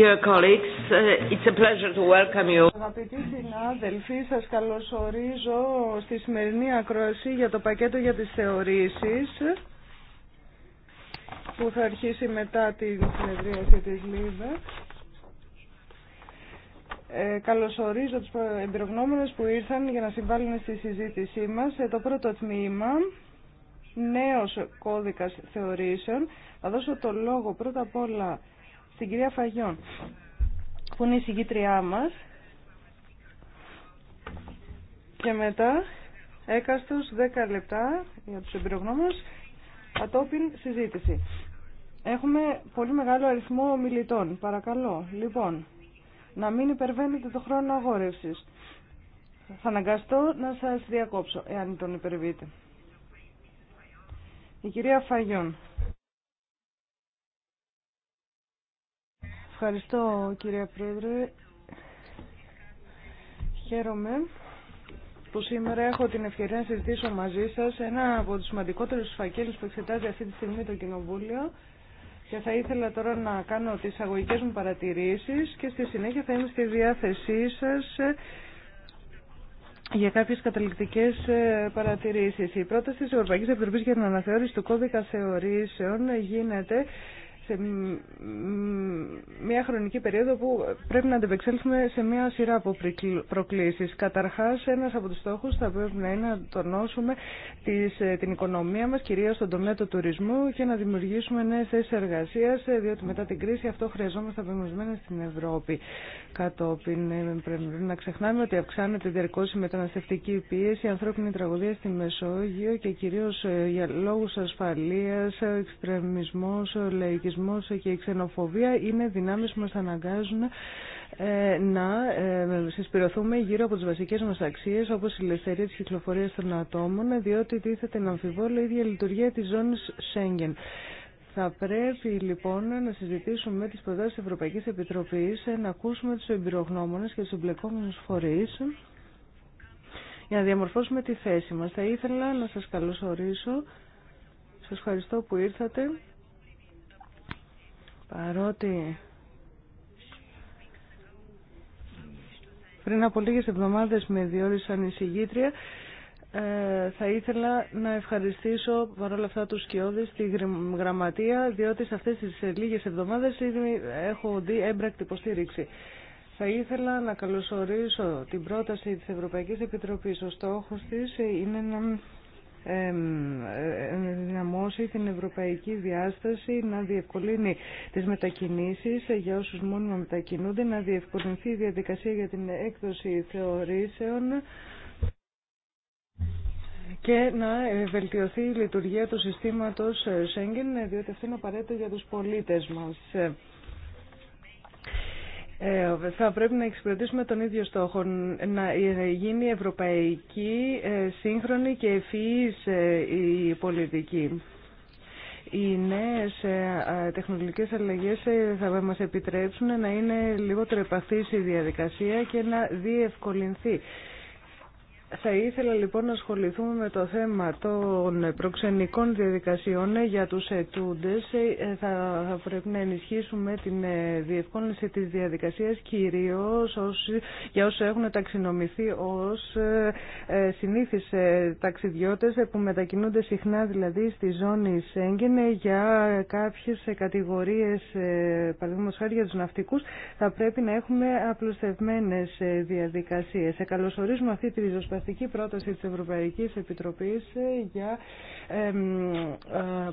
Dear colleagues, uh, it's a pleasure to welcome you. Αγαπητοί συνάδελφοι, σας καλωσορίζω στη σημερινή ακρόαση για το πακέτο για τις θεωρήσεις που θα αρχίσει μετά την συνεδρίαση της ΛΥΒΕ. Ε, καλωσορίζω τους εμπειρογνώμενους που ήρθαν για να συμβάλλουν στη συζήτησή μας. Ε, το πρώτο τμήμα, νέος κώδικας θεωρήσεων. Θα δώσω το λόγο πρώτα απ' όλα στην κυρία Φαγιόν, που είναι η συγκήτριά μας. Και μετά έκαστος 10 λεπτά για τους εμπειρογνώμους κατόπιν συζήτηση. Έχουμε πολύ μεγάλο αριθμό μιλητών. Παρακαλώ, λοιπόν, να μην υπερβαίνετε το χρόνο αγόρευσης. Θα αναγκαστώ να σας διακόψω, εάν τον υπερβείτε. Η κυρία Φαγιόν. Ευχαριστώ κύριε Πρόεδρε. Χαίρομαι που σήμερα έχω την ευκαιρία να συζητήσω μαζί σας ένα από τους σημαντικότερους φακέλους που εξετάζει αυτή τη στιγμή το Κοινοβούλιο και θα ήθελα τώρα να κάνω τις αγωγικέ μου παρατηρήσεις και στη συνέχεια θα είμαι στη διάθεσή σας για κάποιε καταληκτικέ ε, παρατηρήσει. Η πρόταση τη Ευρωπαϊκή Επιτροπή για την αναθεώρηση του κώδικα θεωρήσεων γίνεται σε μια χρονική περίοδο που πρέπει να αντεπεξέλθουμε σε μια σειρά από προκλήσεις. Καταρχάς, ένας από τους στόχους θα πρέπει να είναι να τονώσουμε ε, την οικονομία μας, κυρίως στον τομέα του τουρισμού και να δημιουργήσουμε νέες θέσεις εργασίας, ε, διότι μετά την κρίση αυτό χρειαζόμαστε απομονισμένα στην Ευρώπη. Κατόπιν, ε, πρέπει να ξεχνάμε ότι αυξάνεται διαρκώ η μεταναστευτική πίεση, η ανθρώπινη τραγωδία στη Μεσόγειο και κυρίως για λόγους ασφαλείας, εξτρεμισμός, λαϊκισμός ρατσισμός και η ξενοφοβία είναι δυνάμει που μας αναγκάζουν ε, να ε, συσπηρωθούμε γύρω από τις βασικές μας αξίες όπως η ελευθερία τη κυκλοφορία των ατόμων διότι τίθεται να αμφιβόλω η ίδια λειτουργία της ζώνης Σέγγεν. Θα πρέπει λοιπόν να συζητήσουμε με τις προτάσεις της Ευρωπαϊκής Επιτροπής, να ακούσουμε τους εμπειρογνώμονες και του εμπλεκόμενου φορείς για να διαμορφώσουμε τη θέση μας. Θα ήθελα να σας καλωσορίσω. Σας ευχαριστώ που ήρθατε. Παρότι πριν από λίγες εβδομάδες με διόρισαν εισηγήτρια, ε, θα ήθελα να ευχαριστήσω παρόλα αυτά τους σκιώδες τη γραμματεία, διότι σε αυτές τις λίγες εβδομάδες ήδη έχω δει έμπρακτη υποστήριξη. Θα ήθελα να καλωσορίσω την πρόταση της Ευρωπαϊκής Επιτροπής. Ο στόχος της είναι να δυναμώσει την ευρωπαϊκή διάσταση, να διευκολύνει τις μετακινήσεις ε, για όσους μόνιμα μετακινούνται, να διευκολυνθεί η διαδικασία για την έκδοση θεωρήσεων και να ε, βελτιωθεί η λειτουργία του συστήματος ε, Schengen, διότι αυτό είναι απαραίτητο για τους πολίτες μας. Ε, θα πρέπει να εξυπηρετήσουμε τον ίδιο στόχο, να γίνει ευρωπαϊκή, ε, σύγχρονη και ευφυής ε, η πολιτική. Οι νέες τεχνολογικές αλλαγές θα μας επιτρέψουν να είναι λίγο επαφής η διαδικασία και να διευκολυνθεί θα ήθελα λοιπόν να ασχοληθούμε με το θέμα των προξενικών διαδικασιών για τους ετούντες. Ε, θα πρέπει να ενισχύσουμε την ε, διευκόλυνση της διαδικασίας κυρίως για όσους έχουν ταξινομηθεί ως ε, συνήθις ταξιδιώτες που μετακινούνται συχνά δηλαδή στη ζώνη Σέγγεν για κάποιες κατηγορίες, παραδείγματος χάρη για τους ναυτικούς, θα πρέπει να έχουμε απλουστευμένες διαδικασίες. Καλωσορίζουμε αυτή τη ριζοσπαθία συμβαστική πρόταση της Ευρωπαϊκής Επιτροπής ε, για, ε,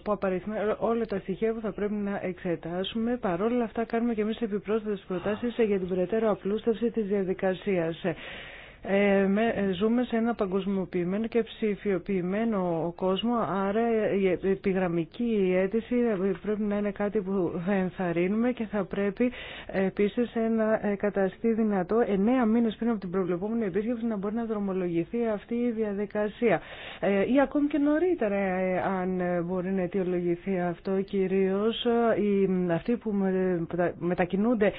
που απαριθμεί όλα τα στοιχεία που θα πρέπει να εξετάσουμε. Παρόλα αυτά κάνουμε και εμείς επιπρόσθετες προτάσεις ε, για την περαιτέρω απλούστευση της διαδικασίας. Ε, ε, ζούμε σε ένα παγκοσμιοποιημένο και ψηφιοποιημένο κόσμο, άρα η ε, επιγραμμική αίτηση πρέπει να είναι κάτι που θα ενθαρρύνουμε και θα πρέπει επίση να καταστεί δυνατό εννέα μήνε πριν από την προβλεπόμενη επίσκεψη να μπορεί να δρομολογηθεί αυτή η διαδικασία. Ή ακόμη και νωρίτερα, αν μπορεί να αιτιολογηθεί αυτό, κυρίω αυτοί που μετακινούνται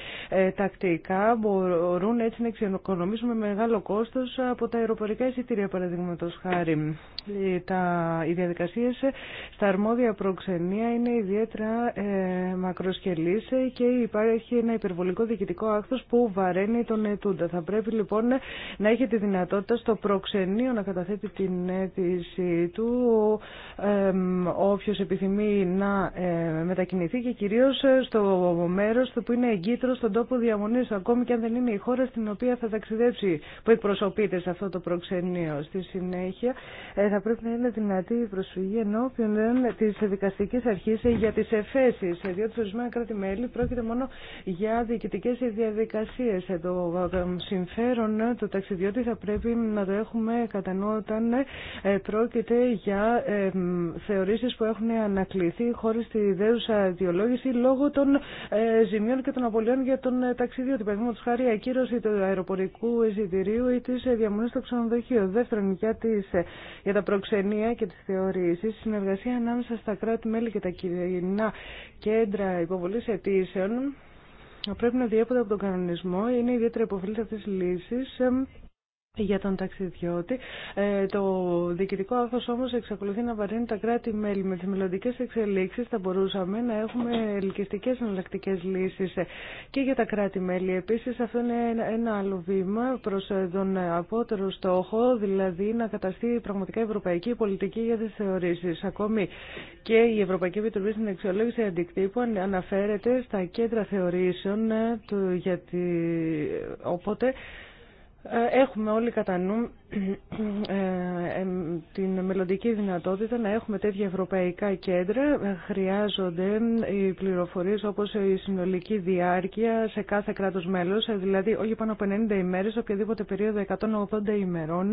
τακτικά μπορούν έτσι να εξοικονομήσουν μεγάλο κόστος από τα αεροπορικά εισιτήρια παραδείγματο χάρη. Τα, οι διαδικασίες στα αρμόδια προξενία είναι ιδιαίτερα ε, μακροσκελής και υπάρχει ένα υπερβολικό διοικητικό άκθος που βαραίνει τον ετούντα. Θα πρέπει λοιπόν να έχει τη δυνατότητα στο προξενείο να καταθέτει την αίτηση του ε, όποιος επιθυμεί να ε, μετακινηθεί και κυρίως στο μέρος που είναι εγκύτρο στον τόπο διαμονής ακόμη και αν δεν είναι η χώρα στην οποία θα ταξιδέψει, που εκπροσωπείται σε αυτό το προξενείο. Στη συνέχεια ε, θα πρέπει να είναι δυνατή η προσφυγή ενώπιον ε, τη δικαστική αρχή ε, για τι εφέσει, διότι ορισμένα κράτη-μέλη πρόκειται μόνο για διοικητικέ διαδικασίε. Το συμφέρον του ταξιδιώτη θα πρέπει να το έχουμε κατά νου όταν πρόκειται για θεωρήσει που έχουν ανακληθεί χωρί τη δέουσα διολόγηση λόγω των ζημιών και των απολειών για τον ταξιδιώτη. Παραδείγματο χάρη, ακύρωση του αεροπορικού εισιτηρίου ή τη ε, διαμονή στο ξενοδοχείο. Δεύτερον, για, ε, για τα προξενία και τις θεωρήσεις, συνεργασία ανάμεσα στα κράτη-μέλη και τα κοινά κέντρα υποβολής αιτήσεων ε, πρέπει να διέπονται από τον κανονισμό. Είναι ιδιαίτερα υποφελή αυτή τη λύση για τον ταξιδιώτη. Ε, το διοικητικό άρθρο όμω εξακολουθεί να βαρύνει τα κράτη-μέλη. Με τι μελλοντικέ εξελίξει θα μπορούσαμε να έχουμε ελκυστικέ εναλλακτικέ λύσει ε, και για τα κράτη-μέλη. Επίση αυτό είναι ένα άλλο βήμα προ ε, τον απότερο στόχο, δηλαδή να καταστεί πραγματικά ευρωπαϊκή πολιτική για τι θεωρήσει. Ακόμη και η Ευρωπαϊκή Επιτροπή στην αξιολόγηση αντικτύπου αναφέρεται στα κέντρα θεωρήσεων, του, γιατί, οπότε ε, έχουμε όλοι κατά νου ε, ε, την μελλοντική δυνατότητα να έχουμε τέτοια ευρωπαϊκά κέντρα. Χρειάζονται οι πληροφορίες όπως η συνολική διάρκεια σε κάθε κράτος μέλος, ε, δηλαδή όχι πάνω από 90 ημέρες, οποιαδήποτε περίοδο 180 ημερών,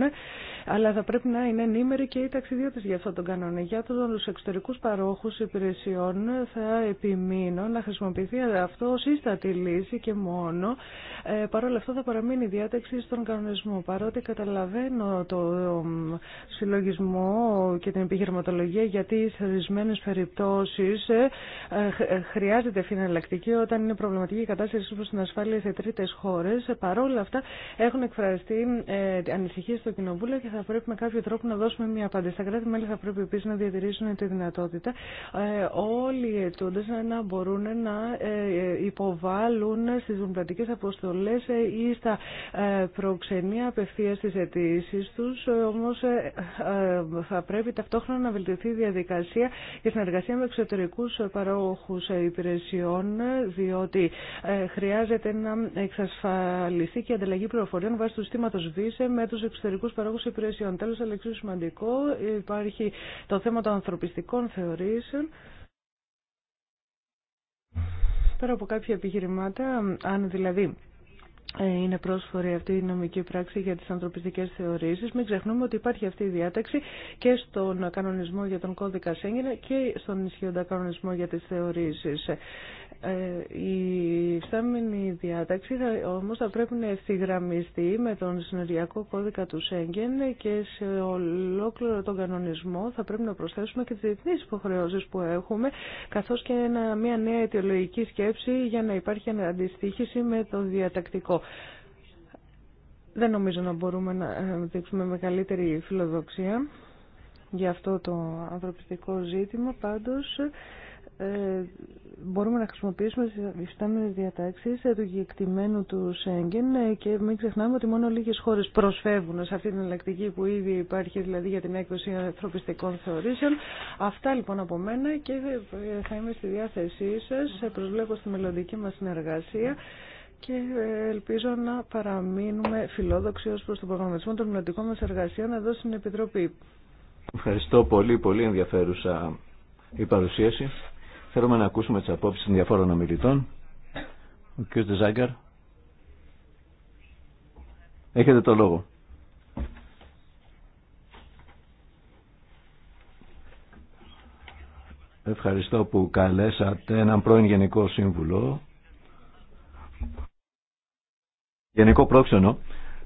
αλλά θα πρέπει να είναι ενήμεροι και οι ταξιδιώτες για αυτόν τον κανόνα. Για τους εξωτερικούς παρόχους υπηρεσιών θα επιμείνω να χρησιμοποιηθεί αυτό ως ίστατη λύση και μόνο. Ε, Παρ' θα παραμείνει η διάταξη στον κανονισμό, παρότι καταλαβαίνω καταλαβαίνω το συλλογισμό και την επιχειρηματολογία γιατί σε ορισμένε περιπτώσει ε, ε, χρειάζεται φιναλλακτική όταν είναι προβληματική η κατάσταση προ την ασφάλεια σε τρίτε χώρε. Παρόλα αυτά έχουν εκφραστεί ε, ανησυχίε στο Κοινοβούλιο και θα πρέπει με κάποιο τρόπο να δώσουμε μια απάντηση. Τα κράτη-μέλη θα πρέπει επίση να διατηρήσουν τη δυνατότητα όλοι οι αιτούντε να μπορούν να υποβάλουν στι δημοκρατικέ αποστολέ ή στα προξενία απευθεία τη αιτή Όμω όμως ε, ε, θα πρέπει ταυτόχρονα να βελτιωθεί η διαδικασία η συνεργασία με εξωτερικούς παρόχου υπηρεσιών, διότι ε, χρειάζεται να εξασφαλιστεί και η ανταλλαγή πληροφοριών βάσει του συστήματο ΒΙΣΕ με του εξωτερικού παρόχου υπηρεσιών. Τέλος, αλεξίου σημαντικό, υπάρχει το θέμα των ανθρωπιστικών θεωρήσεων. Πέρα από κάποια επιχειρημάτα, αν δηλαδή ε, είναι πρόσφορη αυτή η νομική πράξη για τις ανθρωπιστικές θεωρήσεις. Μην ξεχνούμε ότι υπάρχει αυτή η διάταξη και στον κανονισμό για τον κώδικα Σέγγινα και στον ισχύοντα κανονισμό για τις θεωρήσεις. Ε, η φτάμενη διάταξη όμως θα πρέπει να ευθυγραμμιστεί με τον συνεργειακό κώδικα του Σέγγεν και σε ολόκληρο τον κανονισμό θα πρέπει να προσθέσουμε και τις διεθνείς υποχρεώσει που έχουμε καθώς και μια νέα αιτιολογική σκέψη για να υπάρχει αντιστοίχηση με το διατακτικό. Δεν νομίζω να μπορούμε να ε, δείξουμε μεγαλύτερη φιλοδοξία για αυτό το ανθρωπιστικό ζήτημα πάντως ε, μπορούμε να χρησιμοποιήσουμε τι υφιστάμενες διατάξει του γεκτημένου του Σέγγεν ε, και μην ξεχνάμε ότι μόνο λίγε χώρε προσφεύγουν σε αυτή την εναλλακτική που ήδη υπάρχει δηλαδή για την έκδοση ανθρωπιστικών θεωρήσεων. Αυτά λοιπόν από μένα και ε, ε, θα είμαι στη διάθεσή σα. προσβλέπω στη μελλοντική μα συνεργασία και ελπίζω να παραμείνουμε φιλόδοξοι ω προς τον προγραμματισμό των μελλοντικών μας εργασιών εδώ στην Επιτροπή. Ευχαριστώ πολύ, πολύ ενδιαφέρουσα η παρουσίαση. Θέλουμε να ακούσουμε τι απόψει των διαφόρων ομιλητών. Ο κ. Τζάγκαρ. Έχετε το λόγο. Ευχαριστώ που καλέσατε έναν πρώην Γενικό Σύμβουλο. Γενικό πρόξενο.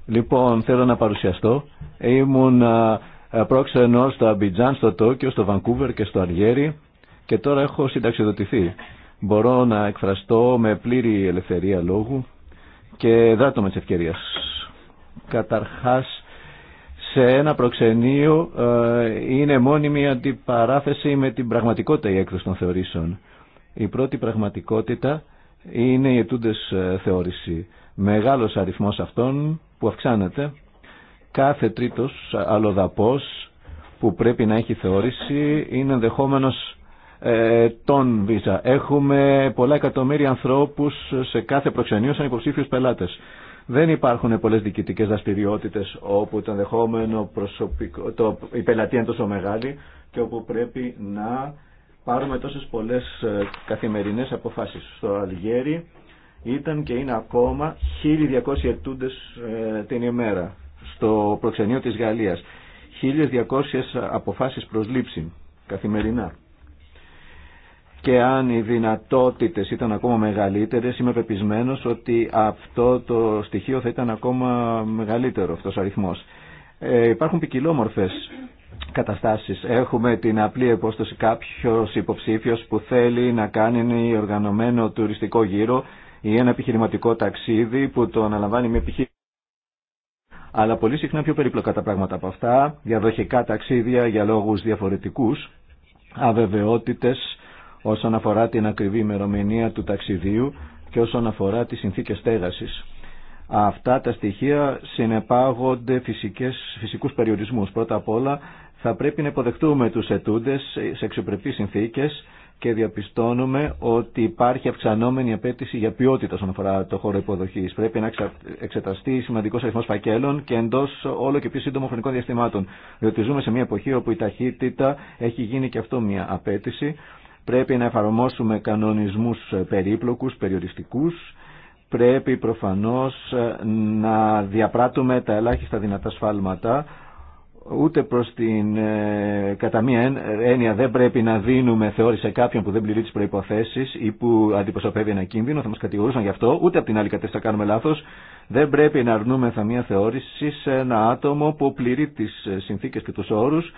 Λοιπόν, θέλω να παρουσιαστώ. Ήμουν ε, πρόξενο στο Αμπιτζάν, στο Τόκιο, στο Βανκούβερ και στο Αργέρι και τώρα έχω συνταξιδοτηθεί. Μπορώ να εκφραστώ με πλήρη ελευθερία λόγου και δράτω με τις ευκαιρίες. Καταρχάς, σε ένα προξενείο ε, είναι μόνιμη αντιπαράθεση με την πραγματικότητα η έκδοση των θεωρήσεων. Η πρώτη πραγματικότητα είναι η ετούντες ε, θεώρηση. Μεγάλος αριθμός αυτών που αυξάνεται. Κάθε τρίτος ε, αλλοδαπός που πρέπει να έχει θεώρηση είναι ενδεχόμενος ε, τον Βίζα. Έχουμε πολλά εκατομμύρια ανθρώπου σε κάθε προξενείο σαν υποψήφιου πελάτε. Δεν υπάρχουν πολλέ διοικητικέ δραστηριότητε όπου το ενδεχόμενο προσωπικό, το, η πελατεία είναι τόσο μεγάλη και όπου πρέπει να πάρουμε τόσε πολλέ ε, καθημερινέ αποφάσει. Στο Αλγέρι ήταν και είναι ακόμα 1.200 ετούντε ε, την ημέρα στο προξενείο της Γαλλίας. 1.200 αποφάσεις προσλήψη καθημερινά και αν οι δυνατότητες ήταν ακόμα μεγαλύτερες είμαι πεπισμένος ότι αυτό το στοιχείο θα ήταν ακόμα μεγαλύτερο αυτός ο αριθμός. Ε, υπάρχουν ποικιλόμορφες καταστάσεις. Έχουμε την απλή επόσταση κάποιος υποψήφιος που θέλει να κάνει οργανωμένο τουριστικό γύρο ή ένα επιχειρηματικό ταξίδι που το αναλαμβάνει με επιχείρηση. Αλλά πολύ συχνά πιο περίπλοκα τα πράγματα από αυτά, διαδοχικά ταξίδια για λόγους διαφορετικούς, αβεβαιότητες, όσον αφορά την ακριβή ημερομηνία του ταξιδίου και όσον αφορά τις συνθήκες στέγασης. Αυτά τα στοιχεία συνεπάγονται φυσικές, φυσικούς περιορισμούς. Πρώτα απ' όλα θα πρέπει να υποδεχτούμε τους ετούντες σε εξωπρεπείς συνθήκες και διαπιστώνουμε ότι υπάρχει αυξανόμενη απέτηση για ποιότητα όσον αφορά το χώρο υποδοχή. Πρέπει να εξεταστεί σημαντικό αριθμό φακέλων και εντό όλο και πιο σύντομων χρονικών διαστημάτων. Διότι ζούμε σε μια εποχή όπου η ταχύτητα έχει γίνει και αυτό μια απέτηση Πρέπει να εφαρμόσουμε κανονισμούς περίπλοκους, περιοριστικούς. Πρέπει προφανώς ε, να διαπράττουμε τα ελάχιστα δυνατά σφάλματα ούτε προς την ε, κατά μία έννοια δεν πρέπει να δίνουμε θεώρηση σε κάποιον που δεν πληρεί τις προϋποθέσεις ή που αντιπροσωπεύει ένα κίνδυνο, θα μας κατηγορούσαν γι' αυτό, ούτε από την άλλη κατεύθυνση θα κάνουμε λάθος. Δεν πρέπει να αρνούμε θα μία θεώρηση σε ένα άτομο που πληρεί τις συνθήκες και τους όρους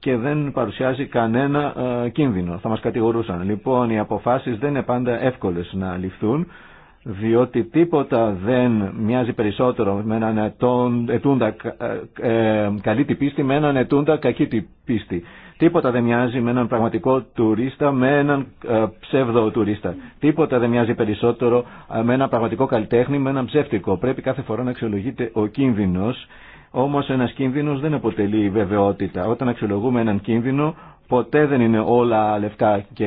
και δεν παρουσιάζει κανένα ε, κίνδυνο. Θα μας κατηγορούσαν. Λοιπόν, οι αποφάσεις δεν είναι πάντα εύκολες να ληφθούν διότι τίποτα δεν μοιάζει περισσότερο με έναν ετούντα ε, ε, καλή την πίστη με έναν ετούντα κακή την πίστη. Τίποτα δεν μοιάζει με έναν πραγματικό τουρίστα με έναν ψεύδο τουρίστα. Τίποτα δεν μοιάζει περισσότερο με έναν πραγματικό καλλιτέχνη με έναν ψεύτικο. Πρέπει κάθε φορά να αξιολογείται ο κίνδυνος όμως ένας κίνδυνος δεν αποτελεί βεβαιότητα. Όταν αξιολογούμε έναν κίνδυνο ποτέ δεν είναι όλα λευκά και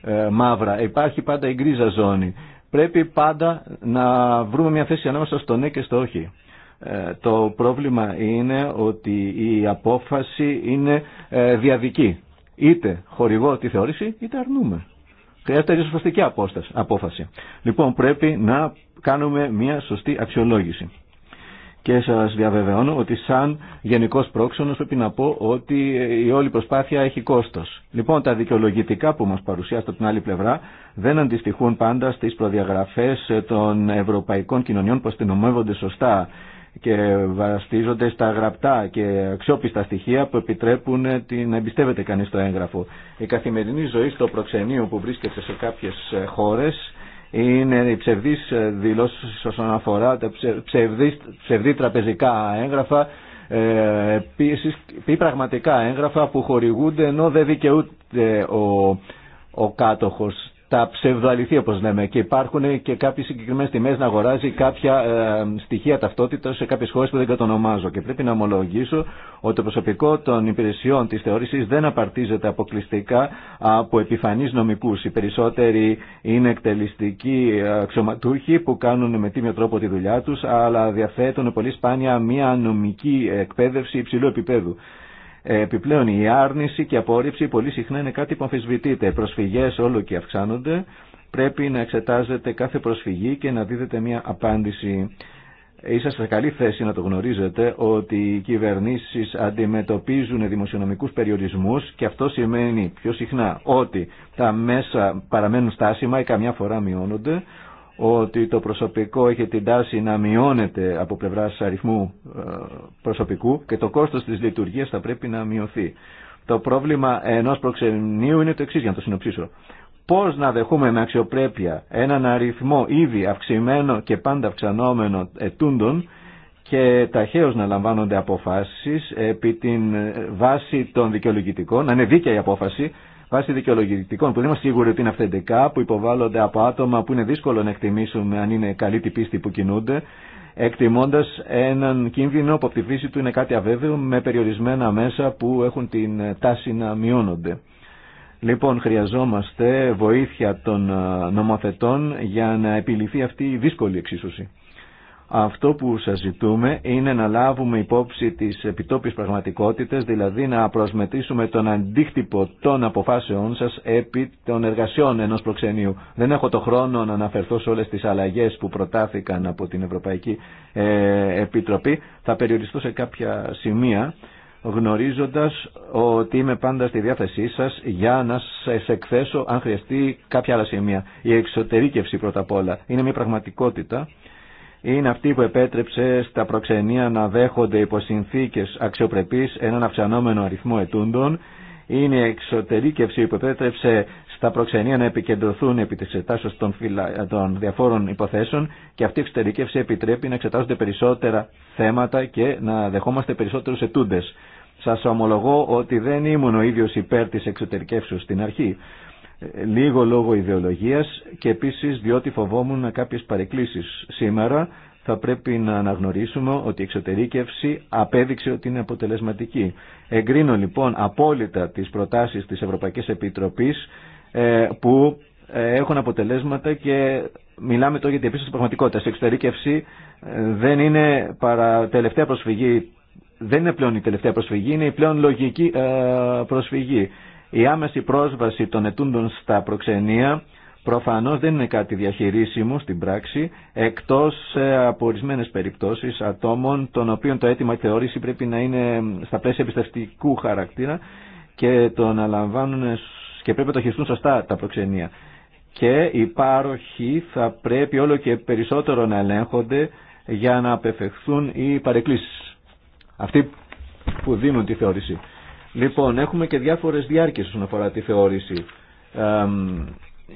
ε, μαύρα. Υπάρχει πάντα η γκρίζα ζώνη. Πρέπει πάντα να βρούμε μια θέση ανάμεσα στο ναι και στο όχι. Ε, το πρόβλημα είναι ότι η απόφαση είναι ε, διαδική. Είτε χορηγώ τη θεώρηση είτε αρνούμε. Χρειάζεται ριζοσπαστική απόφαση. Λοιπόν, πρέπει να κάνουμε μια σωστή αξιολόγηση. Και σας διαβεβαιώνω ότι σαν γενικός πρόξενος πρέπει να πω ότι η όλη προσπάθεια έχει κόστος. Λοιπόν, τα δικαιολογητικά που μας παρουσιάζεται από την άλλη πλευρά δεν αντιστοιχούν πάντα στις προδιαγραφές των ευρωπαϊκών κοινωνιών που αστυνομεύονται σωστά και βαστίζονται στα γραπτά και αξιόπιστα στοιχεία που επιτρέπουν την εμπιστεύεται κανείς το έγγραφο. Η καθημερινή ζωή στο προξενείο που βρίσκεται σε κάποιες χώρες είναι οι ψευδείς δηλώσεις όσον αφορά τα ψευδή, τραπεζικά έγγραφα ε, ή πραγματικά έγγραφα που χορηγούνται ενώ δεν δικαιούται ο, ο κάτοχος τα ψευδοαληθεί όπως λέμε και υπάρχουν και κάποιες συγκεκριμένες τιμές να αγοράζει κάποια ε, στοιχεία ταυτότητα σε κάποιες χώρες που δεν κατονομάζω και πρέπει να ομολογήσω ότι το προσωπικό των υπηρεσιών της θεώρησης δεν απαρτίζεται αποκλειστικά από επιφανείς νομικούς. Οι περισσότεροι είναι εκτελιστικοί αξιωματούχοι που κάνουν με τίμιο τρόπο τη δουλειά τους αλλά διαθέτουν πολύ σπάνια μια νομική εκπαίδευση υψηλού επίπεδου. Επιπλέον η άρνηση και η απόρριψη πολύ συχνά είναι κάτι που αμφισβητείται. Προσφυγές όλο και αυξάνονται. Πρέπει να εξετάζετε κάθε προσφυγή και να δίδετε μια απάντηση. Είσαστε σε καλή θέση να το γνωρίζετε ότι οι κυβερνήσεις αντιμετωπίζουν δημοσιονομικούς περιορισμούς και αυτό σημαίνει πιο συχνά ότι τα μέσα παραμένουν στάσιμα ή καμιά φορά μειώνονται ότι το προσωπικό έχει την τάση να μειώνεται από πλευράς αριθμού ε, προσωπικού και το κόστος της λειτουργίας θα πρέπει να μειωθεί. Το πρόβλημα ενός προξενείου είναι το εξής για να το συνοψίσω. Πώς να δεχούμε με αξιοπρέπεια έναν αριθμό ήδη αυξημένο και πάντα αυξανόμενο ετούντων και ταχαίως να λαμβάνονται αποφάσεις επί την ε, βάση των δικαιολογητικών, να είναι δίκαια η απόφαση, βάσει δικαιολογητικών που δεν είμαστε σίγουροι ότι είναι αυθεντικά, που υποβάλλονται από άτομα που είναι δύσκολο να εκτιμήσουμε αν είναι καλή την πίστη που κινούνται, εκτιμώντα έναν κίνδυνο που από τη φύση του είναι κάτι αβέβαιο με περιορισμένα μέσα που έχουν την τάση να μειώνονται. Λοιπόν, χρειαζόμαστε βοήθεια των ε, νομοθετών για να επιληθεί αυτή η δύσκολη εξίσωση. Αυτό που σας ζητούμε είναι να λάβουμε υπόψη τις επιτόπιες πραγματικότητες, δηλαδή να προσμετήσουμε τον αντίκτυπο των αποφάσεών σας επί των εργασιών ενός προξενείου. Δεν έχω το χρόνο να αναφερθώ σε όλες τις αλλαγές που προτάθηκαν από την Ευρωπαϊκή ε, Επιτροπή. Θα περιοριστώ σε κάποια σημεία γνωρίζοντας ότι είμαι πάντα στη διάθεσή σας για να σας εκθέσω αν χρειαστεί κάποια άλλα σημεία. Η εξωτερήκευση πρώτα απ' όλα είναι μια πραγματικότητα είναι αυτή που επέτρεψε στα προξενία να δέχονται υπό συνθήκες αξιοπρεπής έναν αυξανόμενο αριθμό ετούντων, είναι η εξωτερήκευση που επέτρεψε στα προξενία να επικεντρωθούν επί της εξετάσεως των, διαφόρων υποθέσεων και αυτή η εξωτερήκευση επιτρέπει να εξετάζονται περισσότερα θέματα και να δεχόμαστε περισσότερους ετούντες. Σας ομολογώ ότι δεν ήμουν ο ίδιος υπέρ της εξωτερικεύσεως στην αρχή λίγο λόγω ιδεολογίας και επίσης διότι φοβόμουν κάποιες παρεκκλήσεις. Σήμερα θα πρέπει να αναγνωρίσουμε ότι η εξωτερήκευση απέδειξε ότι είναι αποτελεσματική. Εγκρίνω λοιπόν απόλυτα τις προτάσεις της Ευρωπαϊκής Επιτροπής ε, που ε, έχουν αποτελέσματα και μιλάμε τώρα για την επίσης πραγματικότητα. Η εξωτερήκευση ε, δεν είναι παρά τελευταία δεν είναι πλέον η τελευταία προσφυγή, είναι η πλέον λογική προσφυγή. Η άμεση πρόσβαση των ετούντων στα προξενία προφανώς δεν είναι κάτι διαχειρίσιμο στην πράξη, εκτός ε, από ορισμένε περιπτώσεις ατόμων, των οποίων το αίτημα θεώρηση πρέπει να είναι στα πλαίσια εμπιστευτικού χαρακτήρα και τον και πρέπει να το χειριστούν σωστά τα προξενία. Και οι πάροχοι θα πρέπει όλο και περισσότερο να ελέγχονται για να απεφευχθούν οι παρεκκλήσεις. Αυτοί που δίνουν τη θεώρηση. Λοιπόν, έχουμε και διάφορε διάρκειε όσον αφορά τη θεώρηση. Ε,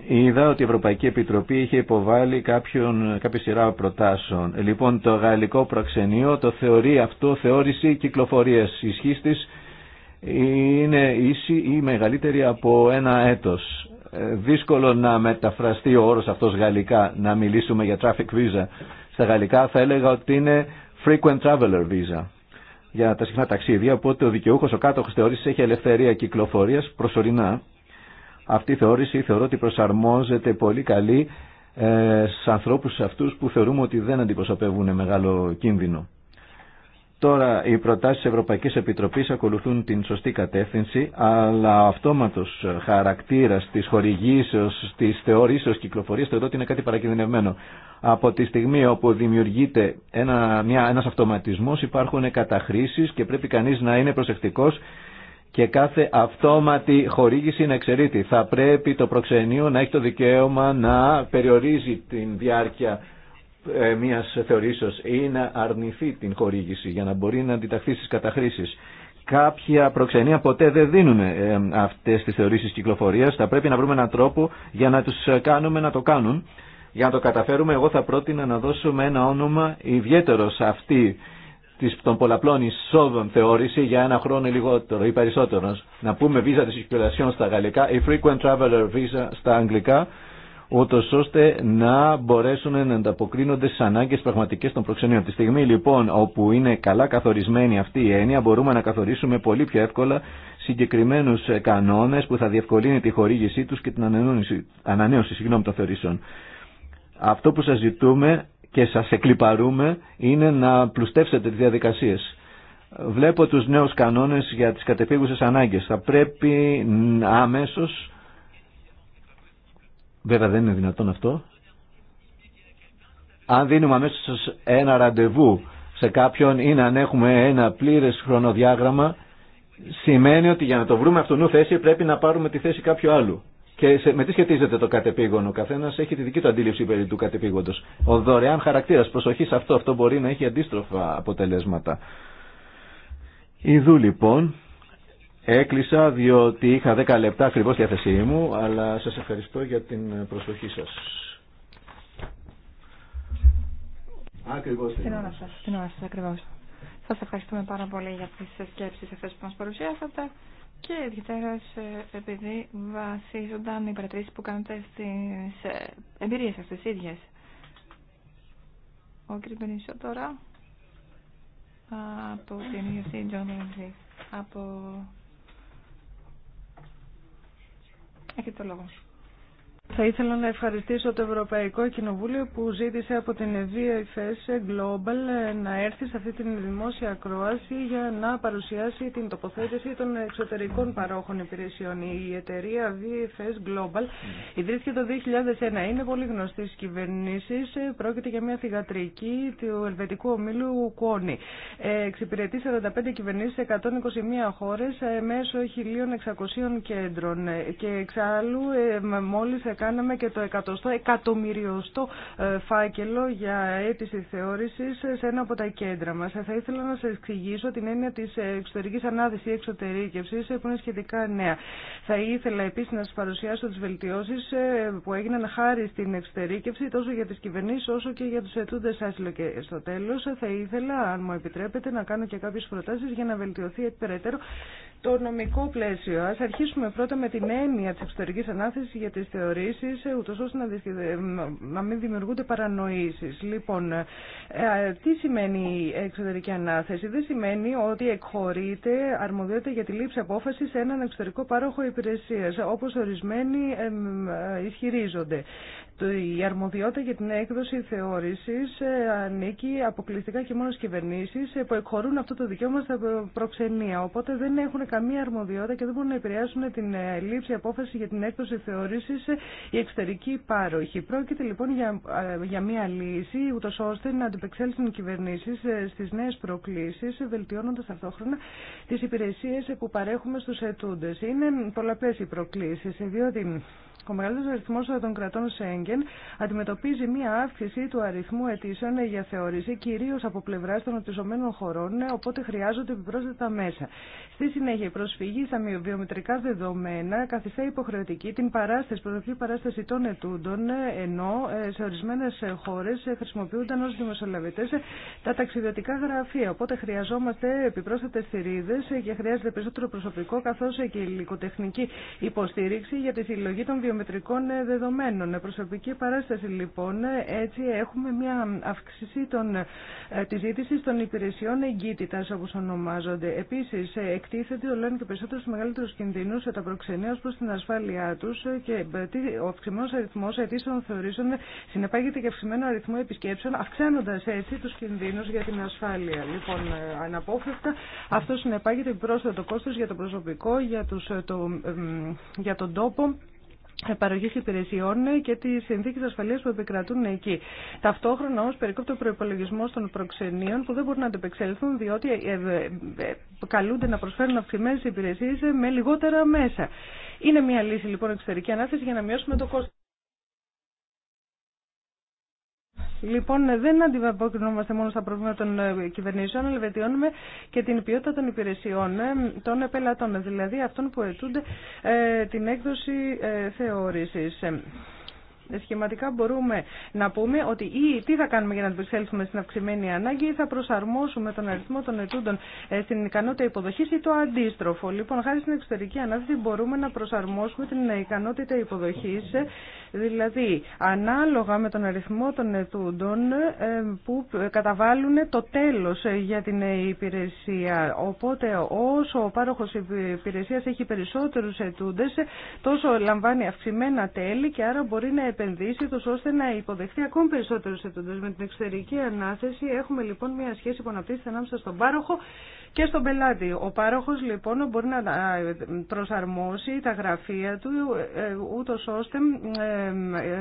είδα ότι η Ευρωπαϊκή Επιτροπή είχε υποβάλει κάποιον, κάποια σειρά προτάσεων. Ε, λοιπόν, το γαλλικό προξενείο το θεωρεί αυτό θεώρηση κυκλοφορία ισχύ τη είναι ίση ή μεγαλύτερη από ένα έτος. Ε, δύσκολο να μεταφραστεί ο όρο αυτό γαλλικά, να μιλήσουμε για traffic visa. Στα γαλλικά θα έλεγα ότι είναι frequent traveler visa για τα συχνά ταξίδια, οπότε ο δικαιούχο ο κάτοχο θεώρηση έχει ελευθερία κυκλοφορία προσωρινά. Αυτή η θεώρηση θεωρώ ότι προσαρμόζεται πολύ καλή ε, σε ανθρώπους αυτούς που θεωρούμε ότι δεν αντιπροσωπεύουν μεγάλο κίνδυνο. Τώρα οι προτάσεις της Ευρωπαϊκής Επιτροπής ακολουθούν την σωστή κατεύθυνση, αλλά ο αυτόματος χαρακτήρας της χορηγήσεως, της θεωρήσεως κυκλοφορίας το ότι είναι κάτι παρακινδυνευμένο. Από τη στιγμή όπου δημιουργείται ένα, μια, ένας αυτοματισμός υπάρχουν καταχρήσεις και πρέπει κανείς να είναι προσεκτικός και κάθε αυτόματη χορήγηση να εξαιρείται. Θα πρέπει το προξενείο να έχει το δικαίωμα να περιορίζει την διάρκεια ε, μιας θεωρήσεως ή να αρνηθεί την χορήγηση για να μπορεί να αντιταχθεί στι καταχρήσει. Κάποια προξενία ποτέ δεν δίνουν ε, αυτές τις θεωρήσεις κυκλοφορίας. Θα πρέπει να βρούμε έναν τρόπο για να του κάνουμε να το κάνουν. Για να το καταφέρουμε εγώ θα πρότεινα να δώσουμε ένα όνομα ιδιαίτερο σε αυτή των πολλαπλών εισόδων θεώρηση για ένα χρόνο ή λιγότερο ή περισσότερο. Να πούμε visa τη. circulation στα γαλλικά ή frequent traveler visa στα αγγλικά ούτω ώστε να μπορέσουν να ανταποκρίνονται στι ανάγκε πραγματικέ των προξενείων. Τη στιγμή λοιπόν όπου είναι καλά καθορισμένη αυτή η έννοια, μπορούμε να καθορίσουμε πολύ πιο εύκολα συγκεκριμένου κανόνε που θα διευκολύνει τη χορήγησή του και την ανανέωση, συγγνώμη, των θεωρήσεων. Αυτό που σα ζητούμε και σα εκλυπαρούμε είναι να πλουστεύσετε τι διαδικασίε. Βλέπω τους νέους κανόνες για τις κατεπίγουσες ανάγκες. Θα πρέπει αμέσως Βέβαια δεν είναι δυνατόν αυτό. Αν δίνουμε αμέσως ένα ραντεβού σε κάποιον ή αν έχουμε ένα πλήρες χρονοδιάγραμμα, σημαίνει ότι για να το βρούμε αυτού θέση πρέπει να πάρουμε τη θέση κάποιου άλλου. Και σε, με τι σχετίζεται το κατεπήγον. Ο καθένα έχει τη δική του αντίληψη περί του κατεπήγοντο. Ο δωρεάν χαρακτήρα, προσοχή σε αυτό, αυτό μπορεί να έχει αντίστροφα αποτελέσματα. Ιδού λοιπόν, Έκλεισα διότι είχα 10 λεπτά ακριβώς τη θέση μου, αλλά σας ευχαριστώ για την προσοχή σας. Ακριβώς. Την ώρα σας, την ώρα σας ακριβώς. Σας ευχαριστούμε πάρα πολύ για τις σκέψεις αυτές που μας παρουσιάσατε και ιδιαίτερα επειδή βασίζονταν οι παρατηρήσεις που κάνετε στις ε, εμπειρίες σας, τις ίδιες. Ο κ. Μπενισό τώρα από την από Έχετε το λόγο. σου. Θα ήθελα να ευχαριστήσω το Ευρωπαϊκό Κοινοβούλιο που ζήτησε από την VFS Global να έρθει σε αυτή την δημόσια ακρόαση για να παρουσιάσει την τοποθέτηση των εξωτερικών παρόχων υπηρεσιών. Η εταιρεία VFS Global ιδρύθηκε το 2001. Είναι πολύ γνωστή στις κυβερνήσεις. Πρόκειται για μια θηγατρική του ελβετικού ομίλου Κόνη. Εξυπηρετεί 45 κυβερνήσεις σε 121 χώρες ε, μέσω 1.600 κέντρων. Και εξάλλου ε, μόλις κάναμε και το εκατοστό, εκατομμυριοστό ε, φάκελο για αίτηση θεώρησης σε ένα από τα κέντρα μας. Θα ήθελα να σα εξηγήσω την έννοια της εξωτερικής ανάθεση ή εξωτερήκευσης ε, που είναι σχετικά νέα. Θα ήθελα επίσης να σας παρουσιάσω τις βελτιώσεις ε, που έγιναν χάρη στην εξωτερήκευση τόσο για τις κυβερνήσει, όσο και για τους ετούντε άσυλο. Και στο τέλος θα ήθελα, αν μου επιτρέπετε, να κάνω και κάποιες προτάσεις για να βελτιωθεί περαιτέρω το νομικό πλαίσιο. αρχίσουμε πρώτα με την έννοια της εξωτερικής ανάθεσης για τις θεωρίες λύσεις, ούτως ώστε να, να μην δημιουργούνται παρανοήσει. Λοιπόν, ε, τι σημαίνει εξωτερική ανάθεση. Δεν σημαίνει ότι εκχωρείται αρμοδιότητα για τη λήψη απόφαση σε έναν εξωτερικό πάροχο υπηρεσία, όπως ορισμένοι ε, ισχυρίζονται. Η αρμοδιότητα για την έκδοση θεώρησης ε, ανήκει αποκλειστικά και μόνο στις κυβερνήσεις ε, που εκχωρούν αυτό το δικαίωμα στα προξενία. Οπότε δεν έχουν καμία αρμοδιότητα και δεν μπορούν να επηρεάσουν την ε, λήψη απόφαση για την έκδοση θεώρησης η εξωτερική πάροχη. Πρόκειται λοιπόν για, για μια λύση ούτω ώστε να αντιπεξέλθουν οι κυβερνήσεις στις νέες προκλήσεις βελτιώνοντα ταυτόχρονα τις υπηρεσίες που παρέχουμε στου ετούντε. Είναι πολλαπλέ οι προκλήσει διότι ο μεγαλύτερο αριθμό των κρατών Σέγγεν αντιμετωπίζει μία αύξηση του αριθμού αιτήσεων για θεωρήση, κυρίω από πλευρά των οπτιζομένων χωρών, οπότε χρειάζονται επιπρόσθετα μέσα. Στη συνέχεια, η προσφυγή στα βιομετρικά δεδομένα καθιστά υποχρεωτική την παράσταση, παράσταση των ετούντων, ενώ ε, σε ορισμένε χώρε χρησιμοποιούνταν ω δημοσιολαβητέ τα ταξιδιωτικά γραφεία. Οπότε χρειαζόμαστε επιπρόσθετε θηρίδε και χρειάζεται περισσότερο προσωπικό καθώ και υλικοτεχνική υποστήριξη για τη συλλογή των βιομετρικών ε, δεδομένων. Ε, προσωπική παράσταση λοιπόν, ε, έτσι έχουμε μια αύξηση τη ζήτηση των υπηρεσιών εγκύτητα όπω ονομάζονται. Επίση, εκτίθεται λένε και μεγαλύτερου κινδύνου σε τα προξενία προ την ασφάλειά του, και ο αυξημένο αριθμό αιτήσεων θεωρήσεων συνεπάγεται και αυξημένο αριθμό επισκέψεων αυξάνοντα έτσι του κινδύνου για την ασφάλεια. Λοιπόν, αναπόφευκτα αυτό συνεπάγεται πρόσθετο κόστο για το προσωπικό, για, τους, το, για τον τόπο παροχή υπηρεσιών και τι συνθήκε ασφαλεία που επικρατούν εκεί. Ταυτόχρονα όμω περικόπτει ο προπολογισμό των προξενείων που δεν μπορούν να αντεπεξέλθουν διότι ε, ε, ε, καλούνται να προσφέρουν αυξημένε υπηρεσίε με λιγότερα μέσα. Είναι μια λύση λοιπόν εξωτερική ανάθεση για να μειώσουμε το κόστο. Λοιπόν, δεν αντιβαποκρινόμαστε μόνο στα προβλήματα των ε, κυβερνήσεων, αλλά βελτιώνουμε και την ποιότητα των υπηρεσιών ε, των πελατών, δηλαδή αυτών που αιτούνται ε, την έκδοση θεώρησης. Σχηματικά μπορούμε να πούμε ότι ή τι θα κάνουμε για να αντιπεξέλθουμε στην αυξημένη ανάγκη ή θα προσαρμόσουμε τον αριθμό των ετούντων ε, στην ικανότητα υποδοχή ή το αντίστροφο. Λοιπόν, χάρη στην εξωτερική ανάπτυξη μπορούμε να προσαρμόσουμε την ικανότητα υποδοχή, ε, δηλαδή ανάλογα με τον αριθμό των ετούντων ε, που καταβάλουν το τέλο για την υπηρεσία. Οπότε, όσο ο πάροχο υπηρεσία έχει περισσότερου ετούντε, τόσο λαμβάνει αυξημένα τέλη και άρα μπορεί να επενδύσει τους ώστε να υποδεχθεί ακόμη περισσότερο σε Με την εξωτερική ανάθεση έχουμε λοιπόν μια σχέση που αναπτύσσεται ανάμεσα στον πάροχο και στον πελάτη. Ο πάροχος λοιπόν μπορεί να προσαρμόσει τα γραφεία του ε, ούτω ώστε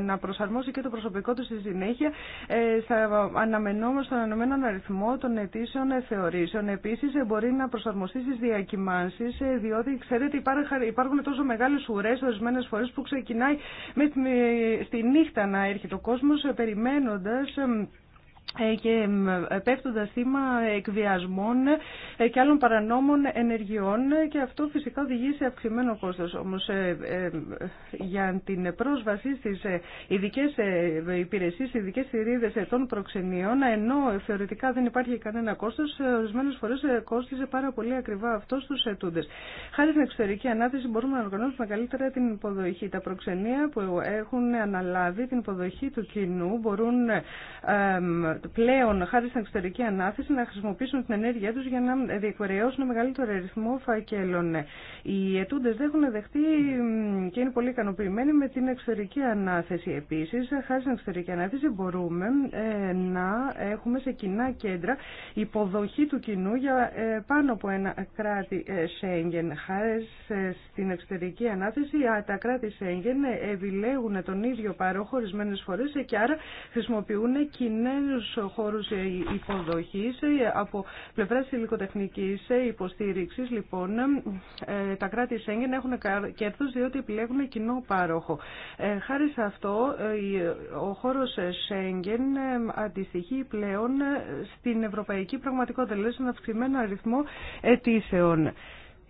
να προσαρμόσει και το προσωπικό του στη συνέχεια ε, στα αναμενόμενο, στον αναμενόμενο αριθμό των αιτήσεων ε, θεωρήσεων. Επίσης μπορεί να προσαρμοστεί στις διακοιμάνσεις, διότι ξέρετε υπάρχουν τόσο μεγάλες ουρές ορισμένες φορές που ξεκινάει με, στη νύχτα να έρχεται ο κόσμος περιμένοντας ε, και πέφτοντα θύμα εκβιασμών ε, και άλλων παρανόμων ενεργειών και αυτό φυσικά οδηγεί σε αυξημένο κόστος. Όμως ε, για την πρόσβαση στις ειδικέ υπηρεσίες, ειδικέ θηρίδες των προξενείων, ενώ θεωρητικά δεν υπάρχει κανένα κόστος, ορισμένες φορές κόστιζε πάρα πολύ ακριβά αυτό στους ετούντες. Χάρη στην εξωτερική ανάθεση μπορούμε να οργανώσουμε καλύτερα την υποδοχή. Τα προξενεία που έχουν αναλάβει την υποδοχή του κοινού μπορούν πλέον χάρη στην εξωτερική ανάθεση να χρησιμοποιήσουν την ενέργειά του για να διεκπαιρεώσουν μεγαλύτερο αριθμό φακέλων. Οι ετούντε δεν έχουν δεχτεί και είναι πολύ ικανοποιημένοι με την εξωτερική ανάθεση. επίση. χάρη στην εξωτερική ανάθεση μπορούμε ε, να έχουμε σε κοινά κέντρα υποδοχή του κοινού για ε, πάνω από ένα κράτη ε, Σέγγεν. Χάρη στην εξωτερική ανάθεση, τα κράτη Σέγγεν επιλέγουν τον ίδιο παρόχο ορισμένε φορέ και άρα χρησιμοποιούν χώρους υποδοχής. Από πλευράς υλικοτεχνική υποστήριξης, λοιπόν, ε, τα κράτη Σέγγεν έχουν κέρδο διότι επιλέγουν κοινό πάροχο. Ε, χάρη σε αυτό, ε, ο χώρο Σέγγεν αντιστοιχεί πλέον στην ευρωπαϊκή πραγματικότητα, δηλαδή στον αυξημένο αριθμό αιτήσεων.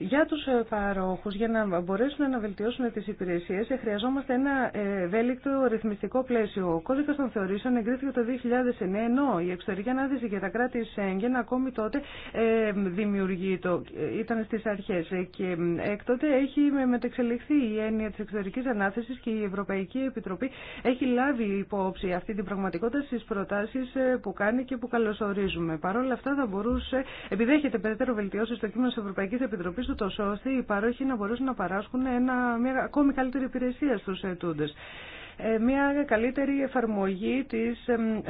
Για τους ε, παρόχους, για να μπορέσουν να βελτιώσουν τις υπηρεσίες, ε, χρειαζόμαστε ένα ε, ευέλικτο ρυθμιστικό πλαίσιο. Ο κώδικας των θεωρήσεων εγκρίθηκε το 2009, ενώ η εξωτερική ανάθεση για τα κράτη Σέγγεν ακόμη τότε ε, το. ήταν στις αρχές. Και έκτοτε έχει μετεξελιχθεί η έννοια της εξωτερικής ανάθεσης και η Ευρωπαϊκή Επιτροπή έχει λάβει υπόψη αυτή την πραγματικότητα στις προτάσεις που κάνει και που καλωσορίζουμε. Παρ' όλα αυτά θα μπορούσε, έχετε περαιτέρω βελτιώσει στο κείμενο της Ευρωπαϊκής Επιτροπής τόσο ώστε οι παρόχοι να μπορέσουν να παράσχουν ένα, μια ακόμη καλύτερη υπηρεσία στους ετούντε μια καλύτερη εφαρμογή της,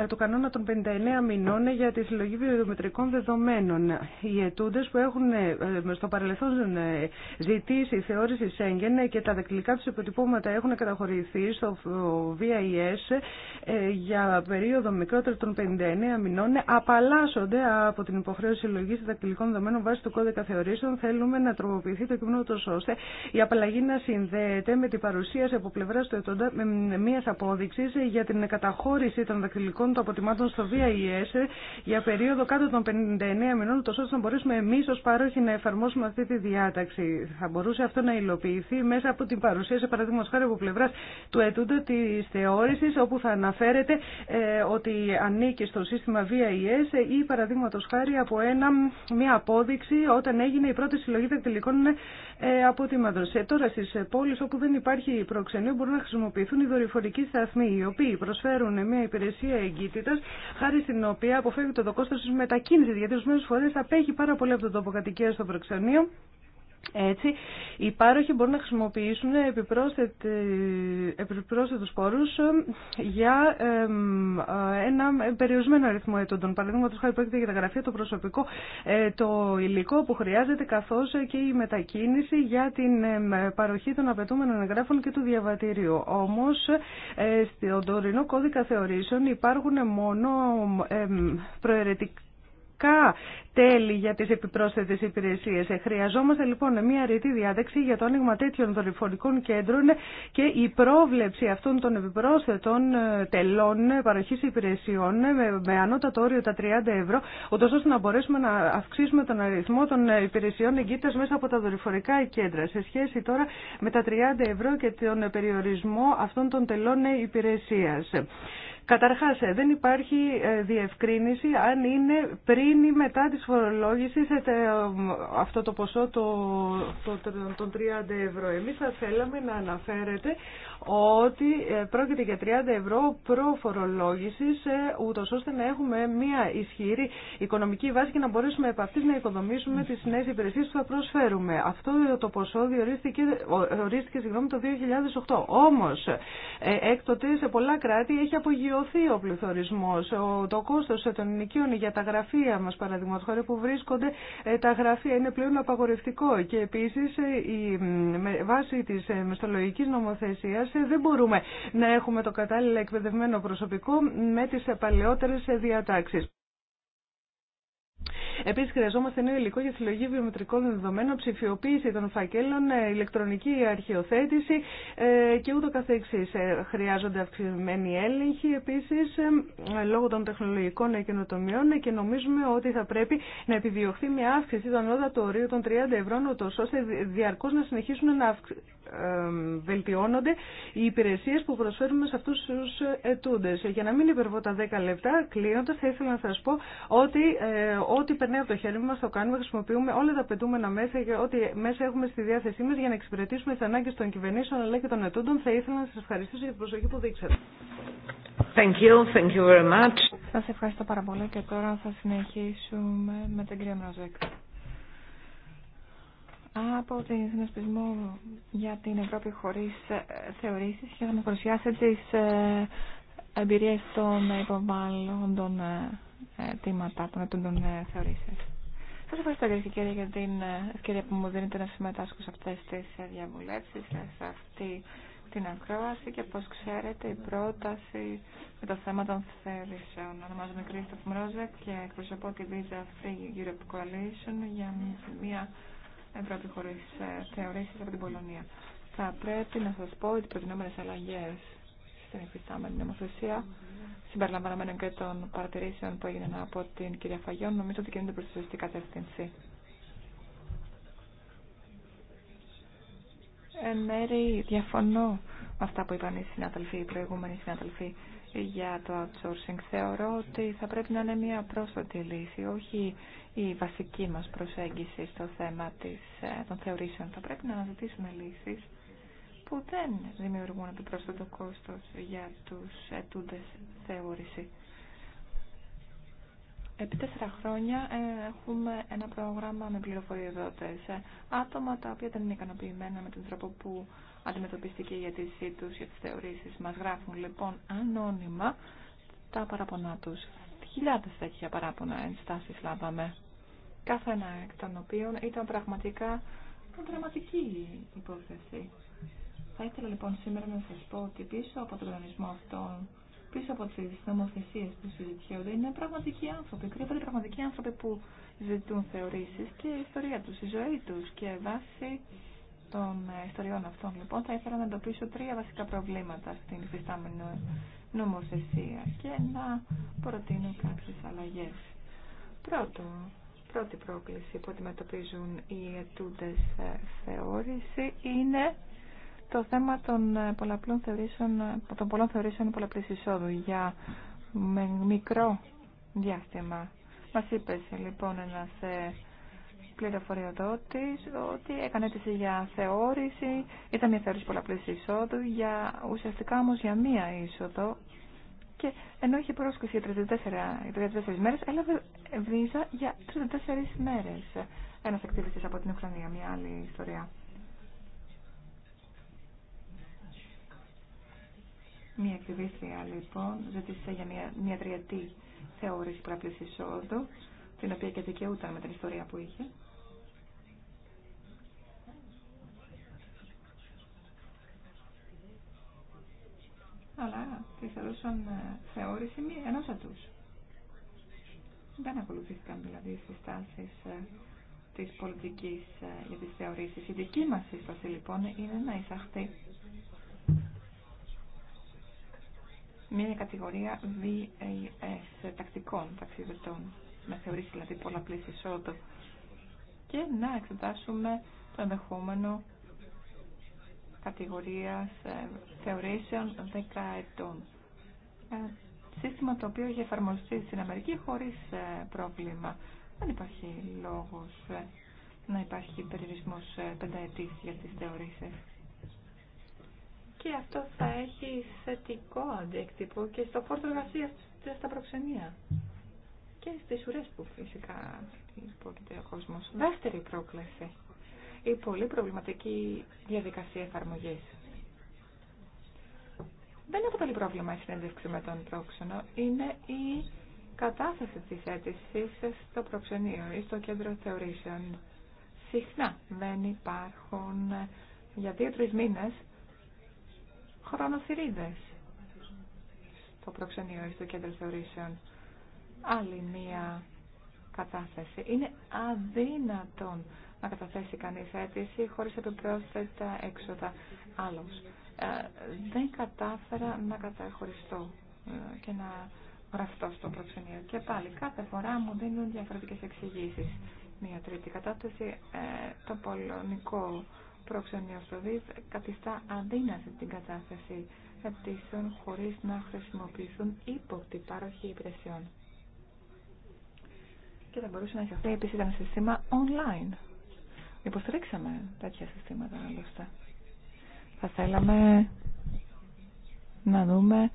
του κανόνα των 59 μηνών για τη συλλογή βιομετρικών δεδομένων. Οι ετούντες που έχουν στο παρελθόν ζητήσει θεώρηση Σέγγεν και τα δεκτυλικά του υποτυπώματα έχουν καταχωρηθεί στο VIS για περίοδο μικρότερο των 59 μηνών απαλλάσσονται από την υποχρέωση συλλογή δακτυλικών δεδομένων βάσει του κώδικα θεωρήσεων. Θέλουμε να τροποποιηθεί το κείμενο ώστε η απαλλαγή να συνδέεται με την παρουσίαση από πλευρά του ετώντα Μία απόδειξη για την καταχώρηση των δακτυλικών του αποτιμάτων στο VIS για περίοδο κάτω των 59 μηνών, τόσο ώστε να μπορέσουμε εμεί ω παρόχοι να εφαρμόσουμε αυτή τη διάταξη. Θα μπορούσε αυτό να υλοποιηθεί μέσα από την παρουσίαση, παραδείγματο χάρη από πλευρά του ετούντα τη θεώρηση, όπου θα αναφέρεται ε, ότι ανήκει στο σύστημα VIS ή παραδείγματο χάρη από ένα, μια απόδειξη όταν έγινε η πρώτη συλλογή δακτυλικών ε, αποτιμάτων. τώρα στι πόλει όπου δεν υπάρχει προξενείο μπορούν να χρησιμοποιηθούν οι δορυφορικοί σταθμοί, οι οποίοι προσφέρουν μια υπηρεσία εγκύτητα, χάρη στην οποία αποφεύγεται το κόστο τη μετακίνηση, γιατί ορισμένε φορέ απέχει πάρα πολύ από το τοποκατοικία στο προξενείο έτσι, οι πάροχοι μπορούν να χρησιμοποιήσουν επιπρόσθετους πόρους ε, για ε, ένα περιορισμένο αριθμό ετών. Παραδείγματο χάρη πρόκειται για τα γραφεία, το προσωπικό, ε, το υλικό που χρειάζεται, καθώς και η μετακίνηση για την παροχή των απαιτούμενων εγγράφων και του διαβατήριου. Όμως, στον τωρινό κώδικα θεωρήσεων υπάρχουν μόνο προαιρετικά ειδικά τέλη για τις επιπρόσθετες υπηρεσίες. Ε, χρειαζόμαστε λοιπόν μια ρητή διάδεξη για το άνοιγμα τέτοιων δορυφορικών κέντρων και η πρόβλεψη αυτών των επιπρόσθετων ε, τελών ε, παροχής υπηρεσιών με ανώτατο όριο τα 30 ευρώ, ούτως ώστε να μπορέσουμε να αυξήσουμε τον αριθμό των υπηρεσιών εγκύτητας μέσα από τα δορυφορικά κέντρα. Σε σχέση τώρα με τα 30 ευρώ και τον περιορισμό αυτών των τελών υπηρεσίας. Καταρχάς, ε, δεν υπάρχει ε, διευκρίνηση αν είναι πριν ή μετά της φορολόγησης ε, αυτό το ποσό των 30 ευρώ. Εμείς θα θέλαμε να αναφέρετε ότι πρόκειται για 30 ευρώ προφορολόγησης, ούτως ώστε να έχουμε μια ισχυρή οικονομική βάση και να μπορέσουμε επ' αυτής να οικοδομήσουμε τις νέες υπηρεσίες που θα προσφέρουμε. Αυτό το ποσό διορίστηκε, ορίστηκε συγγνώμη, το 2008. Όμως, έκτοτε σε πολλά κράτη έχει απογειώσει μειωθεί ο Το κόστος των νοικίων για τα γραφεία μας, παραδείγματος χώρε που βρίσκονται, ε, τα γραφεία είναι πλέον απαγορευτικό και επίσης ε, η, με βάση της ε, μεστολογικής νομοθεσίας δεν μπορούμε να έχουμε το κατάλληλο εκπαιδευμένο προσωπικό με τις παλαιότερες διατάξεις. Επίση, χρειαζόμαστε νέο υλικό για συλλογή βιομετρικών δεδομένων, ψηφιοποίηση των φακέλων, ε, ηλεκτρονική αρχαιοθέτηση ε, και ούτω καθεξή. Ε, χρειάζονται αυξημένοι έλεγχοι επίση λόγω των τεχνολογικών καινοτομιών και νομίζουμε ότι θα πρέπει να επιδιωχθεί μια αύξηση των του ωρίου ορίου των 30 ευρώ, ώστε διαρκώ να συνεχίσουν να αυξηθούν βελτιώνονται οι υπηρεσίε που προσφέρουμε σε αυτού του ετούντε. Για να μην υπερβώ τα 10 λεπτά, κλείνοντα, θα ήθελα να σα πω ότι ε, ό,τι περνάει από το χέρι μα το κάνουμε, χρησιμοποιούμε όλα τα πετούμενα μέσα και ό,τι μέσα έχουμε στη διάθεσή μα για να εξυπηρετήσουμε τι ανάγκε των κυβερνήσεων αλλά και των ετούντων. Θα ήθελα να σα ευχαριστήσω για την προσοχή που δείξατε. Thank you. Thank you very much. Σας ευχαριστώ πάρα πολύ και τώρα θα συνεχίσουμε με την κυρία Μροζέκα από την συνασπισμό για την Ευρώπη χωρίς ε, θεωρήσεις και θα με παρουσιάσετε τις ε, εμπειρίες των υποβάλλοντων ε, αιτήματα των ετούντων θεωρήσεων. Σα ευχαριστώ κύριε και κύριε για την ευκαιρία που μου δίνετε να συμμετάσχω σε αυτέ τι διαβουλεύσει, σε αυτή την ακρόαση και όπω ξέρετε η πρόταση με το θέμα των θεωρήσεων. Ονομάζομαι Κρίστοφ Μρόζεκ και εκπροσωπώ τη Visa Free Europe Coalition για μια Ευρώπη χωρί ε, θεωρήσει από την Πολωνία. Θα πρέπει να σα πω ότι οι προτινόμενε αλλαγέ στην υφιστάμενη νομοθεσία συμπεριλαμβανομένων και των παρατηρήσεων που έγιναν από την κυρία Φαγιόν νομίζω ότι κινούνται προ τη σωστή κατεύθυνση. Εν μέρη διαφωνώ με αυτά που είπαν οι συνάδελφοι, οι προηγούμενοι συνάδελφοι για το outsourcing. Θεωρώ ότι θα πρέπει να είναι μια πρόσφατη λύση, όχι η βασική μας προσέγγιση στο θέμα της, ε, των θεωρήσεων. Θα πρέπει να αναζητήσουμε λύσεις που δεν δημιουργούν επιπρόσθετο κόστος για τους ετούντες θεώρηση. Επί τέσσερα χρόνια ε, έχουμε ένα πρόγραμμα με πληροφοριοδότες, ε, άτομα τα οποία δεν είναι ικανοποιημένα με τον τρόπο που αντιμετωπίστηκε η αιτήσή τους για τις θεωρήσεις. Μας γράφουν λοιπόν ανώνυμα τα παραπονά τους. Χιλιάδες τέτοια παράπονα ενστάσεις λάβαμε κάθε ένα εκ των οποίων ήταν πραγματικά δραματική υπόθεση. Θα ήθελα λοιπόν σήμερα να σα πω ότι πίσω από τον κανονισμό αυτόν, πίσω από τις νομοθεσίε που συζητιούνται, είναι πραγματικοί άνθρωποι, κρύβονται πραγματικοί άνθρωποι που ζητούν θεωρήσει και η ιστορία του η ζωή του. και βάσει των ιστοριών αυτών λοιπόν θα ήθελα να εντοπίσω τρία βασικά προβλήματα στην υφιστάμενη νομοθεσία και να προτείνω κάποιε αλλαγές. Πρώτον, πρώτη πρόκληση που αντιμετωπίζουν οι ετούντες θεώρηση είναι το θέμα των, πολλαπλών θεωρήσεων, των πολλών θεωρήσεων πολλαπλής εισόδου για με μικρό διάστημα. Μας είπε λοιπόν ένας ε, πληροφοριοδότης ότι έκανε αίτηση για θεώρηση, ήταν μια θεώρηση πολλαπλής εισόδου, για, ουσιαστικά όμως για μία είσοδο και ενώ είχε πρόσκληση για 34, 34 μέρες, έλαβε βίζα για 34 μέρες. Ένας εκτίμησης από την Ουκρανία, μια άλλη ιστορία. Μια εκτιμήθεια, λοιπόν ζήτησε για μια, μια τριετή θεώρηση παραπλής εισόδου, την οποία και δικαιούταν με την ιστορία που είχε. αλλά τη θεωρούσαν ε, θεώρηση ενός ατούς. Δεν ακολουθήθηκαν δηλαδή οι συστάσεις ε, της πολιτικής ε, για τις θεωρήσεις. Η δική μας σύσταση λοιπόν είναι να εισαχθεί μια κατηγορία VAS τακτικών ταξιδετών με θεωρήσει δηλαδή πολλαπλής εισόδου και να εξετάσουμε το ενδεχόμενο κατηγορίας ε, θεωρήσεων 10 ετών. Ε, σύστημα το οποίο έχει εφαρμοστεί στην Αμερική χωρίς ε, πρόβλημα. Δεν υπάρχει λόγος να υπάρχει περιορισμός πενταετής για τις θεωρήσεις. Και αυτό θα έχει θετικό αντίκτυπο και στο φόρτο εργασία στα προξενία. Και στις ουρές που φυσικά υπόκειται ο κόσμος. Δεύτερη πρόκληση η πολύ προβληματική διαδικασία εφαρμογή. Δεν πολύ πρόβλημα η συνέντευξη με τον πρόξενο, είναι η κατάθεση της αίτηση στο προξενείο ή στο κέντρο θεωρήσεων. Συχνά δεν υπάρχουν για δύο-τρεις μήνες χρονοθυρίδες στο προξενείο ή στο κέντρο θεωρήσεων. Άλλη μία κατάθεση. Είναι αδύνατον να καταθέσει κανεί αίτηση χωρί επιπρόσθετα έξοδα Ε, δεν κατάφερα να καταχωριστώ ε, και να γραφτώ στο προξενείο. Και πάλι κάθε φορά μου δίνουν διαφορετικέ εξηγήσει. Μια τρίτη κατάσταση, ε, το πολωνικό προξενείο στο ΔΙΒ καθιστά αδύνατη την κατάσταση αιτήσεων χωρί να χρησιμοποιηθούν ύποπτη πάροχή υπηρεσιών. Και θα μπορούσε να εισαχθεί επίση ένα σύστημα online. Υποστηρίξαμε τέτοια συστήματα άλλωστε. Θα θέλαμε να δούμε,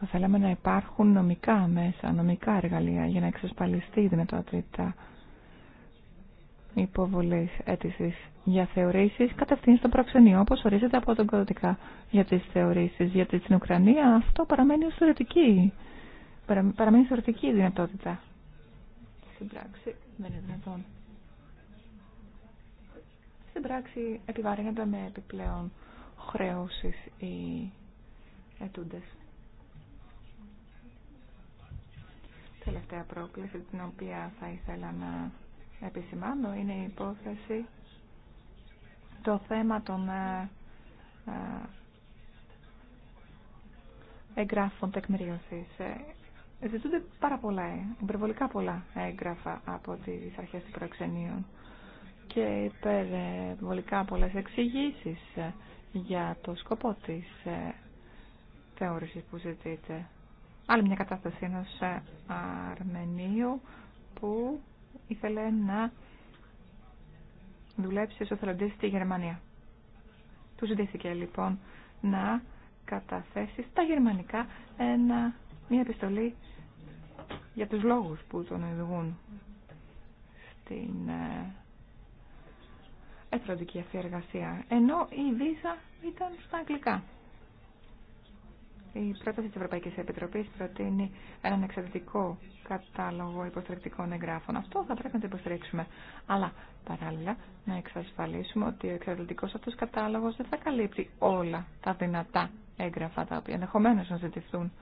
θα θέλαμε να υπάρχουν νομικά μέσα, νομικά εργαλεία για να εξασφαλιστεί η δυνατότητα υποβολή αίτηση για θεωρήσει κατευθείαν στο προξενείο, όπω ορίζεται από τον κωδικά για τι θεωρήσει. Γιατί στην Ουκρανία αυτό παραμένει ω θεωρητική. Παραμένει θεωρητική δυνατότητα. Στην πράξη δεν είναι δυνατόν στην πράξη επιβαρύνονται με επιπλέον χρέωσεις οι ετούντες. Τελευταία πρόκληση την οποία θα ήθελα να επισημάνω είναι η υπόθεση το θέμα των ε, ε, εγγράφων τεκμηρίωσης. Ε, ζητούνται πάρα πολλά, υπερβολικά πολλά έγγραφα από τις αρχές του προξενείων και υπερβολικά πολλές εξηγήσει ε, για το σκοπό της ε, θεώρησης που ζητείτε. Άλλη μια κατάσταση ενό ε, Αρμενίου που ήθελε να δουλέψει ως οθελοντής στη Γερμανία. Του ζητήθηκε λοιπόν να καταθέσει στα γερμανικά ένα, μια επιστολή για τους λόγους που τον οδηγούν στην εθελοντική αυτή εργασία, ενώ η βίζα ήταν στα αγγλικά. Η πρόταση της Ευρωπαϊκής Επιτροπής προτείνει έναν εξαιρετικό κατάλογο υποστηρικτικών εγγράφων. Αυτό θα πρέπει να το υποστηρίξουμε. Αλλά παράλληλα να εξασφαλίσουμε ότι ο εξαιρετικό αυτός κατάλογος δεν θα καλύπτει όλα τα δυνατά έγγραφα τα οποία ενδεχομένω να ζητηθούν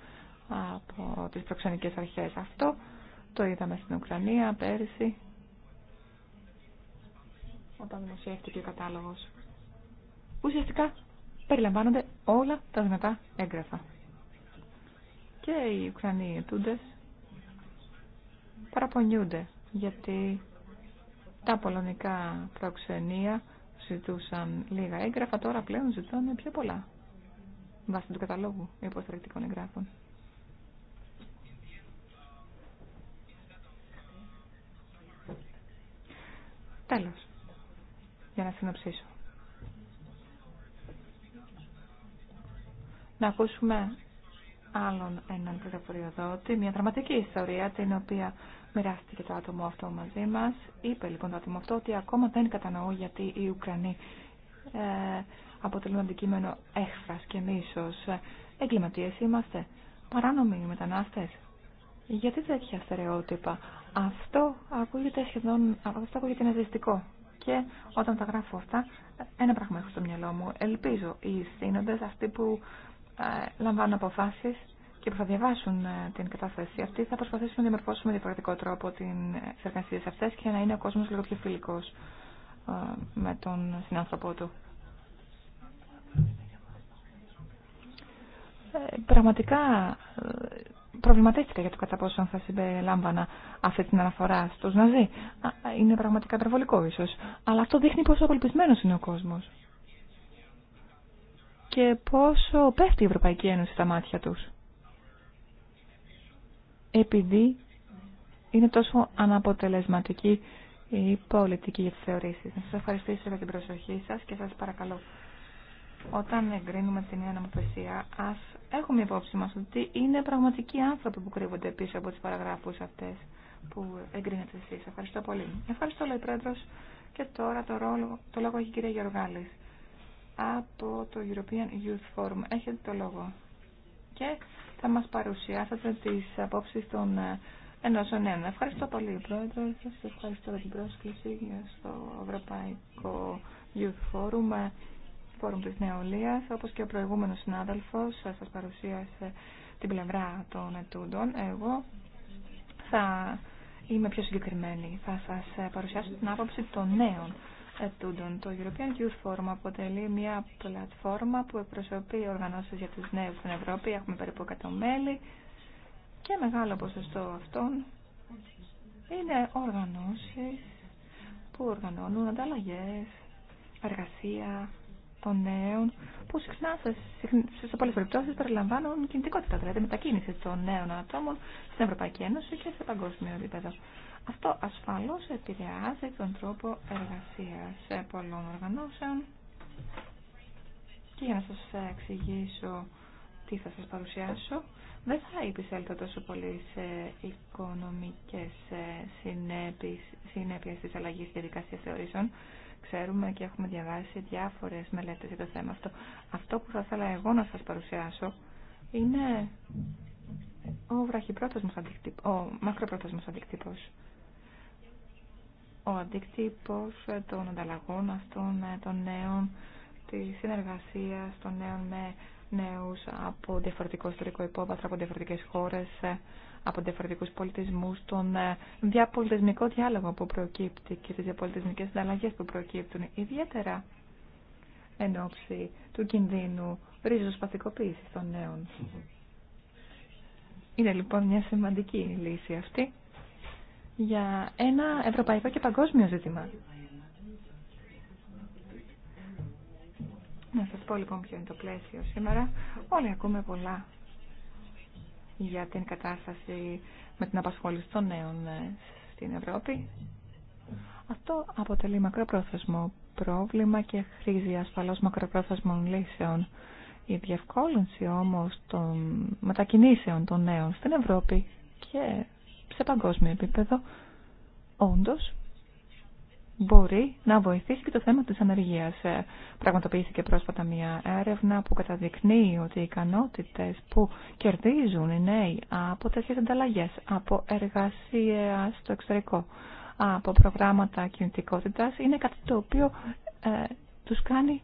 από τις προξενικές αρχές. Αυτό το είδαμε στην Ουκρανία πέρυσι όταν δημοσιεύτηκε ο κατάλογος. Ουσιαστικά περιλαμβάνονται όλα τα δυνατά έγγραφα. Και οι Ουκρανοί ετούντες παραπονιούνται γιατί τα πολωνικά προξενία ζητούσαν λίγα έγγραφα, τώρα πλέον ζητάνε πιο πολλά βάσει του καταλόγου υποστηρικτικών εγγράφων. Τέλος για να συνοψίσω. Να ακούσουμε άλλον έναν πληροφοριοδότη, μια δραματική ιστορία την οποία μοιράστηκε το άτομο αυτό μαζί μας. Είπε λοιπόν το άτομο αυτό ότι ακόμα δεν κατανοώ γιατί οι Ουκρανοί ε, αποτελούν αντικείμενο έχθρας και μίσος. Εγκληματίες είμαστε, παράνομοι μετανάστες. Γιατί τέτοια στερεότυπα. Αυτό ακούγεται σχεδόν, αυτό ακούγεται ναζιστικό και όταν τα γράφω αυτά, ένα πράγμα έχω στο μυαλό μου. Ελπίζω οι σύνοντες, αυτοί που ε, λαμβάνουν αποφάσει και που θα διαβάσουν ε, την κατάσταση αυτή, θα προσπαθήσουν να διαμορφώσουν με διαφορετικό τρόπο ε, τι εργασίε αυτές και να είναι ο κόσμος λίγο πιο φιλικός με τον συνάνθρωπό του. πραγματικά προβληματίστηκα για το κατά πόσο θα συμπεριλάμβανα αυτή την αναφορά στους Ναζί. Είναι πραγματικά υπερβολικό ίσως. Αλλά αυτό δείχνει πόσο απολυπισμένος είναι ο κόσμος. Και πόσο πέφτει η Ευρωπαϊκή Ένωση στα μάτια τους. Επειδή είναι τόσο αναποτελεσματική η πολιτική για τις θεωρήσεις. Να σας ευχαριστήσω για την προσοχή σας και σας παρακαλώ όταν εγκρίνουμε την νέα νομοθεσία, α έχουμε υπόψη μα ότι είναι πραγματικοί άνθρωποι που κρύβονται πίσω από τι παραγράφου αυτέ που εγκρίνετε εσεί. Ευχαριστώ πολύ. Ευχαριστώ, λέει πρόεδρο Και τώρα το, ρόλο, το λόγο έχει η κυρία Γεωργάλη από το European Youth Forum. Έχετε το λόγο. Και θα μα παρουσιάσετε τι απόψει των ε, ενό νέων. Ευχαριστώ πολύ, Πρόεδρο. σα ευχαριστώ για την πρόσκληση στο Ευρωπαϊκό Youth Forum. Φόρουμ της Νεολαίας, όπως και ο προηγούμενος συνάδελφος ε, σας παρουσίασε την πλευρά των ετούντων. Εγώ θα είμαι πιο συγκεκριμένη. Θα σας ε, παρουσιάσω την άποψη των νέων ετούντων. Το European Youth Forum αποτελεί μια πλατφόρμα που εκπροσωπεί οργανώσεις για τους νέους στην Ευρώπη. Έχουμε περίπου 100 μέλη και μεγάλο ποσοστό αυτών είναι οργανώσεις που οργανώνουν ανταλλαγές, εργασία, των νέων που συχνά σε πολλέ περιπτώσει περιλαμβάνουν κινητικότητα, δηλαδή μετακίνηση των νέων ατόμων στην Ευρωπαϊκή Ένωση και σε παγκόσμιο επίπεδο. Αυτό ασφαλώ επηρεάζει τον τρόπο εργασία πολλών οργανώσεων. Και για να σα εξηγήσω τι θα σας παρουσιάσω, δεν θα επισέλθω τόσο πολύ σε οικονομικέ ε, συνέπειε τη αλλαγή διαδικασία θεωρήσεων ξέρουμε και έχουμε διαβάσει διάφορες μελέτες για το θέμα αυτό. Αυτό που θα ήθελα εγώ να σας παρουσιάσω είναι ο βραχυπρόθεσμος αντίκτυπος, ο μακροπρόθεσμος αντίκτυπος. Ο αντίκτυπος των ανταλλαγών αυτών των νέων, τη συνεργασία των νέων με νέους από διαφορετικό ιστορικό υπόβαθρο, από διαφορετικές χώρες, από διαφορετικούς πολιτισμούς, τον ε, διαπολιτισμικό διάλογο που προκύπτει και τις διαπολιτισμικές συνταλλαγές που προκύπτουν, ιδιαίτερα εν ώψη του κινδύνου ριζοσπαθικοποίησης των νέων. Είναι λοιπόν μια σημαντική λύση αυτή για ένα ευρωπαϊκό και παγκόσμιο ζήτημα. Να σας πω λοιπόν ποιο είναι το πλαίσιο σήμερα. Όλοι ακούμε πολλά για την κατάσταση με την απασχόληση των νέων ε, στην Ευρώπη. Αυτό αποτελεί μακροπρόθεσμο πρόβλημα και χρήζει ασφαλώς μακροπρόθεσμων λύσεων. Η διευκόλυνση όμως των μετακινήσεων των νέων στην Ευρώπη και σε παγκόσμιο επίπεδο όντως μπορεί να βοηθήσει και το θέμα της ανεργίας. Ε, πραγματοποιήθηκε πρόσφατα μια έρευνα που καταδεικνύει ότι οι ικανότητες που κερδίζουν οι νέοι από τέτοιες ανταλλαγές, από εργασία στο εξωτερικό, από προγράμματα κινητικότητας, είναι κάτι το οποίο ε, τους κάνει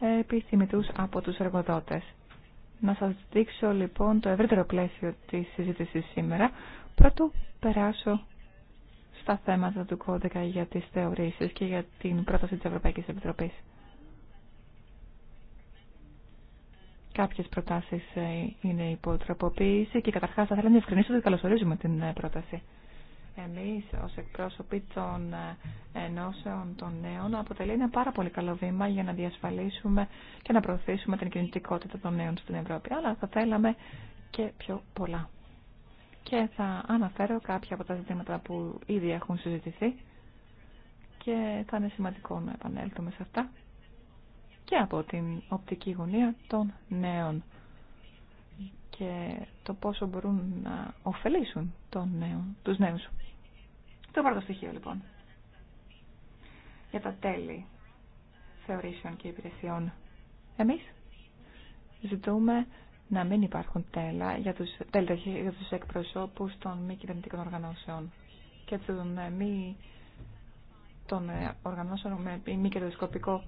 ε, επιθυμητούς από τους εργοδότες. Να σας δείξω λοιπόν το ευρύτερο πλαίσιο της συζήτησης σήμερα, πρώτο περάσω στα θέματα του κώδικα για τις θεωρήσεις και για την πρόταση της Ευρωπαϊκής Επιτροπής. Κάποιες προτάσεις ε, είναι υποτροποποίηση και καταρχάς θα ήθελα να ευκρινίσω ότι καλωσορίζουμε την ε, πρόταση. Εμείς ως εκπρόσωποι των ε, ενώσεων των νέων αποτελεί ένα πάρα πολύ καλό βήμα για να διασφαλίσουμε και να προωθήσουμε την κινητικότητα των νέων στην Ευρώπη. Αλλά θα θέλαμε και πιο πολλά και θα αναφέρω κάποια από τα ζητήματα που ήδη έχουν συζητηθεί και θα είναι σημαντικό να επανέλθουμε σε αυτά και από την οπτική γωνία των νέων και το πόσο μπορούν να ωφελήσουν τον νέο, τους νέους. Το πρώτο στοιχείο λοιπόν για τα τέλη θεωρήσεων και υπηρεσιών. Εμείς ζητούμε να μην υπάρχουν τέλα για τους, τέλτα, για τους εκπροσώπους των μη κυβερνητικών οργανώσεων και των μη των ε, οργανώσεων με μη κερδοσκοπικό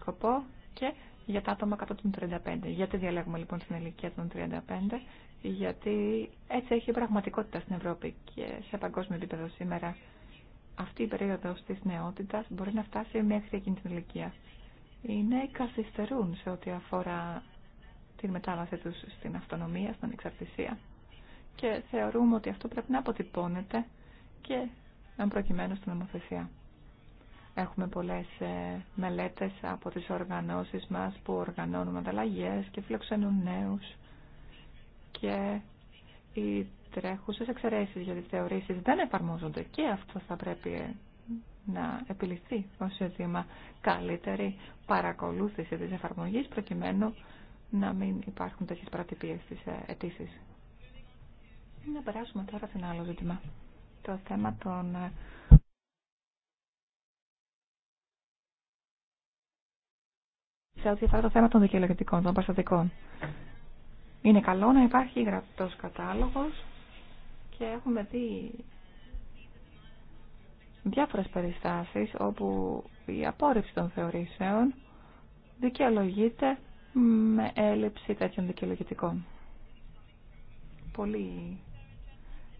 σκοπό και για τα άτομα κάτω των 35. Γιατί διαλέγουμε λοιπόν την ηλικία των 35, γιατί έτσι έχει πραγματικότητα στην Ευρώπη και σε παγκόσμιο επίπεδο σήμερα. Αυτή η περίοδος της νέότητα μπορεί να φτάσει μέχρι εκείνη την ηλικία. Οι νέοι καθυστερούν σε ό,τι αφορά την μετάβασή τους στην αυτονομία, στην εξαρτησία. και θεωρούμε ότι αυτό πρέπει να αποτυπώνεται και αν προκειμένου στην νομοθεσία. Έχουμε πολλές ε, μελέτες από τις οργανώσεις μας που οργανώνουν ανταλλαγές και φιλοξενούν νέους και οι τρέχουσες εξαιρέσεις για τις θεωρήσεις δεν εφαρμόζονται και αυτό θα πρέπει ε, να επιληθεί ως ζήτημα καλύτερη παρακολούθηση της εφαρμογής προκειμένου να μην υπάρχουν τέτοιες παρατυπίες στις ε, αιτήσει. Να περάσουμε τώρα σε ένα άλλο ζήτημα. Το θέμα των ε, σε ό,τι αφορά το θέμα των δικαιολογητικών, των παστατικών. Είναι καλό να υπάρχει γραπτός κατάλογος και έχουμε δει διάφορες περιστάσεις όπου η απόρριψη των θεωρήσεων δικαιολογείται με έλλειψη τέτοιων δικαιολογητικών. Πολλοί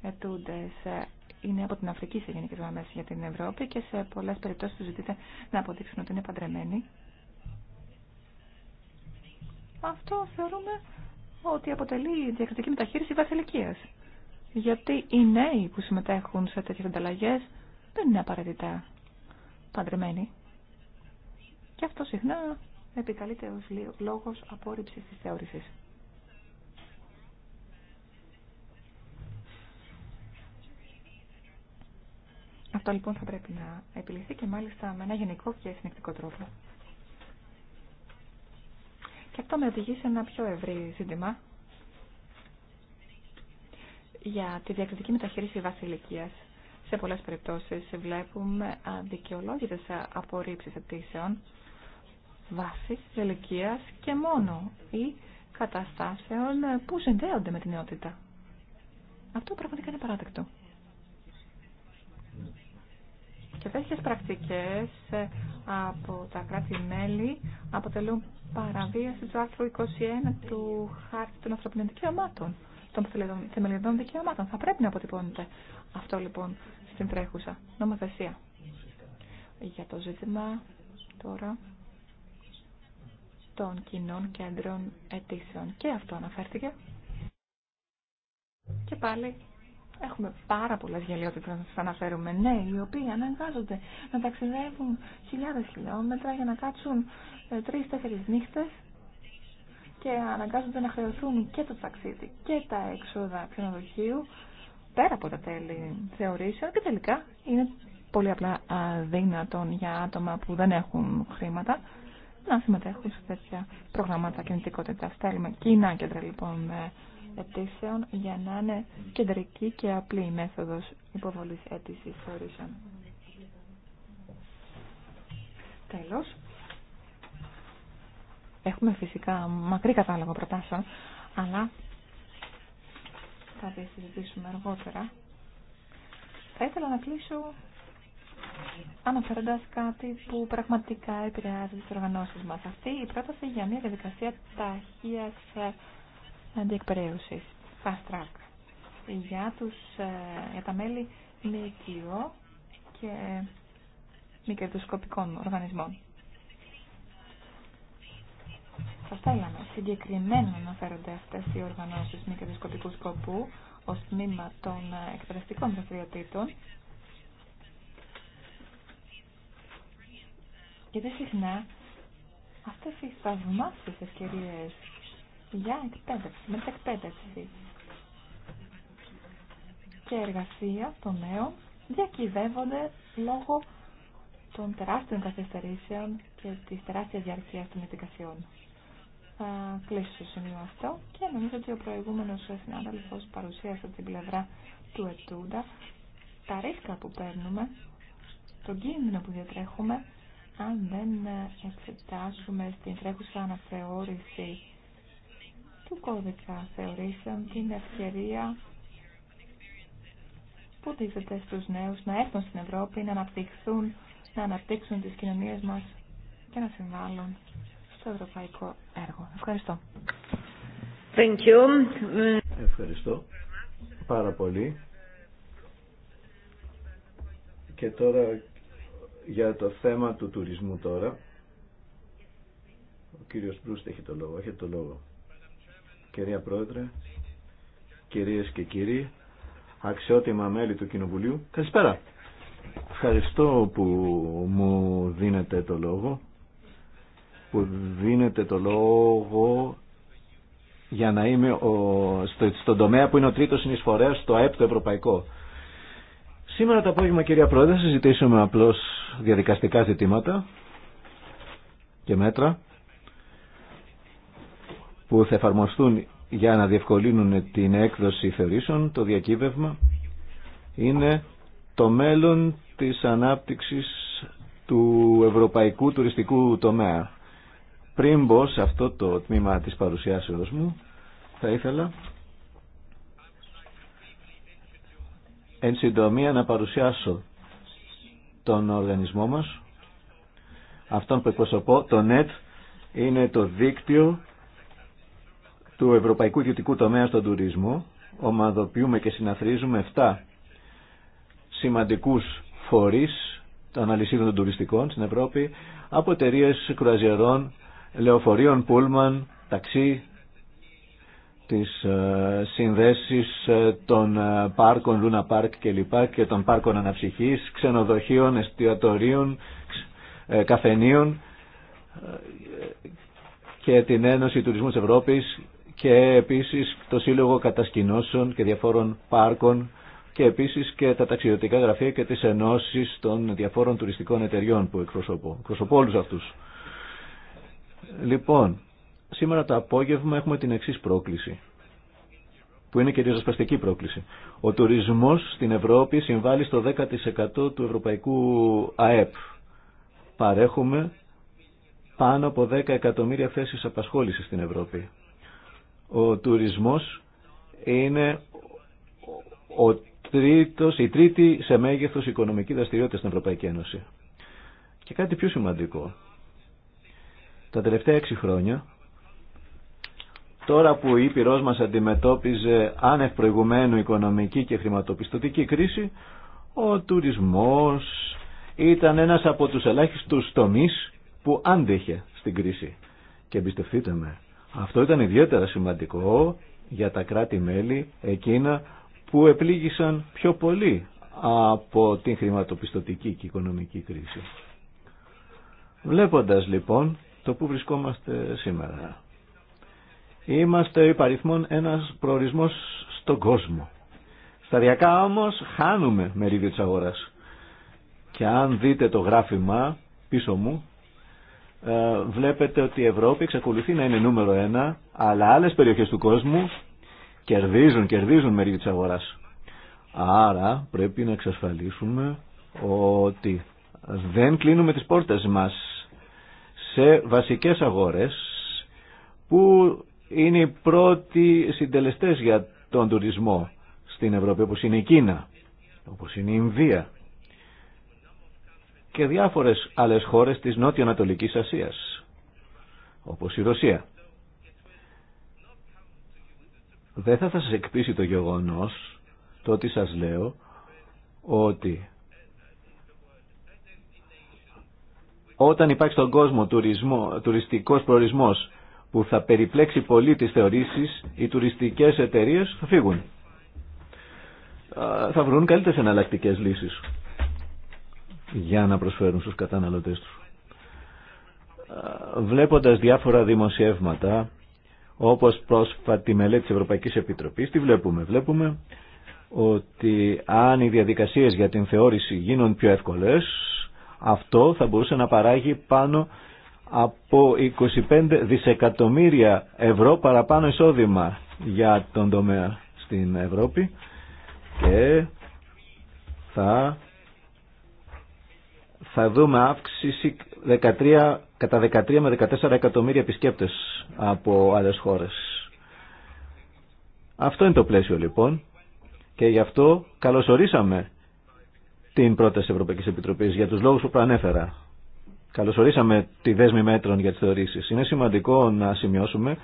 ετούντε ε, είναι από την Αφρική σε γενικέ γραμμέ για την Ευρώπη και σε πολλές περιπτώσεις του ζητείτε να αποδείξουν ότι είναι παντρεμένοι. Αυτό θεωρούμε ότι αποτελεί διακριτική μεταχείριση βασιλικία. Γιατί οι νέοι που συμμετέχουν σε τέτοιες ανταλλαγές δεν είναι απαραίτητα παντρεμένοι. Και αυτό συχνά επικαλείται ως λόγος απόρριψης της θεώρησης. Αυτό λοιπόν θα πρέπει να επιληθεί και μάλιστα με ένα γενικό και συνεκτικό τρόπο. Και αυτό με οδηγεί σε ένα πιο ευρύ ζήτημα για τη διακριτική μεταχείριση βασιλικίας. Σε πολλές περιπτώσεις βλέπουμε αδικαιολόγητες απορρίψεις αιτήσεων βάση ηλικία και μόνο ή καταστάσεων που συνδέονται με την νεότητα. Αυτό πραγματικά είναι παράδεκτο. Και τέτοιες πρακτικές ε, από τα κράτη-μέλη αποτελούν παραβίαση του άρθρου 21 του Χάρτη των Ανθρωπινών Δικαιωμάτων, των θεμελιωδών δικαιωμάτων. Θα πρέπει να αποτυπώνεται αυτό λοιπόν στην τρέχουσα νομοθεσία. Για το ζήτημα τώρα των κοινών κέντρων αιτήσεων. Και αυτό αναφέρθηκε. Και πάλι έχουμε πάρα πολλέ γελιότητε να σα αναφέρουμε. ναι, οι οποίοι αναγκάζονται να ταξιδεύουν χιλιάδε χιλιόμετρα για να κάτσουν ε, τρει-τέσσερι νύχτε και αναγκάζονται να χρεωθούν και το ταξίδι και τα έξοδα ξενοδοχείου πέρα από τα τέλη θεωρήσεων και τελικά είναι πολύ απλά αδύνατον για άτομα που δεν έχουν χρήματα να συμμετέχουν σε τέτοια προγράμματα κινητικότητα. Θέλουμε κοινά κέντρα λοιπόν αιτήσεων για να είναι κεντρική και απλή η μέθοδος υποβολής αίτησης θεωρήσεων. Τέλος, έχουμε φυσικά μακρύ κατάλογο προτάσεων, αλλά θα τη συζητήσουμε αργότερα. Θα ήθελα να κλείσω αναφέροντας κάτι που πραγματικά επηρεάζει τις οργανώσεις μας. Αυτή η πρόταση για μια διαδικασία ταχείας ε, αντιεκπαιρέωσης, fast track, για, τους, ε, για τα μέλη κοιό και ε, μη κερδοσκοπικών οργανισμών. Θα θέλαμε συγκεκριμένα να αναφέρονται αυτές οι οργανώσεις μη κερδοσκοπικού σκοπού ως τμήμα των εκπαιδευτικών δραστηριοτήτων Γιατί συχνά αυτές οι θαυμάσιε ευκαιρίες για εκπαίδευση, μετεκπαίδευση και εργασία των νέων διακυβεύονται λόγω των τεράστιων καθυστερήσεων και της τεράστιας διαρκείας των ειδικασιών. Θα κλείσω στο σημείο αυτό και νομίζω ότι ο προηγούμενος συνάδελφος παρουσίασε την πλευρά του Ετούντα τα ρίσκα που παίρνουμε, τον κίνδυνο που διατρέχουμε αν δεν εξετάσουμε στην τρέχουσα αναθεώρηση του κώδικα θεωρήσεων την ευκαιρία που δίδεται στους νέους να έρθουν στην Ευρώπη, να αναπτυχθούν, να αναπτύξουν τις κοινωνίες μας και να συμβάλλουν στο ευρωπαϊκό έργο. Ευχαριστώ. Thank you. Ευχαριστώ πάρα πολύ. Και τώρα για το θέμα του τουρισμού τώρα. Ο κύριος Προύστη έχει το λόγο. έχει το λόγο. Κυρία Πρόεδρε, κυρίες και κύριοι, αξιότιμα μέλη του Κοινοβουλίου, καλησπέρα. Ευχαριστώ που μου δίνετε το λόγο, που δίνετε το λόγο για να είμαι στο, στον τομέα που είναι ο τρίτος συνεισφορέας στο ΑΕΠ Ευρωπαϊκό. Σήμερα το απόγευμα, κυρία Πρόεδρε, συζητήσουμε απλώς διαδικαστικά ζητήματα και μέτρα που θα εφαρμοστούν για να διευκολύνουν την έκδοση θεωρήσεων, το διακύβευμα, είναι το μέλλον της ανάπτυξης του ευρωπαϊκού τουριστικού τομέα. Πριν μπω σε αυτό το τμήμα της παρουσιάσεως μου, θα ήθελα Εν συντομία να παρουσιάσω τον οργανισμό μας, αυτόν που εκπροσωπώ, το NET, είναι το δίκτυο του Ευρωπαϊκού Ιδιωτικού Τομέα στον Τουρισμό. Ομαδοποιούμε και συναθρίζουμε 7 σημαντικούς φορείς των αλυσίδων των τουριστικών στην Ευρώπη από εταιρείε κρουαζιερών, λεωφορείων, πούλμαν, ταξί, τις ε, συνδέσεις ε, των ε, πάρκων Λούνα Πάρκ και λοιπά και των πάρκων αναψυχής, ξενοδοχείων, εστιατορίων, καφενείων και την Ένωση Τουρισμού της Ευρώπης και επίσης το Σύλλογο Κατασκηνώσεων και Διαφόρων Πάρκων και επίσης και τα ταξιδιωτικά γραφεία και τις ενώσεις των διαφόρων τουριστικών εταιριών που εκπροσωπώ. Εκπροσωπώ όλους αυτούς. Λοιπόν, Σήμερα το απόγευμα έχουμε την εξή πρόκληση, που είναι και ριζοσπαστική πρόκληση. Ο τουρισμός στην Ευρώπη συμβάλλει στο 10% του ευρωπαϊκού ΑΕΠ. Παρέχουμε πάνω από 10 εκατομμύρια θέσεις απασχόλησης στην Ευρώπη. Ο τουρισμός είναι ο τρίτος, η τρίτη σε μέγεθος οικονομική δραστηριότητα στην Ευρωπαϊκή Ένωση. Και κάτι πιο σημαντικό. Τα τελευταία έξι χρόνια Τώρα που η Ήπειρός μας αντιμετώπιζε άνευ προηγουμένου οικονομική και χρηματοπιστωτική κρίση, ο τουρισμός ήταν ένας από τους ελάχιστους τομείς που άντεχε στην κρίση. Και εμπιστευτείτε με, αυτό ήταν ιδιαίτερα σημαντικό για τα κράτη-μέλη εκείνα που επλήγησαν πιο πολύ από την χρηματοπιστωτική και οικονομική κρίση. Βλέποντας λοιπόν το που βρισκόμαστε σήμερα. Είμαστε υπαριθμόν ένας προορισμός στον κόσμο. Σταδιακά όμως χάνουμε μερίδιο της αγοράς. Και αν δείτε το γράφημα πίσω μου, ε, βλέπετε ότι η Ευρώπη εξακολουθεί να είναι νούμερο ένα, αλλά άλλες περιοχές του κόσμου κερδίζουν, κερδίζουν μερίδιο της αγοράς. Άρα πρέπει να εξασφαλίσουμε ότι δεν κλείνουμε τις πόρτες μας σε βασικές αγορές που είναι οι πρώτοι συντελεστές για τον τουρισμό στην Ευρώπη, όπως είναι η Κίνα, όπως είναι η Ινδία και διάφορες άλλες χώρες της Νότιο-Ανατολικής Ασίας, όπως η Ρωσία. Δεν θα, σα σας εκπίσει το γεγονός το ότι σας λέω ότι όταν υπάρχει στον κόσμο τουρισμό, τουριστικός προορισμός που θα περιπλέξει πολύ τις θεωρήσεις, οι τουριστικές εταιρείες θα φύγουν. Θα βρουν καλύτερες εναλλακτικέ λύσεις για να προσφέρουν στους καταναλωτές τους. Βλέποντας διάφορα δημοσιεύματα, όπως πρόσφατη μελέτη της Ευρωπαϊκής Επιτροπής, τι βλέπουμε. Βλέπουμε ότι αν οι διαδικασίες για την θεώρηση γίνουν πιο εύκολες, αυτό θα μπορούσε να παράγει πάνω από 25 δισεκατομμύρια ευρώ παραπάνω εισόδημα για τον τομέα στην Ευρώπη και θα, θα δούμε αύξηση 13, κατά 13 με 14 εκατομμύρια επισκέπτες από άλλες χώρες. Αυτό είναι το πλαίσιο λοιπόν και γι' αυτό καλωσορίσαμε την πρόταση Ευρωπαϊκής Επιτροπής για τους λόγους που προανέφερα. Καλωσορίσαμε τη δέσμη μέτρων για τις θεωρήσεις. Είναι σημαντικό να σημειώσουμε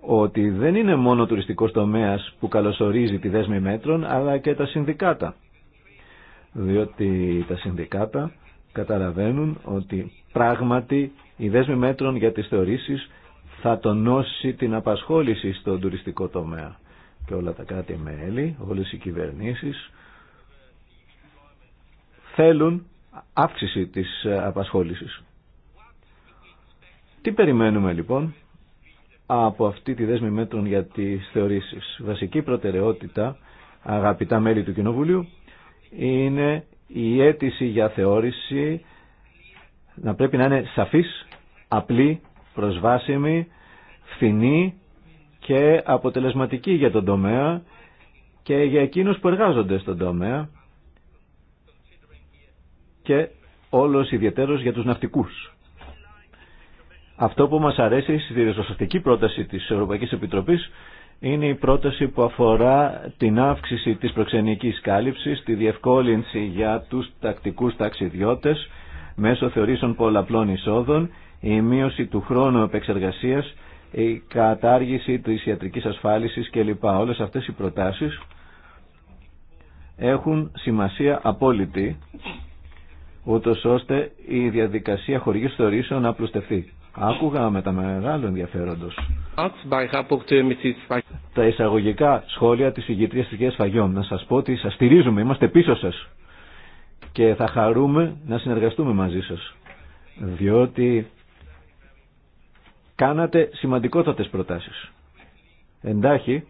ότι δεν είναι μόνο ο τουριστικός τομέας που καλωσορίζει τη δέσμη μέτρων, αλλά και τα συνδικάτα. Διότι τα συνδικάτα καταλαβαίνουν ότι πράγματι η δέσμη μέτρων για τις θεωρήσεις θα τονώσει την απασχόληση στον τουριστικό τομέα. Και όλα τα κράτη-μέλη, όλες οι κυβερνήσεις θέλουν αύξηση της ε, απασχόλησης. Τι περιμένουμε λοιπόν από αυτή τη δέσμη μέτρων για τις θεωρήσεις. Βασική προτεραιότητα, αγαπητά μέλη του Κοινοβουλίου, είναι η αίτηση για θεώρηση να πρέπει να είναι σαφής, απλή, προσβάσιμη, φθηνή και αποτελεσματική για τον τομέα και για εκείνους που εργάζονται στον τομέα και όλος ιδιαίτερος για τους ναυτικούς. Αυτό που μας αρέσει στη διευθυντική πρόταση της Ευρωπαϊκής Επιτροπής είναι η πρόταση που αφορά την αύξηση της προξενικής κάλυψης, τη διευκόλυνση για τους τακτικούς ταξιδιώτες μέσω θεωρήσεων πολλαπλών εισόδων, η μείωση του χρόνου επεξεργασίας, η κατάργηση της ιατρικής ασφάλισης κλπ. Όλες αυτές οι προτάσεις έχουν σημασία απόλυτη ούτω ώστε η διαδικασία χορηγής θεωρήσεων να απλουστευτεί. Άκουγα με τα μεγάλο ενδιαφέροντο. Τα εισαγωγικά σχόλια τη ηγετρίας τη κυρία Φαγιών. Να σας πω ότι σα στηρίζουμε, είμαστε πίσω σας. Και θα χαρούμε να συνεργαστούμε μαζί σας. Διότι κάνατε σημαντικότατε προτάσει. Εντάχει,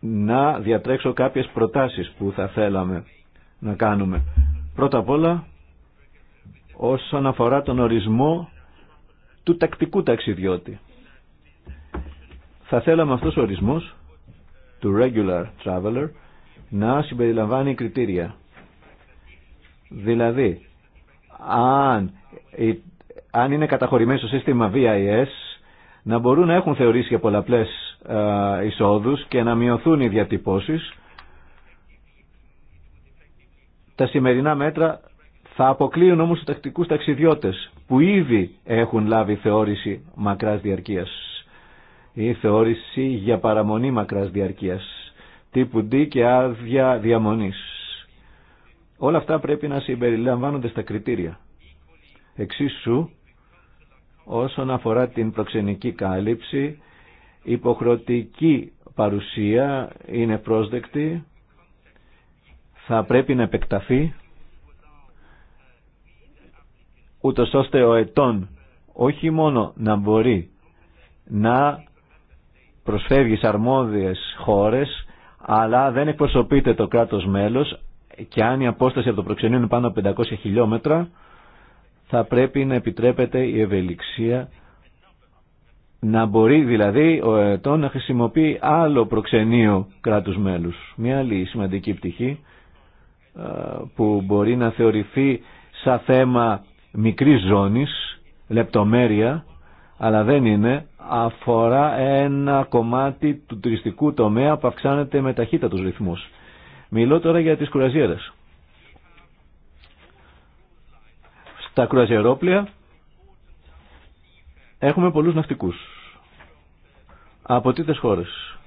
να διατρέξω κάποιες προτάσεις που θα θέλαμε να κάνουμε. Πρώτα απ' όλα, όσον αφορά τον ορισμό του τακτικού ταξιδιώτη. Θα θέλαμε αυτός ο ορισμός του regular traveler να συμπεριλαμβάνει κριτήρια. Δηλαδή, αν, αν είναι καταχωρημένο στο σύστημα VIS, να μπορούν να έχουν θεωρήσει για πολλαπλές ε, εισόδους και να μειωθούν οι διατυπώσεις τα σημερινά μέτρα θα αποκλείουν όμως τους τακτικούς ταξιδιώτες που ήδη έχουν λάβει θεώρηση μακράς διαρκείας ή θεώρηση για παραμονή μακράς διαρκείας τύπου D και άδεια διαμονής. Όλα αυτά πρέπει να συμπεριλαμβάνονται στα κριτήρια. Εξίσου, όσον αφορά την προξενική κάλυψη, υποχρεωτική παρουσία είναι πρόσδεκτη θα πρέπει να επεκταθεί ούτω ώστε ο ετών όχι μόνο να μπορεί να προσφεύγει σε αρμόδιες χώρες αλλά δεν εκπροσωπείται το κράτος μέλος και αν η απόσταση από το προξενείο είναι πάνω από 500 χιλιόμετρα θα πρέπει να επιτρέπεται η ευελιξία να μπορεί δηλαδή ο ετών να χρησιμοποιεί άλλο προξενείο κράτους μέλους. Μια άλλη σημαντική πτυχή ε, που μπορεί να θεωρηθεί σαν θέμα μικρής ζώνης, λεπτομέρεια, αλλά δεν είναι, αφορά ένα κομμάτι του τουριστικού τομέα που αυξάνεται με τους ρυθμούς. Μιλώ τώρα για τις κουραζιέρες. Στα κουραζιερόπλια έχουμε πολλούς ναυτικούς από τίτες χώρες.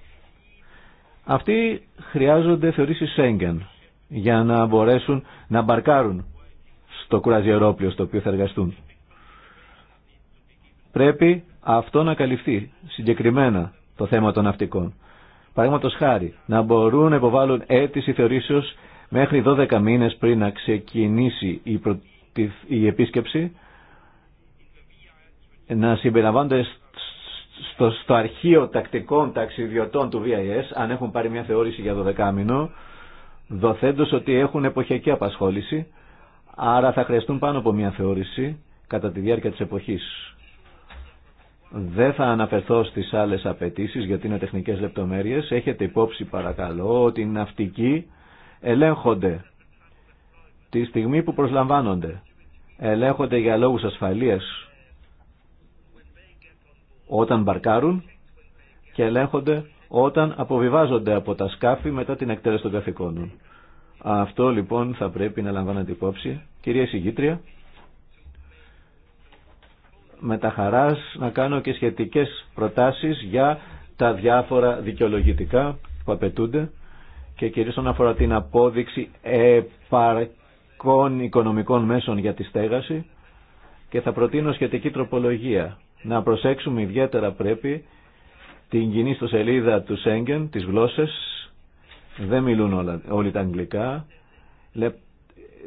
Αυτοί χρειάζονται θεωρήσεις Σέγγεν για να μπορέσουν να μπαρκάρουν στο κουραζιερόπλιο στο οποίο θα εργαστούν. Πρέπει αυτό να καλυφθεί συγκεκριμένα το θέμα των ναυτικών. Παραδείγματο χάρη, να μπορούν να υποβάλουν αίτηση θεωρήσεω μέχρι 12 μήνε πριν να ξεκινήσει η, η επίσκεψη, να συμπεριλαμβάνονται στο... αρχείο τακτικών ταξιδιωτών του VIS, αν έχουν πάρει μια θεώρηση για 12 μήνο, δοθέντως ότι έχουν εποχιακή απασχόληση, άρα θα χρειαστούν πάνω από μια θεώρηση κατά τη διάρκεια της εποχής. Δεν θα αναφερθώ στις άλλες απαιτήσει γιατί είναι τεχνικές λεπτομέρειες. Έχετε υπόψη παρακαλώ ότι οι ναυτικοί ελέγχονται τη στιγμή που προσλαμβάνονται. Ελέγχονται για λόγους ασφαλείας όταν μπαρκάρουν και ελέγχονται όταν αποβιβάζονται από τα σκάφη μετά την εκτέλεση των καθηκόντων. Αυτό λοιπόν θα πρέπει να λαμβάνετε υπόψη. Κυρία Συγγήτρια, με τα χαράς να κάνω και σχετικές προτάσεις για τα διάφορα δικαιολογητικά που απαιτούνται και κυρίως όταν αφορά την απόδειξη επαρκών οικονομικών μέσων για τη στέγαση και θα προτείνω σχετική τροπολογία. Να προσέξουμε ιδιαίτερα πρέπει την κοινή στο σελίδα του Σέγγεν, τις γλώσσες, δεν μιλούν όλοι τα αγγλικά,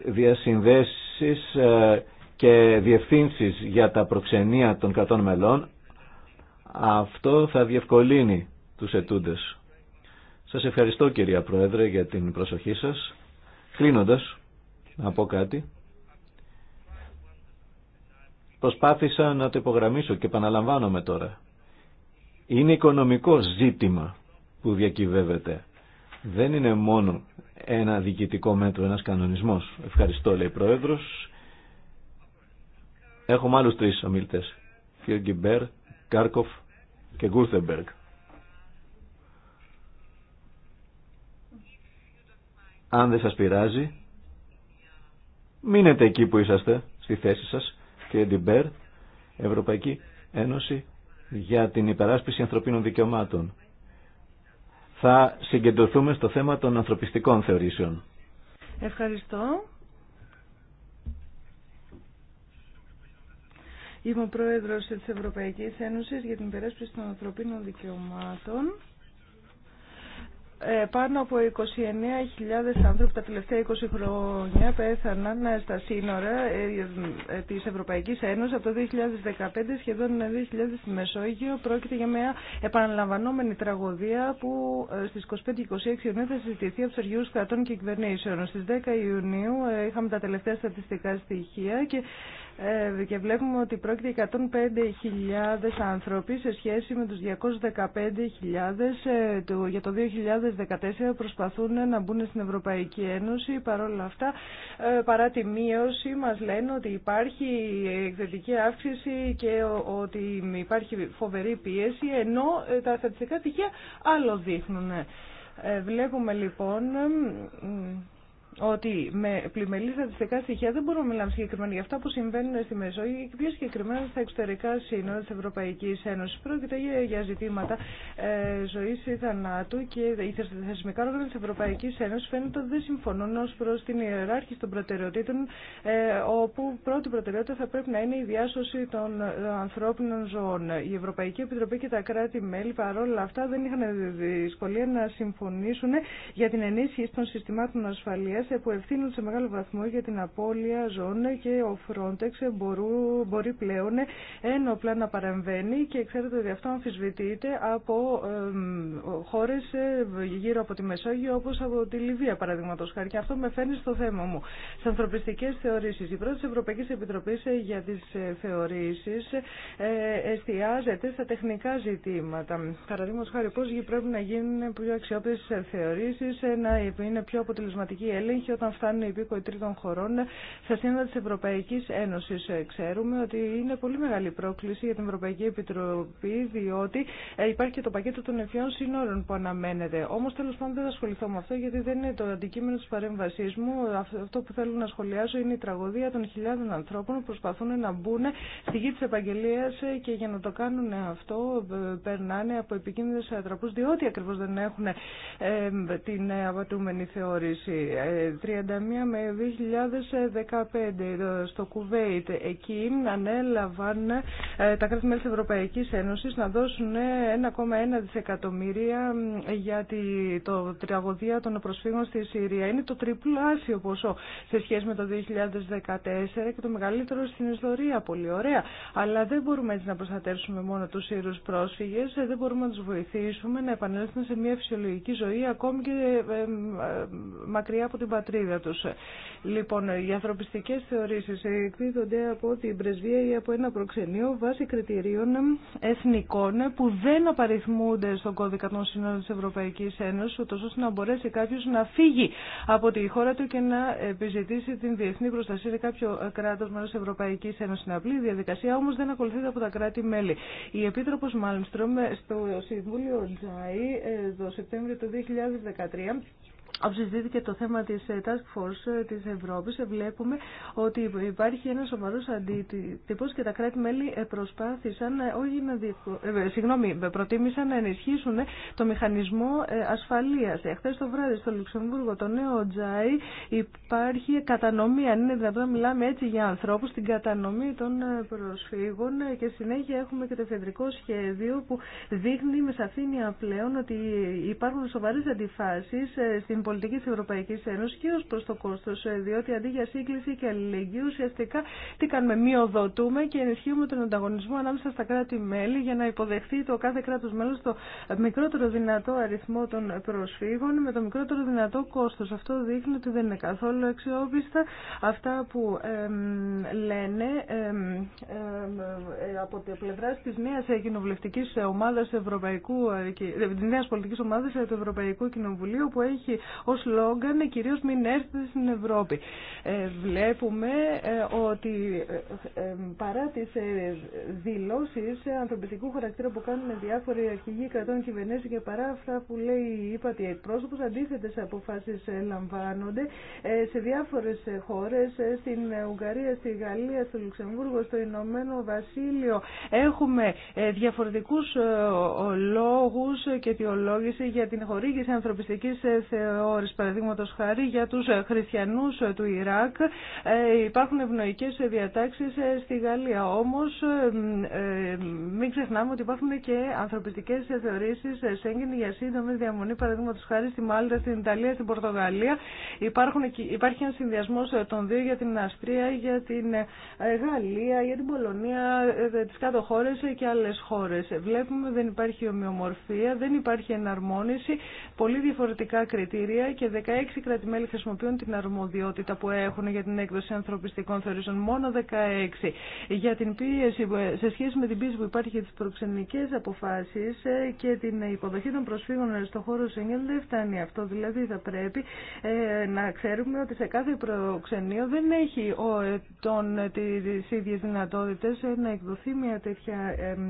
διασυνδέσεις ε, και διευθύνσεις για τα προξενία των κρατών μελών, αυτό θα διευκολύνει τους ετούντες. Σας ευχαριστώ κυρία Πρόεδρε για την προσοχή σας. Κλείνοντας, να πω κάτι. Προσπάθησα να το υπογραμμίσω και επαναλαμβάνομαι τώρα. Είναι οικονομικό ζήτημα που διακυβεύεται. Δεν είναι μόνο ένα διοικητικό μέτρο, ένας κανονισμός. Ευχαριστώ, λέει Πρόεδρος. Έχουμε άλλους τρεις ομιλητές. Κύριο Μπέρ, Κάρκοφ και Γκούρθεμπεργκ. Αν δεν σας πειράζει, μείνετε εκεί που είσαστε, στη θέση σας, κύριε Γκιμπέρ, Ευρωπαϊκή Ένωση για την υπεράσπιση ανθρωπίνων δικαιωμάτων. Θα συγκεντρωθούμε στο θέμα των ανθρωπιστικών θεωρήσεων. Ευχαριστώ. Είμαι ο Πρόεδρος της Ευρωπαϊκής Ένωσης για την υπεράσπιση των ανθρωπίνων δικαιωμάτων. Ε, πάνω από 29.000 άνθρωποι τα τελευταία 20 χρόνια πέθαναν ε, στα σύνορα ε, της Ευρωπαϊκής Ένωσης από το 2015 σχεδόν 2.000 στη Μεσόγειο. Πρόκειται για μια επαναλαμβανόμενη τραγωδία που στις 25 26 Ιουνίου θα συζητηθεί από τους κρατών και κυβερνήσεων. Στις 10 Ιουνίου είχαμε τα τελευταία στατιστικά στοιχεία και ε, και βλέπουμε ότι πρόκειται 105.000 άνθρωποι σε σχέση με τους 215.000 ε, για το 2014 προσπαθούν να μπουν στην Ευρωπαϊκή Ένωση. Παρ' όλα αυτά, ε, παρά τη μείωση, μας λένε ότι υπάρχει εκθετική αύξηση και ότι υπάρχει φοβερή πίεση, ενώ τα στατιστικά τυχαία άλλο δείχνουν. Βλέπουμε λοιπόν ότι με πλημελή στατιστικά στοιχεία δεν μπορούμε να μιλάμε συγκεκριμένα για αυτά που συμβαίνουν στη Μεσόγειο και πιο συγκεκριμένα στα εξωτερικά σύνορα τη Ευρωπαϊκή Ένωση. Πρόκειται για ζητήματα ε, ζωή ή θανάτου και οι θεσμικά όργανα τη Ευρωπαϊκή Ένωση φαίνεται ότι δεν συμφωνούν ω προ την ιεράρχηση των προτεραιοτήτων, ε, όπου πρώτη προτεραιότητα θα πρέπει να είναι η διάσωση των ε, ανθρώπινων ζωών. Η Ευρωπαϊκή Επιτροπή και τα κράτη-μέλη παρόλα αυτά δεν είχαν δυσκολία να συμφωνήσουν για την ενίσχυση των συστημάτων ασφαλεία που ευθύνουν σε μεγάλο βαθμό για την απώλεια ζώων και ο Frontex μπορεί πλέον ένοπλα να παρεμβαίνει και ξέρετε ότι αυτό αμφισβητείται από χώρες ε, γύρω από τη Μεσόγειο όπως από τη Λιβύα παραδείγματος χάρη και αυτό με φέρνει στο θέμα μου. Στι ανθρωπιστικές θεωρήσεις, η πρώτη Ευρωπαϊκή Επιτροπή ε, για τις ε, θεωρήσεις εστιάζεται στα τεχνικά ζητήματα. Παραδείγματος χάρη πώς πρέπει να γίνουν πιο αξιόπιστες θεωρήσει, να είναι πιο αποτελεσματική έλεγχη και όταν φτάνουν οι υπήκοοι τρίτων χωρών στα σύνορα τη Ευρωπαϊκή Ένωση. Ε, ξέρουμε ότι είναι πολύ μεγάλη πρόκληση για την Ευρωπαϊκή Επιτροπή, διότι ε, υπάρχει και το πακέτο των ευφυών σύνορων που αναμένεται. Όμω, τέλο πάντων, δεν θα ασχοληθώ με αυτό, γιατί δεν είναι το αντικείμενο τη παρέμβασή μου. Αυτό που θέλω να σχολιάσω είναι η τραγωδία των χιλιάδων ανθρώπων που προσπαθούν να μπουν στη γη τη επαγγελία ε, και για να το κάνουν αυτό περνάνε από επικίνδυνε ατραπού, διότι ακριβώ δεν έχουν την απατούμενη θεώρηση. 31 με 2015 ε, στο Κουβέιτ. Εκεί ανέλαβαν ε, τα κράτη-μέλη της Ευρωπαϊκής Ένωσης να δώσουν 1,1 δισεκατομμύρια για το τραγωδία των προσφύγων στη Συρία. Είναι το τριπλάσιο ποσό σε σχέση με το 2014 και το μεγαλύτερο στην ιστορία. Πολύ ωραία. Αλλά δεν μπορούμε έτσι να προστατεύσουμε μόνο τους Σύρους πρόσφυγες, ε, δεν μπορούμε να τους βοηθήσουμε να επανέλθουν σε μια φυσιολογική ζωή ακόμη και μακριά από την πατρίδα τους. Λοιπόν, οι ανθρωπιστικές θεωρήσεις εκδίδονται από την πρεσβεία ή από ένα προξενείο βάσει κριτηρίων εθνικών που δεν απαριθμούνται στον κώδικα των σύνορων τη Ευρωπαϊκής Ένωσης, ούτως ώστε να μπορέσει κάποιο να φύγει από τη χώρα του και να επιζητήσει την διεθνή προστασία σε κάποιο κράτος μέρος της Ευρωπαϊκής Ένωσης. Είναι απλή διαδικασία, όμως δεν ακολουθείται από τα κράτη-μέλη. Η Επίτροπος Μάλμστρομ στο Συμβούλιο Τζάι ε, το Σεπτέμβριο του 2013 όπως συζητήθηκε το θέμα της ε, Task Force ε, της Ευρώπης, ε, βλέπουμε ότι υπάρχει ένα σοβαρό αντίτυπο και τα κράτη-μέλη προσπάθησαν, όχι να διεκο... ε, συγγνώμη, προτίμησαν να ενισχύσουν το μηχανισμό ασφαλείας. Εχθέ το βράδυ στο Λουξεμβούργο, το νέο Τζάι, υπάρχει κατανομή, αν είναι δυνατόν να μιλάμε έτσι για ανθρώπους, την κατανομή των προσφύγων και συνέχεια έχουμε και το εφεδρικό σχέδιο που δείχνει με σαφήνεια πλέον ότι υπάρχουν σοβαρές αντιφάσεις στην πολιτική τη Ευρωπαϊκή Ένωση και ω προ το κόστο. Ε, διότι αντί για σύγκληση και αλληλεγγύη, ουσιαστικά τι κάνουμε, μειοδοτούμε και ενισχύουμε τον ανταγωνισμό ανάμεσα στα κράτη-μέλη για να υποδεχθεί το κάθε κράτο μέλο το μικρότερο δυνατό αριθμό των προσφύγων με το μικρότερο δυνατό κόστο. Αυτό δείχνει ότι δεν είναι καθόλου αξιόπιστα αυτά που λένε ε, από την πλευρά τη νέα κοινοβουλευτική ομάδα Ευρωπαϊκού, ε, τη νέα πολιτική ομάδα του Ευρωπαϊκού Κοινοβουλίου που έχει ο σλόγγαν κυρίως μην έρθετε στην Ευρώπη. Ε, βλέπουμε ε, ότι ε, παρά τις δηλώσεις ανθρωπιστικού χαρακτήρα που κάνουν διάφοροι αρχηγοί κρατών κυβερνήσεων και παρά αυτά που λέει η ΥΠΑΤΗ εκπρόσωπος, αντίθετες αποφάσεις λαμβάνονται σε διάφορες χώρες, στην Ουγγαρία, στη Γαλλία, στο Λουξεμβούργο, στο Ηνωμένο Βασίλειο. Έχουμε διαφορετικούς λόγους και αιτιολόγηση για την χορήγηση ανθρωπιστικής ώρες παραδείγματο χάρη για τους ε, χριστιανούς ε, του Ιράκ. Ε, υπάρχουν ευνοϊκές διατάξεις στη Γαλλία, όμως μην ξεχνάμε ότι υπάρχουν και ανθρωπιστικές θεωρήσεις έγκαινη για σύντομη διαμονή, παραδείγματο χάρη στη Μάλτα, στην Ιταλία, στην Πορτογαλία. Υπάρχουν, υπάρχει ένα συνδυασμό των δύο για την Αστρία, για την Γαλλία, για την Πολωνία, τις κάτω χώρες και άλλες χώρες. Βλέπουμε δεν υπάρχει ομοιομορφία, δεν υπάρχει εναρμόνιση, πολύ διαφορετικά κριτήρια και 16 κρατημέλη χρησιμοποιούν την αρμοδιότητα που έχουν για την έκδοση ανθρωπιστικών θεωρήσεων. Μόνο 16. Για την πίεση, σε σχέση με την πίεση που υπάρχει για τι προξενικέ αποφάσει ε, και την υποδοχή των προσφύγων ε, στο χώρο Σέγγεν, δεν φτάνει αυτό. Δηλαδή θα πρέπει ε, να ξέρουμε ότι σε κάθε προξενείο δεν έχει ο, τον, τις ίδιες δυνατότητες να εκδοθεί μια τέτοια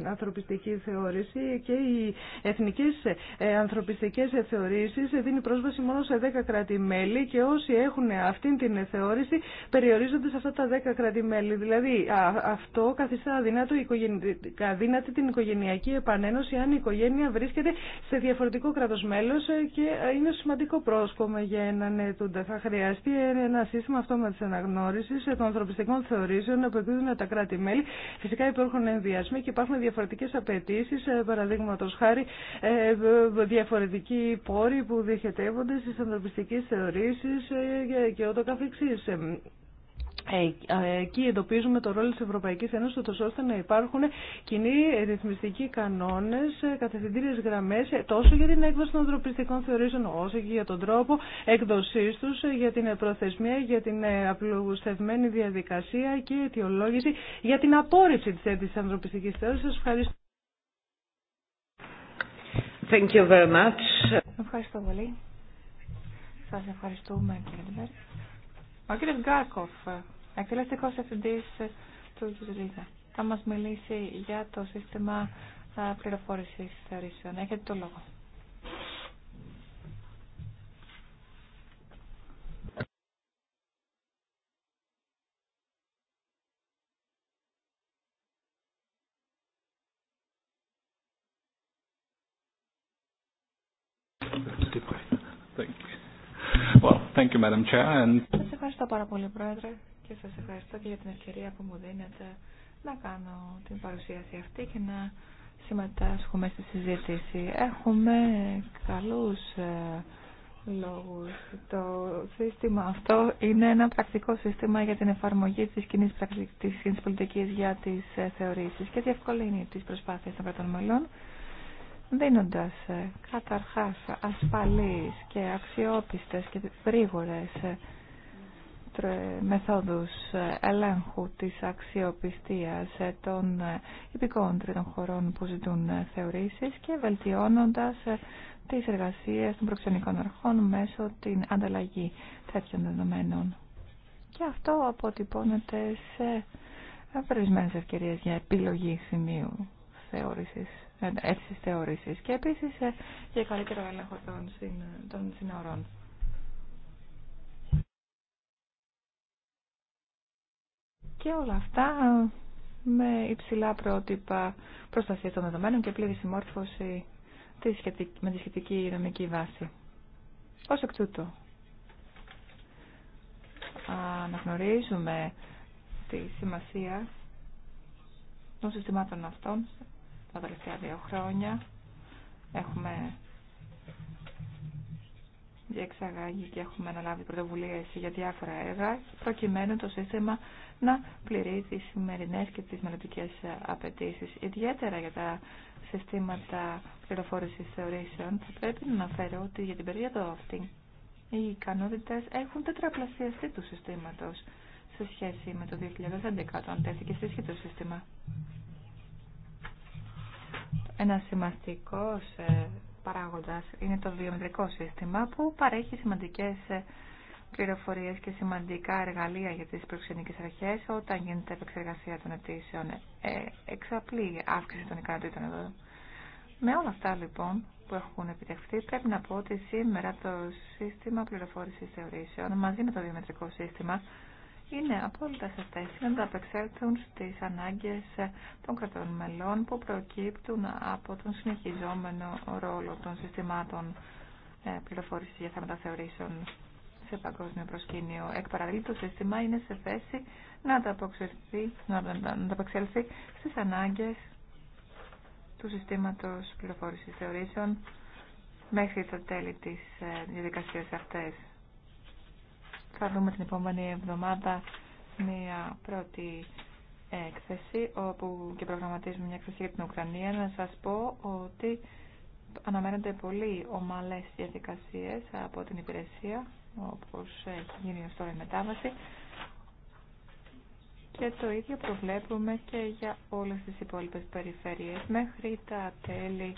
ανθρωπιστική θεώρηση και οι εθνικές ανθρωπιστικές θεωρήσεις δίνει πρόσβαση μόνο σε 10 κράτη-μέλη και όσοι έχουν αυτή την θεώρηση περιορίζονται σε αυτά τα 10 κράτη-μέλη. Δηλαδή αυτό καθιστά αδύνατο, αδύνατη την οικογενειακή επανένωση αν η οικογένεια βρίσκεται σε διαφορετικό κράτος μέλος ε, και ε, είναι σημαντικό πρόσκομα για έναν ετούντα. Θα χρειαστεί ένα σύστημα αυτόματης αναγνώρισης ε, των ανθρωπιστικών θεωρήσεων που εκδίδουν τα κράτη-μέλη. Φυσικά υπάρχουν ενδιασμοί και υπάρχουν διαφορετικές απαιτήσει, παραδείγματο χάρη διαφορετικοί πόροι που διοχετεύονται Τη ανθρωπιστική θεωρήση, ε, και ό,τι καθεξής. Ε, ε, εκεί εντοπίζουμε το ρόλο της Ευρωπαϊκής Ένωσης, ώστε να υπάρχουν κοινοί ρυθμιστικοί κανόνες, κατευθυντήριες γραμμές, τόσο για την έκδοση των ανθρωπιστικών θεωρήσεων, όσο και για τον τρόπο έκδοσής τους, για την προθεσμία, για την απλουστευμένη διαδικασία και αιτιολόγηση, για την απόρριψη της αίτησης ανθρωπιστικής θεωρήσης. Σας ευχαριστώ. Thank you very much. Ευχαριστώ πολύ. Σα ευχαριστούμε κύριε Λιμπέρ. Ο κύριο Γκάρκοφ, εκτελεστικό ευθυντή του Τζουζουλίδα, θα μα μιλήσει για το σύστημα πληροφόρηση θεωρήσεων. Έχετε το λόγο. Thank you, Σας ευχαριστώ πάρα πολύ, Πρόεδρε, και σας ευχαριστώ και για την ευκαιρία που μου δίνετε να κάνω την παρουσίαση αυτή και να συμμετάσχουμε στη συζήτηση. Έχουμε καλούς ε, λόγους. Το σύστημα αυτό είναι ένα πρακτικό σύστημα για την εφαρμογή της κοινής, πρακτικής, πολιτικής για τις ε, θεωρήσεις και διευκολύνει τις προσπάθειες των κρατών μελών δίνοντας ε, καταρχάς ασφαλείς και αξιόπιστες και γρήγορε ε, μεθόδους ε, ελέγχου της αξιοπιστίας των υπηκών τρίτων χωρών που ζητούν θεωρήσεις και βελτιώνοντας τις εργασίες των προξενικών αρχών μέσω την ανταλλαγή τέτοιων δεδομένων. Και αυτό αποτυπώνεται σε περιορισμένες ευκαιρίες για επιλογή σημείου θεώρησης έτσι θεωρήσεις και επίσης για ε, καλύτερο έλεγχο των, των συνορών. Και όλα αυτά ε, με υψηλά πρότυπα προστασία των δεδομένων και πλήρη συμμόρφωση με τη σχετική νομική βάση. Ω εκ τούτου, αναγνωρίζουμε τη σημασία των συστημάτων αυτών τα τελευταία δύο χρόνια. Έχουμε διεξαγάγει και έχουμε αναλάβει πρωτοβουλίε για διάφορα έργα, προκειμένου το σύστημα να πληρεί τι σημερινέ και τι μελλοντικέ απαιτήσει. Ιδιαίτερα για τα συστήματα πληροφόρηση θεωρήσεων, θα πρέπει να αναφέρω ότι για την περίοδο αυτή οι ικανότητε έχουν τετραπλασιαστεί του συστήματο σε σχέση με το 2011, όταν τέθηκε σχέση το σύστημα. Ένα σημαντικό ε, παράγοντα είναι το βιομετρικό σύστημα που παρέχει σημαντικέ ε, πληροφορίε και σημαντικά εργαλεία για τι προξενικέ αρχέ όταν γίνεται επεξεργασία των αιτήσεων. Ε, εξαπλή αύξηση των ικανοτήτων εδώ. Με όλα αυτά λοιπόν που έχουν επιτευχθεί, πρέπει να πω ότι σήμερα το σύστημα πληροφόρηση θεωρήσεων μαζί με το βιομετρικό σύστημα είναι απόλυτα σε θέση να ανταπεξέλθουν στι ανάγκε των κρατών μελών που προκύπτουν από τον συνεχιζόμενο ρόλο των συστημάτων ε, πληροφόρηση για θέματα θεωρήσεων σε παγκόσμιο προσκήνιο. Εκ το σύστημα είναι σε θέση να ανταπεξέλθει, να ανάγκε στις ανάγκες του συστήματος πληροφόρησης θεωρήσεων μέχρι το τέλη της ε, διαδικασίας αυτές. Θα δούμε την επόμενη εβδομάδα μια πρώτη έκθεση όπου και προγραμματίζουμε μια έκθεση για την Ουκρανία. Να σας πω ότι αναμένονται πολύ ομαλές διαδικασίες από την υπηρεσία όπως έχει γίνει ως τώρα η μετάβαση και το ίδιο προβλέπουμε και για όλες τις υπόλοιπες περιφέρειες μέχρι τα τέλη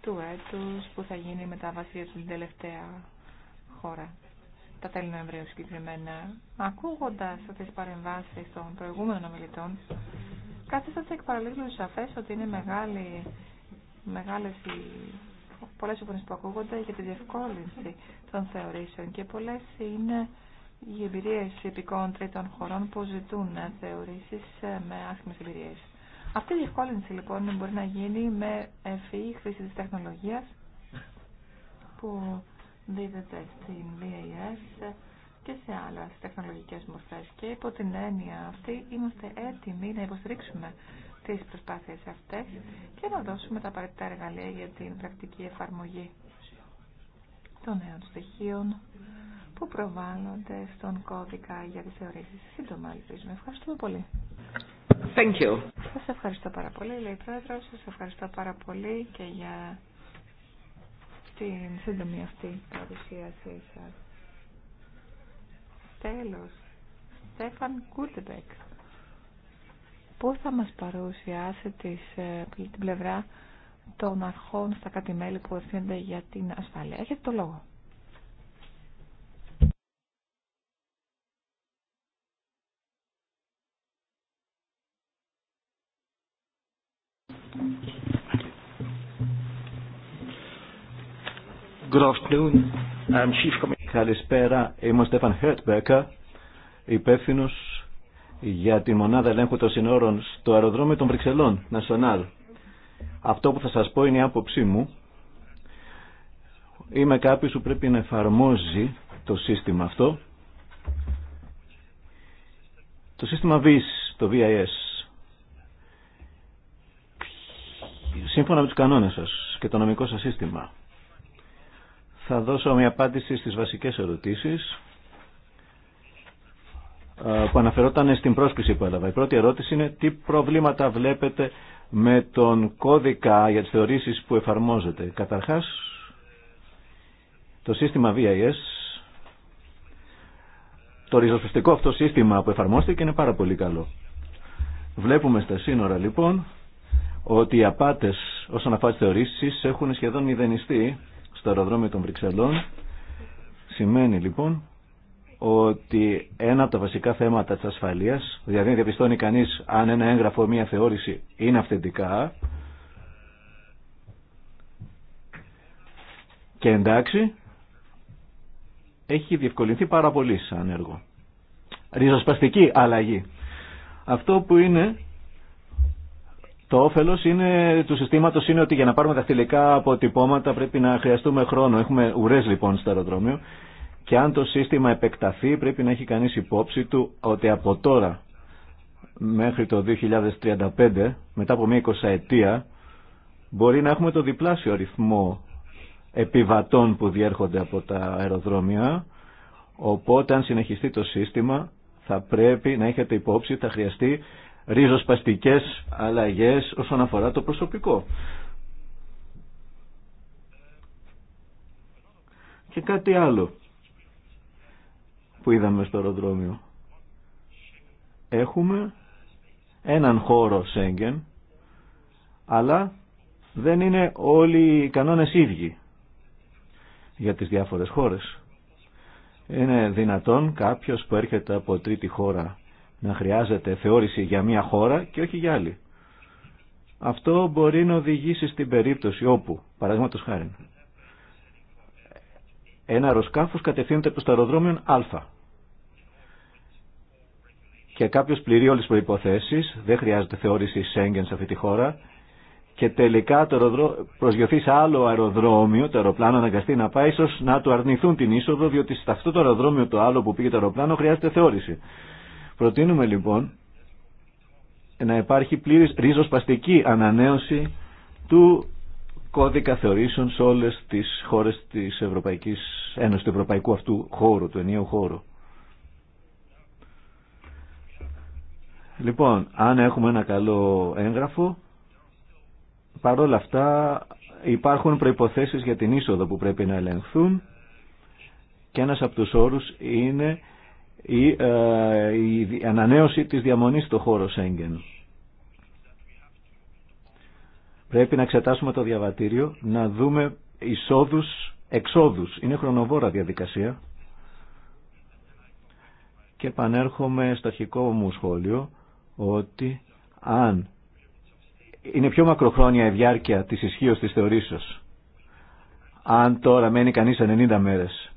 του έτους που θα γίνει η μετάβαση για την τελευταία χώρα τα τέλη Νοεμβρίου συγκεκριμένα, ακούγοντα τι παρεμβάσει των προηγούμενων ομιλητών, καθίσταται εκ παραλίλου σαφέ ότι είναι μεγάλη, μεγάλες οι πολλέ εικόνες που ακούγονται για τη διευκόλυνση των θεωρήσεων και πολλέ είναι οι εμπειρίε υπηκών τρίτων χωρών που ζητούν θεωρήσει ε, με άσχημε εμπειρίε. Αυτή η διευκόλυνση λοιπόν μπορεί να γίνει με ευφυή χρήση τη τεχνολογία που δίδεται στην VAS και σε άλλε τεχνολογικές μορφές. Και υπό την έννοια αυτή είμαστε έτοιμοι να υποστηρίξουμε τις προσπάθειες αυτές και να δώσουμε τα απαραίτητα εργαλεία για την πρακτική εφαρμογή των νέων στοιχείων που προβάλλονται στον κώδικα για τις θεωρήσεις. Σύντομα, ελπίζουμε. Ευχαριστούμε πολύ. Σας ευχαριστώ πάρα πολύ, λέει η Πρόεδρος. Σας ευχαριστώ πάρα πολύ και για την σύντομη αυτή παρουσίασή σα. Τέλο. Στέφαν Κούρτεμπεκ. Πώς θα μας παρουσιάσετε την πλευρά των αρχών στα κάτι που ευθύνονται για την ασφάλεια. Έχετε το λόγο. Καλησπέρα, είμαι ο Στέφαν Χερτμπέκα, υπεύθυνο για τη μονάδα ελέγχου των συνόρων στο αεροδρόμιο των Βρυξελών, National. Αυτό που θα σας πω είναι η άποψή μου. Είμαι κάποιος που πρέπει να εφαρμόζει το σύστημα αυτό. Το σύστημα VIS, το VIS. Σύμφωνα με τους κανόνες σας και το νομικό σας σύστημα. Θα δώσω μια απάντηση στις βασικές ερωτήσεις που αναφερόταν στην πρόσκληση που έλαβα. Η πρώτη ερώτηση είναι τι προβλήματα βλέπετε με τον κώδικα για τις θεωρήσεις που εφαρμόζεται. Καταρχάς, το σύστημα VIS, το ριζοσφιστικό αυτό σύστημα που εφαρμόστηκε είναι πάρα πολύ καλό. Βλέπουμε στα σύνορα λοιπόν ότι οι απάτες όσον αφορά τις θεωρήσεις έχουν σχεδόν μηδενιστεί στο αεροδρόμιο των Βρυξελών. Σημαίνει λοιπόν ότι ένα από τα βασικά θέματα της ασφαλείας, δηλαδή διαπιστώνει κανείς αν ένα έγγραφο μία θεώρηση είναι αυθεντικά και εντάξει, έχει διευκολυνθεί πάρα πολύ σαν έργο. Ριζοσπαστική αλλαγή. Αυτό που είναι το όφελο του συστήματο είναι ότι για να πάρουμε τα δαχτυλικά αποτυπώματα πρέπει να χρειαστούμε χρόνο. Έχουμε ουρέ λοιπόν στο αεροδρόμιο. Και αν το σύστημα επεκταθεί πρέπει να έχει κανεί υπόψη του ότι από τώρα μέχρι το 2035, μετά από μία εικοσαετία, μπορεί να έχουμε το διπλάσιο αριθμό επιβατών που διέρχονται από τα αεροδρόμια. Οπότε αν συνεχιστεί το σύστημα θα πρέπει να έχετε υπόψη, θα χρειαστεί ριζοσπαστικές αλλαγές όσον αφορά το προσωπικό. Και κάτι άλλο που είδαμε στο αεροδρόμιο. Έχουμε έναν χώρο Σέγγεν, αλλά δεν είναι όλοι οι κανόνες ίδιοι για τις διάφορες χώρες. Είναι δυνατόν κάποιος που έρχεται από τρίτη χώρα να χρειάζεται θεώρηση για μία χώρα και όχι για άλλη. Αυτό μπορεί να οδηγήσει στην περίπτωση όπου, παραδείγματος χάρη, ένα αεροσκάφος κατευθύνεται προς το αεροδρόμιο Α και κάποιος πληρεί όλες τις προϋποθέσεις, δεν χρειάζεται θεώρηση Σέγγεν σε αυτή τη χώρα και τελικά το αεροδρό... προσγειωθεί σε άλλο αεροδρόμιο, το αεροπλάνο αναγκαστεί να πάει, ίσως να του αρνηθούν την είσοδο, διότι σε αυτό το αεροδρόμιο το άλλο που πήγε το αεροπλάνο χρειάζεται θεώρηση. Προτείνουμε λοιπόν να υπάρχει πλήρης ριζοσπαστική ανανέωση του κώδικα θεωρήσεων σε όλες τις χώρες της Ευρωπαϊκής Ένωσης, του ευρωπαϊκού αυτού χώρου, του ενίου χώρου. Λοιπόν, αν έχουμε ένα καλό έγγραφο, παρόλα αυτά υπάρχουν προϋποθέσεις για την είσοδο που πρέπει να ελεγχθούν και ένας από τους όρους είναι ή η ε, ανανέωση της διαμονής στο χώρο Σέγγεν. Πρέπει να εξετάσουμε το διαβατήριο, να δούμε εισόδους, εξόδους. Είναι χρονοβόρα διαδικασία. Και επανέρχομαι στο αρχικό μου σχόλιο ότι αν είναι πιο μακροχρόνια η διάρκεια της ισχύω της θεωρήσεως, αν τώρα μένει κανείς 90 μέρες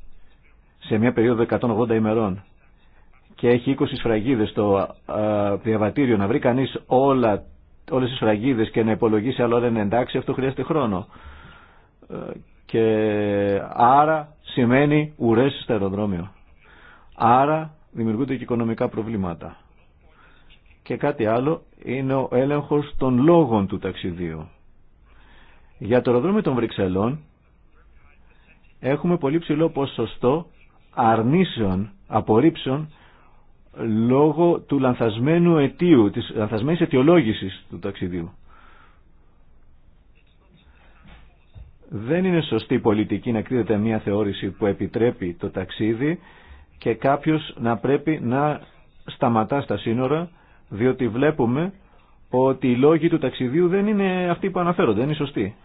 σε μια περίοδο 180 ημερών και έχει 20 σφραγίδες στο ε, διαβατήριο να βρει κανεί όλε όλες τις σφραγίδες και να υπολογίσει άλλο ένα εντάξει αυτό χρειάζεται χρόνο ε, και άρα σημαίνει ουρέ στο αεροδρόμιο άρα δημιουργούνται και οικονομικά προβλήματα και κάτι άλλο είναι ο έλεγχος των λόγων του ταξιδίου για το αεροδρόμιο των Βρυξελών έχουμε πολύ ψηλό ποσοστό αρνήσεων, απορρίψεων λόγω του λανθασμένου αιτίου, της λανθασμένης αιτιολόγησης του ταξιδίου. Δεν είναι σωστή πολιτική να κρίνεται μια θεώρηση που επιτρέπει το ταξίδι και κάποιος να πρέπει να σταματά στα σύνορα διότι βλέπουμε ότι οι λόγοι του ταξιδιού δεν είναι αυτοί που αναφέρονται, δεν είναι σωστοί.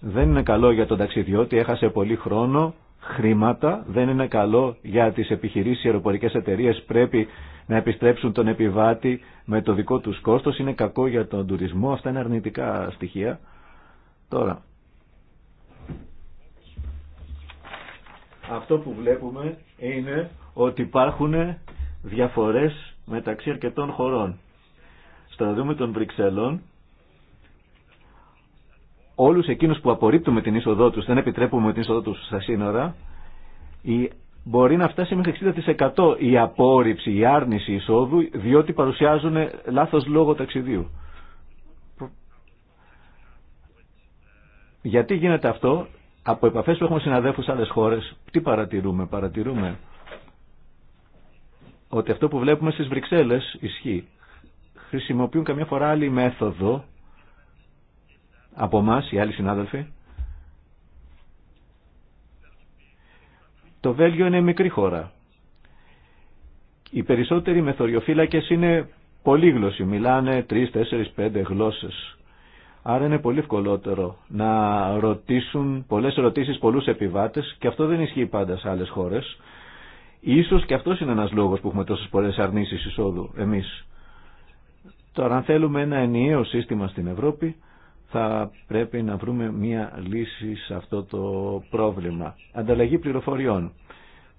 Δεν είναι καλό για τον ταξιδιώτη, έχασε πολύ χρόνο, χρήματα, δεν είναι καλό για τις επιχειρήσεις, οι αεροπορικές εταιρείες πρέπει να επιστρέψουν τον επιβάτη με το δικό τους κόστος, είναι κακό για τον τουρισμό, αυτά είναι αρνητικά στοιχεία. Τώρα, αυτό που βλέπουμε είναι ότι υπάρχουν διαφορές μεταξύ αρκετών χωρών. Στο δούμε των Βρυξελών όλους εκείνους που απορρίπτουμε την είσοδό του δεν επιτρέπουμε την είσοδό του στα σύνορα, η, μπορεί να φτάσει μέχρι 60% η απόρριψη, η άρνηση εισόδου, διότι παρουσιάζουν λάθος λόγο ταξιδίου. Γιατί γίνεται αυτό, από επαφέ που έχουμε συναδέλφου σε άλλε χώρε, τι παρατηρούμε, παρατηρούμε ότι αυτό που βλέπουμε στι Βρυξέλλε ισχύει. Χρησιμοποιούν καμιά φορά άλλη μέθοδο από εμά, οι άλλοι συνάδελφοι. Το Βέλγιο είναι μικρή χώρα. Οι περισσότεροι μεθοριοφύλακες είναι πολύγλωσσοι, μιλάνε τρεις, τέσσερις, πέντε γλώσσες. Άρα είναι πολύ ευκολότερο να ρωτήσουν πολλές ερωτήσεις πολλούς επιβάτες και αυτό δεν ισχύει πάντα σε άλλες χώρες. Ίσως και αυτός είναι ένας λόγος που έχουμε τόσες πολλές αρνήσεις εισόδου εμείς. Τώρα αν θέλουμε ένα ενιαίο σύστημα στην Ευρώπη θα πρέπει να βρούμε μία λύση σε αυτό το πρόβλημα. Ανταλλαγή πληροφοριών.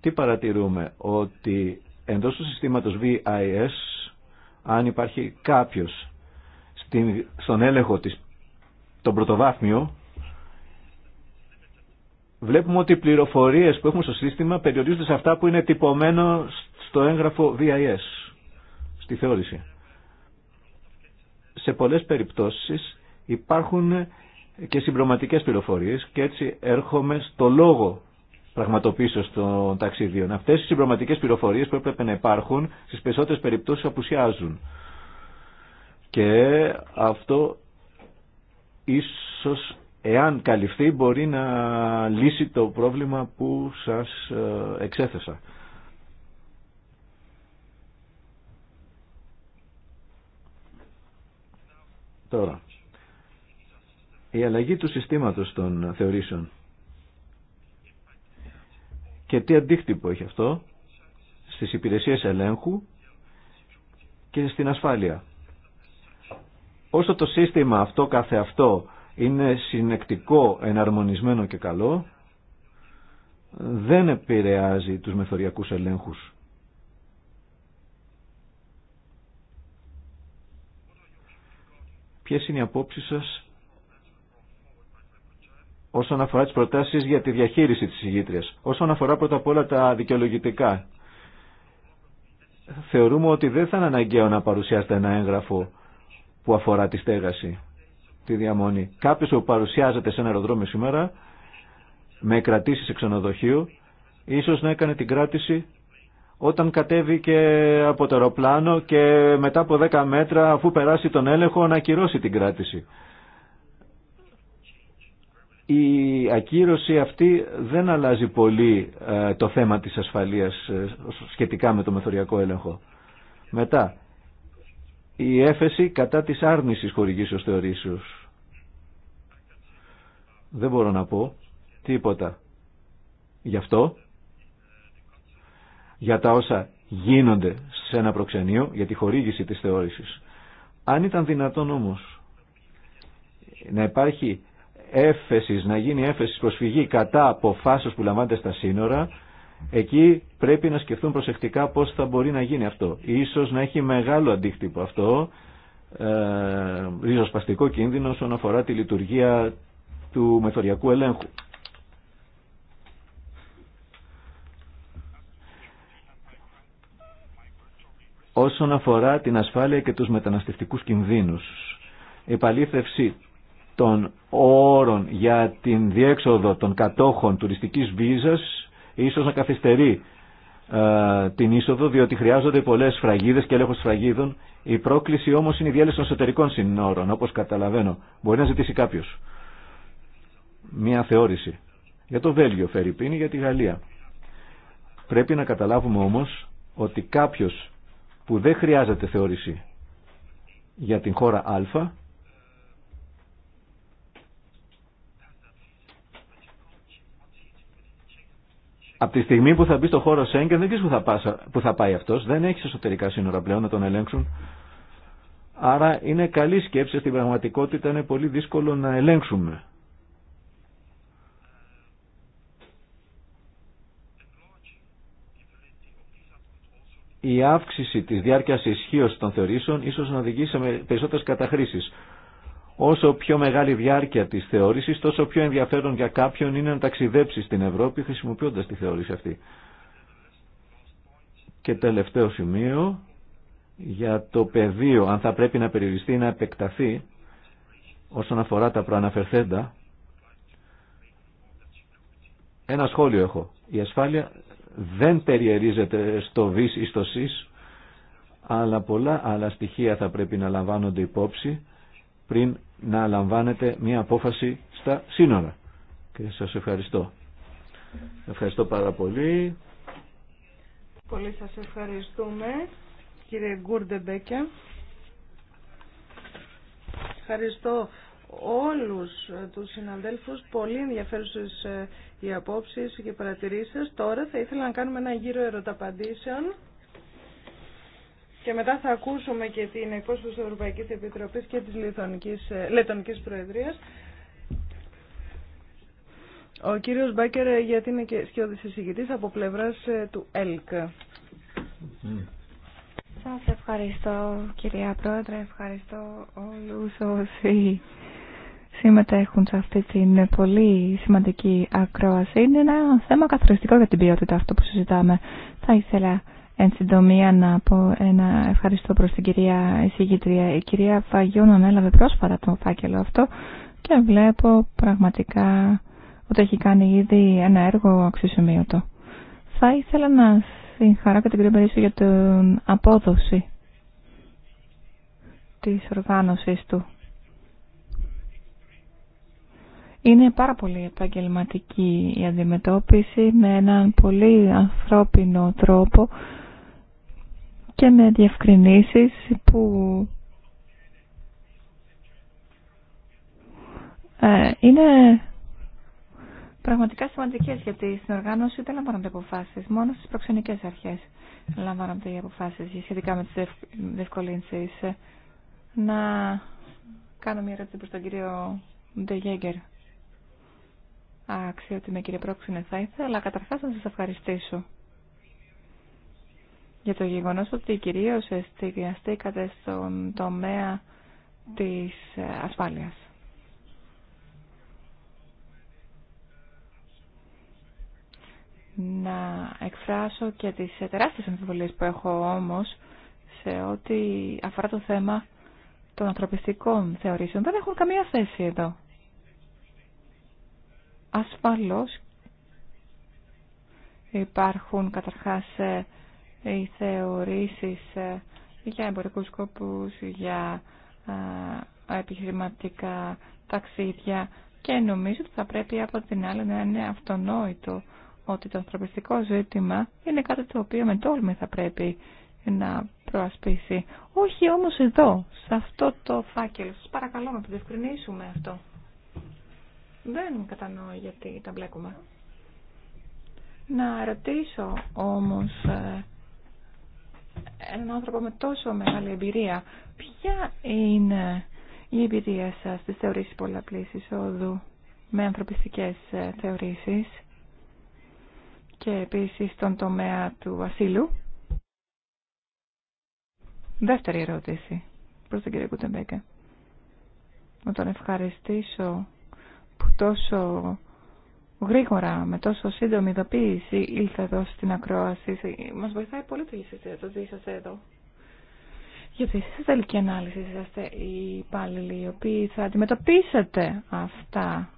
Τι παρατηρούμε, ότι εντός του συστήματος VIS, αν υπάρχει κάποιος στον έλεγχο της, τον πρωτοβάθμιο, βλέπουμε ότι οι πληροφορίες που έχουμε στο σύστημα περιορίζονται σε αυτά που είναι τυπωμένο στο έγγραφο VIS, στη θεώρηση. Σε πολλές περιπτώσεις υπάρχουν και συμπροματικές πληροφορίες και έτσι έρχομαι στο λόγο πραγματοποίησης των ταξιδίων. Αυτές οι συμπροματικές πληροφορίες που έπρεπε να υπάρχουν στις περισσότερες περιπτώσεις απουσιάζουν. Και αυτό ίσως εάν καλυφθεί μπορεί να λύσει το πρόβλημα που σας ε, εξέθεσα. Τώρα η αλλαγή του συστήματος των θεωρήσεων. Και τι αντίκτυπο έχει αυτό στις υπηρεσίες ελέγχου και στην ασφάλεια. Όσο το σύστημα αυτό καθεαυτό είναι συνεκτικό, εναρμονισμένο και καλό, δεν επηρεάζει τους μεθοριακούς ελέγχους. Ποιες είναι οι απόψεις σας όσον αφορά τι προτάσει για τη διαχείριση τη ηγητρία, Όσον αφορά πρώτα απ' όλα τα δικαιολογητικά, θεωρούμε ότι δεν θα είναι αναγκαίο να παρουσιάσετε ένα έγγραφο που αφορά τη στέγαση, τη διαμονή. Κάποιο που παρουσιάζεται σε ένα αεροδρόμιο σήμερα, με κρατήσει σε ξενοδοχείο, ίσως να έκανε την κράτηση όταν κατέβηκε από το αεροπλάνο και μετά από 10 μέτρα αφού περάσει τον έλεγχο να ακυρώσει την κράτηση η ακύρωση αυτή δεν αλλάζει πολύ ε, το θέμα της ασφαλείας ε, σχετικά με το μεθοριακό έλεγχο. Μετά, η έφεση κατά της άρνησης χορηγήσεως θεωρήσεως. Δεν μπορώ να πω τίποτα. Γι' αυτό, για τα όσα γίνονται σε ένα προξενείο, για τη χορήγηση της θεώρησης. Αν ήταν δυνατόν όμως να υπάρχει έφεσης, να γίνει έφεση προσφυγή κατά αποφάσεως που λαμβάνεται στα σύνορα, εκεί πρέπει να σκεφτούν προσεκτικά πώς θα μπορεί να γίνει αυτό. Ίσως να έχει μεγάλο αντίκτυπο αυτό, ε, ριζοσπαστικό κίνδυνο όσον αφορά τη λειτουργία του μεθοριακού ελέγχου. όσον αφορά την ασφάλεια και τους μεταναστευτικούς κινδύνους. Η επαλήθευση των όρων για την διέξοδο των κατόχων τουριστικής βίζας ίσως να καθυστερεί ε, την είσοδο διότι χρειάζονται πολλές φραγίδες και έλεγχος φραγίδων. Η πρόκληση όμως είναι η διέλευση των εσωτερικών συνόρων όπως καταλαβαίνω. Μπορεί να ζητήσει κάποιο. Μια θεώρηση. Για το Βέλγιο Φερρυπίνη, για τη Γαλλία. Πρέπει να καταλάβουμε όμως ότι κάποιο που δεν χρειάζεται θεώρηση για την χώρα Α Από τη στιγμή που θα μπει στο χώρο Σέγγεν, δεν ξέρει που, θα που θα πάει αυτό. Δεν έχει εσωτερικά σύνορα πλέον να τον ελέγξουν. Άρα είναι καλή σκέψη, στην πραγματικότητα είναι πολύ δύσκολο να ελέγξουμε. Η αύξηση της διάρκειας ισχύω των θεωρήσεων ίσως να οδηγήσει σε περισσότερες καταχρήσεις. Όσο πιο μεγάλη διάρκεια της θεώρησης, τόσο πιο ενδιαφέρον για κάποιον είναι να ταξιδέψει στην Ευρώπη χρησιμοποιώντας τη θεώρηση αυτή. Και τελευταίο σημείο, για το πεδίο, αν θα πρέπει να περιοριστεί ή να επεκταθεί, όσον αφορά τα προαναφερθέντα, ένα σχόλιο έχω. Η ασφάλεια δεν περιερίζεται στο ΒΙΣ ή στο ΣΥΣ, αλλά πολλά άλλα στοιχεία θα πρέπει να λαμβάνονται υπόψη πριν να λαμβάνετε μια απόφαση στα σύνορα. Και σας ευχαριστώ. Ευχαριστώ πάρα πολύ. Πολύ σας ευχαριστούμε κύριε Γκούρντεμπέκια. Ευχαριστώ όλους τους συναδέλφους. Πολύ ενδιαφέρουσες ε, οι απόψεις και παρατηρήσεις. Τώρα θα ήθελα να κάνουμε ένα γύρο ερωταπαντήσεων. Και μετά θα ακούσουμε και την εκπρόσωπο τη Ευρωπαϊκή Επιτροπή και τη ε, Λετωνική προεδρία. Προεδρίας. Ο κύριος Μπάκερ, ε, γιατί είναι και σκιώδη εισηγητή από πλευρά ε, του ΕΛΚ. Σας ευχαριστώ κυρία Πρόεδρε, ευχαριστώ όλου όσοι συμμετέχουν σε αυτή την πολύ σημαντική ακρόαση. Είναι ένα θέμα καθοριστικό για την ποιότητα αυτό που συζητάμε. Θα ήθελα Εν συντομία να πω ένα ευχαριστώ προς την κυρία εισηγήτρια. Η κυρία Φαγιών ανέλαβε πρόσφατα τον φάκελο αυτό και βλέπω πραγματικά ότι έχει κάνει ήδη ένα έργο αξιοσημείωτο. Θα ήθελα να συγχαρώ και την κυρία Περίσου για την απόδοση της οργάνωσης του. Είναι πάρα πολύ επαγγελματική η αντιμετώπιση με έναν πολύ ανθρώπινο τρόπο και με διευκρινήσεις που ε, είναι πραγματικά σημαντικές γιατί στην οργάνωση δεν λαμβάνονται αποφάσεις, μόνο στις προξενικές αρχές λαμβάνονται οι αποφάσεις σχετικά με τις διευκολύνσεις. Να κάνω μια ερώτηση προς τον κύριο Ντεγέγκερ. με κύριε Πρόξενε, θα ήθελα καταρχάς να σας ευχαριστήσω για το γεγονός ότι κυρίως εστιαστήκατε στον τομέα της ε, ασφάλειας. Να εκφράσω και τις τεράστιες αμφιβολίες που έχω όμως σε ό,τι αφορά το θέμα των ανθρωπιστικών θεωρήσεων. Δεν έχουν καμία θέση εδώ. Ασφαλώς υπάρχουν καταρχάς ε, οι θεωρήσεις ε, για εμπορικούς σκοπούς, για ε, επιχειρηματικά ταξίδια και νομίζω ότι θα πρέπει από την άλλη να είναι αυτονόητο ότι το ανθρωπιστικό ζήτημα είναι κάτι το οποίο με τόλμη θα πρέπει να προασπίσει. Όχι όμως εδώ, σε αυτό το φάκελο. Σας παρακαλώ να το διευκρινίσουμε αυτό. Δεν κατανοώ γιατί τα μπλέκουμε. Να ρωτήσω όμως ε, έναν άνθρωπο με τόσο μεγάλη εμπειρία. Ποια είναι η εμπειρία σα στι θεωρήσει πολλαπλή εισόδου με ανθρωπιστικές ε, θεωρήσεις και επίσης στον τομέα του βασίλου. Δεύτερη ερώτηση προς τον κύριο Κουτεμπέκα. Να τον ευχαριστήσω που τόσο γρήγορα, με τόσο σύντομη ειδοποίηση ήλθε εδώ στην ακρόαση. Μα βοηθάει πολύ το, ότι είσαστε εδώ. Γιατί σε τελική ανάλυση είσαστε οι υπάλληλοι οι οποίοι θα αντιμετωπίσετε αυτά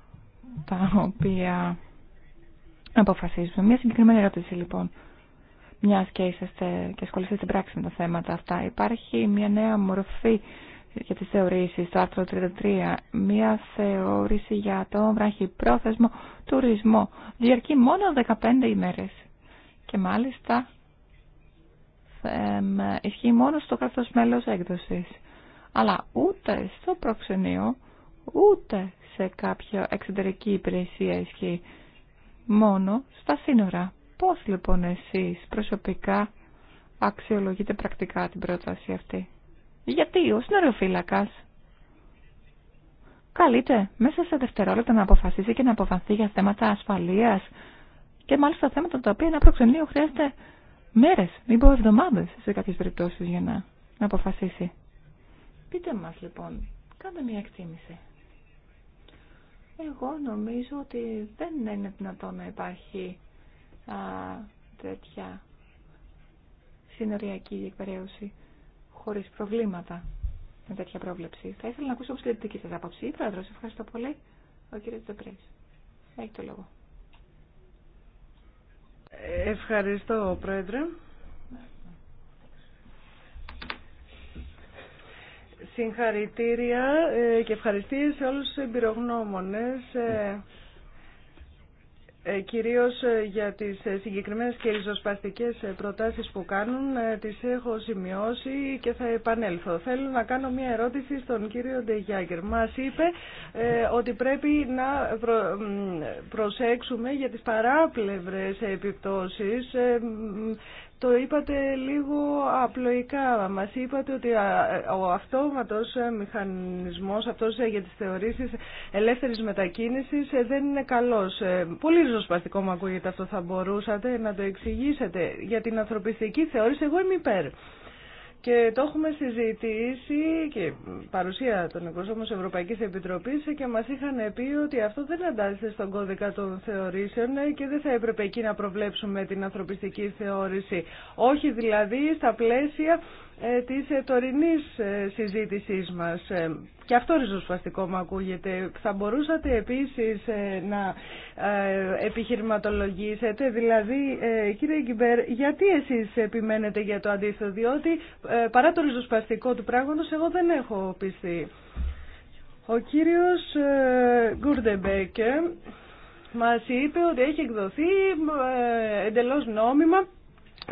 τα οποία αποφασίζουμε. Μια συγκεκριμένη ερώτηση λοιπόν. Μια και είσαστε και ασχοληθείτε στην πράξη με τα θέματα αυτά, υπάρχει μια νέα μορφή για τις θεωρήσεις, το άρθρο 33, μία θεώρηση για το πρόθεσμο τουρισμό. Διαρκεί μόνο 15 ημέρες και μάλιστα ισχύει μόνο στο κράτος μέλος έκδοσης. Αλλά ούτε στο προξενείο, ούτε σε κάποια εξωτερική υπηρεσία ισχύει. Μόνο στα σύνορα. Πώς λοιπόν εσείς προσωπικά αξιολογείτε πρακτικά την πρόταση αυτή. Γιατί ο συνοριοφύλακας καλείται μέσα σε δευτερόλεπτα να αποφασίσει και να αποφανθεί για θέματα ασφαλείας και μάλιστα θέματα τα οποία ένα προξενείο χρειάζεται μέρες, μήπως εβδομάδε εβδομάδες σε κάποιες περιπτώσει για να, αποφασίσει. Πείτε μα λοιπόν, κάντε μια εκτίμηση. Εγώ νομίζω ότι δεν είναι δυνατόν να υπάρχει α, τέτοια συνοριακή εκπαιδεύση χωρίς προβλήματα με τέτοια πρόβλεψη. Θα ήθελα να ακούσω όπως και την δική σας άποψη. Πρόεδρος, ευχαριστώ πολύ. Ο κύριος Ντεπρέης. Έχει το λόγο. Ευχαριστώ, Πρόεδρε. Συγχαρητήρια ε, και ευχαριστίες σε όλους τους εμπειρογνώμονες. Ε, ε, κυρίως ε, για τις ε, συγκεκριμένες και ριζοσπαστικές προτάσεις που κάνουν τις έχω σημειώσει και θα επανέλθω. Θέλω να κάνω μια ερώτηση στον κύριο Ντεγιάγκερ. Μας είπε ότι πρέπει να προσέξουμε για τις παράπλευρες επιπτώσεις το είπατε λίγο απλοϊκά. Μας είπατε ότι ο αυτόματος ε, μηχανισμός αυτός ε, για τις θεωρήσεις ελεύθερης μετακίνησης ε, δεν είναι καλός. Πολύ ριζοσπαστικό μου ακούγεται αυτό. Θα μπορούσατε να το εξηγήσετε. Για την ανθρωπιστική θεώρηση εγώ είμαι υπέρ. Και το έχουμε συζητήσει και παρουσία των εκπροσώπων τη Ευρωπαϊκή Επιτροπή και μα είχαν πει ότι αυτό δεν αντάσσεται στον κώδικα των θεωρήσεων και δεν θα έπρεπε εκεί να προβλέψουμε την ανθρωπιστική θεώρηση. Όχι δηλαδή στα πλαίσια ε, της ε, τωρινής ε, συζήτησής μας. Και αυτό ριζοσπαστικό μου ακούγεται. Θα μπορούσατε επίσης να επιχειρηματολογήσετε, δηλαδή κύριε Γκυμπέρ, γιατί εσείς επιμένετε για το αντίθετο, διότι παρά το ριζοσπαστικό του πράγματος εγώ δεν έχω πιστεί. Ο κύριος Γκουρντεμπέκε μας είπε ότι έχει εκδοθεί εντελώς νόμιμα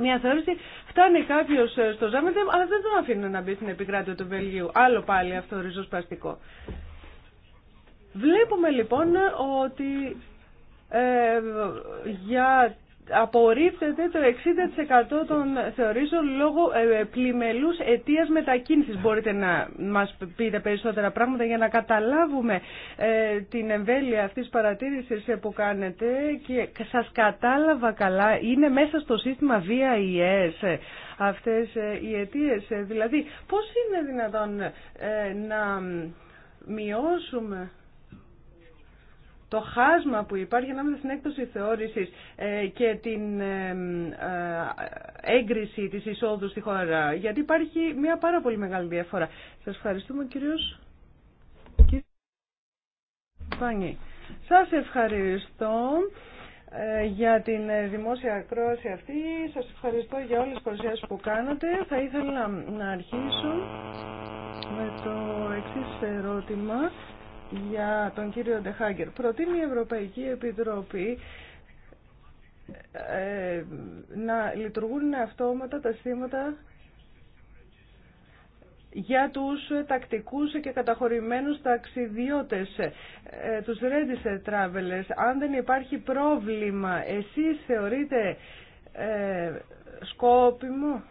μια θεώρηση Φτάνει κάποιο ε, στο Ζάμεντεμ, αλλά δεν τον αφήνουν να μπει στην επικράτεια του Βελγίου. Άλλο πάλι αυτό ριζοσπαστικό. Βλέπουμε λοιπόν ότι ε, για απορρίπτεται το 60% των θεωρήσεων λόγω ε, ε, πλημελούς αιτίας μετακίνησης. Μπορείτε να μας πείτε περισσότερα πράγματα για να καταλάβουμε ε, την εμβέλεια αυτής της παρατήρησης που κάνετε και σας κατάλαβα καλά, είναι μέσα στο σύστημα VIES ε, αυτές οι αιτίες. Δηλαδή, πώς είναι δυνατόν να μειώσουμε το χάσμα που υπάρχει ανάμεσα στην έκδοση θεώρησης ε, και την ε, ε, έγκριση της εισόδου στη χώρα. Γιατί υπάρχει μια πάρα πολύ μεγάλη διαφορά. Σας ευχαριστούμε κύριος Πάνη. Σας ευχαριστώ για την δημόσια ακρόαση αυτή. Σας ευχαριστώ για όλες τις παρουσιάσεις που κάνατε. Θα ήθελα να αρχίσω με το εξής ερώτημα για τον κύριο Ντεχάγκερ. Προτείνει η Ευρωπαϊκή Επιτροπή ε, να λειτουργούν αυτόματα τα σύστηματα για τους τακτικούς και καταχωρημένους ταξιδιώτες, ε, τους registered travelers. Αν δεν υπάρχει πρόβλημα, εσείς θεωρείτε ε, σκόπιμο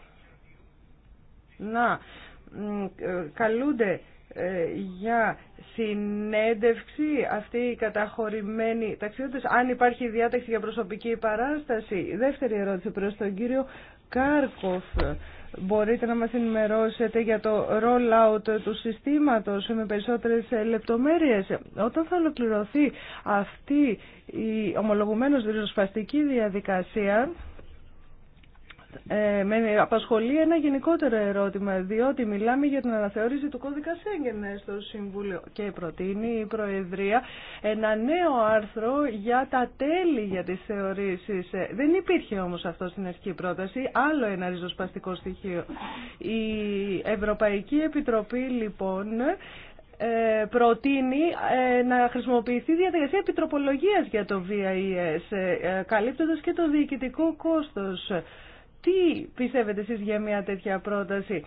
να ε, καλούνται ε, για συνέντευξη αυτή η καταχωρημένη ταξιότητα... αν υπάρχει διάταξη για προσωπική παράσταση. Δεύτερη ερώτηση προς τον κύριο Κάρκοφ. Μπορείτε να μας ενημερώσετε για το ρολάουτ του συστήματος με περισσότερες λεπτομέρειες. Όταν θα ολοκληρωθεί αυτή η ομολογουμένως ριζοσπαστική διαδικασία, ε, με απασχολεί ένα γενικότερο ερώτημα, διότι μιλάμε για την αναθεώρηση του κώδικα Σέγγεν στο Συμβούλιο και προτείνει η Προεδρία ένα νέο άρθρο για τα τέλη για τις θεωρήσεις. Ε, δεν υπήρχε όμως αυτό στην αρχική πρόταση, άλλο ένα ριζοσπαστικό στοιχείο. Η Ευρωπαϊκή Επιτροπή λοιπόν ε, προτείνει ε, να χρησιμοποιηθεί διαδικασία επιτροπολογίας για το VIS, καλύπτοντας και το διοικητικό κόστος. Τι πιστεύετε εσείς για μια τέτοια πρόταση.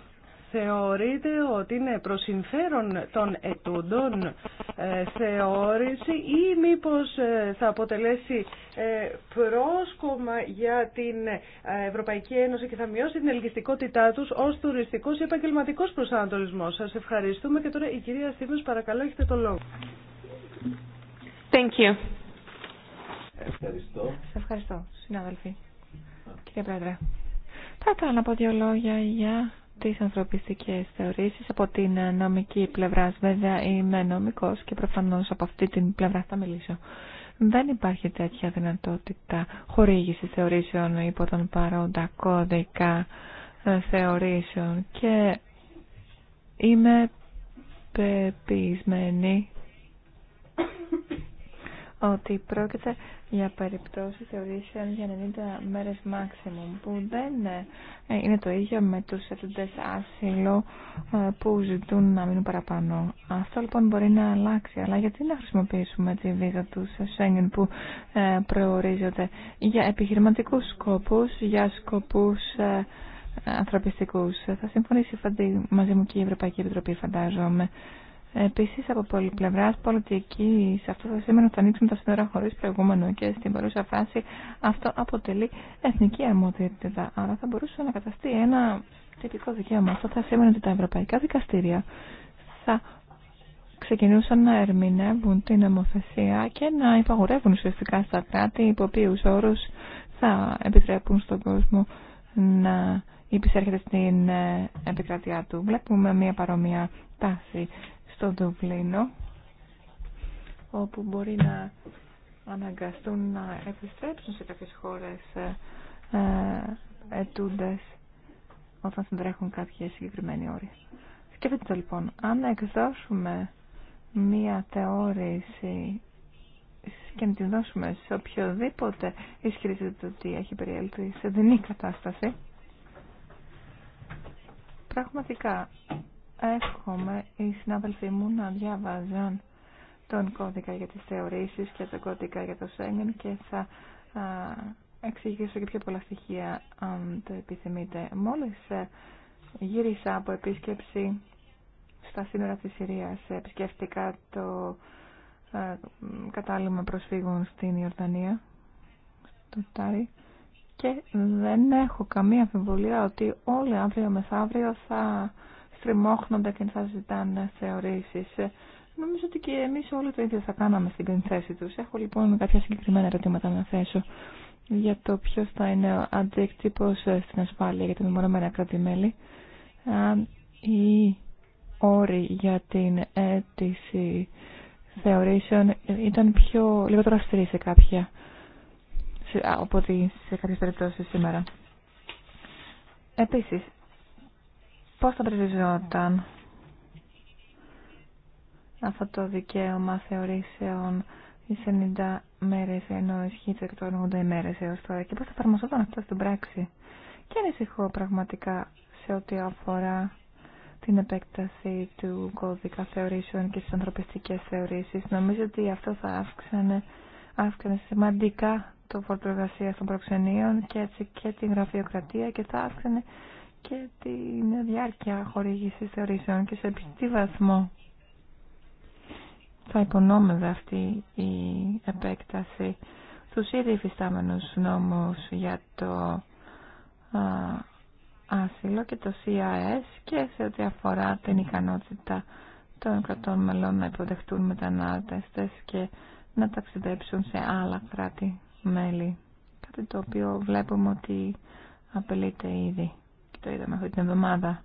Θεωρείτε ότι είναι προ συμφέρον των ετούντων ε, θεώρηση ή μήπως ε, θα αποτελέσει ε, πρόσκομα για την Ευρωπαϊκή Ένωση και θα μειώσει την ελκυστικότητά τους ως τουριστικός ή επαγγελματικός προσανατολισμός. Σας ευχαριστούμε και τώρα η κυρία Στίβενς παρακαλώ έχετε το λόγο. Thank you. Ευχαριστώ. Σας ευχαριστώ συνάδελφοι. Κύριε Πρόεδρε. Θα ήθελα να πω δύο λόγια για τις ανθρωπιστικές θεωρήσεις από την νομική πλευρά. Βέβαια είμαι νομικός και προφανώς από αυτή την πλευρά θα μιλήσω. Δεν υπάρχει τέτοια δυνατότητα χορήγηση θεωρήσεων υπό τον παρόντα κώδικα ε, θεωρήσεων και είμαι πεπισμένη ότι πρόκειται για περιπτώσεις θεωρήσεων για 90 μέρες maximum που δεν ε, είναι το ίδιο με τους εθνικές άσυλο ε, που ζητούν να μείνουν παραπάνω. Αυτό λοιπόν μπορεί να αλλάξει, αλλά γιατί να χρησιμοποιήσουμε τη βίζα του Σέγγεν που ε, προορίζεται για επιχειρηματικούς σκόπους, για σκοπούς ανθρωπιστικούς. Θα συμφωνήσει μαζί μου και η Ευρωπαϊκή Επιτροπή φαντάζομαι. Επίση, από πολυπλευρά πολιτική, πολιτική, αυτό θα σημαίνει ότι θα ανοίξουμε τα σύνορα χωρί προηγούμενο και στην παρούσα φάση αυτό αποτελεί εθνική αρμοδιότητα. Άρα θα μπορούσε να καταστεί ένα τυπικό δικαίωμα. Αυτό θα σημαίνει ότι τα ευρωπαϊκά δικαστήρια θα ξεκινούσαν να ερμηνεύουν την νομοθεσία και να υπαγορεύουν ουσιαστικά στα κράτη υπό οποίου όρου θα επιτρέπουν στον κόσμο να υπησέρχεται στην ε, επικρατεία του. Βλέπουμε μια παρόμοια τάση στο Δουβλίνο όπου μπορεί να αναγκαστούν να επιστρέψουν σε κάποιες χώρες ε, ε όταν συντρέχουν κάποιες συγκεκριμένη όροι. Σκεφτείτε το λοιπόν, αν εκδώσουμε μία θεώρηση και να την δώσουμε σε οποιοδήποτε ισχυρίζεται ότι έχει περιέλθει σε δινή κατάσταση, πραγματικά εύχομαι οι συνάδελφοί μου να διαβάζουν τον κώδικα για τις θεωρήσεις και τον κώδικα για το Σέγγεν και θα εξηγήσω και πιο πολλά στοιχεία αν το επιθυμείτε. Μόλις ε, γύρισα από επίσκεψη στα σύνορα της Συρίας, ε, επισκέφτηκα το ε, κατάλημα προσφύγων στην Ιορδανία, στο Τάρι, και δεν έχω καμία αμφιβολία ότι όλοι αύριο μεθαύριο θα στριμώχνονται και θα ζητάνε θεωρήσει. Νομίζω ότι και εμείς όλοι το ίδιο θα κάναμε στην θέση του. Έχω λοιπόν κάποια συγκεκριμένα ερωτήματα να θέσω για το ποιο θα είναι ο αντίκτυπο στην ασφάλεια για τα μεμονωμένα κράτη-μέλη. Οι όροι για την αίτηση θεωρήσεων ήταν πιο, λιγότερο αυστηροί σε κάποια από σε κάποιε περιπτώσει σήμερα. Επίσης, Πώς θα περιοριζόταν αυτό το δικαίωμα θεωρήσεων οι 90 μέρες ενώ ισχύει το 80 μέρες έως τώρα και πώς θα εφαρμοζόταν αυτό στην πράξη. Και ανησυχώ πραγματικά σε ό,τι αφορά την επέκταση του κώδικα θεωρήσεων και στις ανθρωπιστικές θεωρήσεις. Νομίζω ότι αυτό θα αύξανε, αύξανε σημαντικά το φόρτο εργασία των προξενείων και έτσι και την γραφειοκρατία και θα αύξανε και την διάρκεια χορηγήση θεωρήσεων και σε τι βαθμό θα υπονόμευε αυτή η επέκταση στους ήδη υφιστάμενους νόμους για το άσυλο και το CIS και σε ό,τι αφορά την ικανότητα των κρατών μελών να υποδεχτούν μετανάστες και να ταξιδέψουν σε άλλα κράτη-μέλη. Κάτι το οποίο βλέπουμε ότι απελείται ήδη το είδαμε αυτή την εβδομάδα.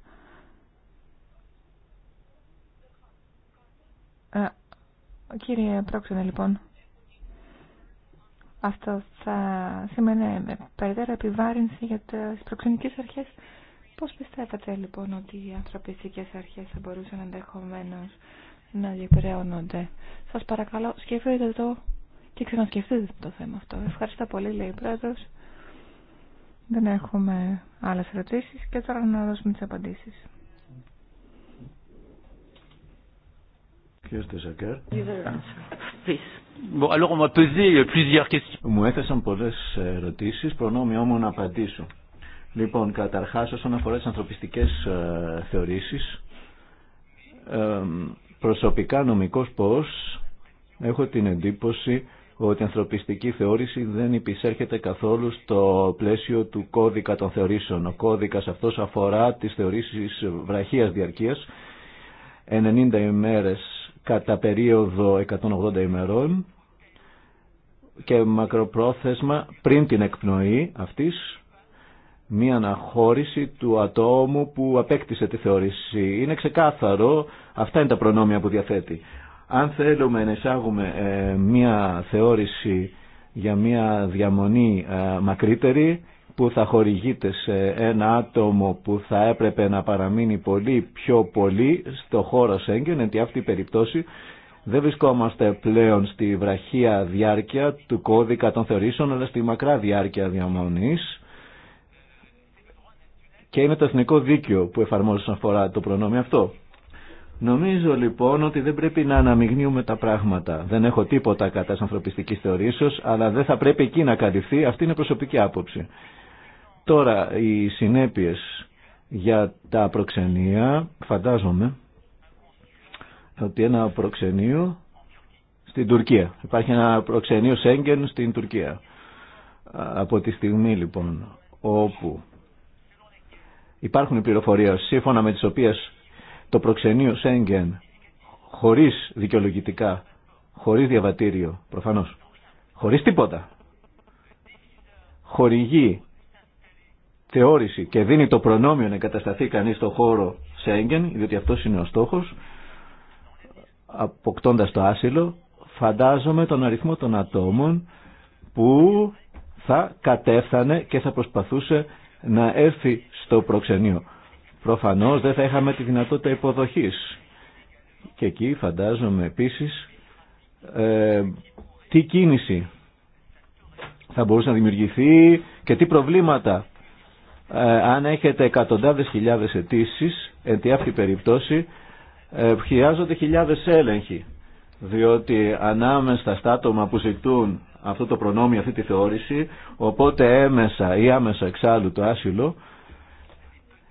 Ε, κύριε Πρόξενε, λοιπόν, αυτό θα σημαίνει περαιτέρω επιβάρυνση για τις προξενικές αρχές. Πώς πιστεύετε, λοιπόν, ότι οι ανθρωπιστικές αρχές θα μπορούσαν ενδεχομένω να διεπεραιώνονται. Σας παρακαλώ, σκεφτείτε το και ξανασκεφτείτε το θέμα αυτό. Ευχαριστώ πολύ, λέει η Πρόεδρος. Δεν έχουμε άλλες ερωτήσεις και τώρα να δώσουμε τις απαντήσεις. Euh, μου έθεσαν πολλές ερωτήσεις, προνόμιο μου να απαντήσω. Λοιπόν, καταρχάς όσον αφορά τις ανθρωπιστικές ε, θεωρήσεις, προσωπικά νομικός πώς έχω την εντύπωση ότι η ανθρωπιστική θεώρηση δεν υπησέρχεται καθόλου στο πλαίσιο του κώδικα των θεωρήσεων. Ο κώδικας αυτός αφορά τις θεωρήσεις βραχίας διαρκείας, 90 ημέρες κατά περίοδο 180 ημερών και μακροπρόθεσμα πριν την εκπνοή αυτής, μία αναχώρηση του ατόμου που απέκτησε τη θεώρηση. Είναι ξεκάθαρο, αυτά είναι τα προνόμια που διαθέτει. Αν θέλουμε να εισάγουμε ε, μία θεώρηση για μία διαμονή ε, μακρύτερη που θα χορηγείται σε ένα άτομο που θα έπρεπε να παραμείνει πολύ πιο πολύ στο χώρο Σέγγεν, τη αυτή η περίπτωση δεν βρισκόμαστε πλέον στη βραχία διάρκεια του κώδικα των θεωρήσεων, αλλά στη μακρά διάρκεια διαμονής. Και είναι το εθνικό δίκαιο που εφαρμόζει αφορά το προνόμιο αυτό. Νομίζω λοιπόν ότι δεν πρέπει να αναμειγνύουμε τα πράγματα. Δεν έχω τίποτα κατά τη ανθρωπιστική θεωρήσεω, αλλά δεν θα πρέπει εκεί να καλυφθεί. Αυτή είναι προσωπική άποψη. Τώρα, οι συνέπειε για τα προξενία, φαντάζομαι ότι ένα προξενείο στην Τουρκία. Υπάρχει ένα προξενείο Σέγγεν στην Τουρκία. Από τη στιγμή λοιπόν όπου υπάρχουν οι πληροφορίες σύμφωνα με τις οποίες το προξενείο Σέγγεν χωρίς δικαιολογητικά, χωρίς διαβατήριο προφανώς, χωρίς τίποτα, χορηγεί θεώρηση και δίνει το προνόμιο να εγκατασταθεί κανείς στο χώρο Σέγγεν, διότι αυτό είναι ο στόχος, αποκτώντας το άσυλο, φαντάζομαι τον αριθμό των ατόμων που θα κατέφθανε και θα προσπαθούσε να έρθει στο προξενείο προφανώς δεν θα είχαμε τη δυνατότητα υποδοχής. Και εκεί φαντάζομαι επίσης ε, τι κίνηση θα μπορούσε να δημιουργηθεί και τι προβλήματα. Ε, αν έχετε εκατοντάδες χιλιάδες αιτήσει, εν τη αυτή περιπτώση, ε, χρειάζονται χιλιάδες έλεγχοι. Διότι ανάμεσα στα άτομα που ζητούν αυτό το προνόμιο, αυτή τη θεώρηση, οπότε έμεσα ή άμεσα εξάλλου το άσυλο,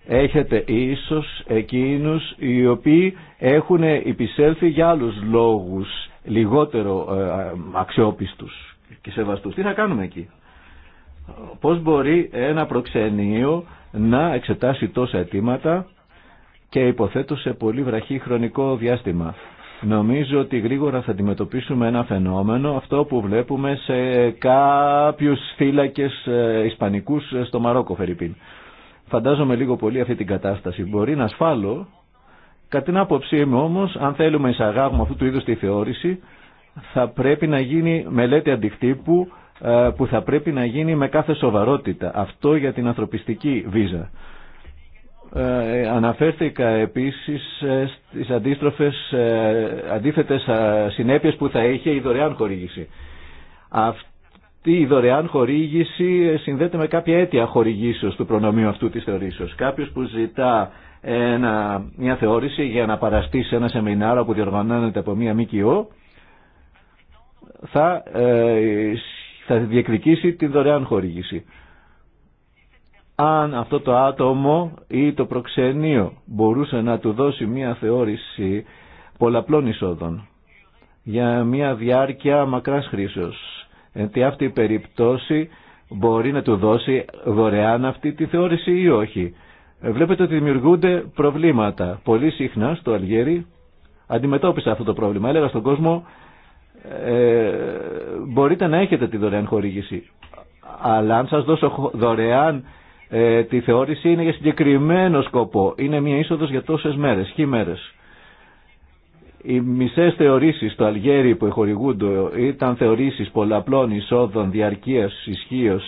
έχετε ίσως εκείνους οι οποίοι έχουν υπησέλθει για άλλους λόγους λιγότερο ε, αξιόπιστους και σεβαστούς. Τι θα κάνουμε εκεί. Πώς μπορεί ένα προξενείο να εξετάσει τόσα αιτήματα και υποθέτω σε πολύ βραχή χρονικό διάστημα. Νομίζω ότι γρήγορα θα αντιμετωπίσουμε ένα φαινόμενο, αυτό που βλέπουμε σε κάποιους ε, ισπανικούς ε, στο Μαρόκο, Φερρυπίν. Φαντάζομαι λίγο πολύ αυτή την κατάσταση. Μπορεί να ασφάλω, κατά την άποψή μου όμως, αν θέλουμε να εισαγάγουμε αυτού του είδου τη θεώρηση, θα πρέπει να γίνει μελέτη αντικτύπου ε, που θα πρέπει να γίνει με κάθε σοβαρότητα. Αυτό για την ανθρωπιστική βίζα. Ε, αναφέρθηκα επίσης ε, στις αντίστροφες, ε, αντίθετες συνέπειες που θα είχε η δωρεάν χορήγηση αυτή η δωρεάν χορήγηση συνδέεται με κάποια αίτια χορηγήσεως του προνομίου αυτού της θεωρήσεω. Κάποιο που ζητά μια θεώρηση για να παραστεί σε ένα σεμινάριο που διοργανώνεται από μια ΜΚΟ θα, ε, θα διεκδικήσει τη δωρεάν χορήγηση. Αν αυτό το άτομο ή το προξενείο μπορούσε να του δώσει μια θεώρηση πολλαπλών εισόδων για μια διάρκεια μακράς χρήσεως ότι αυτή η περιπτώση μπορεί να του δώσει δωρεάν αυτή τη θεώρηση ή όχι. Ε, βλέπετε ότι δημιουργούνται προβλήματα. Πολύ συχνά στο Αλγέρι αντιμετώπισα αυτό το πρόβλημα. Έλεγα στον κόσμο ε, μπορείτε να έχετε τη δωρεάν χορήγηση. Αλλά αν σας δώσω δωρεάν ε, τη θεώρηση είναι για συγκεκριμένο σκοπό. Είναι μια είσοδος για τόσες μέρες, χι οι μισές θεωρήσεις στο Αλγέρι που χορηγούνται ήταν θεωρήσεις πολλαπλών εισόδων διαρκείας ισχύω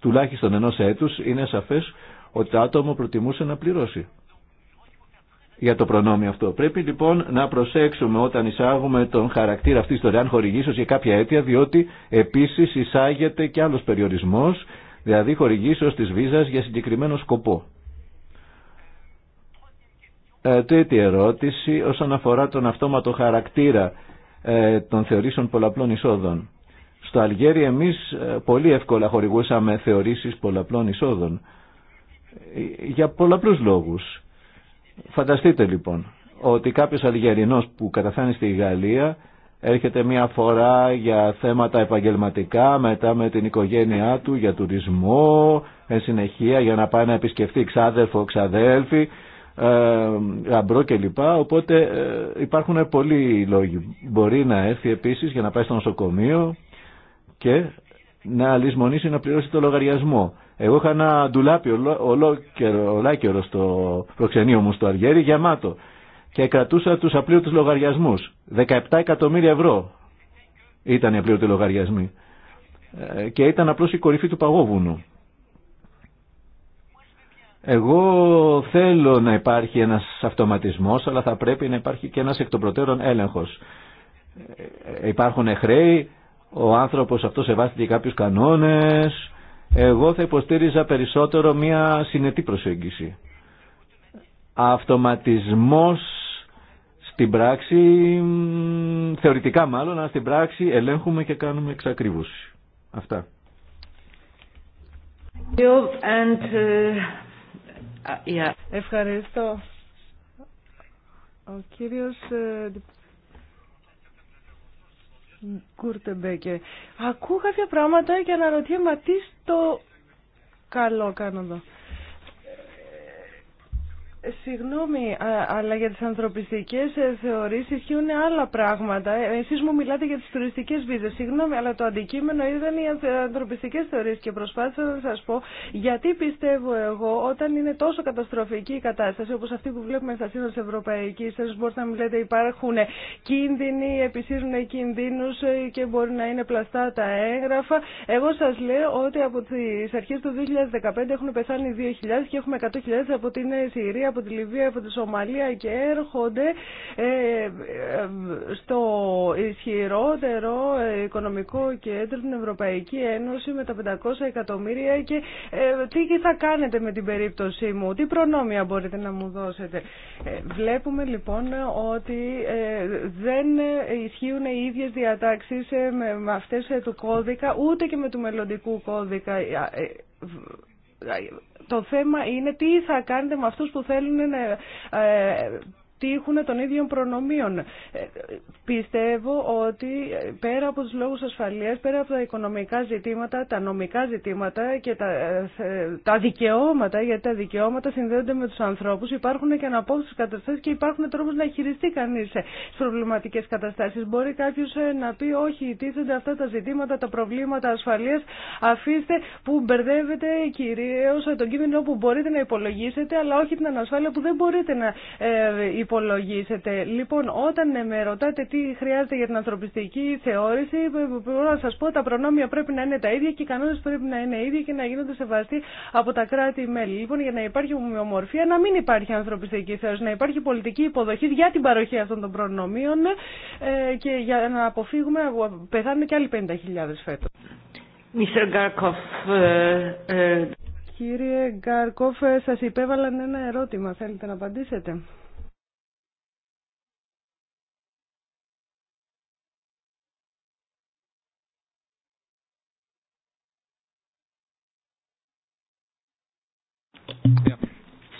τουλάχιστον ενός έτους, είναι σαφές ότι το άτομο προτιμούσε να πληρώσει για το προνόμιο αυτό. Πρέπει λοιπόν να προσέξουμε όταν εισάγουμε τον χαρακτήρα αυτή τη δωρεάν χορηγήσεω για κάποια αίτια, διότι επίση εισάγεται και άλλο περιορισμό, δηλαδή χορηγήσεω τη βίζα για συγκεκριμένο σκοπό. Ε, τρίτη ερώτηση όσον αφορά τον αυτόματο χαρακτήρα ε, των θεωρήσεων πολλαπλών εισόδων. Στο Αλγέρι εμείς ε, πολύ εύκολα χορηγούσαμε θεωρήσεις πολλαπλών εισόδων για πολλαπλούς λόγους. Φανταστείτε λοιπόν ότι κάποιος Αλγερινός που καταφθάνει στη Γαλλία έρχεται μία φορά για θέματα επαγγελματικά, μετά με την οικογένειά του για τουρισμό, εν συνεχεία για να πάει να επισκεφτεί ξάδερφο, ξαδέλφη ε, γαμπρό κλπ. Οπότε ε, υπάρχουν πολλοί λόγοι. Μπορεί να έρθει επίση για να πάει στο νοσοκομείο και να λησμονήσει να πληρώσει το λογαριασμό. Εγώ είχα ένα ντουλάπι ολόκαιρο στο προξενείο μου στο Αργέρι γεμάτο και κρατούσα τους απλήρωτου λογαριασμούς. 17 εκατομμύρια ευρώ ήταν οι απλήρωτοι λογαριασμοί ε, και ήταν απλώς η κορυφή του παγόβουνου. Εγώ θέλω να υπάρχει ένας αυτοματισμός, αλλά θα πρέπει να υπάρχει και ένας εκ των προτέρων έλεγχος. Ε, υπάρχουν χρέη, ο άνθρωπος αυτό σεβάστηκε κάποιους κανόνες. Εγώ θα υποστήριζα περισσότερο μια συνετή προσέγγιση. Αυτοματισμός στην πράξη, θεωρητικά μάλλον, αλλά στην πράξη ελέγχουμε και κάνουμε εξακριβούς. Αυτά. Ε, ε, ε, ε, ευχαριστώ. Ο κύριος Κούρτεμπέκε. Ακούω κάποια πράγματα και αναρωτιέμαι τι στο καλό κάνω εδώ. Συγγνώμη, αλλά για τις ανθρωπιστικές ε, θεωρίε ισχύουν άλλα πράγματα. Ε, εσείς μου μιλάτε για τις τουριστικές βίζες. Συγγνώμη, αλλά το αντικείμενο ήταν οι ανθρωπιστικές θεωρίες και προσπάθησα να σας πω γιατί πιστεύω εγώ όταν είναι τόσο καταστροφική η κατάσταση όπως αυτή που βλέπουμε στα σύνορα της Ευρωπαϊκής Ένωσης μπορείτε να μιλάτε υπάρχουν κίνδυνοι, επισύρουν κινδύνους ε, και μπορεί να είναι πλαστά τα έγγραφα. Εγώ σας λέω ότι από τις αρχές του 2015 έχουν πεθάνει 2.000 και έχουμε 100.000 από την Συρία από τη Λιβύη, από τη Σομαλία και έρχονται ε, ε, στο ισχυρότερο ε, οικονομικό κέντρο την Ευρωπαϊκή Ένωση με τα 500 εκατομμύρια και τι θα κάνετε με την περίπτωσή μου, τι προνόμια μπορείτε να μου δώσετε. Βλέπουμε λοιπόν ότι δεν ισχύουν οι ίδιες διατάξεις με αυτές του κώδικα ούτε και με του μελλοντικού κώδικα το θέμα είναι τι θα κάνετε με αυτούς που θέλουν να ε, ε, έχουν των ίδιων προνομίων. Ε, πιστεύω ότι ε, πέρα από τους λόγους ασφαλείας, πέρα από τα οικονομικά ζητήματα, τα νομικά ζητήματα και τα, ε, τα δικαιώματα, γιατί τα δικαιώματα συνδέονται με τους ανθρώπους, υπάρχουν και αναπόφευκτες καταστάσεις και υπάρχουν τρόπους να χειριστεί κανείς στις προβληματικές καταστάσεις. Μπορεί κάποιος να πει όχι, τίθενται αυτά τα ζητήματα, τα προβλήματα ασφαλείας, αφήστε που μπερδεύετε κυρίως τον κίνδυνο που μπορείτε να υπολογίσετε, αλλά όχι την ανασφάλεια που δεν μπορείτε να υπολογίσετε υπολογίσετε. Λοιπόν, όταν με ρωτάτε τι χρειάζεται για την ανθρωπιστική θεώρηση, μπορώ να σα πω τα προνόμια πρέπει να είναι τα ίδια και οι κανόνε πρέπει να είναι ίδιοι και να γίνονται σεβαστοί από τα κράτη-μέλη. Λοιπόν, για να υπάρχει ομοιομορφία, να μην υπάρχει ανθρωπιστική θεώρηση, να υπάρχει πολιτική υποδοχή για την παροχή αυτών των προνομίων ε, και για να αποφύγουμε πεθάνουν και άλλοι 50.000 φέτο. Ε, ε, Κύριε Γκάρκοφ, σας υπέβαλαν ένα ερώτημα. Θέλετε να απαντήσετε.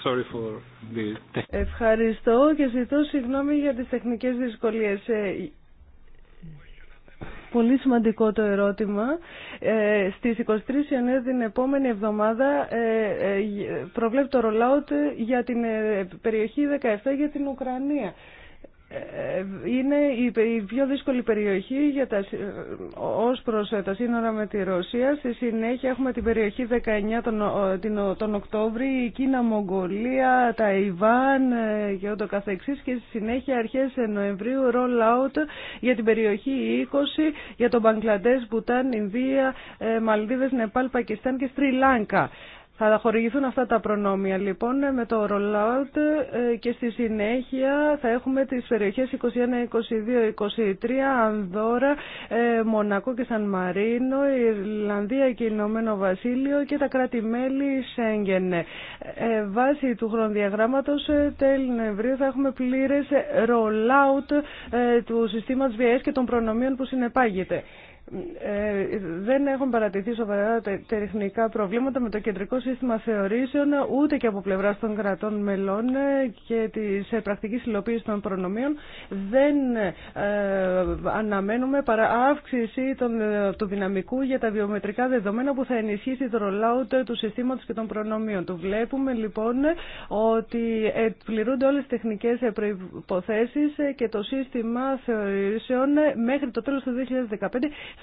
Sorry for the... Ευχαριστώ και ζητώ συγγνώμη για τις τεχνικές δυσκολίες. Ε, πολύ σημαντικό το ερώτημα. Ε, στις 23 Ιανουαρίου την επόμενη εβδομάδα ε, ε, ε, προβλέπει το rollout για την ε, περιοχή 17 για την Ουκρανία είναι η πιο δύσκολη περιοχή για τα, ε, ως προς ε, τα σύνορα με τη Ρωσία. Στη συνέχεια έχουμε την περιοχή 19 τον, ε, την, τον Οκτώβρη, η Κίνα, Μογγολία, τα Ιβάν και ούτω καθεξής και στη συνέχεια αρχές Νοεμβρίου roll out για την περιοχή 20, για τον Μπαγκλαντές, Μπουτάν, Ινδία, Μαλδίβες, Νεπάλ, Πακιστάν και Στριλάνκα. Θα χορηγηθούν αυτά τα προνόμια λοιπόν με το rollout ε, και στη συνέχεια θα έχουμε τις περιοχές 21, 22, 23, Ανδόρα, ε, Μονακό και Σαν Μαρίνο, Ιρλανδία και Ηνωμένο Βασίλειο και τα κράτη-μέλη Σέγγεν. Ε, βάσει του χρονοδιαγράμματος τέλη Νευρίου θα έχουμε πλήρες rollout του συστήματος VS και των προνομίων που συνεπάγεται. Ε, δεν έχουν παρατηθεί σοβαρά τεχνικά προβλήματα με το κεντρικό σύστημα θεωρήσεων ούτε και από πλευρά των κρατών μελών ε, και τη ε, πρακτική υλοποίηση των προνομίων. Δεν αναμένουμε παρά αύξηση του δυναμικού για τα βιομετρικά δεδομένα που θα ενισχύσει το rollout του συστήματο και των προνομίων. Το βλέπουμε λοιπόν ότι πληρούνται όλε τι τεχνικέ προποθέσει και το σύστημα θεωρήσεων μέχρι το τέλο του 2015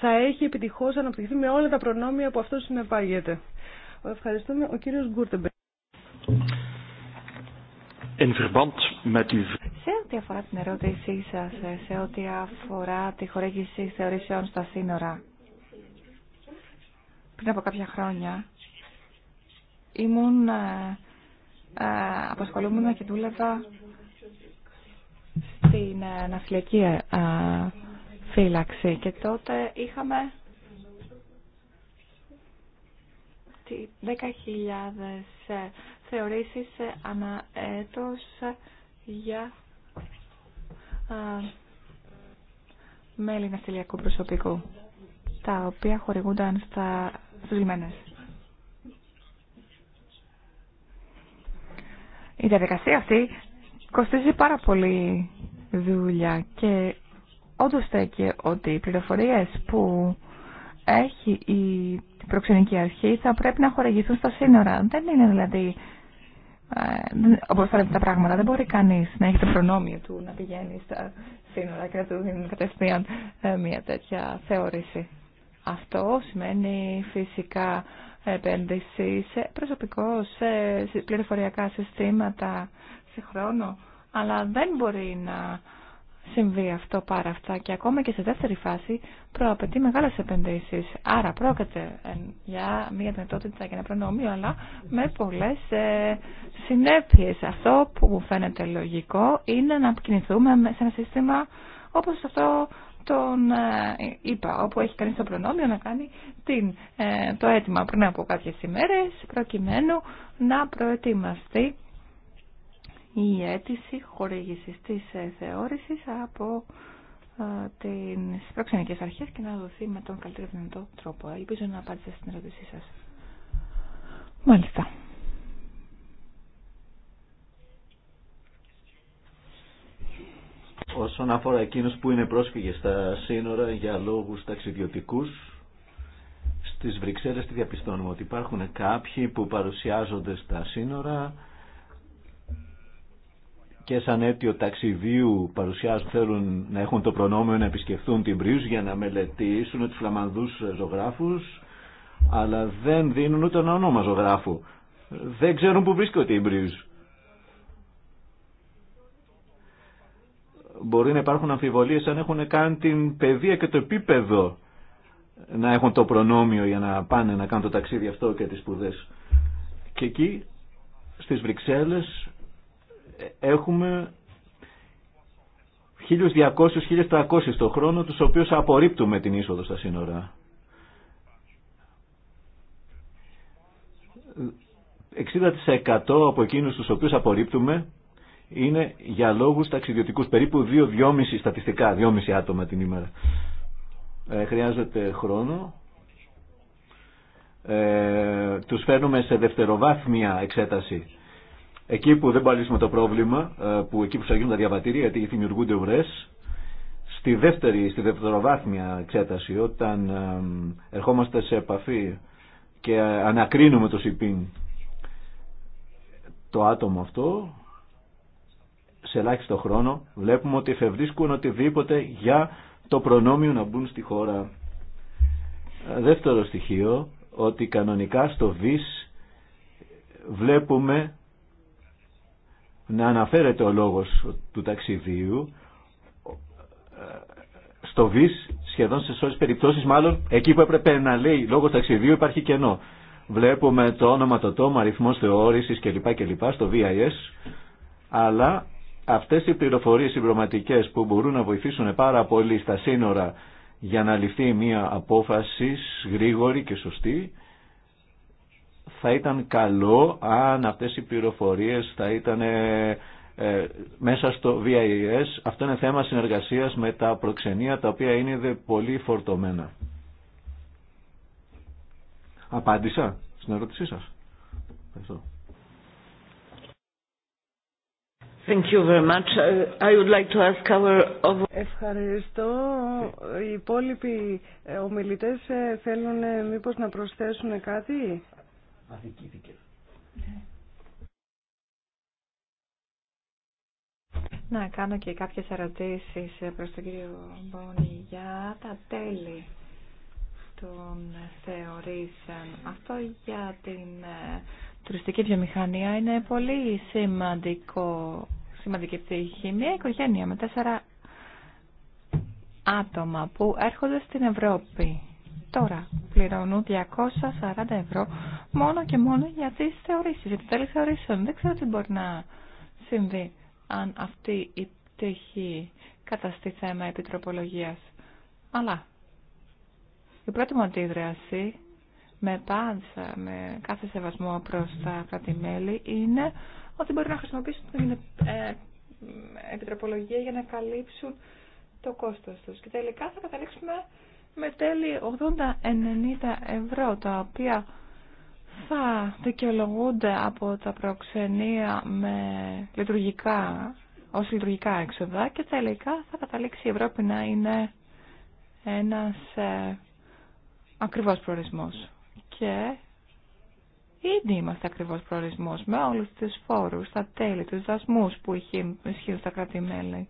θα έχει επιτυχώ αναπτυχθεί με όλα τα προνόμια που αυτό συνεπάγεται. Ευχαριστούμε. Ο κύριος Γκούρτεμπερ. Σε ό,τι αφορά την ερώτησή σα, ε, σε ό,τι αφορά τη χορήγηση θεωρήσεων στα σύνορα, πριν από κάποια χρόνια ήμουν, ε, ε, και δούλευα στην ε, ναυτιλιακή ε, φύλαξη και τότε είχαμε 10.000 ε, θεωρήσεις ε, ανά έτος για ε, μέλη ναυτιλιακού προσωπικού, τα οποία χορηγούνταν στα, στους Η διαδικασία αυτή κοστίζει πάρα πολύ δουλειά και όντως στέκει ότι οι πληροφορίες που έχει η προξενική αρχή θα πρέπει να χορηγηθούν στα σύνορα. Δεν είναι δηλαδή ε, θα λέμε τα πράγματα. Δεν μπορεί κανείς να έχει το προνόμιο του να πηγαίνει στα σύνορα και να του δίνει κατευθείαν ε, μια τέτοια θεώρηση. Αυτό σημαίνει φυσικά επένδυση σε προσωπικό, σε πληροφοριακά συστήματα, σε χρόνο, αλλά δεν μπορεί να συμβεί αυτό πάρα αυτά και ακόμα και σε δεύτερη φάση προαπαιτεί μεγάλες επενδύσεις. Άρα πρόκειται ε, για μια δυνατότητα και ένα προνόμιο αλλά με πολλές ε, συνέπειες. Αυτό που μου φαίνεται λογικό είναι να κινηθούμε σε ένα σύστημα όπως αυτό τον ε, είπα, όπου έχει κανείς το προνόμιο να κάνει την, το αίτημα πριν από κάποιες ημέρες προκειμένου να προετοιμαστεί η αίτηση χορήγησης της ε, θεώρησης από ε, τις προξενικές αρχές και να δοθεί με τον καλύτερο δυνατό τρόπο. Ελπίζω να απάντησα στην ερώτησή σας. Μάλιστα. Όσον αφορά εκείνους που είναι πρόσφυγες στα σύνορα για λόγους ταξιδιωτικούς, στις Βρυξέλλες τη διαπιστώνουμε ότι υπάρχουν κάποιοι που παρουσιάζονται στα σύνορα και σαν αίτιο ταξιδίου παρουσιάζουν θέλουν να έχουν το προνόμιο να επισκεφθούν την Πρίου για να μελετήσουν τους φλαμανδούς ζωγράφους αλλά δεν δίνουν ούτε ένα όνομα ζωγράφου. Δεν ξέρουν που βρίσκονται οι Πρίους. Μπορεί να υπάρχουν αμφιβολίες αν έχουν κάνει την παιδεία και το επίπεδο να έχουν το προνόμιο για να πάνε να κάνουν το ταξίδι αυτό και τις σπουδές. Και εκεί στις Βρυξέλλες έχουμε 1.200-1.300 το χρόνο, τους οποίους απορρίπτουμε την είσοδο στα σύνορα. 60% από εκείνους τους οποίους απορρίπτουμε είναι για λόγους ταξιδιωτικούς, περίπου 2-2,5 στατιστικά, 2,5 άτομα την ημέρα. Ε, χρειάζεται χρόνο. Ε, τους φέρνουμε σε δευτεροβάθμια εξέταση Εκεί που δεν παλύσουμε το πρόβλημα, ε, που εκεί που θα γίνουν τα διαβατήρια, γιατί δημιουργούνται ουρές, στη δεύτερη, στη δευτεροβάθμια εξέταση, όταν ε, ερχόμαστε σε επαφή και ανακρίνουμε το ΣΥΠΗΝ, το άτομο αυτό, σε ελάχιστο χρόνο, βλέπουμε ότι εφευρίσκουν οτιδήποτε για το προνόμιο να μπουν στη χώρα. Δεύτερο στοιχείο, ότι κανονικά στο ΒΙΣ βλέπουμε να αναφέρεται ο λόγος του ταξιδίου στο ΒΙΣ σχεδόν σε όλες τις περιπτώσεις μάλλον εκεί που έπρεπε να λέει λόγος ταξιδίου υπάρχει κενό. Βλέπουμε το όνομα, το τόμα, αριθμός θεώρησης κλπ. κλπ. στο VIS αλλά αυτές οι πληροφορίες συμπροματικές που μπορούν να βοηθήσουν πάρα πολύ στα σύνορα για να ληφθεί μια απόφαση γρήγορη και σωστή θα ήταν καλό αν αυτές οι πληροφορίες θα ήταν ε, ε, μέσα στο VIS. Αυτό είναι θέμα συνεργασίας με τα προξενία τα οποία είναι πολύ φορτωμένα. Απάντησα στην ερώτησή σας. Ευχαριστώ. Thank you very much. I would like to ask Ευχαριστώ. Οι υπόλοιποι ε, ομιλητές θέλουν μήπως να προσθέσουν κάτι αδικήθηκε. Ναι. Να κάνω και κάποιες ερωτήσεις προς τον κύριο Μπόνι για τα τέλη των θεωρήσεων. Αυτό για την ε, τουριστική βιομηχανία είναι πολύ σημαντικό, σημαντική πτυχή. Μια οικογένεια με τέσσερα άτομα που έρχονται στην Ευρώπη Τώρα πληρώνουν 240 ευρώ μόνο και μόνο για τι θεωρήσει, για θεωρήσεων. Δεν ξέρω τι μπορεί να συμβεί αν αυτή η πτυχή καταστεί θέμα επιτροπολογίας. Αλλά η πρώτη μου αντίδραση με πάντα, με κάθε σεβασμό προς τα κρατημέλη είναι ότι μπορεί να χρησιμοποιήσουν την ε, ε, επιτροπολογία για να καλύψουν το κόστος τους. Και τελικά θα καταλήξουμε με τέλη 80-90 ευρώ τα οποία θα δικαιολογούνται από τα προξενία με λειτουργικά, ως λειτουργικά έξοδα και τελικά θα καταλήξει η Ευρώπη να είναι ένας ε, ακριβώς προορισμός. Και ήδη είμαστε ακριβώς προορισμός με όλους τους φόρους, τα τέλη, τους δασμούς που ισχύουν στα κράτη-μέλη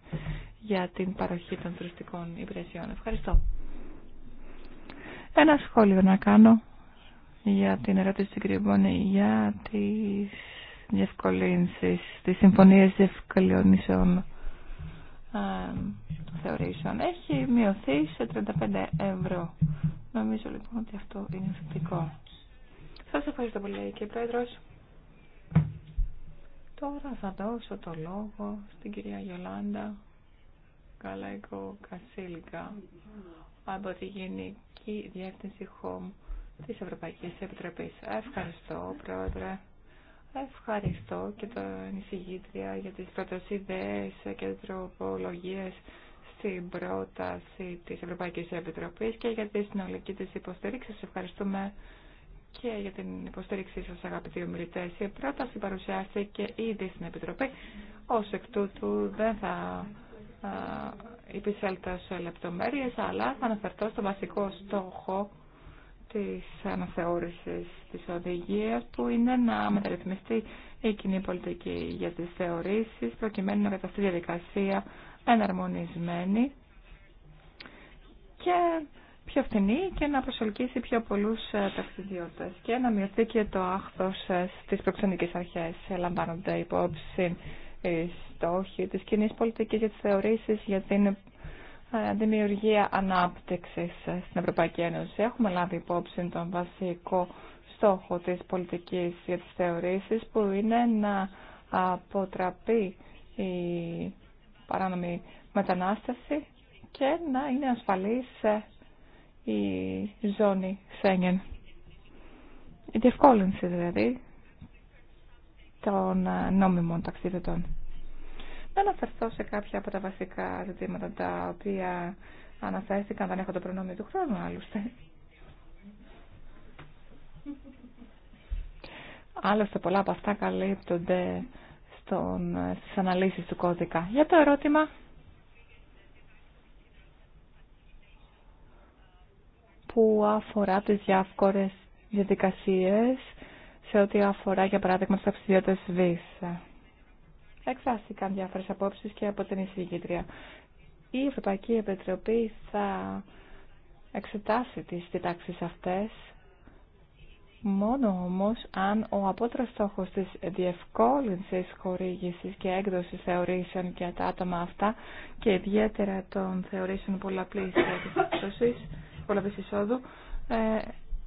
για την παροχή των τουριστικών υπηρεσιών. Ευχαριστώ. Ένα σχόλιο να κάνω για την ερώτηση του κ. Μπονή, για τις διευκολύνσεις, τις συμφωνίες διευκολύνσεων θεωρήσεων. Έχει μειωθεί σε 35 ευρώ. Νομίζω λοιπόν ότι αυτό είναι θετικό. Σας ευχαριστώ πολύ κύριε Πέτρος. Τώρα θα δώσω το λόγο στην κυρία Γιολάντα Καλαϊκό Κασίλικα από τη Γενική η Διεύθυνση Home της Ευρωπαϊκής Επιτροπής. Ευχαριστώ, Πρόεδρε. Ευχαριστώ και τον εισηγήτρια για τις πρώτες ιδέες και τροπολογίες στην πρόταση της Ευρωπαϊκής Επιτροπής και για τη συνολική της υποστήριξη. Σας ευχαριστούμε και για την υποστήριξή σας αγαπητοί ομιλητές. Η πρόταση παρουσιάστηκε ήδη στην Επιτροπή. Ως εκ τούτου δεν θα υπησέλθω σε λεπτομέρειες, αλλά θα αναφερθώ στο βασικό στόχο της αναθεώρησης της οδηγίας που είναι να μεταρρυθμιστεί η κοινή πολιτική για τις θεωρήσεις προκειμένου να καταστεί διαδικασία εναρμονισμένη και πιο φθηνή και να προσελκύσει πιο πολλούς ε, ταξιδιώτες και να μειωθεί και το άχθος ε, στις προξενικές αρχές λαμβάνονται υπόψη οι στόχοι της κοινή πολιτική για τις θεωρήσεις για την ε, δημιουργία ανάπτυξης στην Ευρωπαϊκή Ένωση. Έχουμε λάβει υπόψη τον βασικό στόχο της πολιτικής για τις θεωρήσεις που είναι να αποτραπεί η παράνομη μετανάσταση και να είναι ασφαλής ε, η ζώνη Σέγγεν. Η διευκόλυνση δηλαδή των ε, νόμιμων ταξιδιωτών. Να αναφερθώ σε κάποια από τα βασικά ζητήματα τα οποία αναφέρθηκαν, δεν έχω το προνόμιο του χρόνου άλλωστε. Άλλωστε πολλά από αυτά καλύπτονται στον, ε, στις αναλύσεις του κώδικα. Για το ερώτημα που αφορά τις διάφορες διαδικασίες σε ό,τι αφορά για παράδειγμα τους ταξιδιώτες ΒΙΣ. Εκφράστηκαν διάφορες απόψεις και από την εισηγήτρια. Η Ευρωπαϊκή Επιτροπή θα εξετάσει τις διτάξεις αυτές μόνο όμως αν ο απότερος στόχος της διευκόλυνσης χορήγησης και έκδοσης θεωρήσεων για τα άτομα αυτά και ιδιαίτερα των θεωρήσεων πολλαπλής πολλαπλής εισόδου, ε,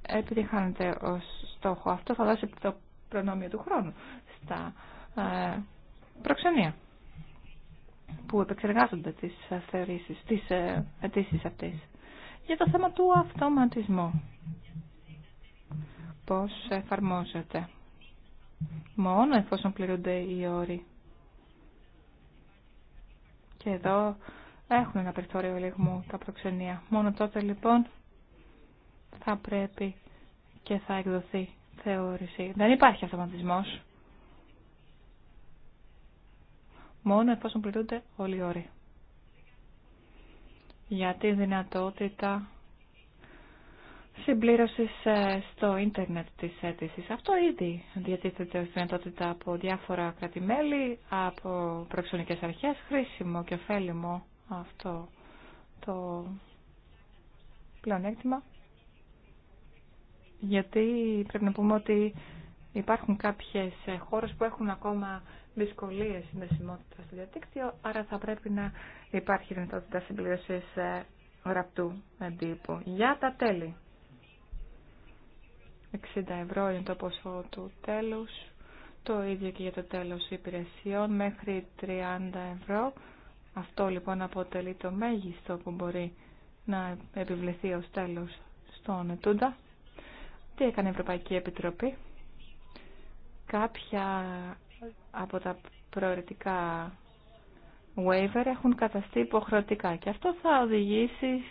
επιτυχάνεται ω στόχο. Αυτό θα δώσει το προνόμιο του χρόνου στα ε, προξενία που επεξεργάζονται τις ε, θεωρήσεις, τις ε, αιτήσει αυτές. Για το θέμα του αυτοματισμού. Πώς εφαρμόζεται. Μόνο εφόσον πληρούνται οι όροι. Και εδώ έχουν ένα περιθώριο ελιγμού τα προξενία. Μόνο τότε λοιπόν θα πρέπει και θα εκδοθεί θεώρηση. Δεν υπάρχει αυτοματισμός. Μόνο εφόσον πληρούνται όλοι οι όροι. Για δυνατότητα συμπλήρωσης ε, στο ίντερνετ της αίτηση. Αυτό ήδη διατίθεται ως δυνατότητα από διάφορα κρατημέλη, από προεξονικές αρχές, χρήσιμο και ωφέλιμο αυτό το πλεονέκτημα γιατί πρέπει να πούμε ότι υπάρχουν κάποιες χώρες που έχουν ακόμα δυσκολίες συνδεσιμότητα στο διαδίκτυο, άρα θα πρέπει να υπάρχει δυνατότητα συμπλήρωσης ε, γραπτού εντύπου. Για τα τέλη. 60 ευρώ είναι το ποσό του τέλους. Το ίδιο και για το τέλος υπηρεσιών μέχρι 30 ευρώ. Αυτό λοιπόν αποτελεί το μέγιστο που μπορεί να επιβληθεί ως τέλος στον ετούντα. Τι έκανε η Ευρωπαϊκή Επιτροπή. Κάποια από τα προαιρετικά waiver έχουν καταστεί υποχρεωτικά και αυτό θα οδηγήσει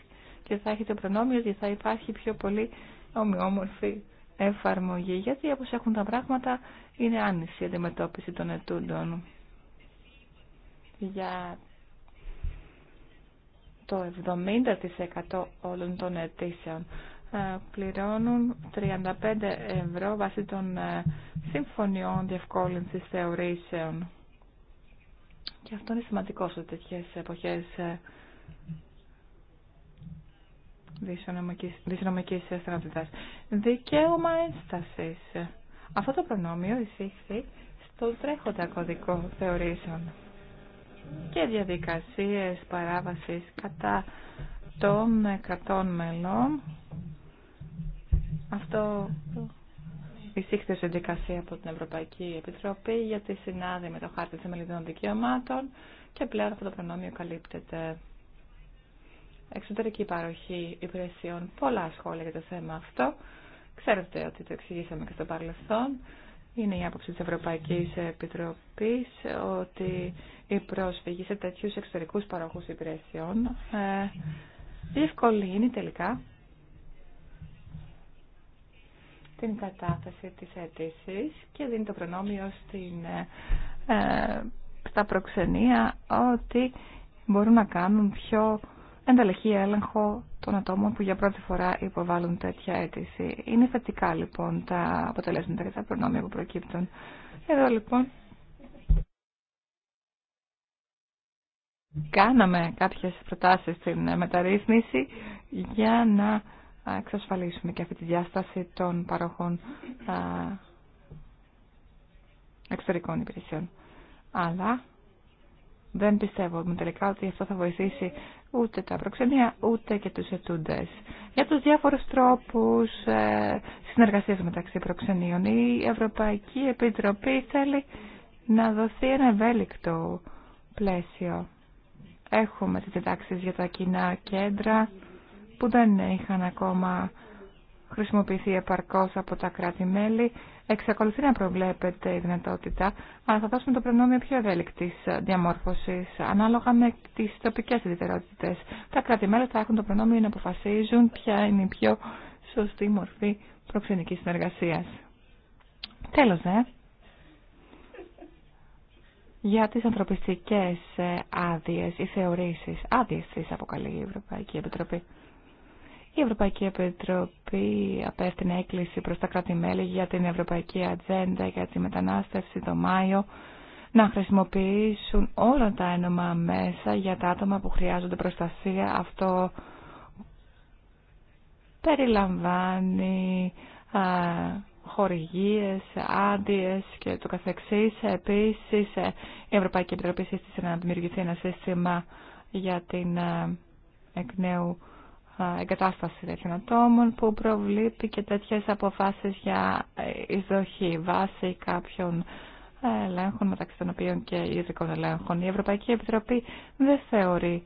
και θα έχει το προνόμιο ότι θα υπάρχει πιο πολύ ομοιόμορφη εφαρμογή γιατί όπως έχουν τα πράγματα είναι άνηση η αντιμετώπιση των ετούντων για το 70% όλων των αιτήσεων ε, πληρώνουν 35 ευρώ βάσει των ε, συμφωνιών διευκόλυνσης θεωρήσεων. Και αυτό είναι σημαντικό σε τέτοιες εποχές ε, δυσνομικής στρατητάς. Δικαίωμα ένστασης. Αυτό το προνόμιο εισήχθη στο τρέχοντα κωδικό θεωρήσεων και διαδικασίες παράβασης κατά των 100 μελών αυτό εισήχθη σε δικασία από την Ευρωπαϊκή Επιτροπή γιατί συνάδει με το χάρτη θεμελιδών δικαιωμάτων και πλέον αυτό το προνόμιο καλύπτεται. Εξωτερική παροχή υπηρεσιών, πολλά σχόλια για το θέμα αυτό. Ξέρετε ότι το εξηγήσαμε και στο παρελθόν. Είναι η άποψη της Ευρωπαϊκής Επιτροπής ότι η πρόσφυγη σε τέτοιους εξωτερικούς παροχούς υπηρεσιών ε, διευκολύνει τελικά την κατάθεση της αίτηση και δίνει το προνόμιο στην, ε, ε, στα προξενία ότι μπορούν να κάνουν πιο ενταλεχή έλεγχο των ατόμων που για πρώτη φορά υποβάλλουν τέτοια αίτηση. Είναι θετικά λοιπόν τα αποτελέσματα και τα προνόμια που προκύπτουν. Εδώ λοιπόν κάναμε κάποιες προτάσεις στην μεταρρύθμιση για να εξασφαλίσουμε και αυτή τη διάσταση των παροχών εξωτερικών υπηρεσιών. Αλλά δεν πιστεύουμε τελικά ότι αυτό θα βοηθήσει ούτε τα προξενία ούτε και τους ετούντε. Για τους διάφορους τρόπους ε, συνεργασίας μεταξύ προξενείων η Ευρωπαϊκή Επιτροπή θέλει να δοθεί ένα ευέλικτο πλαίσιο. Έχουμε τις διδάξεις για τα κοινά κέντρα που δεν είχαν ακόμα χρησιμοποιηθεί επαρκώς από τα κράτη-μέλη. Εξακολουθεί να προβλέπεται η δυνατότητα, αλλά θα δώσουμε το προνόμιο πιο ευέλικτης διαμόρφωσης, ανάλογα με τις τοπικές ιδιαιτερότητες. Τα κράτη-μέλη θα έχουν το προνόμιο να αποφασίζουν ποια είναι η πιο σωστή μορφή προξενικής συνεργασίας. Τέλος, ναι. Για τις ανθρωπιστικές ε, άδειες ή θεωρήσεις, άδειες τις αποκαλεί η θεωρησεις αδειες της αποκαλει Επιτροπή. Η Ευρωπαϊκή Επιτροπή απέφτεινε έκκληση προς τα κράτη-μέλη για την Ευρωπαϊκή Ατζέντα για τη μετανάστευση το Μάιο να χρησιμοποιήσουν όλα τα ένομα μέσα για τα άτομα που χρειάζονται προστασία. Αυτό περιλαμβάνει α, χορηγίες, άντιες και το καθεξής. Επίσης, η Ευρωπαϊκή Επιτροπή σύστησε να δημιουργηθεί ένα σύστημα για την εκ νέου εγκατάσταση τέτοιων ατόμων που προβλέπει και τέτοιες αποφάσεις για εισδοχή βάσει κάποιων ελέγχων μεταξύ των οποίων και ειδικών ελέγχων. Η Ευρωπαϊκή Επιτροπή δεν θεωρεί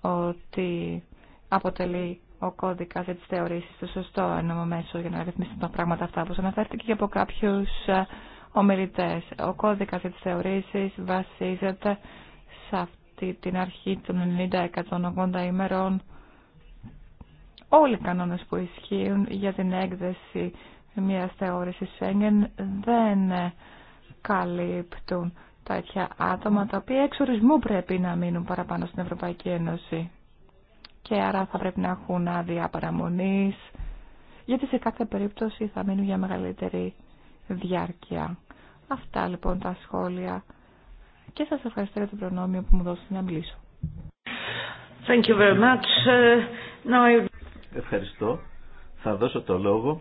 ότι αποτελεί ο κώδικα για τι θεωρήσει το σωστό ένομο μέσο για να ρυθμίσουν τα πράγματα αυτά, που αναφέρθηκε και από κάποιου ομιλητέ. Ο κώδικα για τι θεωρήσει βασίζεται σε αυτή την αρχή των 90-180 ημερών Όλοι οι κανόνες που ισχύουν για την έκδεση μιας θεώρησης Σέγγεν δεν καλύπτουν τέτοια άτομα τα οποία εξ ορισμού πρέπει να μείνουν παραπάνω στην Ευρωπαϊκή Ένωση και άρα θα πρέπει να έχουν άδεια παραμονής γιατί σε κάθε περίπτωση θα μείνουν για μεγαλύτερη διάρκεια. Αυτά λοιπόν τα σχόλια και σας ευχαριστώ για το προνόμιο που μου δώσετε να μιλήσω. Thank you very much. Uh, now I... Ευχαριστώ. Θα δώσω το λόγο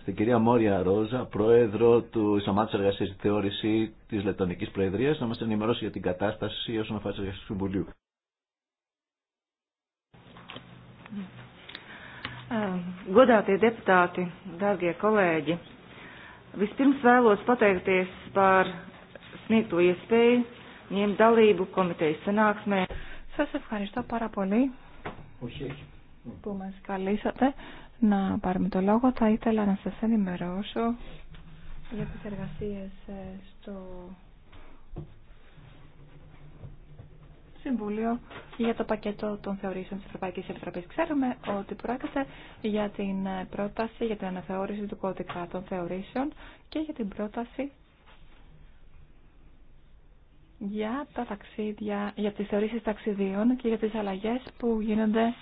στην κυρία Μόρια Ρόζα, πρόεδρο του Σωμάτου Εργασία και Θεώρηση τη Λετωνική Προεδρία, να μα ενημερώσει για την κατάσταση όσον αφορά τι εργασίε του Συμβουλίου. Ε, godātie deputāti, dārgie kolēģi, vispirms vēlos pateikties par sniegto iespēju ņemt dalību komitejas sanāksmē. Σας ευχαριστώ πάρα πολύ που μας καλήσατε να πάρουμε το λόγο. Θα ήθελα να σας ενημερώσω για τις εργασίες ε, στο Συμβούλιο για το πακέτο των θεωρήσεων της Ευρωπαϊκής Επιτροπής. Ξέρουμε ότι πρόκειται για την πρόταση για την αναθεώρηση του κώδικα των θεωρήσεων και για την πρόταση για τα ταξίδια, για τις θεωρήσεις ταξιδίων και για τις αλλαγές που γίνονται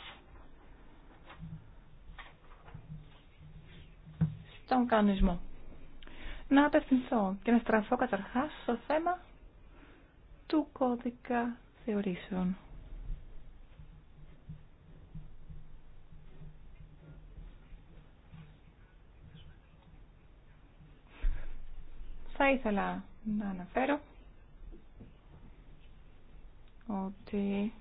στον κανονισμό. Να απευθυνθώ και να στραφώ καταρχάς στο θέμα του κώδικα θεωρήσεων. Θα ήθελα να αναφέρω ότι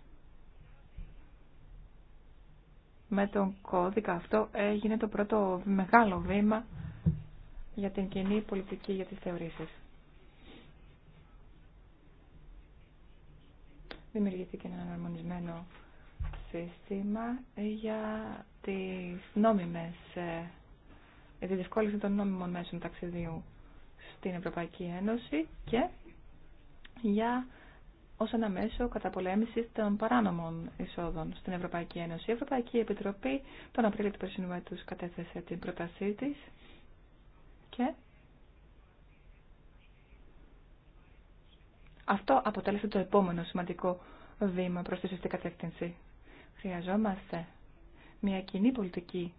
με τον κώδικα αυτό έγινε το πρώτο μεγάλο βήμα για την κοινή πολιτική για τις θεωρήσεις. Δημιουργήθηκε ένα αναρμονισμένο σύστημα για τις νόμιμες, για τη διευκόλυνση των νόμιμων μέσων ταξιδιού στην Ευρωπαϊκή Ένωση και για ως ένα μέσο καταπολέμησης των παράνομων εισόδων στην Ευρωπαϊκή Ένωση. Η Ευρωπαϊκή Επιτροπή τον Απρίλιο του περσινού έτους κατέθεσε την πρότασή της και αυτό αποτέλεσε το επόμενο σημαντικό βήμα προς τη σωστή κατεύθυνση. Χρειαζόμαστε μια κοινή πολιτική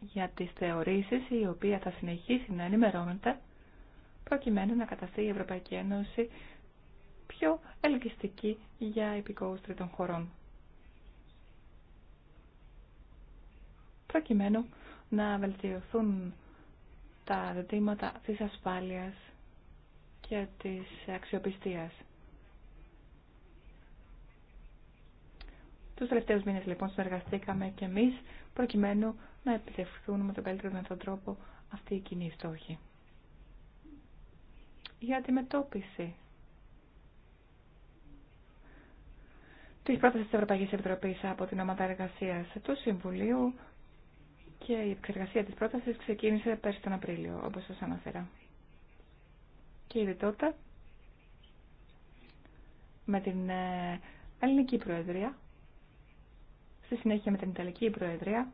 για τις θεωρήσεις η οποία θα συνεχίσει να ενημερώνεται προκειμένου να καταστεί η Ευρωπαϊκή Ένωση πιο ελκυστική για υπηκόους τρίτων χωρών. Προκειμένου να βελτιωθούν τα ζητήματα της ασφάλειας και της αξιοπιστίας. Τους τελευταίους μήνες λοιπόν συνεργαστήκαμε και εμείς προκειμένου να επιτευχθούν με τον καλύτερο τρόπο αυτοί οι κοινοί στόχοι για αντιμετώπιση τη πρόταση τη Ευρωπαϊκή Επιτροπή από την Ομάδα Εργασία του Συμβουλίου και η επεξεργασία τη πρόταση ξεκίνησε πέρσι τον Απρίλιο, όπω σα αναφέρα. Και ήδη τότε, με την ε, Ελληνική Προεδρία, στη συνέχεια με την Ιταλική Προεδρία,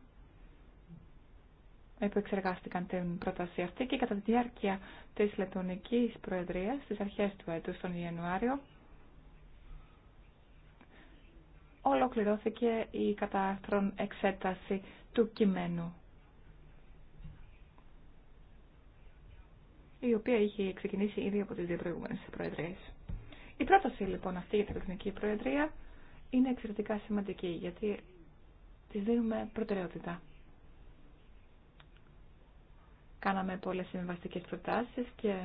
επεξεργάστηκαν την πρόταση αυτή και κατά τη διάρκεια της Λετωνικής Προεδρίας στις αρχές του έτους τον Ιανουάριο ολοκληρώθηκε η κατάρθρον εξέταση του κειμένου η οποία είχε ξεκινήσει ήδη από τις δύο προηγούμενες προεδρίες. Η πρόταση λοιπόν αυτή για την Λετωνική Προεδρία είναι εξαιρετικά σημαντική γιατί της δίνουμε προτεραιότητα. Κάναμε πολλές συμβαστικές προτάσεις και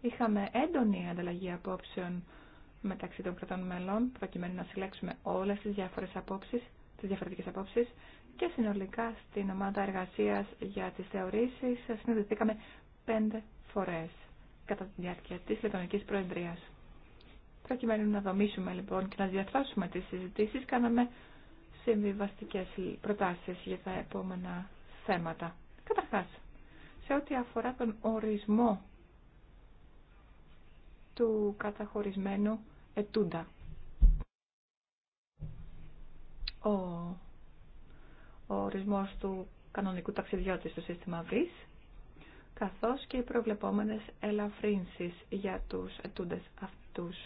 είχαμε έντονη ανταλλαγή απόψεων μεταξύ των κρατών μελών, προκειμένου να συλλέξουμε όλες τις διάφορες απόψεις, τις διαφορετικές απόψεις και συνολικά στην ομάδα εργασίας για τις θεωρήσεις συνεδριθήκαμε πέντε φορές κατά τη διάρκεια της Λετωνικής Προεδρίας. Προκειμένου να δομήσουμε λοιπόν και να διαθράσουμε τις συζητήσεις, κάναμε συμβιβαστικές προτάσεις για τα επόμενα θέματα. Καταρχάς, σε ό,τι αφορά τον ορισμό του καταχωρισμένου ετούντα. Ο, ο ορισμός του κανονικού ταξιδιώτη στο σύστημα ΒΙΣ, καθώς και οι προβλεπόμενες ελαφρύνσεις για τους ετούντες αυτούς.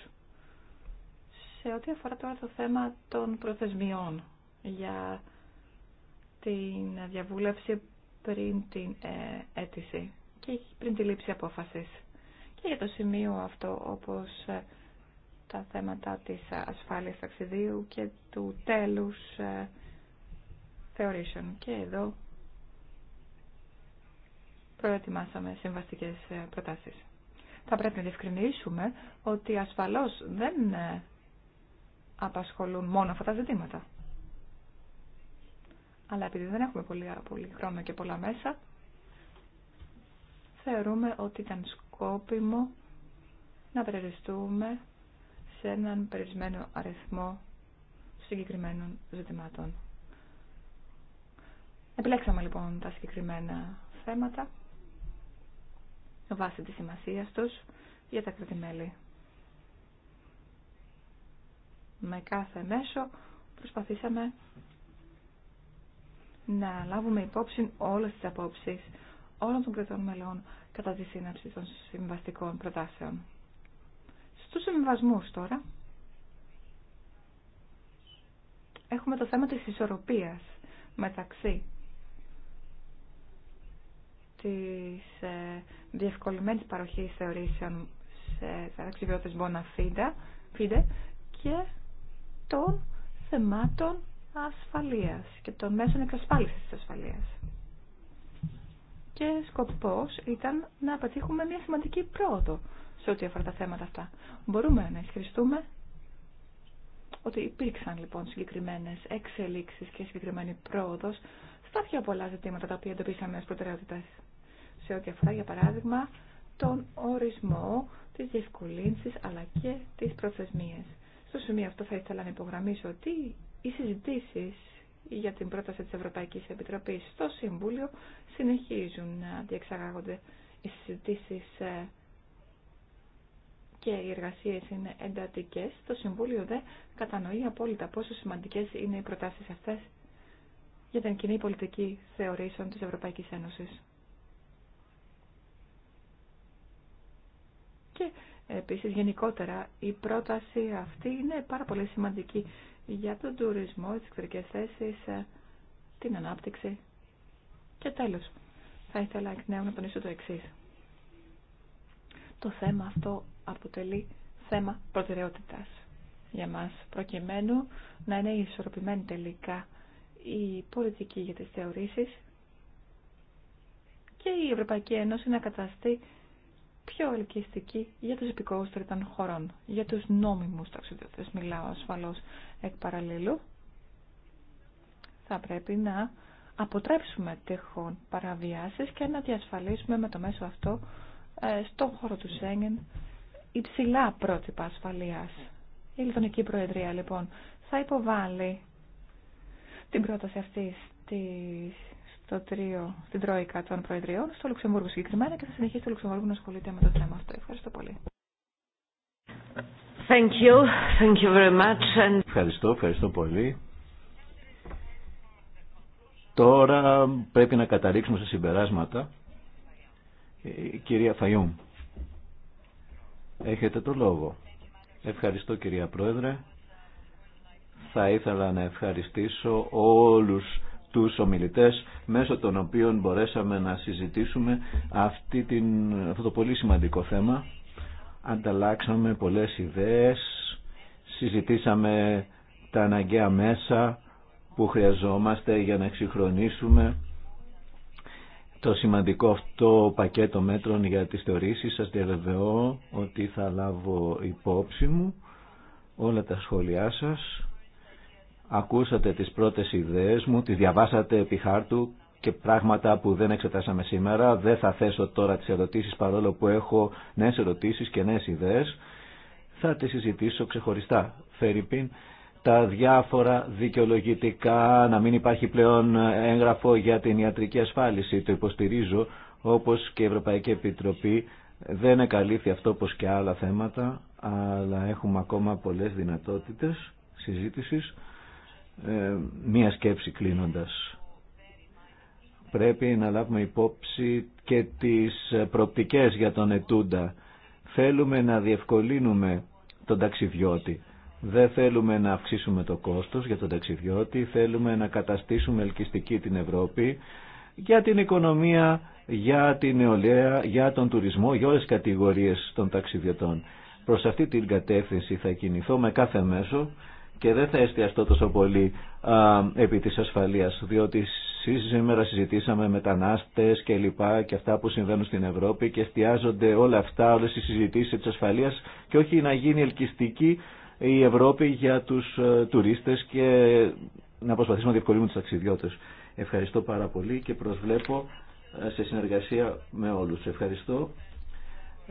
Σε ό,τι αφορά τώρα το θέμα των προθεσμιών για την διαβούλευση πριν την ε, αίτηση και πριν τη λήψη απόφασης. Και για το σημείο αυτό, όπως ε, τα θέματα της ασφάλειας ταξιδίου και του τέλους ε, θεωρήσεων. Και εδώ προετοιμάσαμε συμβαστικές προτάσεις. Θα πρέπει να διευκρινίσουμε ότι ασφαλώς δεν απασχολούν μόνο αυτά τα ζητήματα. Αλλά επειδή δεν έχουμε πολύ, χρόνο και πολλά μέσα, θεωρούμε ότι ήταν σκόπιμο να περιοριστούμε σε έναν περιορισμένο αριθμό συγκεκριμένων ζητημάτων. Επιλέξαμε λοιπόν τα συγκεκριμένα θέματα βάσει της σημασία τους για τα κρατημέλη. Με κάθε μέσο προσπαθήσαμε να λάβουμε υπόψη όλε τι απόψει όλων των κρατών μελών κατά τη σύναψη των συμβαστικών προτάσεων. Στου συμβασμού τώρα έχουμε το θέμα της ισορροπίας μεταξύ της ε, διευκολυμένης παροχής θεωρήσεων σε ταξιδιώτε Bona και των θεμάτων ασφαλείας και των μέσων εξασφάλισης της ασφαλείας. Και σκοπός ήταν να πετύχουμε μια σημαντική πρόοδο σε ό,τι αφορά τα θέματα αυτά. Μπορούμε να ισχυριστούμε ότι υπήρξαν λοιπόν συγκεκριμένες εξελίξεις και συγκεκριμένη πρόοδος στα πιο πολλά ζητήματα τα οποία εντοπίσαμε ως προτεραιότητες. Σε ό,τι αφορά για παράδειγμα τον ορισμό, της διευκολύνσης αλλά και τις προθεσμίες. Στο σημείο αυτό θα ήθελα να υπογραμμίσω ότι οι συζητήσεις για την πρόταση της Ευρωπαϊκής Επιτροπής στο Συμβούλιο συνεχίζουν να διεξαγάγονται οι συζητήσεις ε, και οι εργασίες είναι εντατικές. Το Συμβούλιο δεν κατανοεί απόλυτα πόσο σημαντικές είναι οι προτάσεις αυτές για την κοινή πολιτική θεωρήσεων της Ευρωπαϊκής Ένωσης. Και επίσης γενικότερα η πρόταση αυτή είναι πάρα πολύ σημαντική για τον τουρισμό, τις εξωτερικές θέσεις, ε, την ανάπτυξη. Και τέλος, θα ήθελα εκ νέου να τονίσω το εξή. Το θέμα αυτό αποτελεί θέμα προτεραιότητας για μας, προκειμένου να είναι ισορροπημένη τελικά η πολιτική για τις θεωρήσεις και η Ευρωπαϊκή Ένωση να καταστεί πιο ελκυστική για τους επικόστρες των χωρών, για τους νόμιμους ταξιδιώτες μιλάω ασφαλώς. Εκ παραλληλού, θα πρέπει να αποτρέψουμε τυχόν παραβιάσεις και να διασφαλίσουμε με το μέσο αυτό ε, στον χώρο του Σέγγεν υψηλά πρότυπα ασφαλείας. Η Λιθωνική Προεδρία λοιπόν θα υποβάλει την πρόταση αυτή στη, στο τρίο, στην Τρόικα των Προεδριών, στο Λουξεμβούργο συγκεκριμένα και θα συνεχίσει το Λουξεμβούργο να ασχολείται με το θέμα αυτό. Ευχαριστώ πολύ. Thank you. Thank you very much. Ευχαριστώ, ευχαριστώ πολύ. Τώρα πρέπει να καταλήξουμε σε συμπεράσματα. Ε, κυρία Φαϊούμ, έχετε το λόγο. Ευχαριστώ κυρία Πρόεδρε. Θα ήθελα να ευχαριστήσω όλους τους ομιλητές μέσω των οποίων μπορέσαμε να συζητήσουμε αυτή την, αυτό το πολύ σημαντικό θέμα ανταλλάξαμε πολλές ιδέες, συζητήσαμε τα αναγκαία μέσα που χρειαζόμαστε για να εξυγχρονίσουμε το σημαντικό αυτό πακέτο μέτρων για τις θεωρήσεις σας διαβεβαιώ ότι θα λάβω υπόψη μου όλα τα σχόλιά σας ακούσατε τις πρώτες ιδέες μου τις διαβάσατε επί χάρτου και πράγματα που δεν εξετάσαμε σήμερα. Δεν θα θέσω τώρα τις ερωτήσεις παρόλο που έχω νέες ερωτήσεις και νέες ιδέες. Θα τις συζητήσω ξεχωριστά. Φερρυπίν, τα διάφορα δικαιολογητικά, να μην υπάρχει πλέον έγγραφο για την ιατρική ασφάλιση. Το υποστηρίζω, όπως και η Ευρωπαϊκή Επιτροπή δεν εκαλύφθη αυτό όπως και άλλα θέματα, αλλά έχουμε ακόμα πολλές δυνατότητες συζήτησης. Ε, μία σκέψη κλείνοντας πρέπει να λάβουμε υπόψη και τις προπτικές για τον ετούντα. Θέλουμε να διευκολύνουμε τον ταξιδιώτη. Δεν θέλουμε να αυξήσουμε το κόστος για τον ταξιδιώτη, θέλουμε να καταστήσουμε ελκυστική την Ευρώπη για την οικονομία, για την νεολαία, για τον τουρισμό, για όλες τις κατηγορίες των ταξιδιωτών. Προς αυτή την κατεύθυνση θα κινηθώ με κάθε μέσο και δεν θα εστιαστώ τόσο πολύ α, επί της ασφαλείας, διότι σήμερα συζητήσαμε μετανάστες και λοιπά και αυτά που συμβαίνουν στην Ευρώπη και εστιάζονται όλα αυτά, όλες οι συζητήσεις της ασφαλείας και όχι να γίνει ελκυστική η Ευρώπη για τους ε, τουρίστες και να προσπαθήσουμε να διευκολύνουμε τους ταξιδιώτες. Ευχαριστώ πάρα πολύ και προσβλέπω ε, σε συνεργασία με όλους. Ευχαριστώ.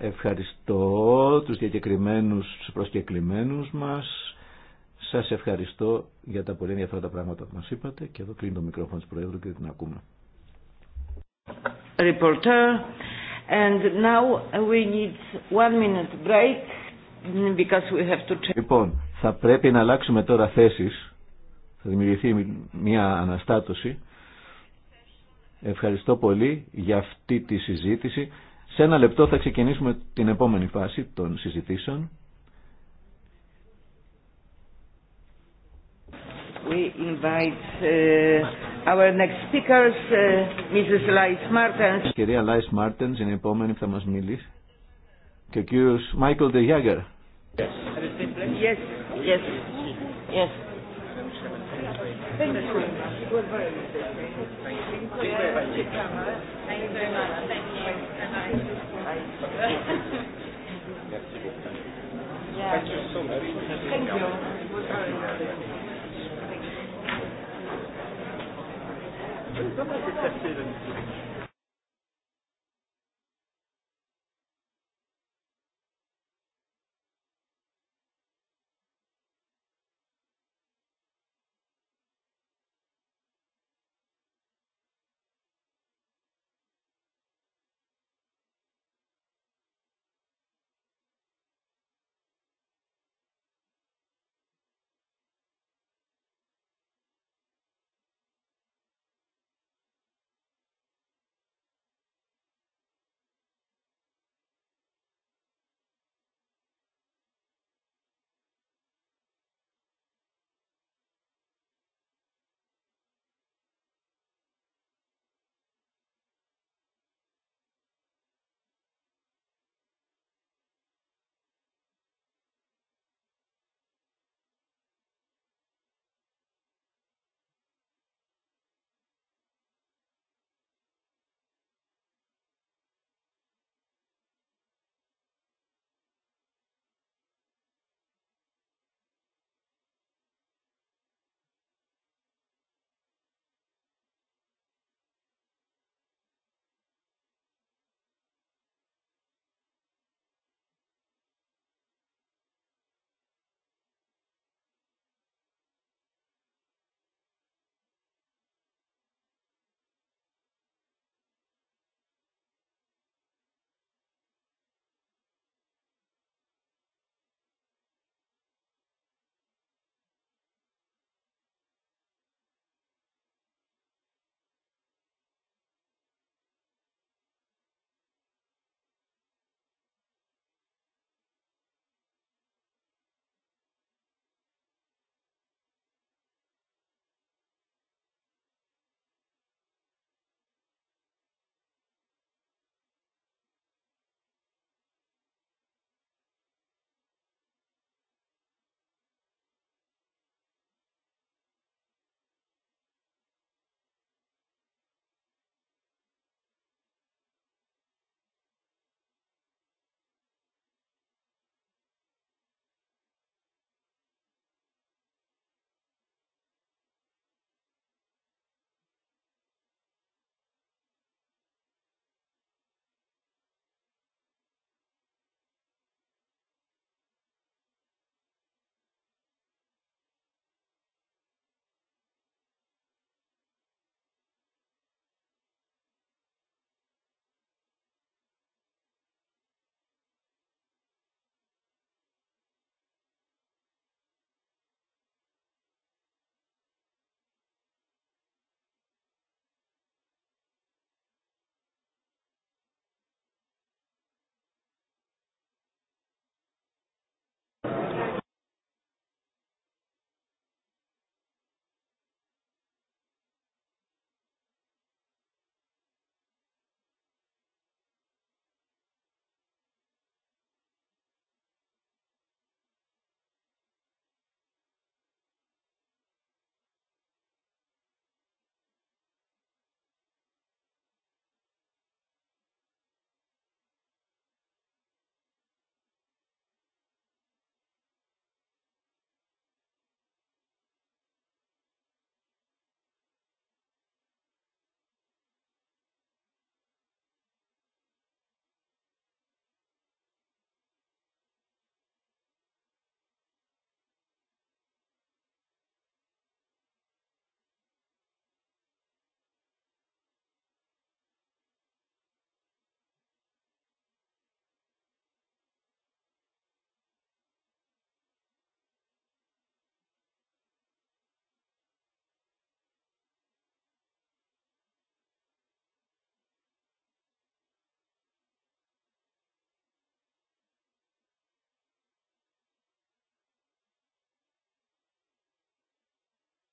Ευχαριστώ τους διακεκριμένους προσκεκλημένους μας σας ευχαριστώ για τα πολύ ενδιαφέροντα πράγματα που μας είπατε και εδώ κλείνω το μικρόφωνο της Προέδρου και την ακούμε. Reporter. And now we need one minute break because we have to Λοιπόν, θα πρέπει να αλλάξουμε τώρα θέσεις. Θα δημιουργηθεί μια αναστάτωση. Ευχαριστώ πολύ για αυτή τη συζήτηση. Σε ένα λεπτό θα ξεκινήσουμε την επόμενη φάση των συζητήσεων. we invite uh, our next speakers, uh, Mrs. Lais Martens. κυρία Λάις Μάρτενς είναι η επόμενη που Και Yes. Yes. Yes. Yes. Thank you. Thank you Comment c'est passé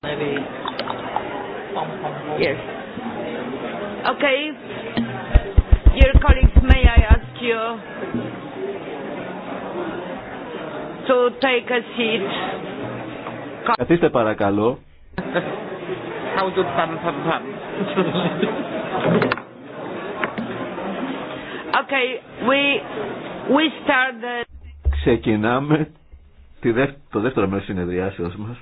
Maybe. Yes. Okay. Dear colleagues, may I ask you to take a seat? Καθίστε παρακαλώ. How do pam pam pam. Okay, we we start the... Ξεκινάμε τη το δεύτερο μέρος συνεδριάσεως μας.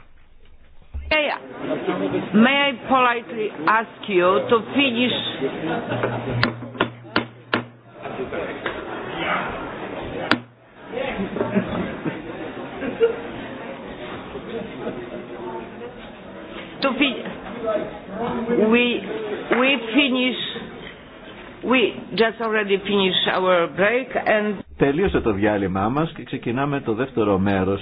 May I politely ask you to finish? to fi we we finish we just already finish our break and Τελείωσε το διάλειμμά μας και ξεκινάμε το δεύτερο μέρος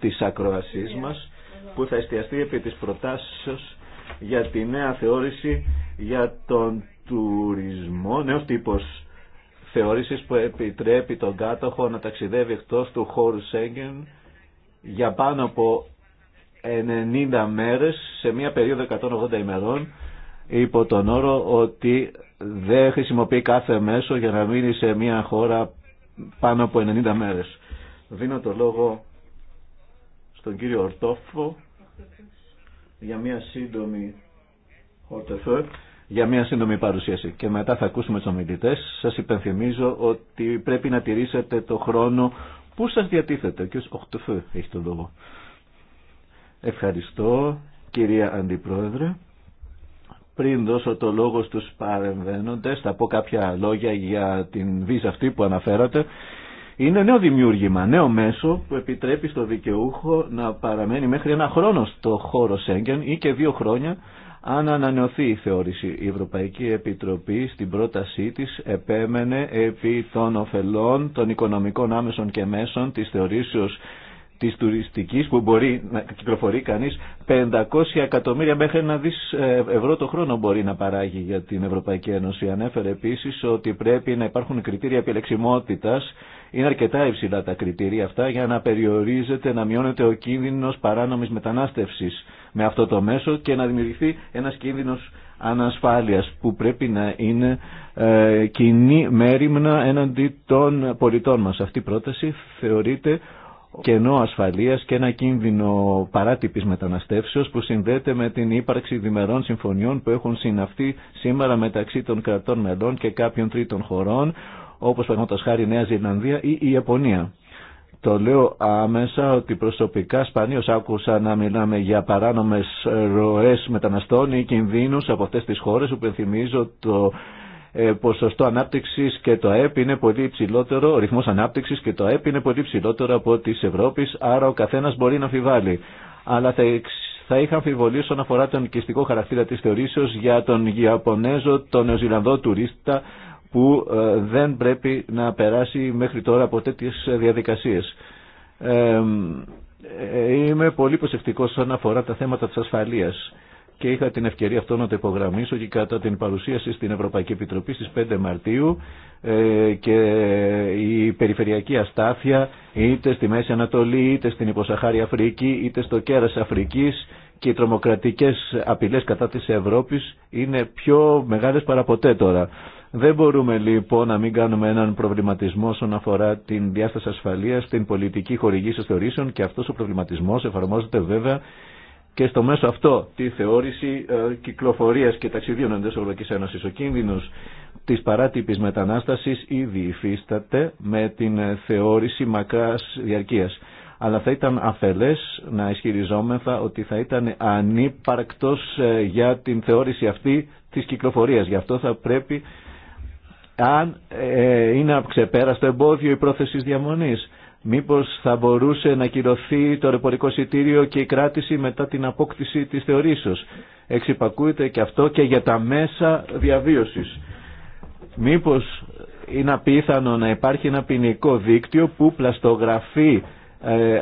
της ακροασής μας που θα εστιαστεί επί της προτάσεως για τη νέα θεώρηση για τον τουρισμό, νέο τύπος θεώρησης που επιτρέπει τον κάτοχο να ταξιδεύει εκτός του χώρου Σέγγεν για πάνω από 90 μέρες σε μια περίοδο 180 ημερών υπό τον όρο ότι δεν χρησιμοποιεί κάθε μέσο για να μείνει σε μια χώρα πάνω από 90 μέρες. Δίνω το λόγο στον κύριο Ορτόφο για μια σύντομη για μια σύντομη παρουσίαση και μετά θα ακούσουμε τους ομιλητές. Σας υπενθυμίζω ότι πρέπει να τηρήσετε το χρόνο που σας διατίθεται. Και ο οχτωφε έχει το λόγο. Ευχαριστώ κυρία Αντιπρόεδρε. Πριν δώσω το λόγο στους παρεμβαίνοντες θα πω κάποια λόγια για την βίζα αυτή που αναφέρατε. Είναι νέο δημιούργημα, νέο μέσο που επιτρέπει στο δικαιούχο να παραμένει μέχρι ένα χρόνο στο χώρο Σέγγεν ή και δύο χρόνια αν ανανεωθεί η θεώρηση. Η Ευρωπαϊκή Επιτροπή στην πρότασή της επέμενε επί των ωφελών των οικονομικών άμεσων και μέσων της θεωρήσεως της τουριστικής που μπορεί να κυκλοφορεί κανείς 500 εκατομμύρια μέχρι ένα δις ε, ευρώ το χρόνο μπορεί να παράγει για την Ευρωπαϊκή Ένωση. Ανέφερε επίσης ότι πρέπει να υπάρχουν κριτήρια επιλεξιμότητας είναι αρκετά υψηλά τα κριτήρια αυτά για να περιορίζεται, να μειώνεται ο κίνδυνο παράνομη μετανάστευση με αυτό το μέσο και να δημιουργηθεί ένα κίνδυνο ανασφάλεια που πρέπει να είναι ε, κοινή μέρημνα έναντι των πολιτών μα. Αυτή η πρόταση θεωρείται κενό ασφαλείας και ένα κίνδυνο παράτυπης μεταναστεύσεως που συνδέεται με την ύπαρξη διμερών συμφωνιών που έχουν συναυτεί σήμερα μεταξύ των κρατών μελών και κάποιων τρίτων χωρών όπω παραδείγματο χάρη η Νέα Ζηλανδία ή η Ιαπωνία. Το λέω άμεσα ότι προσωπικά σπανίω άκουσα να μιλάμε για παράνομε ροέ μεταναστών ή κινδύνου από αυτέ τι χώρε που πενθυμίζω το ε, ποσοστό ανάπτυξη και το ΑΕΠ είναι πολύ ψηλότερο, ο ρυθμό ανάπτυξη και το ΑΕΠ είναι πολύ ψηλότερο από τη Ευρώπη, άρα ο καθένα μπορεί να αμφιβάλλει. Αλλά θα, θα είχα αμφιβολίε όσον αφορά τον οικιστικό χαρακτήρα τη θεωρήσεω για τον Ιαπωνέζο, τον Νεοζηλανδό τουρίστα, που ε, δεν πρέπει να περάσει μέχρι τώρα από τέτοιες διαδικασίες. Ε, είμαι πολύ προσεκτικός όσον αφορά τα θέματα της ασφαλείας και είχα την ευκαιρία αυτό να το υπογραμμίσω και κατά την παρουσίαση στην Ευρωπαϊκή Επιτροπή στις 5 Μαρτίου ε, και η περιφερειακή αστάθεια είτε στη Μέση Ανατολή, είτε στην Υποσαχάρη Αφρική, είτε στο κέρας Αφρικής και οι τρομοκρατικές απειλές κατά της Ευρώπης είναι πιο μεγάλες παραποτέ τώρα. Δεν μπορούμε λοιπόν να μην κάνουμε έναν προβληματισμό όσον αφορά την διάσταση ασφαλείας, την πολιτική χορηγήση θεωρήσεων και αυτός ο προβληματισμός εφαρμόζεται βέβαια και στο μέσο αυτό τη θεώρηση ε, κυκλοφορίας και ταξιδίων εντός Ευρωπαϊκή Ένωσης. Ο κίνδυνος της παράτυπης μετανάστασης ήδη υφίσταται με την ε, θεώρηση μακράς διαρκείας. Αλλά θα ήταν αφελές να ισχυριζόμεθα ότι θα ήταν ανύπαρκτος ε, για την θεώρηση αυτή της κυκλοφορίας. Γι' αυτό θα πρέπει αν ε, είναι ξεπέραστο εμπόδιο η πρόθεση διαμονής. Μήπως θα μπορούσε να κυρωθεί το ρεπορικό εισιτήριο και η κράτηση μετά την απόκτηση της θεωρήσεω. Εξυπακούεται και αυτό και για τα μέσα διαβίωσης. Μήπω είναι απίθανο να υπάρχει ένα ποινικό δίκτυο που πλαστογραφεί ε,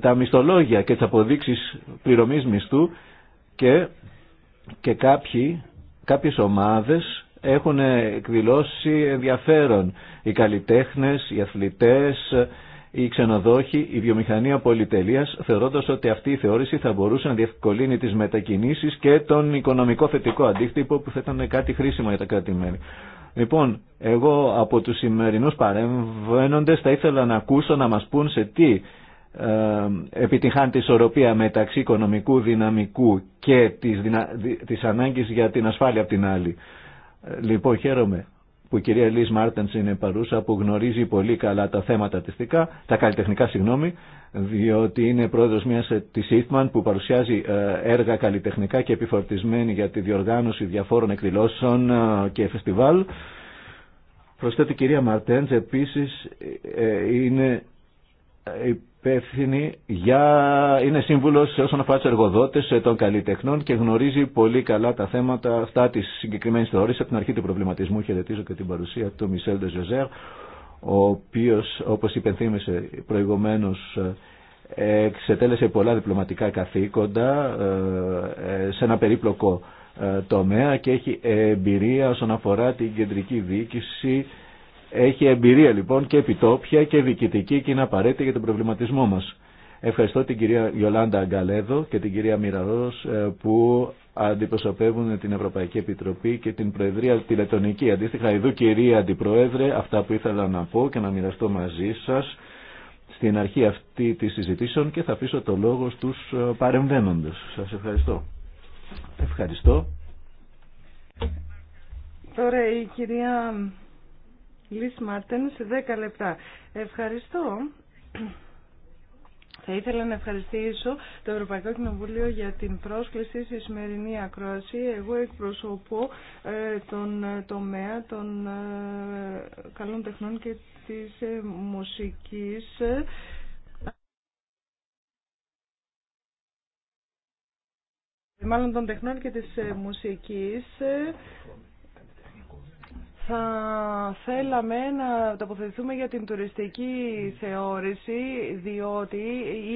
τα μισθολόγια και τι αποδείξει πληρωμή μισθού και, και κάποιοι, κάποιες ομάδες έχουν εκδηλώσει ενδιαφέρον. Οι καλλιτέχνες, οι αθλητές, οι ξενοδόχοι, η βιομηχανία πολυτελείας, θεωρώντας ότι αυτή η θεώρηση θα μπορούσε να διευκολύνει τις μετακινήσεις και τον οικονομικό θετικό αντίκτυπο που θα ήταν κάτι χρήσιμο για τα κρατημένη. Λοιπόν, εγώ από τους σημερινούς παρεμβαίνοντες θα ήθελα να ακούσω να μας πούν σε τι ε, επιτυχάνει τη ισορροπία μεταξύ οικονομικού δυναμικού και της, δυνα... της ανάγκης για την ασφάλεια από την άλλη. Λοιπόν, χαίρομαι που η κυρία Λίζ Μάρτενς είναι παρούσα, που γνωρίζει πολύ καλά τα θέματα ατιστικά, τα καλλιτεχνικά συγγνώμη, διότι είναι πρόεδρος μιας ε, της Ίθμαν που παρουσιάζει ε, έργα καλλιτεχνικά και επιφορτισμένη για τη διοργάνωση διαφόρων εκδηλώσεων ε, και φεστιβάλ. προσθέτω η κυρία Μαρτένς επίσης είναι υπεύθυνη για... είναι σύμβουλος όσον αφορά τους εργοδότες των καλλιτεχνών και γνωρίζει πολύ καλά τα θέματα αυτά της συγκεκριμένης θεωρής από την αρχή του προβληματισμού. Χαιρετίζω και την παρουσία του Μισελ Ντεζεζέρ, ο οποίος, όπως υπενθύμησε προηγουμένως, εξετέλεσε πολλά διπλωματικά καθήκοντα ε, ε, σε ένα περίπλοκο ε, τομέα και έχει εμπειρία όσον αφορά την κεντρική διοίκηση έχει εμπειρία λοιπόν και επιτόπια και διοικητική και είναι απαραίτητη για τον προβληματισμό μας. Ευχαριστώ την κυρία Γιολάντα Αγκαλέδο και την κυρία Μυραρός ε, που αντιπροσωπεύουν την Ευρωπαϊκή Επιτροπή και την Προεδρία τη Λετωνική. Αντίστοιχα, εδώ κυρία Αντιπρόεδρε, αυτά που ήθελα να πω και να μοιραστώ μαζί σας στην αρχή αυτή της συζητήσεων και θα αφήσω το λόγο στους ε, παρεμβαίνοντες. Σας ευχαριστώ. Ευχαριστώ. Τώρα η κυρία Λις Μάρτεν σε 10 λεπτά. Ευχαριστώ. Θα ήθελα να ευχαριστήσω το Ευρωπαϊκό Κοινοβούλιο για την πρόσκληση στη σημερινή ακρόαση. Εγώ εκπροσωπώ ε, τον ε, τομέα των ε, καλών τεχνών και της μουσικής. Μάλλον των τεχνών και της μουσικής θα θέλαμε να τοποθετηθούμε για την τουριστική θεώρηση, διότι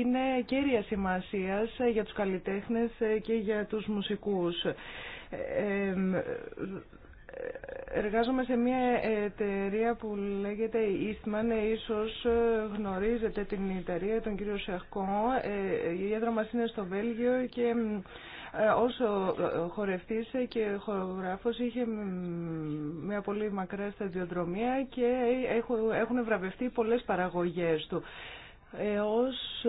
είναι κέρια σημασίας για τους καλλιτέχνες και για τους μουσικούς. Εργάζομαι σε μια εταιρεία που λέγεται Eastman, ίσως γνωρίζετε την εταιρεία, τον κύριο Σεχκό. Η έδρα μας είναι στο Βέλγιο και ε, όσο ε, χορευτής και χορογράφος είχε μια πολύ μακρά σταδιοδρομία και έχουν βραβευτεί πολλές παραγωγές του. Ε, ως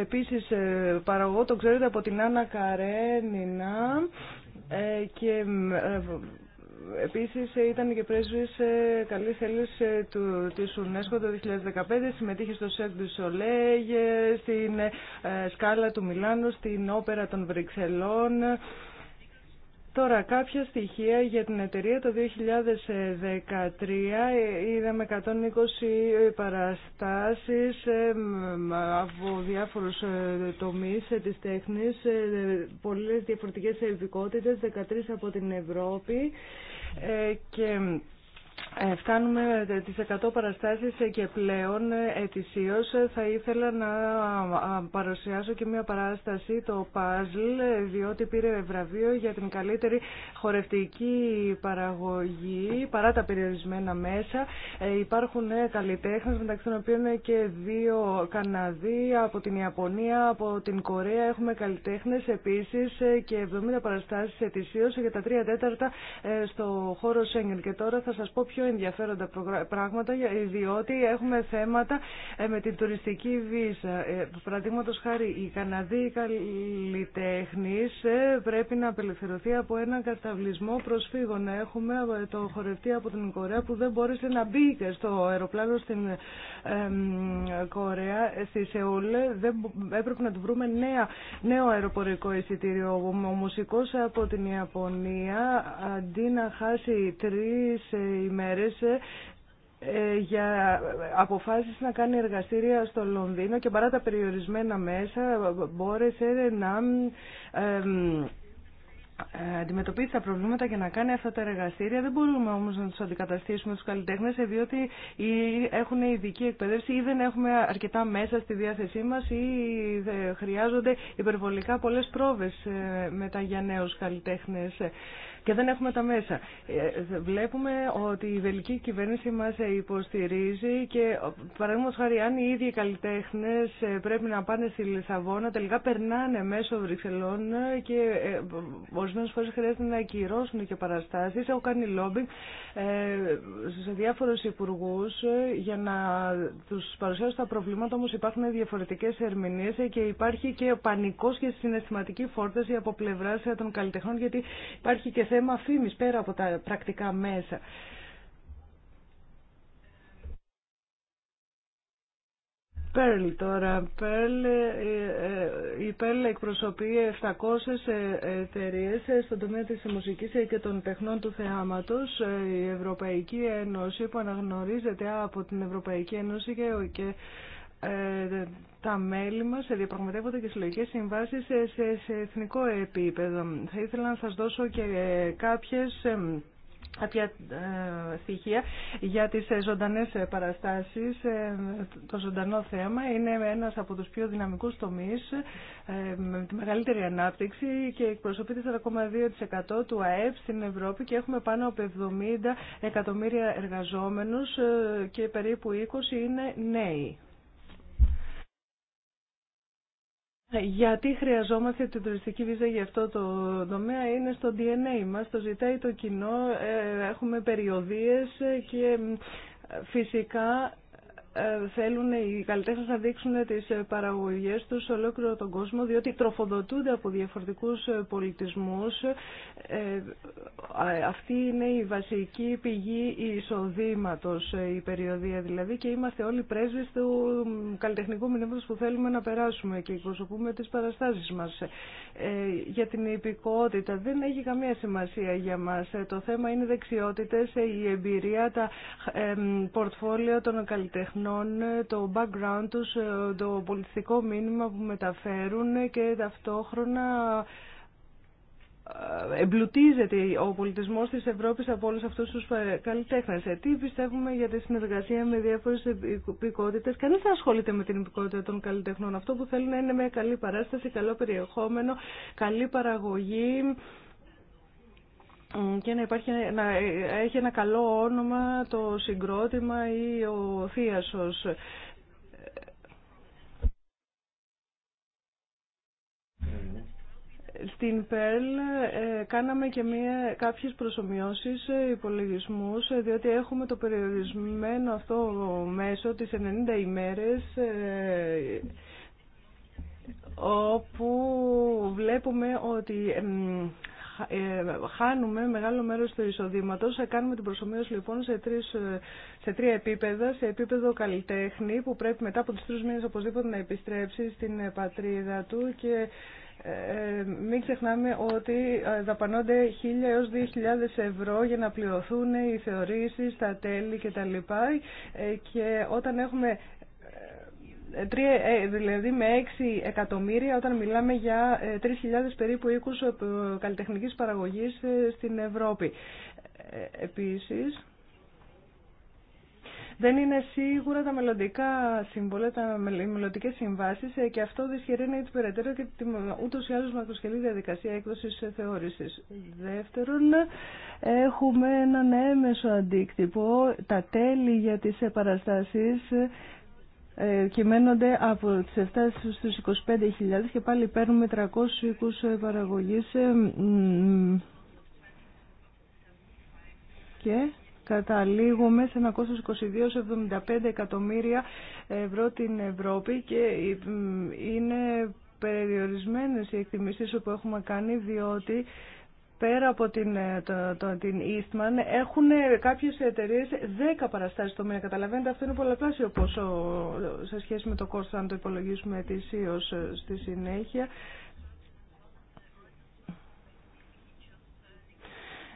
επίσης παραγωγό το ξέρετε από την Άννα Καρένινα και Επίση, ήταν και πρέσβη ε, καλή θέλης ε, του, της UNESCO το 2015, συμμετείχε στο Σεκ του Σολέγε, στην ε, Σκάλα του Μιλάνου, στην Όπερα των Βρυξελών. Τώρα κάποια στοιχεία για την εταιρεία το 2013 είδαμε 120 παραστάσεις από διάφορους τομείς της τέχνης, πολλές διαφορετικές ειδικότητες, 13 από την Ευρώπη. Ε, και ε, φτάνουμε ε, τις 100 παραστάσεις ε, και πλέον ετησίως. Θα ήθελα να παρουσιάσω και μια παράσταση, το Puzzle, διότι πήρε βραβείο για την καλύτερη χορευτική παραγωγή παρά τα περιορισμένα μέσα. Υπάρχουν καλλιτέχνες, μεταξύ των οποίων και δύο Καναδοί από την Ιαπωνία, από την Κορέα. Έχουμε καλλιτέχνες επίσης και 70 παραστάσεις ετησίως για τα 3 τέταρτα στο χώρο Σέγγεν. Και τώρα θα σας πω πω πιο ενδιαφέροντα πράγματα, διότι έχουμε θέματα ε, με την τουριστική βίζα. Ε, Παραδείγματο χάρη, η Καναδοί καλλιτέχνη ε, πρέπει να απελευθερωθεί από έναν καταβλισμό προσφύγων. Έχουμε το χορευτή από την Κορέα που δεν μπόρεσε να μπει στο αεροπλάνο στην Κορέα, στη Σεούλ. Έπρεπε να του βρούμε νέα, νέο αεροπορικό εισιτήριο. Ο μουσικό από την Ιαπωνία αντί να χάσει τρει ημέρες ε, ε, για αποφάσεις να κάνει εργαστήρια στο Λονδίνο και παρά τα περιορισμένα μέσα μπόρεσε να ε, αντιμετωπίσει τα προβλήματα και να κάνει αυτά τα εργαστήρια. Δεν μπορούμε όμως να τους αντικαταστήσουμε τους καλλιτέχνες διότι ή έχουν ειδική εκπαίδευση ή δεν έχουμε αρκετά μέσα στη διάθεσή μας ή χρειάζονται υπερβολικά πολλές πρόβες μετά για νέους καλλιτέχνες και δεν έχουμε τα μέσα. Ε, βλέπουμε ότι η βελική κυβέρνηση μα υποστηρίζει και παραδείγματο χάρη αν οι ίδιοι οι καλλιτέχνες ε, πρέπει να πάνε στη Λισαβόνα τελικά περνάνε μέσω Βρυξελών και ε, ορισμένε φορέ χρειάζεται να ακυρώσουν και παραστάσει. Έχω κάνει λόμπινγκ σε διάφορου υπουργού για να του παρουσιάσω τα προβλήματα όμω υπάρχουν διαφορετικές ερμηνείε και υπάρχει και πανικό και συναισθηματική φόρταση από πλευρά των καλλιτεχνών γιατί υπάρχει και θέμα φήμης πέρα από τα πρακτικά μέσα. Πέρλ τώρα. Pearl, ε, ε, η Πέρλ εκπροσωπεί 700 ε, εταιρείε στον τομέα της μουσικής και των τεχνών του θεάματος. Η Ευρωπαϊκή Ένωση που αναγνωρίζεται από την Ευρωπαϊκή Ένωση και ε, τα μέλη μας διαπραγματεύονται και συλλογικές συμβάσεις σε, σε, σε εθνικό επίπεδο. Θα ήθελα να σας δώσω και ε, κάποιες ε, κάποια στοιχεία για τις ζωντανές παραστάσεις. Το ζωντανό θέμα είναι ένας από τους πιο δυναμικούς τομείς με τη μεγαλύτερη ανάπτυξη και εκπροσωπεί 4,2% του ΑΕΠ στην Ευρώπη και έχουμε πάνω από 70 εκατομμύρια εργαζόμενους και περίπου 20 είναι νέοι. Γιατί χρειαζόμαστε την τουριστική βίζα για αυτό το τομέα είναι στο DNA μας, το ζητάει το κοινό, ε, έχουμε περιοδίες και ε, φυσικά ε, θέλουν οι καλλιτέχνε να δείξουν τις ε, παραγωγέ του σε ολόκληρο τον κόσμο διότι τροφοδοτούνται από διαφορετικούς ε, πολιτισμούς. αυτή είναι η βασική πηγή εισοδήματο, η περιοδία δηλαδή και είμαστε όλοι πρέσβει του καλλιτεχνικού μηνύματο που θέλουμε να περάσουμε και εκπροσωπούμε τις παραστάσεις μας. για την υπηκότητα δεν έχει καμία σημασία για μας. το θέμα είναι οι δεξιότητες, η εμπειρία, τα πορτφόλια των καλλιτεχνών το background τους, ε, το πολιτιστικό μήνυμα που μεταφέρουν και ταυτόχρονα ε, εμπλουτίζεται ο πολιτισμός της Ευρώπης από όλους αυτούς τους ε, καλλιτέχνες. Τι πιστεύουμε για τη συνεργασία με διάφορες υπηκότητες. Κανείς δεν ασχολείται με την υπηκότητα των καλλιτεχνών. Αυτό που θέλουν είναι μια καλή παράσταση, καλό περιεχόμενο, καλή παραγωγή και να, υπάρχει, να ε, έχει ένα καλό όνομα το συγκρότημα ή ο θείασος. Στην ΠΕΡΛ ε, κάναμε και μία, κάποιες προσωμιώσεις ε, υπολογισμούς, διότι έχουμε το περιορισμένο αυτό μέσο τις 90 ημέρες, όπου βλέπουμε ότι ε, χάνουμε μεγάλο μέρος του εισοδήματος. Κάνουμε την προσωμείωση λοιπόν σε, τρεις, ε, σε τρία επίπεδα. Σε επίπεδο καλλιτέχνη που πρέπει μετά από τους τρεις μήνες οπωσδήποτε να επιστρέψει στην ε, πατρίδα του και μην ξεχνάμε ότι δαπανώνται 1.000 έως 2.000 ευρώ για να πληρωθούν οι θεωρήσεις, τα τέλη κτλ. Και όταν έχουμε ε, δηλαδή με 6 εκατομμύρια όταν μιλάμε για 3.000 ε, περίπου οίκους ε, καλλιτεχνικής παραγωγής στην Ευρώπη. Επίσης, δεν είναι σίγουρα τα μελλοντικά σύμβολα, τα μελλοντικέ συμβάσει και αυτό να την περαιτέρω και την ούτω ή άλλω μακροσχελή διαδικασία έκδοση θεώρηση. Δεύτερον, έχουμε έναν έμεσο αντίκτυπο. Τα τέλη για τι παραστάσει ε, κυμαίνονται από τις 7 στους 25.000 και πάλι παίρνουμε 300 οίκους παραγωγής και καταλήγουμε σε 122 75 εκατομμύρια ευρώ την Ευρώπη και ε, είναι περιορισμένες οι εκτιμήσεις που έχουμε κάνει διότι πέρα από την, ε, το, το, την Eastman έχουν ε, κάποιες εταιρείε 10 παραστάσεις το μήνα. Καταλαβαίνετε αυτό είναι πολλαπλάσιο πόσο ε, σε σχέση με το κόστος αν το υπολογίσουμε ετησίως στη συνέχεια.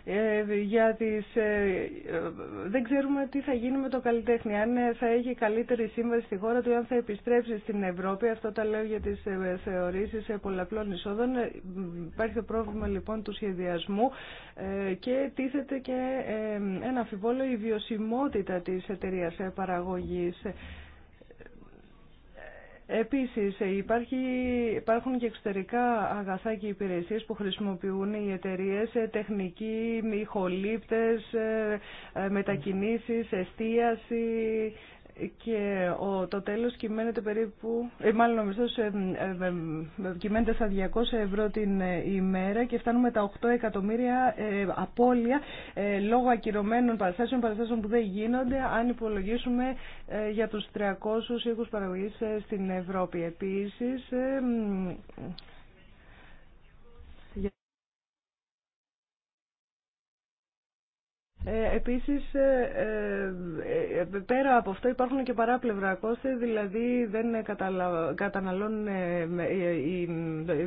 Ε, για ε, ε, δεν ξέρουμε τι θα γίνει με το καλλιτέχνη, αν θα έχει καλύτερη σύμβαση στη χώρα του ή αν θα επιστρέψει στην Ευρώπη. Αυτό τα λέω για τις θεωρήσεις πολλαπλών εισόδων. Υπάρχει το πρόβλημα λοιπόν του σχεδιασμού και τίθεται και ένα αμφιβόλο η βιωσιμότητα της εταιρείας παραγωγής. Επίσης υπάρχει, υπάρχουν και εξωτερικά αγαθά και υπηρεσίες που χρησιμοποιούν οι εταιρείες, ε, τεχνικοί, ηχολήπτες, ε, ε, μετακινήσεις, εστίαση, και ο, το τέλος κυμαίνεται περίπου, ε, μάλλον ο μισθός ε, ε, ε, στα 200 ευρώ την ημέρα και φτάνουμε τα 8 εκατομμύρια απώλεια λόγω ακυρωμένων παραστάσεων, παραστάσεων που δεν γίνονται αν υπολογίσουμε για τους 300 οίκους παραγωγής στην Ευρώπη. Επίσης, Ε, επίσης, ε, ε, πέρα από αυτό υπάρχουν και παράπλευρα κόστη, δηλαδή δεν, καταλα... δεν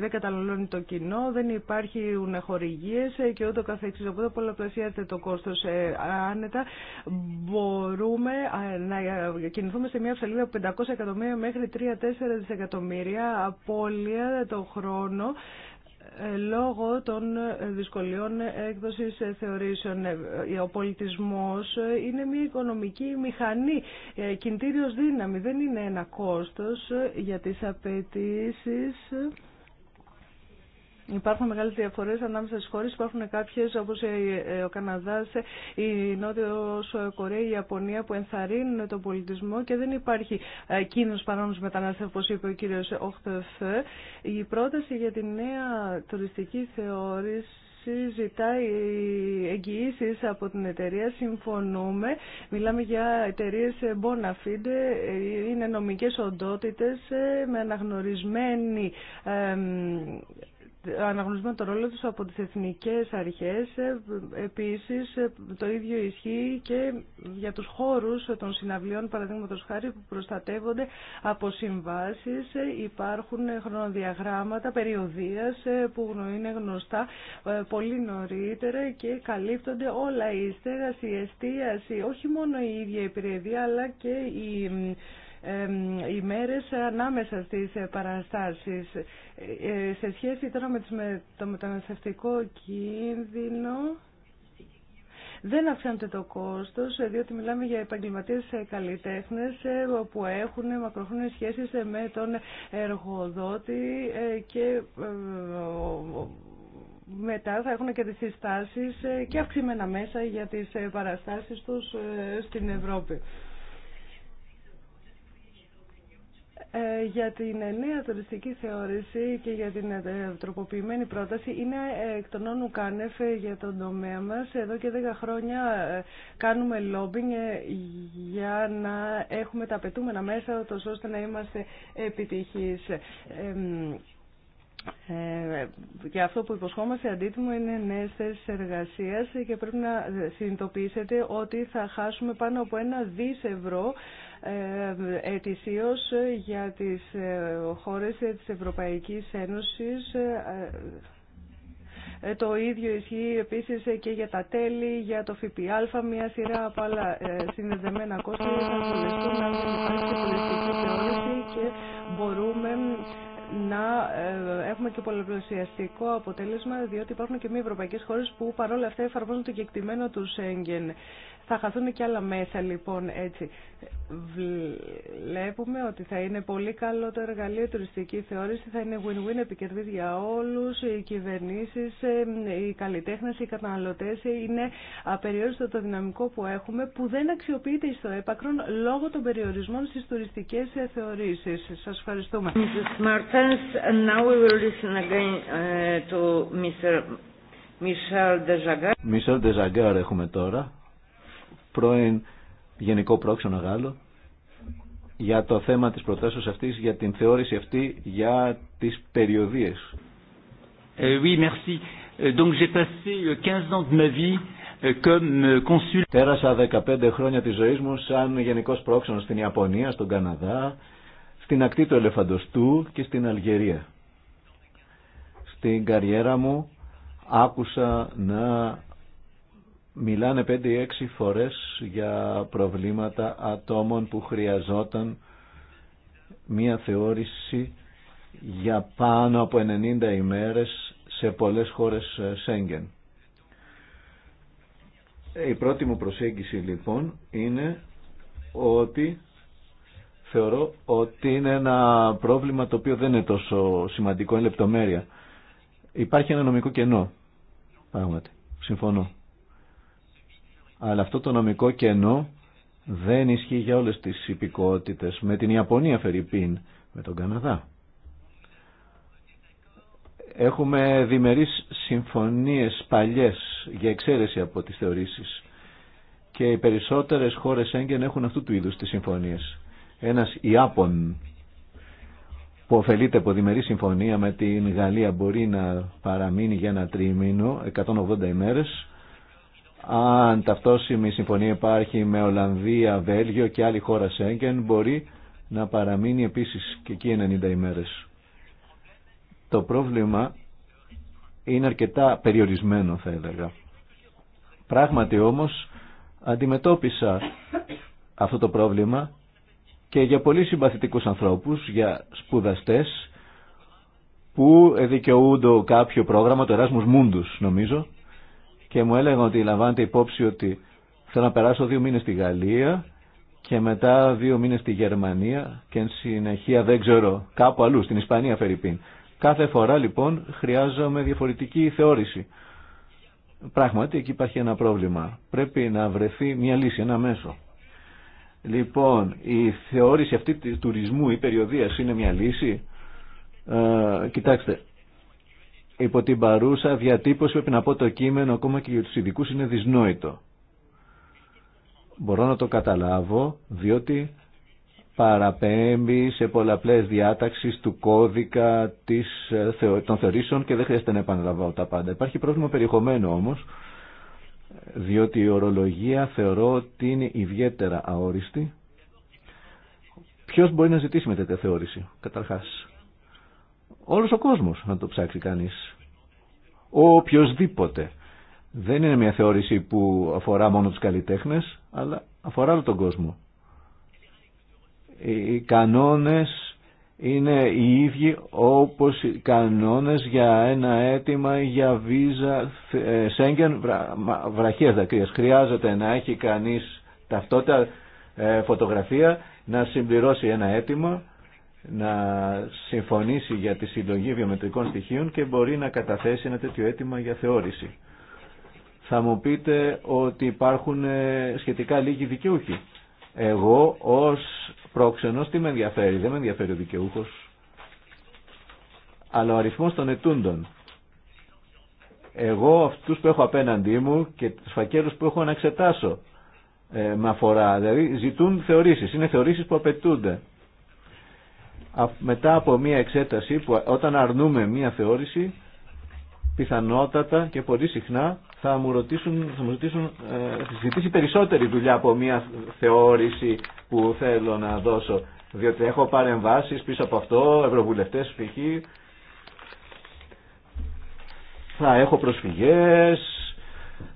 καταναλώνει το κοινό, δεν υπάρχουν χορηγίες και ούτω καθεξής. Οπότε πολλαπλασιάζεται το κόστος άνετα. Μπορούμε να κινηθούμε σε μια ψαλίδα από 500 εκατομμύρια μέχρι 3-4 δισεκατομμύρια απώλεια το χρόνο λόγω των δυσκολιών έκδοσης θεωρήσεων. Ο πολιτισμός είναι μια οικονομική μηχανή, ε, κινητήριος δύναμη, δεν είναι ένα κόστος για τις απαιτήσει. Υπάρχουν μεγάλε διαφορέ ανάμεσα στι χώρε. Υπάρχουν κάποιε όπω ε, ο Καναδά, η Νότιο Κορέα, η Ιαπωνία που ενθαρρύνουν τον πολιτισμό και δεν υπάρχει ε, κίνδυνο παράνομης μετανάστευση όπω είπε ο κύριο Οχτεφ. Η πρόταση για τη νέα τουριστική θεώρηση ζητάει εγγυήσει από την εταιρεία. Συμφωνούμε. Μιλάμε για εταιρείε ε, bona fide. Είναι νομικέ οντότητε με αναγνωρισμένη αναγνωρισμένο το ρόλο τους από τις εθνικές αρχές. Ε, επίσης, ε, το ίδιο ισχύει και για τους χώρους των συναυλιών, παραδείγματο χάρη, που προστατεύονται από συμβάσεις. Ε, υπάρχουν χρονοδιαγράμματα περιοδίας που είναι γνωστά πολύ νωρίτερα και καλύπτονται όλα η στέγαση, η εστίαση, όχι μόνο η ίδια η αλλά και η οι ημέρες ανάμεσα στις παραστάσεις. Ε, ε, σε σχέση τώρα με το μεταναστευτικό κίνδυνο, δεν αυξάνεται το κόστος, ε, διότι μιλάμε για επαγγελματίες καλλιτέχνες που έχουν μακροχρόνιες σχέσεις με τον εργοδότη και μετά θα έχουν και τις συστάσεις και αυξημένα μέσα για τις παραστάσεις τους στην Ευρώπη. Ε, για την νέα τουριστική θεώρηση και για την ε, τροποποιημένη πρόταση είναι ε, εκ των όνου για τον τομέα μας. Εδώ και 10 χρόνια κάνουμε λόμπινγκ για να έχουμε τα απαιτούμενα μέσα ώστε να είμαστε επιτυχείς. Ε, και αυτό που υποσχόμαστε αντίτιμο είναι νέες θέσει εργασία και πρέπει να συνειδητοποιήσετε ότι θα χάσουμε πάνω από ένα δις ευρώ ε, ετησίως για τις ε, χώρες της Ευρωπαϊκής Ένωσης το ίδιο ισχύει επίσης και για τα τέλη, για το ΦΠΑ, μια σειρά από άλλα συνδεδεμένα κόστη θα ασχοληθούν να υπάρξει πολιτική θεώρηση και μπορούμε να ε, έχουμε και πολλαπλασιαστικό αποτέλεσμα, διότι υπάρχουν και μη ευρωπαϊκέ χώρε που παρόλα αυτά εφαρμόζουν το κεκτημένο του Σέγγεν. Θα χαθούν και άλλα μέσα λοιπόν έτσι. Βλέπουμε ότι θα είναι πολύ καλό το εργαλείο τουριστική θεώρηση, θα είναι win-win επικερδής για όλους, οι κυβερνήσεις, ε, οι καλλιτέχνες, οι καταναλωτές. Είναι απεριόριστο το δυναμικό που έχουμε που δεν αξιοποιείται στο έπακρον λόγω των περιορισμών στις τουριστικές θεωρήσεις. Σας ευχαριστούμε. Μισελ uh, έχουμε τώρα πρώην Γενικό Πρόξενο Γάλλο για το θέμα της προτάσεως αυτής, για την θεώρηση αυτή για τις περιοδίες. Πέρασα ε, ε, euh, euh, euh, 15 χρόνια της ζωής μου σαν γενικός πρόξενος στην Ιαπωνία, στον Καναδά, στην ακτή του Ελεφαντοστού και στην Αλγερία. Στην καριέρα μου άκουσα να μιλάνε 5-6 φορές για προβλήματα ατόμων που χρειαζόταν μία θεώρηση για πάνω από 90 ημέρες σε πολλές χώρες ε, Σέγγεν. Η πρώτη μου προσέγγιση λοιπόν είναι ότι θεωρώ ότι είναι ένα πρόβλημα το οποίο δεν είναι τόσο σημαντικό, είναι λεπτομέρεια. Υπάρχει ένα νομικό κενό, πράγματι. Συμφωνώ αλλά αυτό το νομικό κενό δεν ισχύει για όλες τις υπηκότητες με την Ιαπωνία Φερρυπίν, με τον Καναδά. Έχουμε διμερείς συμφωνίες παλιές για εξαίρεση από τις θεωρήσεις και οι περισσότερες χώρες έγκαιν έχουν αυτού του είδους τις συμφωνίες. Ένας Ιάπων που ωφελείται από διμερή συμφωνία με την Γαλλία μπορεί να παραμείνει για ένα τρίμηνο, 180 ημέρες, αν ταυτόσιμη συμφωνία υπάρχει με Ολλανδία, Βέλγιο και άλλη χώρα Σέγγεν μπορεί να παραμείνει επίσης και εκεί 90 ημέρες. Το πρόβλημα είναι αρκετά περιορισμένο θα έλεγα. Πράγματι όμως αντιμετώπισα αυτό το πρόβλημα και για πολύ συμπαθητικούς ανθρώπους, για σπουδαστές που δικαιούνται κάποιο πρόγραμμα, το Erasmus Mundus νομίζω, και μου έλεγαν ότι λαμβάνεται υπόψη ότι θέλω να περάσω δύο μήνες στη Γαλλία και μετά δύο μήνες στη Γερμανία και εν συνεχεία δεν ξέρω κάπου αλλού, στην Ισπανία Φερρυπίν. Κάθε φορά λοιπόν χρειάζομαι διαφορετική θεώρηση. Πράγματι εκεί υπάρχει ένα πρόβλημα. Πρέπει να βρεθεί μια λύση, ένα μέσο. Λοιπόν, η θεώρηση αυτή του τουρισμού ή περιοδίας είναι μια λύση. Ε, κοιτάξτε, υπό την παρούσα διατύπωση πρέπει να πω το κείμενο ακόμα και για τους ειδικού είναι δυσνόητο. Μπορώ να το καταλάβω διότι παραπέμπει σε πολλαπλές διάταξεις του κώδικα της, ε, των θεωρήσεων και δεν χρειάζεται να επαναλαμβάω τα πάντα. Υπάρχει πρόβλημα περιεχομένο όμως διότι η ορολογία θεωρώ ότι είναι ιδιαίτερα αόριστη. Ποιος μπορεί να ζητήσει με τέτοια θεώρηση, καταρχάς. Όλος ο κόσμος να το ψάξει κανείς. Οποιοςδήποτε. Δεν είναι μια θεώρηση που αφορά μόνο τους καλλιτέχνες, αλλά αφορά όλο τον κόσμο. Οι κανόνες είναι οι ίδιοι όπως οι κανόνες για ένα αίτημα για βίζα ε, Σέγγεν βραχίας δακρύας. Χρειάζεται να έχει κανείς ταυτότητα ε, φωτογραφία, να συμπληρώσει ένα αίτημα να συμφωνήσει για τη συλλογή βιομετρικών στοιχείων και μπορεί να καταθέσει ένα τέτοιο αίτημα για θεώρηση. Θα μου πείτε ότι υπάρχουν ε, σχετικά λίγοι δικαιούχοι. Εγώ ως πρόξενος τι με ενδιαφέρει, δεν με ενδιαφέρει ο δικαιούχος, αλλά ο αριθμός των ετούντων. Εγώ αυτούς που έχω απέναντί μου και τους φακέλους που έχω να εξετάσω ε, με αφορά, δηλαδή ζητούν θεωρήσεις, είναι θεωρήσεις που απαιτούνται μετά από μία εξέταση που όταν αρνούμε μία θεώρηση πιθανότατα και πολύ συχνά θα μου ρωτήσουν, θα μου ε, ζητήσει περισσότερη δουλειά από μία θεώρηση που θέλω να δώσω διότι έχω παρεμβάσεις πίσω από αυτό, ευρωβουλευτές π.χ. Θα έχω προσφυγές,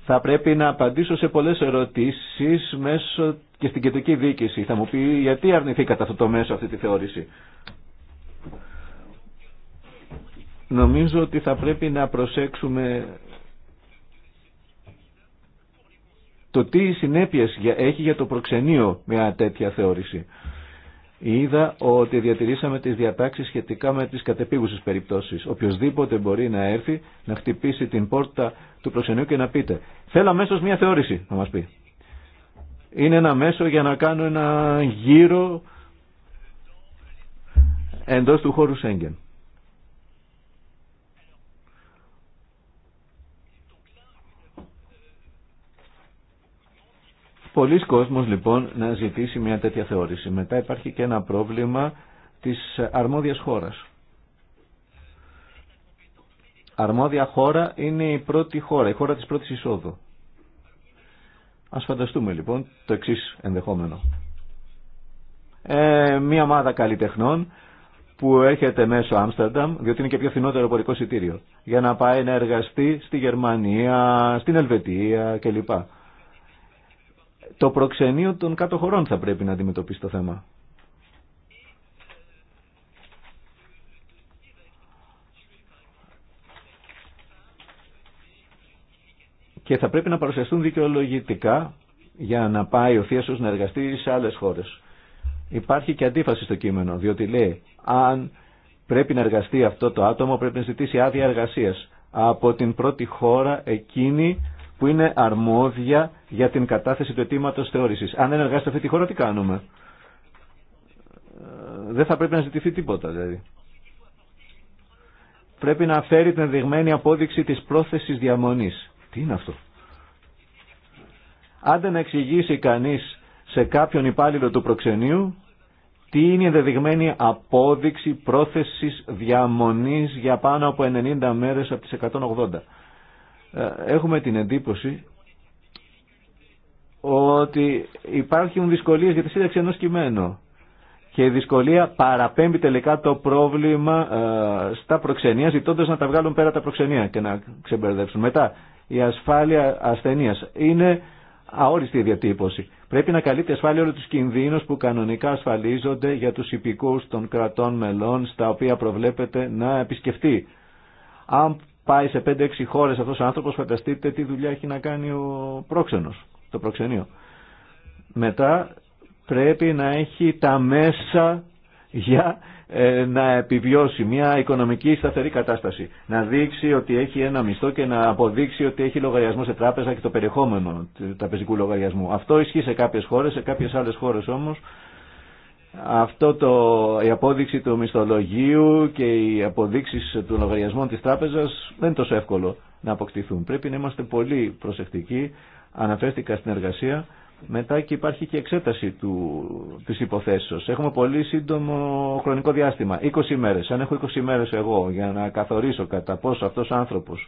θα πρέπει να απαντήσω σε πολλές ερωτήσεις μέσω και στην κεντρική διοίκηση. Θα μου πει γιατί αρνηθήκατε αυτό το μέσο, αυτή τη θεώρηση. Νομίζω ότι θα πρέπει να προσέξουμε το τι συνέπειες έχει για το προξενείο μια τέτοια θεώρηση. Είδα ότι διατηρήσαμε τις διατάξεις σχετικά με τις κατεπίγουσες περιπτώσεις. Οποιοδήποτε μπορεί να έρθει να χτυπήσει την πόρτα του προξενείου και να πείτε «Θέλω αμέσως μια θεώρηση», να μας πει είναι ένα μέσο για να κάνω ένα γύρο εντός του χώρου Σέγγεν. Πολλοί κόσμος λοιπόν να ζητήσει μια τέτοια θεώρηση. Μετά υπάρχει και ένα πρόβλημα της αρμόδιας χώρας. Αρμόδια χώρα είναι η πρώτη χώρα, η χώρα της πρώτης εισόδου. Ας φανταστούμε λοιπόν το εξή ενδεχόμενο. Ε, μία ομάδα καλλιτεχνών που έρχεται μέσω Άμστερνταμ, διότι είναι και πιο φθηνότερο πορικό εισιτήριο, για να πάει να εργαστεί στη Γερμανία, στην Ελβετία κλπ. Το προξενείο των κάτω χωρών θα πρέπει να αντιμετωπίσει το θέμα. και θα πρέπει να παρουσιαστούν δικαιολογητικά για να πάει ο θείασος να εργαστεί σε άλλες χώρες. Υπάρχει και αντίφαση στο κείμενο, διότι λέει αν πρέπει να εργαστεί αυτό το άτομο πρέπει να ζητήσει άδεια εργασίας από την πρώτη χώρα εκείνη που είναι αρμόδια για την κατάθεση του αιτήματο θεώρηση. Αν δεν εργάζεται αυτή τη χώρα, τι κάνουμε. Ε, δεν θα πρέπει να ζητηθεί τίποτα, δηλαδή. Πρέπει να φέρει την ενδειγμένη απόδειξη της πρόθεσης διαμονής. Τι είναι αυτό. Άντε να εξηγήσει κανείς σε κάποιον υπάλληλο του προξενείου τι είναι η ενδεδειγμένη απόδειξη πρόθεσης διαμονής για πάνω από 90 μέρες από τις 180. Ε, έχουμε την εντύπωση ότι υπάρχουν δυσκολίες για τη σύνταξη ενός κειμένου και η δυσκολία παραπέμπει τελικά το πρόβλημα ε, στα προξενία ζητώντας να τα βγάλουν πέρα τα προξενία και να ξεμπερδεύσουν Μετά η ασφάλεια ασθενείας. Είναι αόριστη διατύπωση. Πρέπει να καλύπτει ασφάλεια όλου του κινδύνου που κανονικά ασφαλίζονται για του υπηκού των κρατών μελών στα οποία προβλέπεται να επισκεφτεί. Αν πάει σε 5-6 χώρε αυτό ο άνθρωπο, φανταστείτε τι δουλειά έχει να κάνει ο πρόξενο, το προξενείο. Μετά πρέπει να έχει τα μέσα για ε, να επιβιώσει μια οικονομική σταθερή κατάσταση. Να δείξει ότι έχει ένα μισθό και να αποδείξει ότι έχει λογαριασμό σε τράπεζα και το περιεχόμενο του τραπεζικού λογαριασμού. Αυτό ισχύει σε κάποιες χώρε, σε κάποιε άλλες χώρες όμως αυτό το, η απόδειξη του μισθολογίου και οι αποδείξει του λογαριασμών τη Τράπεζα δεν είναι τόσο εύκολο να αποκτηθούν. Πρέπει να είμαστε πολύ προσεκτικοί. Αναφέρθηκα στην εργασία μετά και υπάρχει και εξέταση του, της υποθέσεως. Έχουμε πολύ σύντομο χρονικό διάστημα, 20 μέρες, Αν έχω 20 μέρες εγώ για να καθορίσω κατά πόσο αυτός ο άνθρωπος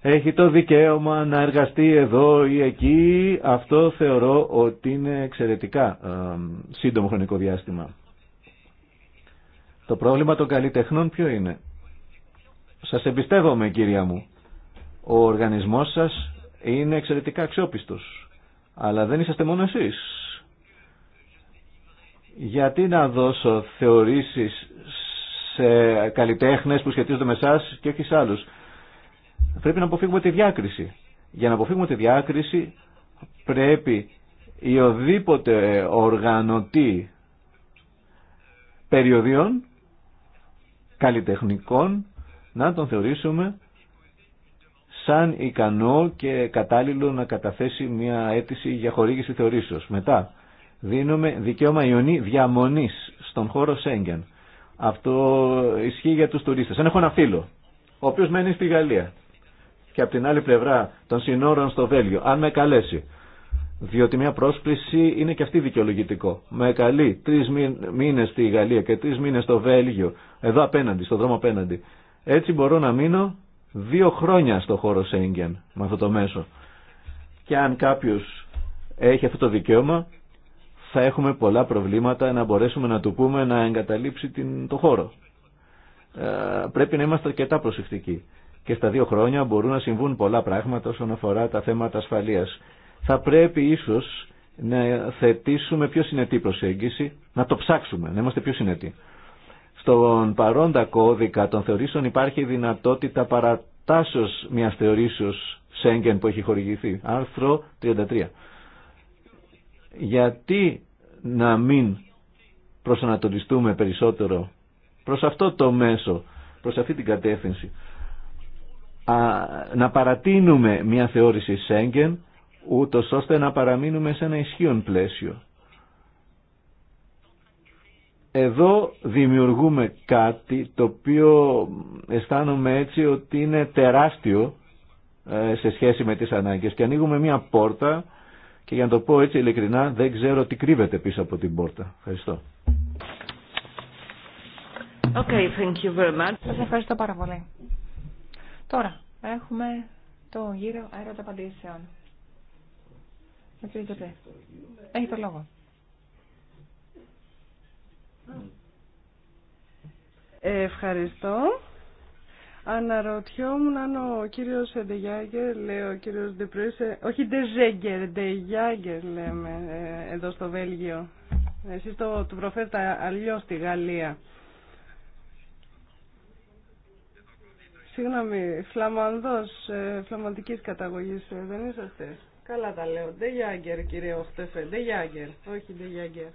έχει το δικαίωμα να εργαστεί εδώ ή εκεί, αυτό θεωρώ ότι είναι εξαιρετικά ε, σύντομο χρονικό διάστημα. Το πρόβλημα των καλλιτεχνών ποιο είναι. Σας εμπιστεύομαι κυρία μου. Ο οργανισμός σας είναι εξαιρετικά αξιόπιστος. Αλλά δεν είσαστε μόνο εσείς. Γιατί να δώσω θεωρήσεις σε καλλιτέχνες που σχετίζονται με εσά και όχι σε άλλους. Πρέπει να αποφύγουμε τη διάκριση. Για να αποφύγουμε τη διάκριση πρέπει η οδήποτε οργανωτή περιοδίων καλλιτεχνικών να τον θεωρήσουμε σαν ικανό και κατάλληλο να καταθέσει μια αίτηση για χορήγηση θεωρήσεως. Μετά δίνουμε δικαίωμα ιονή διαμονής στον χώρο Σέγγεν. Αυτό ισχύει για τους τουρίστες. Αν έχω ένα φίλο, ο οποίος μένει στη Γαλλία και από την άλλη πλευρά των συνόρων στο Βέλγιο, αν με καλέσει, διότι μια πρόσκληση είναι και αυτή δικαιολογητικό. Με καλεί τρει μήνε στη Γαλλία και τρει μήνε στο Βέλγιο, εδώ απέναντι, στον δρόμο απέναντι. Έτσι μπορώ να μείνω δύο χρόνια στο χώρο Σέγγεν με αυτό το μέσο. Και αν κάποιος έχει αυτό το δικαίωμα, θα έχουμε πολλά προβλήματα να μπορέσουμε να του πούμε να εγκαταλείψει την, το χώρο. Ε, πρέπει να είμαστε αρκετά προσεκτικοί. Και στα δύο χρόνια μπορούν να συμβούν πολλά πράγματα όσον αφορά τα θέματα ασφαλείας. Θα πρέπει ίσως να θετήσουμε πιο συνετή προσέγγιση, να το ψάξουμε, να είμαστε πιο συνετοί. Στον παρόντα κώδικα των θεωρήσεων υπάρχει δυνατότητα παρατάσεως μιας θεωρήσεως Σέγγεν που έχει χορηγηθεί. Άρθρο 33. Γιατί να μην προσανατολιστούμε περισσότερο προς αυτό το μέσο, προς αυτή την κατεύθυνση. Α, να παρατείνουμε μια θεώρηση Σέγγεν ούτως ώστε να παραμείνουμε σε ένα ισχύον πλαίσιο. Εδώ δημιουργούμε κάτι το οποίο αισθάνομαι έτσι ότι είναι τεράστιο ε, σε σχέση με τις ανάγκες και ανοίγουμε μια πόρτα και για να το πω έτσι ειλικρινά δεν ξέρω τι κρύβεται πίσω από την πόρτα. Ευχαριστώ. Okay, thank you very much. Σας ευχαριστώ πάρα πολύ. Τώρα έχουμε το γύρο απαντήσεων. Έχει το λόγο. Ε, ευχαριστώ. Αναρωτιόμουν αν ο κύριος Ντεγιάγκερ, λέει ο κύριος Ντεπρούσε, όχι Ντεζέγκερ, Ντεγιάγκερ λέμε ε, εδώ στο Βέλγιο. Εσείς το, το προφέρετε αλλιώς στη Γαλλία. Συγγνώμη, φλαμανδός, ε, Φλαμαντικής καταγωγής, δεν είσαστε. Καλά τα λέω. Ντεγιάγκερ κύριε Οχτεφέ, Ντεγιάγκερ, όχι Ντεγιάγκερ.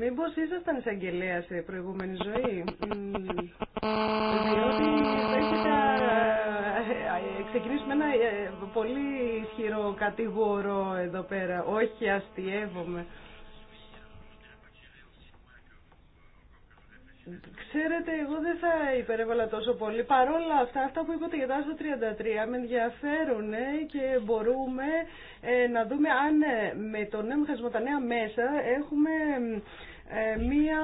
Μήπως ήσασταν εισαγγελέα σε προηγούμενη ζωή. Διότι ε, ε, ένα ε, πολύ ισχυρό κατηγορό εδώ πέρα. Όχι αστείευομαι. Ξέρετε, εγώ δεν θα υπερέβαλα τόσο πολύ. Παρόλα αυτά, αυτά που είπατε για τα 33 με ενδιαφέρουν και μπορούμε ε, να δούμε αν ε, με το νέο μηχανισμό, τα νέα μέσα, έχουμε ε, μία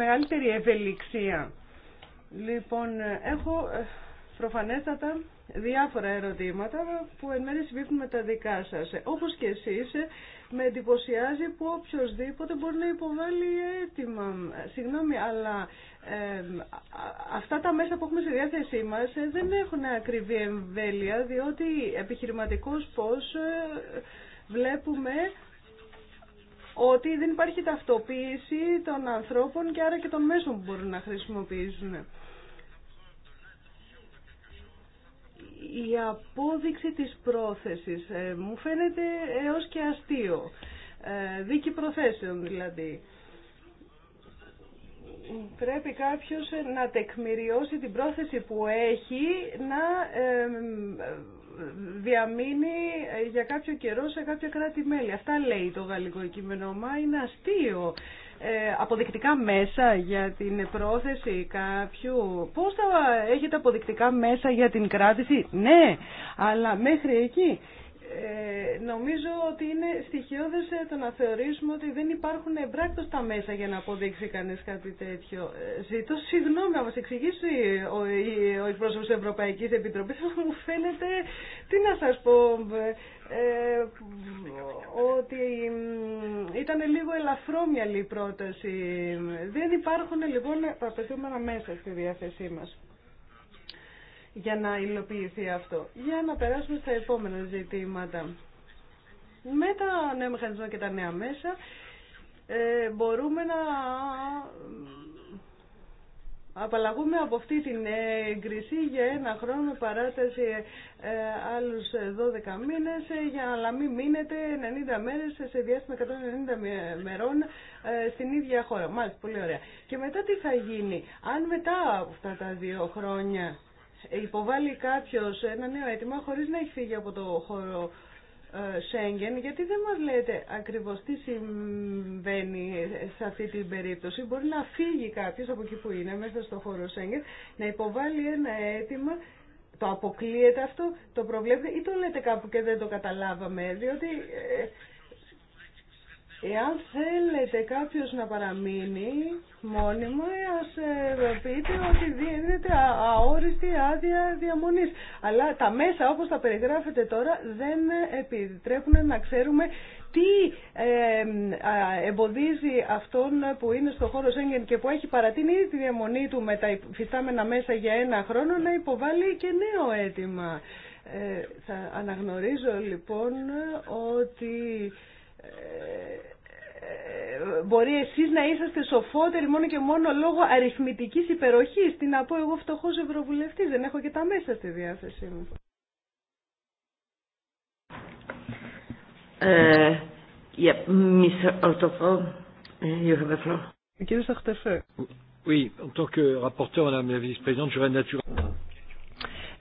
μεγαλύτερη ευελιξία. Λοιπόν, έχω προφανέστατα διάφορα ερωτήματα που εν μέρει συμπίπτουν με τα δικά σας. Όπως και εσείς, με εντυπωσιάζει που οποιοδήποτε μπορεί να υποβάλει αίτημα. Συγγνώμη, αλλά αυτά τα μέσα που έχουμε στη διάθεσή μας ε, δεν έχουν ακριβή εμβέλεια, διότι επιχειρηματικός πώς ε, βλέπουμε ότι δεν υπάρχει ταυτοποίηση των ανθρώπων και άρα και των μέσων που μπορούν να χρησιμοποιήσουν. η απόδειξη της πρόθεσης ε, μου φαίνεται έως και αστείο. Ε, δίκη προθέσεων δηλαδή. Πρέπει κάποιος ε, να τεκμηριώσει την πρόθεση που έχει να διαμείνει για κάποιο καιρό σε κάποια κράτη-μέλη. Αυτά λέει το γαλλικό κείμενο, μα είναι αστείο. Ε, αποδεικτικά μέσα για την πρόθεση κάποιου. Πώς θα έχετε αποδεικτικά μέσα για την κράτηση, ναι, αλλά μέχρι εκεί. Ε, νομίζω ότι είναι στοιχειώδες ε, το να θεωρήσουμε ότι δεν υπάρχουν εμπράκτος τα μέσα για να αποδείξει κανείς κάτι τέτοιο. Ε, ζητώ συγγνώμη να μας εξηγήσει ο, ο εκπρόσωπος της Ευρωπαϊκής Επιτροπής, μου φαίνεται, τι να σας πω, ε, ότι ήταν λίγο ελαφρόμυαλη η πρόταση. Δεν υπάρχουν λοιπόν τα μέσα στη διάθεσή μας για να υλοποιηθεί αυτό. Για να περάσουμε στα επόμενα ζητήματα. Με τα νέα μηχανισμό και τα νέα μέσα ε, μπορούμε να απαλλαγούμε από αυτή την έγκριση για ένα χρόνο παράταση ε, άλλους 12 μήνες ε, για να μην μείνετε 90 μέρες σε διάστημα 190 μερών ε, στην ίδια χώρα. Μάλιστα, πολύ ωραία. Και μετά τι θα γίνει, αν μετά αυτά τα δύο χρόνια υποβάλει κάποιο ένα νέο αίτημα χωρίς να έχει φύγει από το χώρο ε, Σέγγεν, γιατί δεν μας λέτε ακριβώς τι συμβαίνει σε αυτή την περίπτωση. Μπορεί να φύγει κάποιος από εκεί που είναι, μέσα στο χώρο Σέγγεν, να υποβάλει ένα αίτημα, το αποκλείεται αυτό, το προβλέπετε ή το λέτε κάπου και δεν το καταλάβαμε, διότι ε, Εάν θέλετε κάποιος να παραμείνει μόνιμο, ας ε, πείτε ότι δίνεται αόριστη άδεια διαμονής. Αλλά τα μέσα όπως τα περιγράφετε τώρα δεν επιτρέπουν να ξέρουμε τι ε, εμποδίζει αυτόν που είναι στο χώρο Σέγγεν και που έχει παρατείνει τη διαμονή του με τα υφιστάμενα μέσα για ένα χρόνο να υποβάλει και νέο αίτημα. Ε, θα αναγνωρίζω λοιπόν ότι ε, ε, μπορεί εσείς να είσαστε σοφότεροι μόνο και μόνο λόγω αριθμητικής υπεροχής. Τι να πω εγώ φτωχός ευρωβουλευτής, δεν έχω και τα μέσα στη διάθεσή μου. Ε, yeah, Mr. Ortofo, eh, you have the floor. Κύριε Σαχτεφέ. Oui, en tant que rapporteur, madame la vice-présidente, je naturellement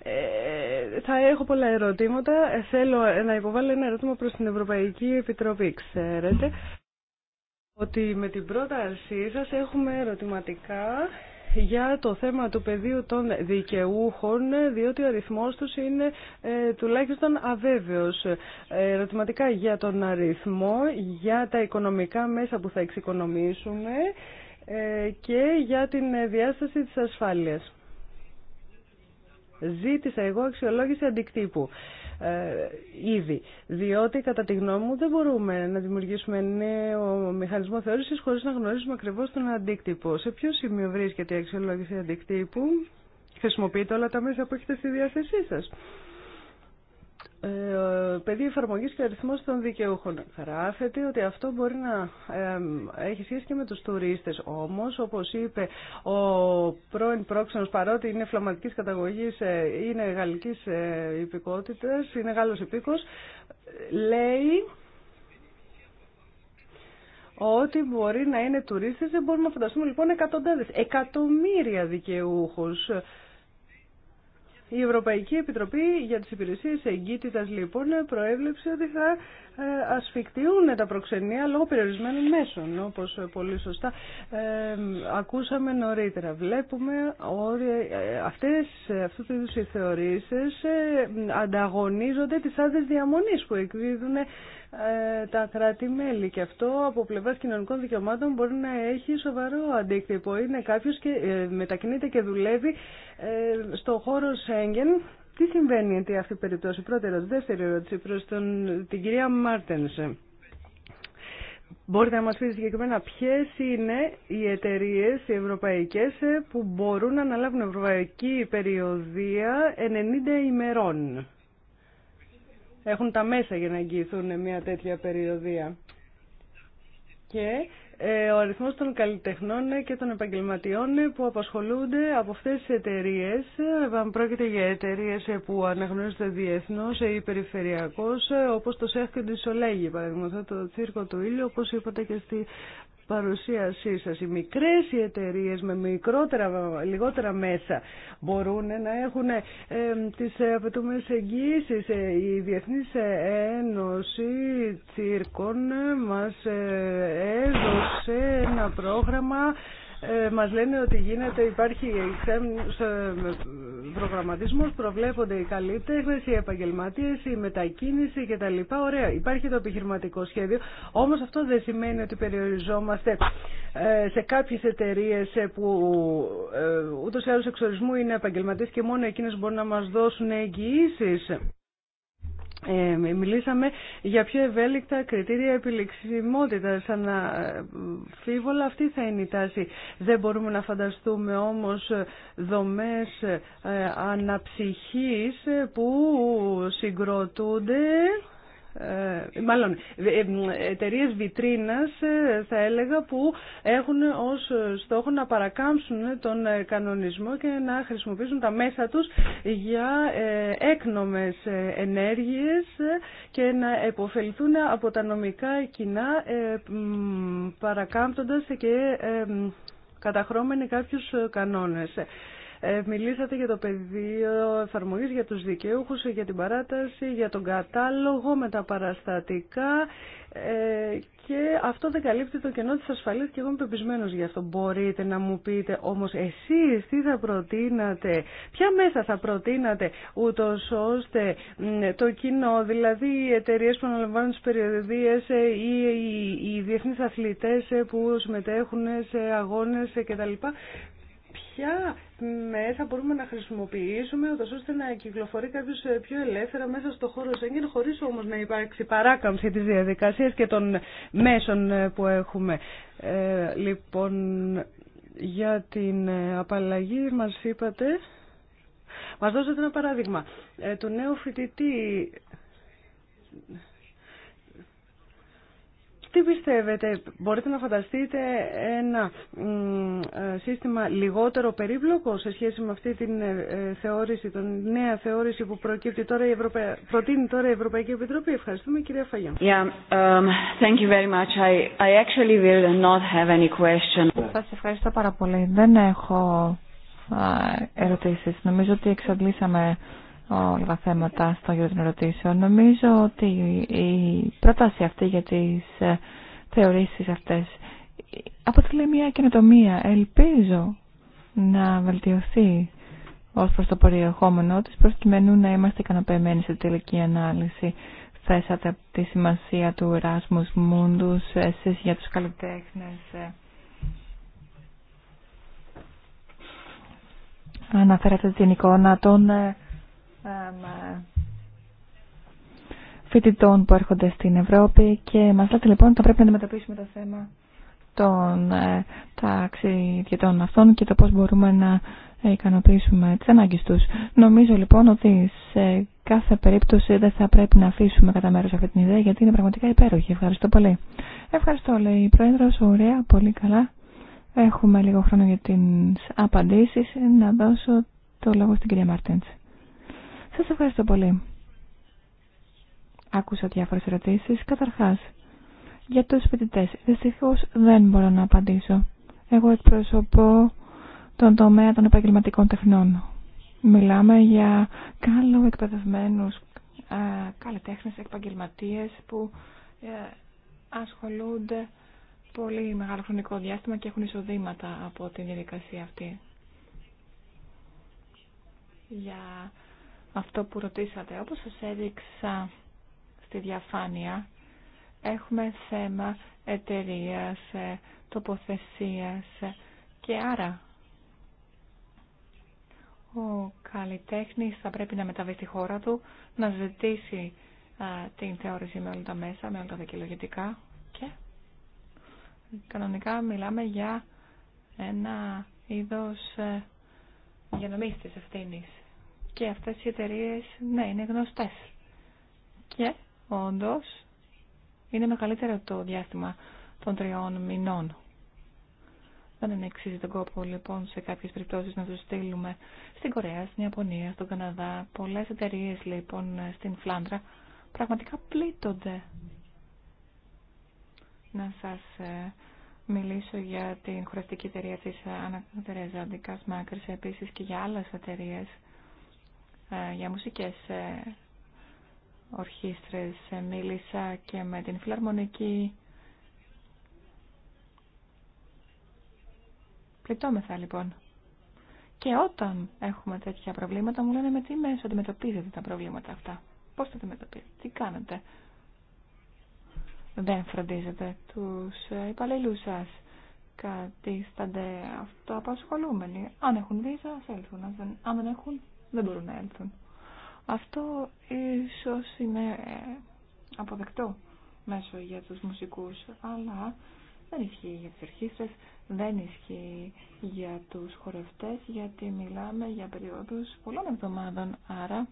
ε, θα έχω πολλά ερωτήματα. Θέλω να υποβάλω ένα ερώτημα προς την Ευρωπαϊκή Επιτροπή. Ξέρετε ότι με την πρότασή σας έχουμε ερωτηματικά για το θέμα του πεδίου των δικαιούχων, διότι ο αριθμός τους είναι ε, τουλάχιστον αβέβαιος. Ε, ερωτηματικά για τον αριθμό, για τα οικονομικά μέσα που θα εξοικονομήσουμε ε, και για την διάσταση της ασφάλειας. Ζήτησα εγώ αξιολόγηση αντικτύπου ε, ήδη, διότι κατά τη γνώμη μου δεν μπορούμε να δημιουργήσουμε νέο μηχανισμό θεώρησης χωρίς να γνωρίζουμε ακριβώς τον αντίκτυπο. Σε ποιο σημείο βρίσκεται η αξιολόγηση αντικτύπου, χρησιμοποιείτε όλα τα μέσα που έχετε στη διάθεσή σας. Ε, παιδί εφαρμογής και αριθμός των δικαιούχων. Γράφεται ότι αυτό μπορεί να έχει σχέση και με τους τουρίστες. Όμως, όπως είπε ο πρώην πρόξενος, παρότι είναι φλαμαντικής καταγωγής, ε, είναι γαλλικής ε, υπηκότητας, είναι Γάλλος υπήκος, λέει ότι μπορεί να είναι τουρίστες. Δεν μπορούμε να φανταστούμε λοιπόν εκατοντάδες, εκατομμύρια δικαιούχους. Η Ευρωπαϊκή Επιτροπή για τις Υπηρεσίες Εγκύτητας λοιπόν προέβλεψε ότι θα ε, ασφικτιούν τα προξενία λόγω περιορισμένων μέσων, όπως πολύ σωστά ε, ακούσαμε νωρίτερα. Βλέπουμε ότι ε, αυτές, αυτού του είδους οι θεωρήσεις ανταγωνίζονται τις άδειες διαμονής που εκδίδουν τα κράτη-μέλη και αυτό από πλευράς κοινωνικών δικαιωμάτων μπορεί να έχει σοβαρό αντίκτυπο. Είναι κάποιο και μετακινείται και δουλεύει στο χώρο Σέγγεν τι συμβαίνει γιατί αυτή η περίπτωση, πρώτη ερώτηση, δεύτερη ερώτηση προς τον, την κυρία Μάρτενς. Μπορείτε να μας πείτε συγκεκριμένα ποιες είναι οι εταιρείε οι ευρωπαϊκές που μπορούν να αναλάβουν ευρωπαϊκή περιοδία 90 ημερών. Έχουν τα μέσα για να εγγυηθούν μια τέτοια περιοδία. Και ε, ο αριθμός των καλλιτεχνών και των επαγγελματιών που απασχολούνται από αυτές τις εταιρείες. Ε, αν πρόκειται για εταιρείες που αναγνωρίζονται διεθνώς ή περιφερειακώς, ε, όπως το ΣΕΧ και το Σολέγη, παραδείγματος, το Τσίρκο του Ήλιου, όπως είπατε και στη παρουσίασή σα, Οι μικρές οι με μικρότερα, λιγότερα μέσα μπορούν να έχουν ε, τις απαιτούμενες ε, Η Διεθνής Ένωση Τσίρκων μας ε, έδωσε ένα πρόγραμμα ε, μας λένε ότι γίνεται, υπάρχει εξέμνους σε προγραμματισμός, προβλέπονται οι καλλιτέχνες, οι επαγγελματίες, η μετακίνηση κτλ. Ωραία, υπάρχει το επιχειρηματικό σχέδιο, όμως αυτό δεν σημαίνει ότι περιοριζόμαστε ε, σε κάποιες εταιρείες ε, που ε, ούτως ή άλλως εξορισμού είναι επαγγελματίες και μόνο εκείνες μπορούν να μας δώσουν εγγυήσεις. Ε, μιλήσαμε για πιο ευέλικτα κριτήρια επιλεξιμότητας. Αναφίβολα αυτή θα είναι η τάση. Δεν μπορούμε να φανταστούμε όμως δομές ε, αναψυχής που συγκροτούνται ε, μάλλον ε, ε, εταιρείε βιτρίνας θα έλεγα που έχουν ως στόχο να παρακάμψουν τον κανονισμό και να χρησιμοποιήσουν τα μέσα τους για έκνομες ενέργειες και να επωφεληθούν από τα νομικά κοινά παρακάμπτοντας και καταχρώμενοι κάποιους κανόνες. Ε, μιλήσατε για το πεδίο εφαρμογή για τους δικαιούχου για την παράταση, για τον κατάλογο με τα παραστατικά ε, και αυτό δεν καλύπτει το κενό της ασφαλείας και εγώ είμαι πεπισμένο γι' αυτό. Μπορείτε να μου πείτε όμως εσείς τι θα προτείνατε, ποια μέσα θα προτείνατε ούτω ώστε το κοινό, δηλαδή οι εταιρείε που αναλαμβάνουν τις περιοδίες ε, ή οι διεθνεί αθλητέ που συμμετέχουν σε αγώνε κτλ ποια μέσα μπορούμε να χρησιμοποιήσουμε ούτως ώστε να κυκλοφορεί κάποιο ε, πιο ελεύθερα μέσα στο χώρο Σέγγεν χωρίς όμως να υπάρξει παράκαμψη της διαδικασίας και των μέσων ε, που έχουμε. Ε, λοιπόν, για την ε, απαλλαγή μας είπατε... Μας δώσατε ένα παράδειγμα Το του φοιτητή τι πιστεύετε, μπορείτε να φανταστείτε ένα ε, σύστημα λιγότερο περίπλοκο σε σχέση με αυτή την ε, ε, θεώρηση, την νέα θεώρηση που προκύπτει τώρα η Ευρωπα... προτείνει τώρα η Ευρωπαϊκή Επιτροπή. Ευχαριστούμε κυρία Φαγιά. Yeah, um, thank you very much. I, actually will not have any Σας ευχαριστώ πάρα πολύ. Δεν έχω ερωτήσεις. Νομίζω ότι εξαντλήσαμε όλα τα θέματα στο γύρο των ερωτήσεων. Νομίζω ότι η πρόταση αυτή για τις ε, θεωρήσεις αυτές αποτελεί μια καινοτομία. Ελπίζω να βελτιωθεί ως προς το περιεχόμενό της προκειμένου να είμαστε ικανοποιημένοι σε τελική ανάλυση. Θέσατε τη σημασία του Erasmus Mundus εσείς για τους καλλιτέχνες. Ε, αναφέρατε την εικόνα των ε, ε, φοιτητών που έρχονται στην Ευρώπη και μας λέτε λοιπόν ότι θα πρέπει να αντιμετωπίσουμε το θέμα των ε, ταξιδιωτών αυτών και το πώς μπορούμε να ε, ικανοποιήσουμε τις ανάγκες τους. Νομίζω λοιπόν ότι σε κάθε περίπτωση δεν θα πρέπει να αφήσουμε κατά μέρος αυτή την ιδέα γιατί είναι πραγματικά υπέροχη. Ευχαριστώ πολύ. Ευχαριστώ λέει η Πρόεδρος, ωραία, πολύ καλά. Έχουμε λίγο χρόνο για τις απαντήσεις. Να δώσω το λόγο στην κυρία Μάρτεντς. Σας ευχαριστώ πολύ. Άκουσα διάφορες ερωτήσεις. Καταρχάς, για τους φοιτητές. Δυστυχώς δεν μπορώ να απαντήσω. Εγώ εκπροσωπώ τον τομέα των επαγγελματικών τεχνών. Μιλάμε για καλό εκπαιδευμένους καλλιτέχνες, επαγγελματίες που ε, ασχολούνται πολύ μεγάλο χρονικό διάστημα και έχουν εισοδήματα από τη διαδικασία αυτή. Για αυτό που ρωτήσατε. Όπως σας έδειξα στη διαφάνεια, έχουμε θέμα εταιρείας, ε, τοποθεσίας ε, και άρα ο καλλιτέχνης θα πρέπει να μεταβεί στη χώρα του, να ζητήσει την θεώρηση με όλα τα μέσα, με όλα τα δικαιολογητικά και κανονικά μιλάμε για ένα είδος ε, διανομής της και αυτές οι εταιρείε ναι, είναι γνωστές. Και όντω είναι μεγαλύτερο το διάστημα των τριών μηνών. Δεν εξίζει τον κόπο λοιπόν σε κάποιες περιπτώσεις να τους στείλουμε στην Κορέα, στην Ιαπωνία, στον Καναδά. Πολλές εταιρείε λοιπόν στην Φλάντρα πραγματικά πλήττονται. Να σας ε, μιλήσω για την χωραστική εταιρεία της Ανατερέζα Αντικάς επίσης και για άλλες εταιρείε ε, για μουσικές ε, ορχήστρες. Ε, μίλησα και με την φιλαρμονική. Πληττόμεθα λοιπόν. Και όταν έχουμε τέτοια προβλήματα μου λένε με τι μέσο αντιμετωπίζετε τα προβλήματα αυτά. Πώς τα αντιμετωπίζετε, τι κάνετε. Δεν φροντίζετε τους υπαλλήλου σας. Κατήστανται αυτοαπασχολούμενοι. Αν έχουν βίζα, έλθουν. Αν δεν έχουν, δεν μπορούν να έλθουν. Αυτό ίσως είναι ε, αποδεκτό μέσω για τους μουσικούς, αλλά δεν ισχύει για τις ορχήστρες, δεν ισχύει για τους χορευτές, γιατί μιλάμε για περίοδους πολλών εβδομάδων, άρα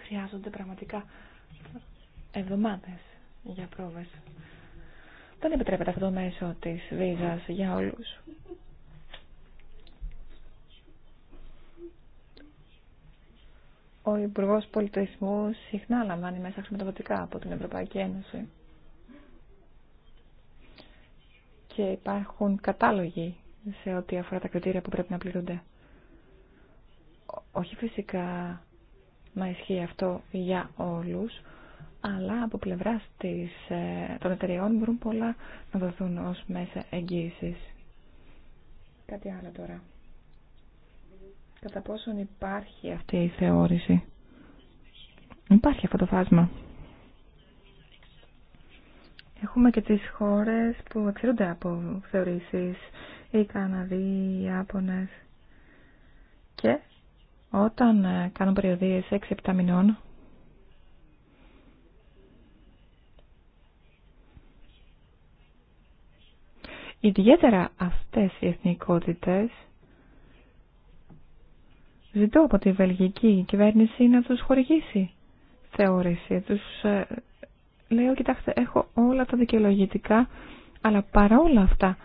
χρειάζονται πραγματικά εβδομάδες για πρόβες. Δεν επιτρέπεται αυτό μέσω μέσο της βίζας για όλους. ο Υπουργό Πολιτισμού συχνά λαμβάνει μέσα χρηματοδοτικά από την Ευρωπαϊκή Ένωση. Και υπάρχουν κατάλογοι σε ό,τι αφορά τα κριτήρια που πρέπει να πληρούνται. Όχι φυσικά να ισχύει αυτό για όλους, αλλά από πλευρά ε, των εταιριών μπορούν πολλά να δοθούν ως μέσα εγγύησης. Κάτι άλλο τώρα κατά πόσον υπάρχει αυτή η θεώρηση. Υπάρχει αυτό το φάσμα. Έχουμε και τις χώρες που εξαιρούνται από θεωρήσεις, οι Καναδοί, οι Άπωνες. Και όταν ε, κάνουν περιοδίες 6-7 μηνών, ιδιαίτερα αυτές οι εθνικότητες Ζητώ από τη βελγική κυβέρνηση να τους χορηγήσει θεώρηση. Τους ε, λέω, κοιτάξτε, έχω όλα τα δικαιολογητικά, αλλά παρόλα αυτά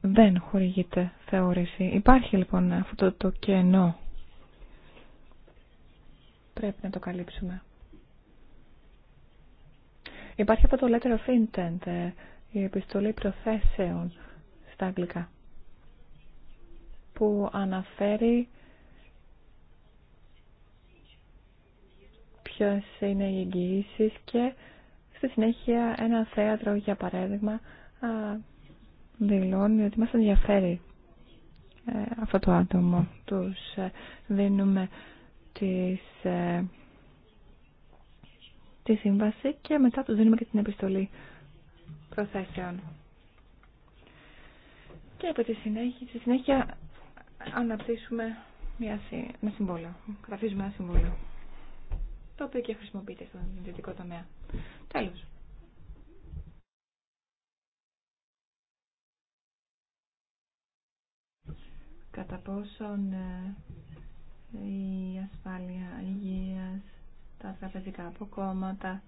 δεν χορηγείται θεώρηση. Υπάρχει λοιπόν αυτό το κενό. Πρέπει να το καλύψουμε. Υπάρχει από το letter of intent, ε, η επιστολή προθέσεων στα αγγλικά, που αναφέρει ποιε είναι οι εγγυήσει και στη συνέχεια ένα θέατρο, για παράδειγμα, δηλώνει ότι μας ενδιαφέρει ε, αυτό το άτομο. Τους ε, δίνουμε τις, ε, τη σύμβαση και μετά τους δίνουμε και την επιστολή προθέσεων. Και από τη συνέχεια, στη συνέχεια αναπτύσσουμε μια, ένα συμβόλαιο. Γραφίζουμε ένα συμβόλαιο το οποίο και χρησιμοποιείται στον ιδιωτικό τομέα. Τέλος. Κατά πόσον ε, η ασφάλεια υγείας, τα τραπεζικά αποκόμματα,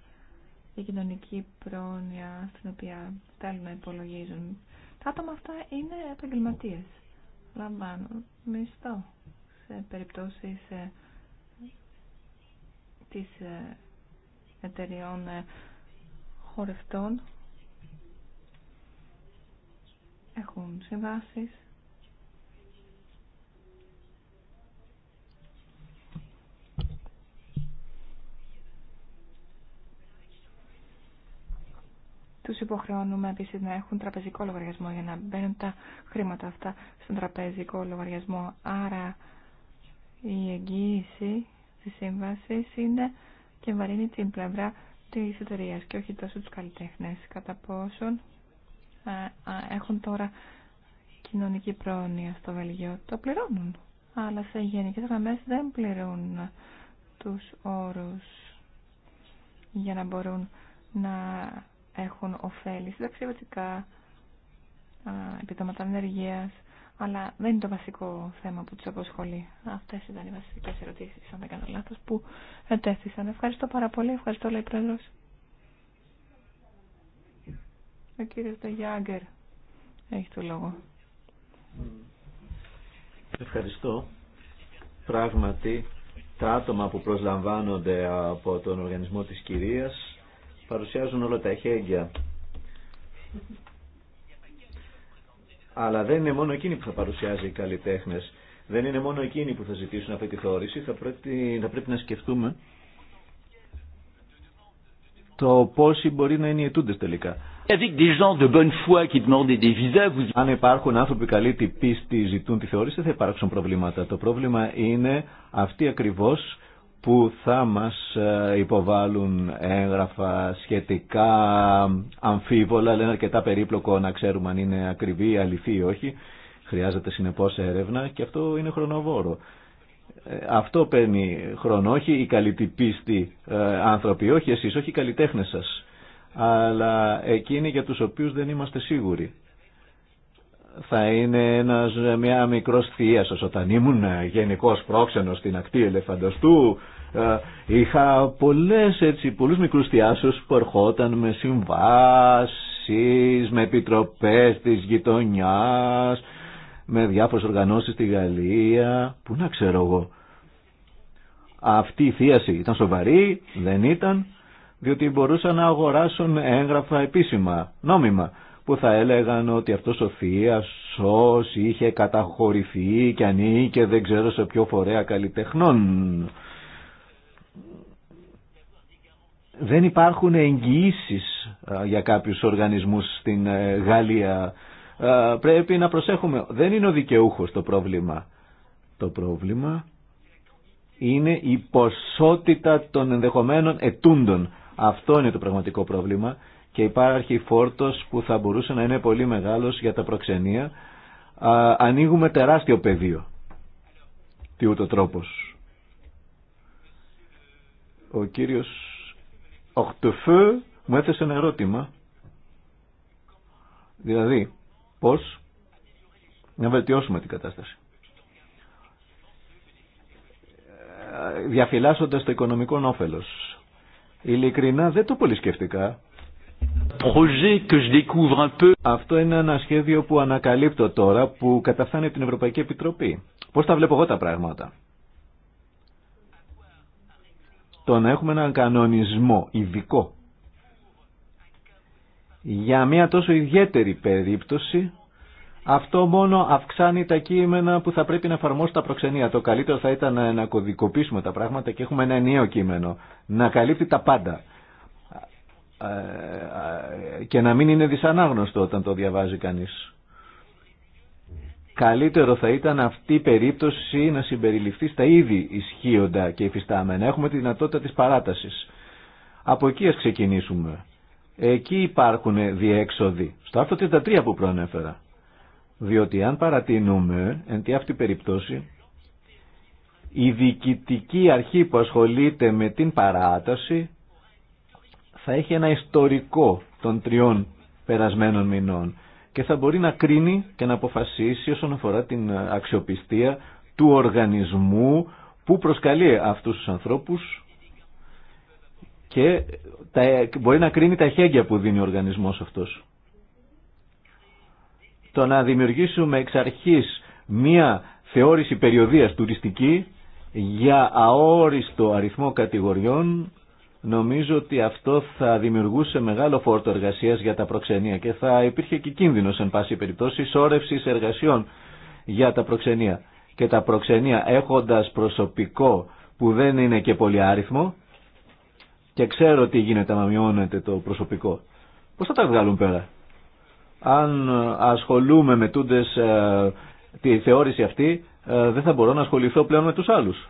η κοινωνική πρόνοια στην οποία θέλουν να υπολογίζουν. Τα άτομα αυτά είναι επαγγελματίε. Λαμβάνουν μισθό σε περιπτώσεις ε, της ε, εταιριών ε, χορευτών έχουν συμβάσεις Τους υποχρεώνουμε επίσης να έχουν τραπεζικό λογαριασμό για να μπαίνουν τα χρήματα αυτά στον τραπεζικό λογαριασμό. Άρα η εγγύηση τη σύμβαση είναι και βαρύνει την πλευρά τη εταιρεία και όχι τόσο του καλλιτέχνε. Κατά πόσον ε, έχουν τώρα κοινωνική πρόνοια στο Βελγίο, το πληρώνουν. Αλλά σε γενικέ γραμμέ δεν πληρώνουν του όρου για να μπορούν να έχουν ωφέλη συνταξιβατικά, επιδόματα ενεργεία αλλά δεν είναι το βασικό θέμα που του απασχολεί. Αυτές ήταν οι βασικές ερωτήσεις, αν δεν κάνω λάθο, που ετέθησαν. Ευχαριστώ πάρα πολύ. Ευχαριστώ, λέει πρόεδρο. Ο κύριο Ντεγιάγκερ έχει το λόγο. Ευχαριστώ. Πράγματι, τα άτομα που προσλαμβάνονται από τον οργανισμό της κυρίας παρουσιάζουν όλα τα χέγγια αλλά δεν είναι μόνο εκείνοι που θα παρουσιάζει οι καλλιτέχνε. Δεν είναι μόνο εκείνοι που θα ζητήσουν αυτή τη θεώρηση. Θα πρέπει, να σκεφτούμε το πόσοι μπορεί να είναι οι ετούντε τελικά. Αν υπάρχουν άνθρωποι καλή την πίστη ζητούν τη θεώρηση, δεν θα υπάρξουν προβλήματα. Το πρόβλημα είναι αυτοί ακριβώ που θα μας ε, υποβάλουν έγγραφα σχετικά αμφίβολα, λένε είναι αρκετά περίπλοκο να ξέρουμε αν είναι ακριβή αληθή ή όχι. Χρειάζεται συνεπώς έρευνα και αυτό είναι χρονοβόρο. Ε, αυτό παίρνει χρόνο, όχι οι καλλιτυπίστοι ε, άνθρωποι, όχι εσείς, όχι οι καλλιτέχνες σας, αλλά εκείνοι για τους οποίους δεν είμαστε σίγουροι. Θα είναι ένας, μια μικρός θεία όταν ήμουν γενικός πρόξενος στην ακτή ελεφαντοστού, ε, είχα πολλές έτσι, πολλούς μικρούς θειάσους που ερχόταν με συμβάσεις, με επιτροπές της γειτονιάς, με διάφορες οργανώσεις στη Γαλλία, που να ξέρω εγώ. Αυτή η θίαση ήταν σοβαρή, δεν ήταν, διότι μπορούσαν να αγοράσουν έγγραφα επίσημα, νόμιμα, που θα έλεγαν ότι αυτός ο θείασος είχε καταχωρηθεί και ανήκε δεν ξέρω σε ποιο φορέα καλλιτεχνών δεν υπάρχουν εγγυήσει για κάποιους οργανισμούς στην ε, Γαλλία. Πρέπει να προσέχουμε. Δεν είναι ο δικαιούχος το πρόβλημα. Το πρόβλημα είναι η ποσότητα των ενδεχομένων ετούντων. Αυτό είναι το πραγματικό πρόβλημα και υπάρχει φόρτος που θα μπορούσε να είναι πολύ μεγάλος για τα προξενία. Ανοίγουμε τεράστιο πεδίο. Τι ούτω τρόπος. Ο κύριος Χτεφέ μου έθεσε ένα ερώτημα. Δηλαδή, πώς να βελτιώσουμε την κατάσταση. Διαφυλάσσοντας το οικονομικό όφελος. Ειλικρινά δεν το πολύ σκεφτικά. Αυτό είναι ένα σχέδιο που ανακαλύπτω τώρα που καταφθάνει την Ευρωπαϊκή Επιτροπή. Πώς τα βλέπω εγώ τα πράγματα το να έχουμε έναν κανονισμό ειδικό για μια τόσο ιδιαίτερη περίπτωση αυτό μόνο αυξάνει τα κείμενα που θα πρέπει να εφαρμόσουν τα προξενία. Το καλύτερο θα ήταν να κωδικοποιήσουμε τα πράγματα και έχουμε ένα ενιαίο κείμενο. Να καλύπτει τα πάντα. Ε, ε, ε, και να μην είναι δυσανάγνωστο όταν το διαβάζει κανείς. Καλύτερο θα ήταν αυτή η περίπτωση να συμπεριληφθεί στα ήδη ισχύοντα και υφιστάμενα. Έχουμε τη δυνατότητα της παράτασης. Από εκεί ας ξεκινήσουμε. Εκεί υπάρχουν διέξοδοι. Στο άρθρο 33 που προανέφερα. Διότι αν παρατηνούμε, εν τη αυτή περιπτώση, η διοικητική αρχή που ασχολείται με την παράταση θα έχει ένα ιστορικό των τριών περασμένων μηνών και θα μπορεί να κρίνει και να αποφασίσει όσον αφορά την αξιοπιστία του οργανισμού που προσκαλεί αυτούς τους ανθρώπους και μπορεί να κρίνει τα χέγγια που δίνει ο οργανισμός αυτός. Το να δημιουργήσουμε εξ αρχής μία θεώρηση περιοδίας τουριστική για αόριστο αριθμό κατηγοριών Νομίζω ότι αυτό θα δημιουργούσε μεγάλο φόρτο εργασίας για τα προξενία και θα υπήρχε και κίνδυνος εν πάση περιπτώσει σώρευσης εργασιών για τα προξενία. Και τα προξενία έχοντας προσωπικό που δεν είναι και πολύ άριθμο και ξέρω τι γίνεται να μειώνεται το προσωπικό. Πώς θα τα βγάλουν πέρα. Αν ασχολούμαι με τούντες ε, τη θεώρηση αυτή ε, δεν θα μπορώ να ασχοληθώ πλέον με τους άλλους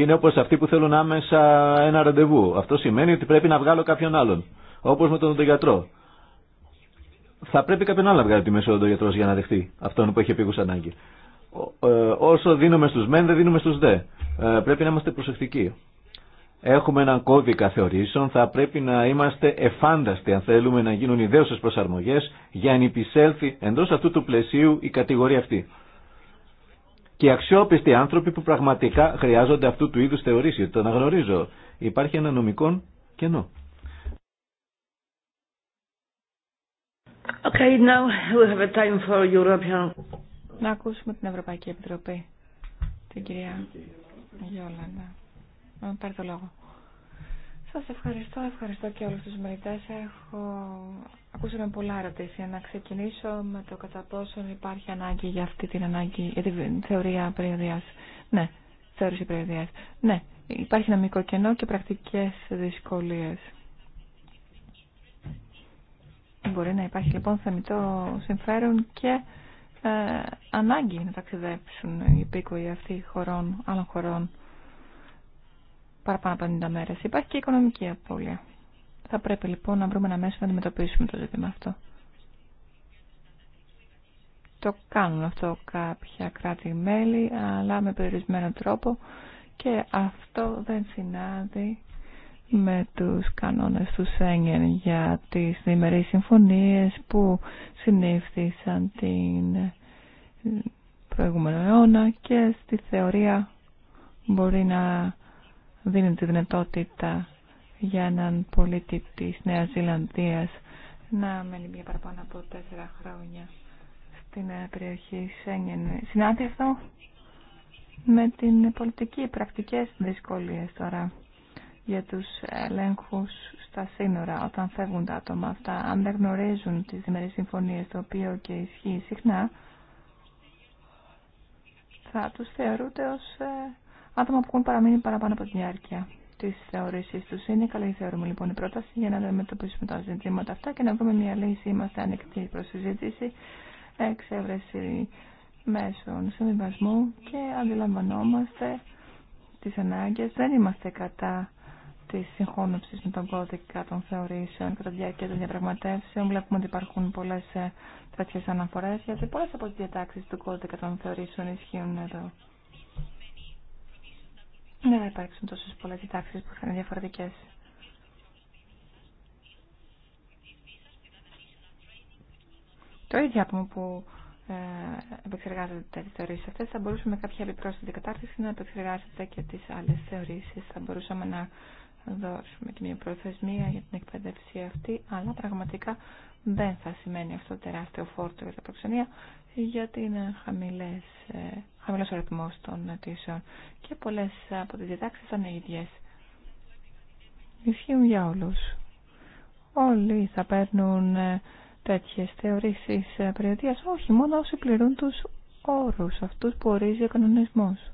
είναι όπω αυτοί που θέλουν άμεσα ένα ραντεβού. Αυτό σημαίνει ότι πρέπει να βγάλω κάποιον άλλον, Όπω με τον γιατρό. Θα πρέπει κάποιον άλλον να βγάλει τη μέση ο γιατρό για να δεχτεί αυτόν που έχει επίγουσα ανάγκη. Ε, όσο δίνουμε στου μεν δεν δίνουμε στου δε. Ε, πρέπει να είμαστε προσεκτικοί. Έχουμε έναν κώδικα θεωρήσεων, θα πρέπει να είμαστε εφάνταστοι αν θέλουμε να γίνουν ιδέωσε προσαρμογέ για να υπησέλθει εντό αυτού του πλαισίου η κατηγορία αυτή και αξιόπιστοι άνθρωποι που πραγματικά χρειάζονται αυτού του είδους θεωρήσεις. Το αναγνωρίζω. Υπάρχει ένα νομικό κενό. Okay, now we have a time for European. Να ακούσουμε την Ευρωπαϊκή Επιτροπή. Την κυρία Γιόλαντα. Να πάρει το λόγο. Σα ευχαριστώ, ευχαριστώ και όλους τους μελητέ. Έχω... Ακούσαμε πολλά ερωτήσει. Να ξεκινήσω με το κατά πόσο υπάρχει ανάγκη για αυτή την ανάγκη, για τη θεωρία περιοδιά. Ναι, θεώρηση περιοδίας. Ναι, υπάρχει ένα μικρό κενό και πρακτικές δυσκολίες. Μπορεί να υπάρχει λοιπόν θεμητό συμφέρον και ε, ανάγκη να ταξιδέψουν οι υπήκοοι αυτοί χωρών, άλλων χωρών παραπάνω από 50 μέρες. Υπάρχει και οικονομική απώλεια. Θα πρέπει λοιπόν να βρούμε ένα μέσο να αντιμετωπίσουμε το ζήτημα αυτό. Το κάνουν αυτό κάποια κράτη-μέλη, αλλά με περιορισμένο τρόπο και αυτό δεν συνάδει με τους κανόνες του Σέγγεν για τις διμερείς συμφωνίες που συνήφθησαν την προηγούμενη αιώνα και στη θεωρία μπορεί να δίνει τη δυνατότητα για έναν πολίτη της Νέας Ζηλανδίας να μένει μια παραπάνω από τέσσερα χρόνια στην περιοχή Σέγγεν. Συνάντη αυτό με την πολιτική πρακτικές δυσκολίες τώρα για τους ελέγχους στα σύνορα όταν φεύγουν τα άτομα αυτά αν δεν γνωρίζουν τις διμερείς συμφωνίες το οποίο και ισχύει συχνά θα τους θεωρούνται ως ε, άτομα που έχουν παραμείνει παραπάνω από τη διάρκεια τη θεωρήση του. Είναι καλή, θεωρούμε λοιπόν η πρόταση για να αντιμετωπίσουμε τα ζητήματα αυτά και να βρούμε μια λύση. Είμαστε ανοιχτοί προ συζήτηση, εξέβρεση μέσων συμβιβασμού και αντιλαμβανόμαστε τι ανάγκε. Δεν είμαστε κατά τη συγχώνευση με τον κώδικα των θεωρήσεων κατά τη διάρκεια των διαπραγματεύσεων. Βλέπουμε ότι υπάρχουν πολλέ ε, τέτοιε αναφορέ, γιατί πολλέ από τι διατάξει του κώδικα των θεωρήσεων ισχύουν εδώ. Δεν θα υπάρξουν τόσε πολλέ διτάξει που θα είναι διαφορετικέ. Το ίδιο άτομο που ε, επεξεργάζεται τι θεωρήσει αυτέ θα με κάποια επιπρόσθετη κατάρτιση να επεξεργάζεται και τι άλλε θεωρήσει. Θα μπορούσαμε να δώσουμε και μια προθεσμία για την εκπαίδευση αυτή, αλλά πραγματικά δεν θα σημαίνει αυτό τεράστιο φόρτο για τα προξενία γιατί είναι χαμηλές, ε, χαμηλός ο ρυθμός των αιτήσεων και πολλές από τις διδάξεις ήταν ίδιες. Ισχύουν για όλους. Όλοι θα παίρνουν ε, τέτοιες θεωρήσεις ε, περιοδίας, όχι μόνο όσοι πληρούν τους όρους αυτούς που ορίζει ο κανονισμός.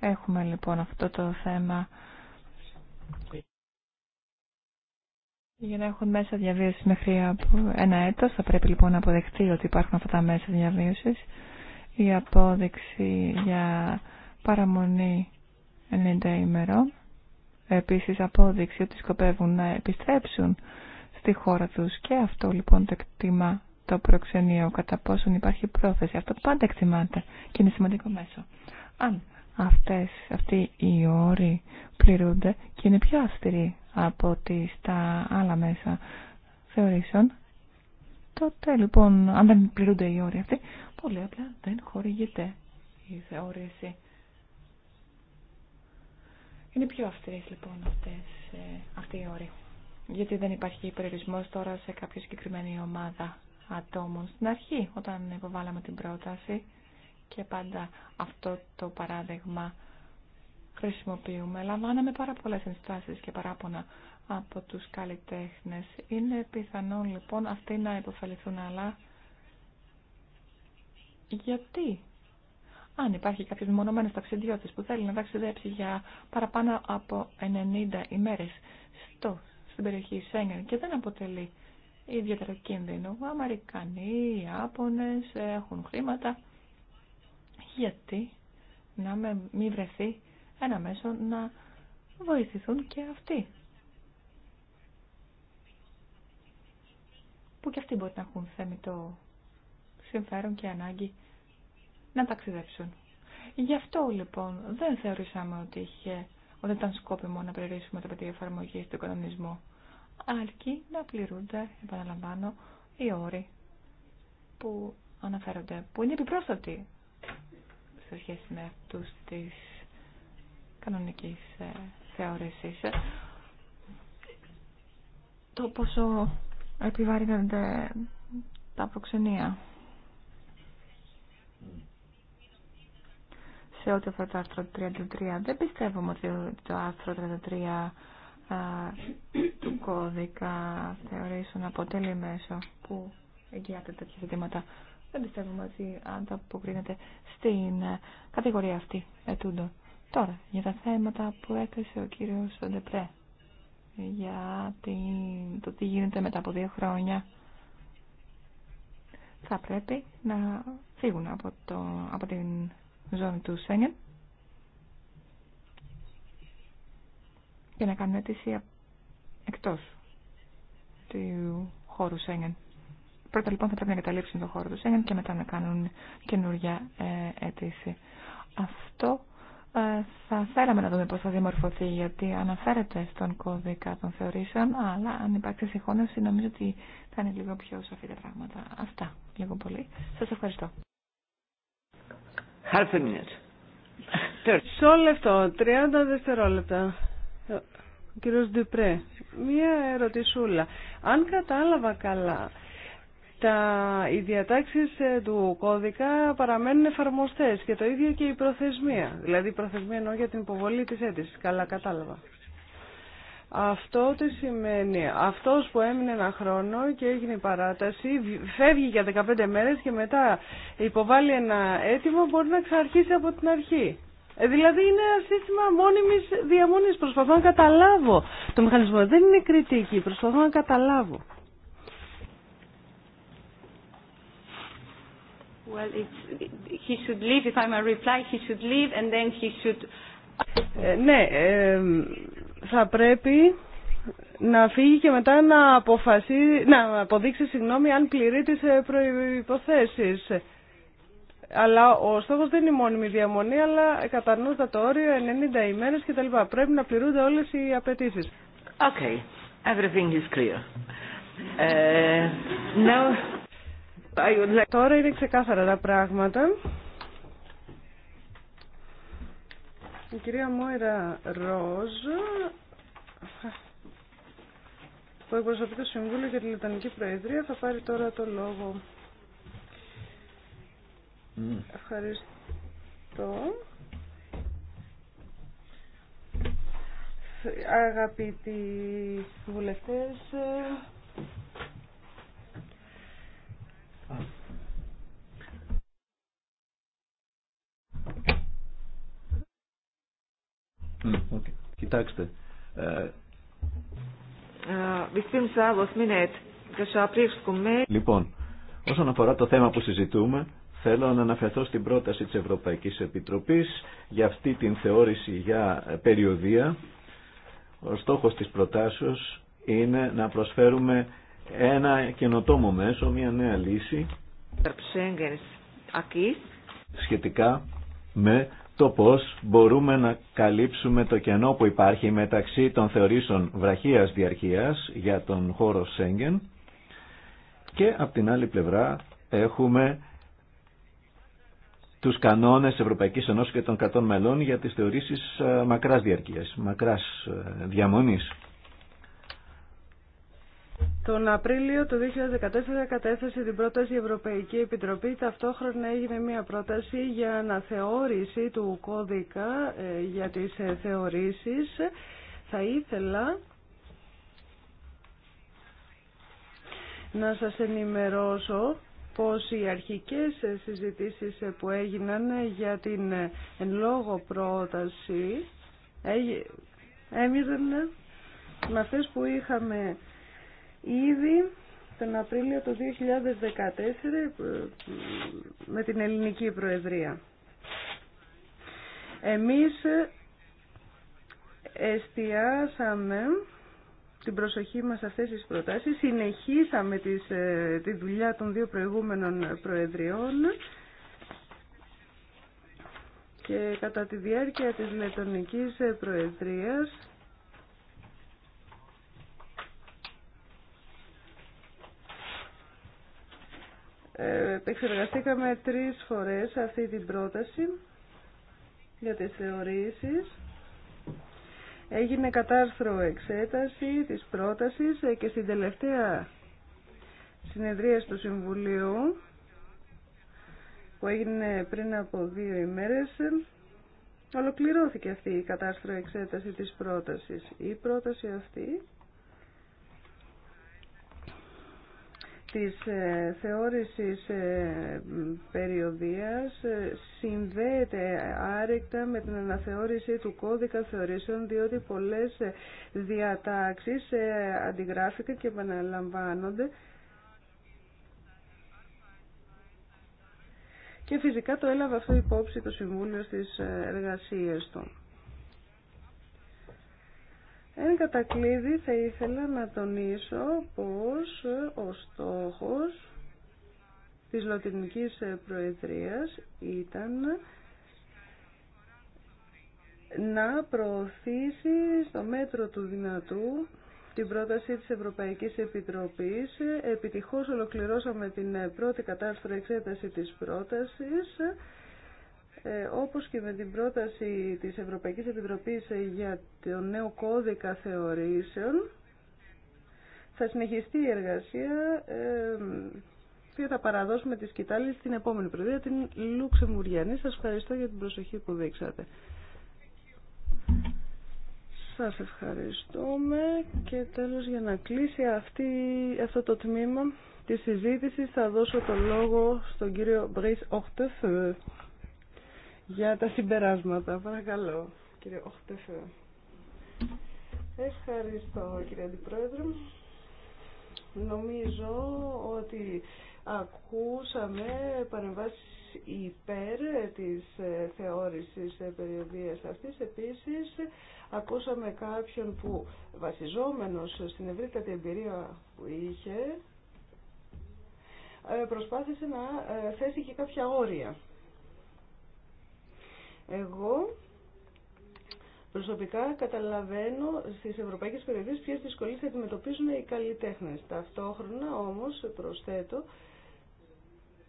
Έχουμε λοιπόν αυτό το θέμα Για να έχουν μέσα διαβίωση μέχρι από ένα έτος θα πρέπει λοιπόν να αποδεχτεί ότι υπάρχουν αυτά τα μέσα διαβίωσης. Η απόδειξη για παραμονή 90 ημερών. Επίσης απόδειξη ότι σκοπεύουν να επιστρέψουν στη χώρα τους και αυτό λοιπόν το εκτιμά το προξενείο κατά πόσον υπάρχει πρόθεση. Αυτό πάντα εκτιμάται και είναι σημαντικό μέσο. Αν αυτές, αυτοί οι όροι πληρούνται και είναι πιο αυστηροί από ότι στα άλλα μέσα θεωρήσεων. Τότε λοιπόν, αν δεν πληρούνται οι όροι αυτοί, πολύ απλά δεν χορηγείται η θεώρηση. Είναι πιο αυστηρές λοιπόν αυτές, ε, αυτοί οι όροι. Γιατί δεν υπάρχει περιορισμός τώρα σε κάποια συγκεκριμένη ομάδα ατόμων. Στην αρχή, όταν υποβάλαμε την πρόταση, και πάντα αυτό το παράδειγμα χρησιμοποιούμε. Λαμβάναμε πάρα πολλές ενστάσεις και παράπονα από τους καλλιτέχνες. Είναι πιθανό λοιπόν αυτοί να υποφεληθούν, αλλά γιατί αν υπάρχει κάποιο μονόμενος ταξιδιώτης που θέλει να ταξιδέψει για παραπάνω από 90 ημέρε στην περιοχή Σέγγεν και δεν αποτελεί ιδιαίτερο κίνδυνο, Αμερικανοί, Ιάπωνες έχουν χρήματα, γιατί να με, μη βρεθεί ένα μέσο να βοηθηθούν και αυτοί. Που και αυτοί μπορεί να έχουν το συμφέρον και ανάγκη να ταξιδέψουν. Γι' αυτό λοιπόν δεν θεωρήσαμε ότι είχε, ότι ήταν σκόπιμο να περιορίσουμε το πεδίο εφαρμογή του κανονισμού, αρκεί να πληρούνται, επαναλαμβάνω, οι όροι που αναφέρονται, που είναι επιπρόσθετοι σε σχέση με αυτούς της κανονικής ε, θεώρησης. Το πόσο επιβαρύνονται τα προξενία σε ό,τι αφορά το άρθρο 33. Δεν πιστεύουμε ότι το άρθρο 33 ε, του κώδικα θεωρήσεων αποτελεί μέσο που εγγυάται τέτοια ζητήματα δεν πιστεύουμε ότι αν στην ε, κατηγορία αυτή ετούντο. Τώρα, για τα θέματα που έθεσε ο κύριος Ντεπρέ, για το τι γίνεται μετά από δύο χρόνια, θα πρέπει να φύγουν από, το, από την ζώνη του Σέγγεν και να κάνουν αίτηση εκτός του χώρου Σέγγεν. Πρώτα λοιπόν θα πρέπει να καταλήψουν τον χώρο του Σέγγεν και μετά να κάνουν καινούργια ε, αίτηση. Αυτό ε, θα θέλαμε να δούμε πώς θα δημορφωθεί, γιατί αναφέρεται στον κώδικα των θεωρήσεων αλλά αν υπάρξει συγχώνευση νομίζω ότι θα είναι λίγο πιο σαφή τα πράγματα. Αυτά λίγο πολύ. Σας ευχαριστώ. Half a minute. λεπτό, 30 δευτερόλεπτα. κύριος Ντυπρέ, μία ερωτησούλα. Αν κατάλαβα καλά, τα, οι διατάξεις ε, του κώδικα παραμένουν εφαρμοστές και το ίδιο και η προθεσμία. Δηλαδή η προθεσμία εννοώ για την υποβολή της αίτησης. Καλά κατάλαβα. Αυτό τι σημαίνει. Αυτός που έμεινε ένα χρόνο και έγινε η παράταση, φεύγει για 15 μέρες και μετά υποβάλλει ένα αίτημα μπορεί να ξαρχίσει από την αρχή. Ε, δηλαδή είναι ένα σύστημα μόνιμης διαμονής. Προσπαθώ να καταλάβω το μηχανισμό. Δεν είναι κριτική. Προσπαθώ να καταλάβω. Well, it's, he should leave, if I may reply, he should leave and then he should... Ε, ναι, θα πρέπει να φύγει και μετά να, αποφασίσει, να αποδείξει συγγνώμη αν πληρεί τις ε, προϋποθέσεις. Αλλά ο στόχος δεν είναι η μόνιμη διαμονή, αλλά κατανοούντα το όριο 90 ημέρες κτλ. Πρέπει να πληρούνται όλες οι απαιτήσεις. Okay, everything is clear. Uh, now... Τώρα είναι ξεκάθαρα τα πράγματα. Η κυρία Μόιρα Ροζ, που εκπροσωπεί το Συμβούλιο για τη Λιτανική Προεδρία, θα πάρει τώρα το λόγο. Mm. Ευχαριστώ. Αγαπητοί βουλευτές, Κοιτάξτε. Ε, λοιπόν, όσον αφορά το θέμα που συζητούμε, θέλω να αναφερθώ στην πρόταση της Ευρωπαϊκής Επιτροπής για αυτή την θεώρηση για ε, περιοδία. Ο στόχος της προτάσεως είναι να προσφέρουμε ένα καινοτόμο μέσο, μια νέα λύση σχετικά με το πώς μπορούμε να καλύψουμε το κενό που υπάρχει μεταξύ των θεωρήσεων βραχίας διαρκείας για τον χώρο Σέγγεν και από την άλλη πλευρά έχουμε τους κανόνες Ευρωπαϊκής Ενώσης και των Κατών μελών για τις θεωρήσεις ε, μακράς διαρκείας, μακράς ε, διαμονής. Τον Απρίλιο του 2014 κατέθεσε την πρόταση η Ευρωπαϊκή Επιτροπή. Ταυτόχρονα έγινε μια πρόταση για αναθεώρηση του κώδικα ε, για τις ε, θεωρήσεις. Θα ήθελα να σας ενημερώσω πως οι αρχικές ε, συζητήσεις που έγιναν για την εν λόγω πρόταση έμειναν με αυτές που είχαμε Ήδη τον Απρίλιο του 2014 ε, με την Ελληνική Προεδρία. Εμείς εστιάσαμε την προσοχή μας σε αυτές τις προτάσεις, συνεχίσαμε ε, τη δουλειά των δύο προηγούμενων προεδριών και κατά τη διάρκεια της Λετωνικής Προεδρίας Ε, Εξεργαστήκαμε τρεις φορές αυτή την πρόταση για τις θεωρήσεις. Έγινε κατάρθρο εξέταση της πρότασης ε, και στην τελευταία συνεδρία του Συμβουλίου που έγινε πριν από δύο ημέρες ολοκληρώθηκε αυτή η κατάστρο εξέταση της πρότασης. Η πρόταση αυτή της ε, θεώρησης ε, περιοδίας ε, συνδέεται άρρηκτα με την αναθεώρηση του κώδικα θεωρήσεων διότι πολλές διατάξεις αντιγράφηκαν και επαναλαμβάνονται και φυσικά το έλαβε αυτό υπόψη το Συμβούλιο στις εργασίες του. Εν κατακλείδη θα ήθελα να τονίσω πως ε, ο στόχος της Λατινικής ε, Προεδρίας ήταν να προωθήσει στο μέτρο του δυνατού την πρόταση της Ευρωπαϊκής Επιτροπής. Ε, επιτυχώς ολοκληρώσαμε την πρώτη κατάστροφη εξέταση της πρότασης ε, όπως και με την πρόταση της Ευρωπαϊκής Επιτροπής για το νέο κώδικα θεωρήσεων, θα συνεχιστεί η εργασία ε, και θα παραδώσουμε τη σκητάλη στην επόμενη προεδρία, την Μουριανή. Σας ευχαριστώ για την προσοχή που δείξατε. Σας ευχαριστούμε και τέλος για να κλείσει αυτή, αυτό το τμήμα της συζήτησης θα δώσω το λόγο στον κύριο Μπρίς Οχτεφ για τα συμπεράσματα. Παρακαλώ, κύριε Οχτεφέ. Ευχαριστώ, κύριε Αντιπρόεδρε. Νομίζω ότι ακούσαμε παρεμβάσεις υπέρ της ε, θεώρησης ε, περιοδίας αυτής. Επίσης, ακούσαμε κάποιον που βασιζόμενος στην ευρύτατη εμπειρία που είχε, ε, προσπάθησε να θέσει και κάποια όρια εγώ προσωπικά καταλαβαίνω στις ευρωπαϊκές περιοχές ποιες δυσκολίες θα αντιμετωπίζουν οι καλλιτέχνες. Ταυτόχρονα όμως προσθέτω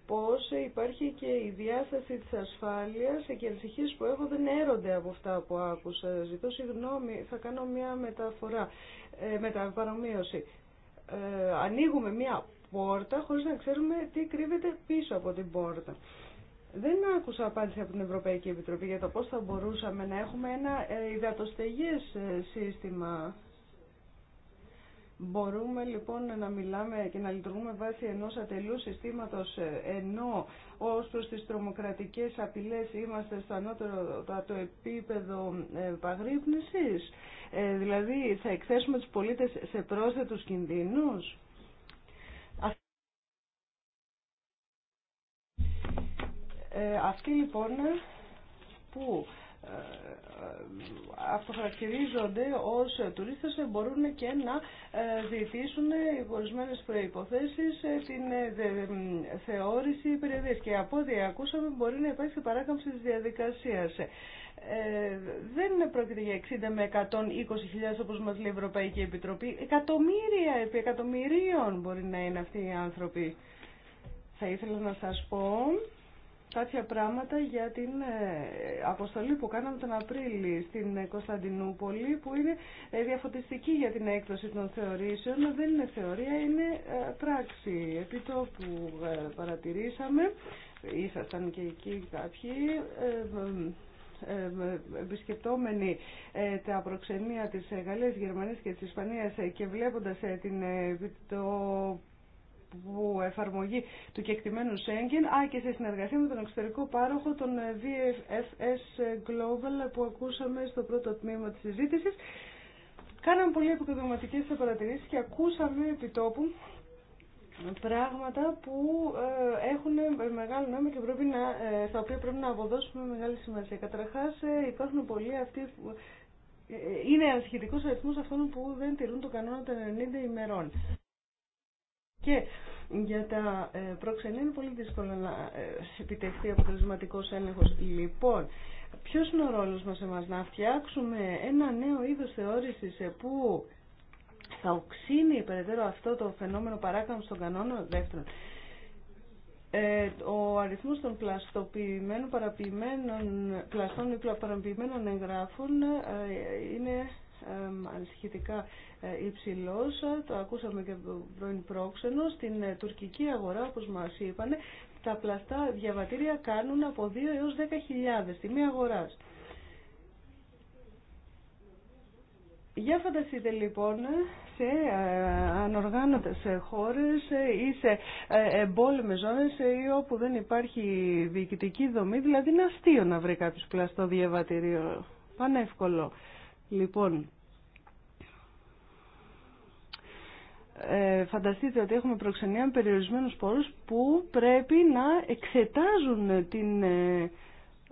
πως υπάρχει και η διάσταση της ασφάλειας και οι ανησυχίες που έχω δεν έρονται από αυτά που άκουσα. Ζητώ συγγνώμη, θα κάνω μια μεταφορά, ε, μεταπαρομοίωση. Ε, ανοίγουμε μια πόρτα χωρίς να ξέρουμε τι κρύβεται πίσω από την πόρτα. Δεν άκουσα απάντηση από την Ευρωπαϊκή Επιτροπή για το πώς θα μπορούσαμε να έχουμε ένα ε, υδατοστεγές ε, σύστημα. Μπορούμε λοιπόν να μιλάμε και να λειτουργούμε βάσει ενός ατελού συστήματος ε, ενώ ως προς τις τρομοκρατικές απειλές είμαστε στο ανώτερο το επίπεδο παγρύπνησης. δηλαδή θα εκθέσουμε τους πολίτες σε πρόσθετους κινδύνους. Ε, αυτοί λοιπόν που ε, ε, αυτοχαρακτηρίζονται ως τουρίστες μπορούν και να διαιτήσουν οι ορισμένες προϋποθέσεις την θεώρηση περιοδίας και από ό,τι ακούσαμε μπορεί να υπάρξει παράκαμψη της διαδικασίας. Ε, δεν πρόκειται για 60 με 120 όπως μας λέει η Ευρωπαϊκή Επιτροπή. Εκατομμύρια επί εκατομμυρίων μπορεί να είναι αυτοί οι άνθρωποι. Θα ήθελα να σας πω κάποια πράγματα για την ε, αποστολή που κάναμε τον Απρίλη στην Κωνσταντινούπολη που είναι ε, διαφωτιστική για την έκδοση των θεωρήσεων. Δεν είναι θεωρία, είναι ε, πράξη. Επί το που παρατηρήσαμε, ήσασταν και εκεί κάποιοι, επισκεπτόμενοι τα προξενία της Γαλλίας, Γερμανίας και της Ισπανίας και βλέποντας την το που εφαρμογή του κεκτημένου Σέγγιν, α, και σε συνεργασία με τον εξωτερικό πάροχο, τον VFS ε, ε, Global, που ακούσαμε στο πρώτο τμήμα της συζήτηση, Κάναμε πολύ επικοδοματικές παρατηρήσεις και ακούσαμε επιτόπου πράγματα που ε, έχουν μεγάλο νόημα και πρέπει να, στα οποία πρέπει να αποδώσουμε μεγάλη σημασία. Καταρχάς υπάρχουν πολλοί αυτοί είναι ασχετικός αριθμό αυτών που δεν τηρούν το κανόνα των 90 ημερών. Και για τα ε, πρόξενη είναι πολύ δύσκολο να ε, επιτευχθεί αποτελεσματικό έλεγχο. Λοιπόν, ποιο είναι ο ρόλος μας εμάς να φτιάξουμε ένα νέο είδος θεώρησης ε, που θα οξύνει περαιτέρω αυτό το φαινόμενο παράκαμψη των κανόνων δεύτερον. ο αριθμός των πλαστοποιημένων, παραποιημένων, πλαστών ή παραποιημένων εγγράφων είναι ανησυχητικά ε, υψηλό, το ακούσαμε και από πρώην πρόξενο, στην ε, τουρκική αγορά όπως μας είπαν, τα πλαστά διαβατήρια κάνουν από 2 έως 10.000 τιμή αγοράς. Για φανταστείτε λοιπόν σε ε, ανοργάνωτες χώρες ή σε εμπόλεμες ζώνες ή όπου δεν υπάρχει διοικητική δομή, δηλαδή είναι αστείο να βρει κάποιος πλαστό διαβατήριο. Πανεύκολο. Λοιπόν, ε, φανταστείτε ότι έχουμε προξενία με περιορισμένους πόρους που πρέπει να εξετάζουν την ε,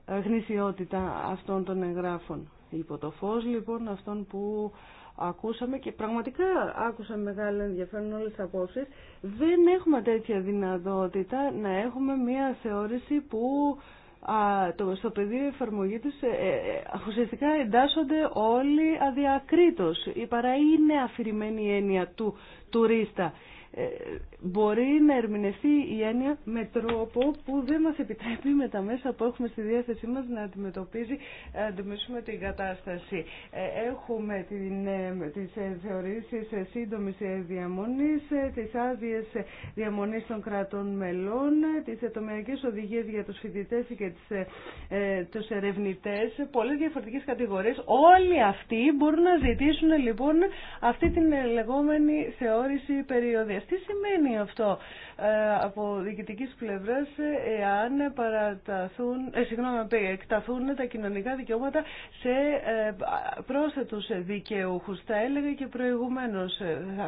γνησιότητα αυτών των εγγράφων. Υπό το φως λοιπόν αυτών που ακούσαμε και πραγματικά άκουσα μεγάλο ενδιαφέρον όλες τις απόψεις, δεν έχουμε τέτοια δυνατότητα να έχουμε μια θεώρηση που στο πεδίο εφαρμογή τους ε, ε, ουσιαστικά εντάσσονται όλοι αδιακρίτως. Η παρά είναι αφηρημένη η έννοια του τουρίστα. Ε, μπορεί να ερμηνευτεί η έννοια με τρόπο που δεν μας επιτρέπει με τα μέσα που έχουμε στη διάθεσή μας να αντιμετωπίζει, να αντιμετωπίσουμε την κατάσταση. Ε, έχουμε την, ε, τις θεωρήσεις σύντομης διαμονής, τις άδειες διαμονής των κρατών μελών, τις ετομιακές οδηγίες για τους φοιτητές και τις, ε, τους ερευνητές, πολλές διαφορετικές κατηγορίες. Όλοι αυτοί μπορούν να ζητήσουν λοιπόν αυτή την λεγόμενη θεώρηση περιοδία τι σημαίνει αυτό. Ε, από διοικητική πλευράς εάν παραταθούν, ε, συγγνώμη, εκταθούν τα κοινωνικά δικαιώματα σε ε, πρόσθετους δικαιούχους. Τα έλεγα και προηγουμένω.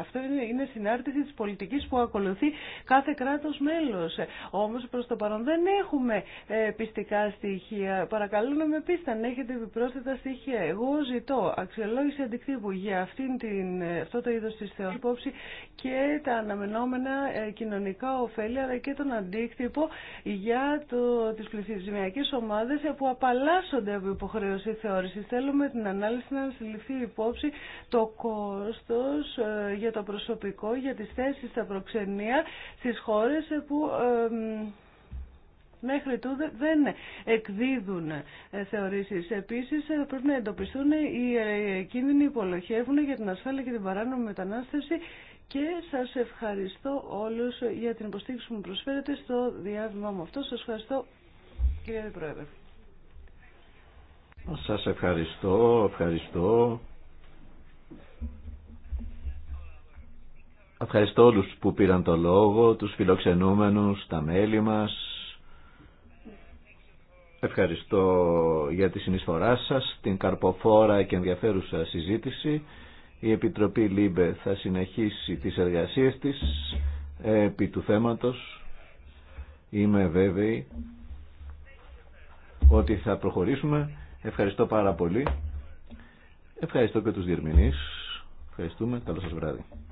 Αυτό είναι, είναι συνάρτηση τη πολιτικής που ακολουθεί κάθε κράτος μέλος. Όμως προ το παρόν δεν έχουμε ε, πιστικά στοιχεία. Παρακαλώ να με πίστα αν έχετε επιπρόσθετα στοιχεία. Εγώ ζητώ αξιολόγηση αντικτύπου για αυτήν την, ε, αυτό το είδο της και τα αναμενόμενα κοινωνικά ωφέλη αλλά και τον αντίκτυπο για το, τις πληθυσμιακές ομάδες που απαλλάσσονται από υποχρέωση θεώρηση. Θέλουμε την ανάλυση να συλληφθεί υπόψη το κόστος ε, για το προσωπικό, για τις θέσεις στα προξενία στις χώρες που μέχρι τούδε δεν εκδίδουν ε, θεωρήσεις. Επίσης ε, πρέπει να εντοπιστούν οι κίνδυνοι που ολοχεύουν για την ασφάλεια και την παράνομη μετανάστευση και σας ευχαριστώ όλους για την υποστήριξη που μου προσφέρετε στο διάβημά μου αυτό. Σας ευχαριστώ κύριε Πρόεδρε. Σας ευχαριστώ, ευχαριστώ. Ευχαριστώ όλους που πήραν το λόγο, τους φιλοξενούμενους, τα μέλη μας. Ευχαριστώ για τη συνεισφορά σας, την καρποφόρα και ενδιαφέρουσα συζήτηση. Η Επιτροπή ΛΥΜΠΕ θα συνεχίσει τις εργασίες της επί του θέματος. Είμαι βέβαιη ότι θα προχωρήσουμε. Ευχαριστώ πάρα πολύ. Ευχαριστώ και τους διερμηνείς. Ευχαριστούμε. Καλό σας βράδυ.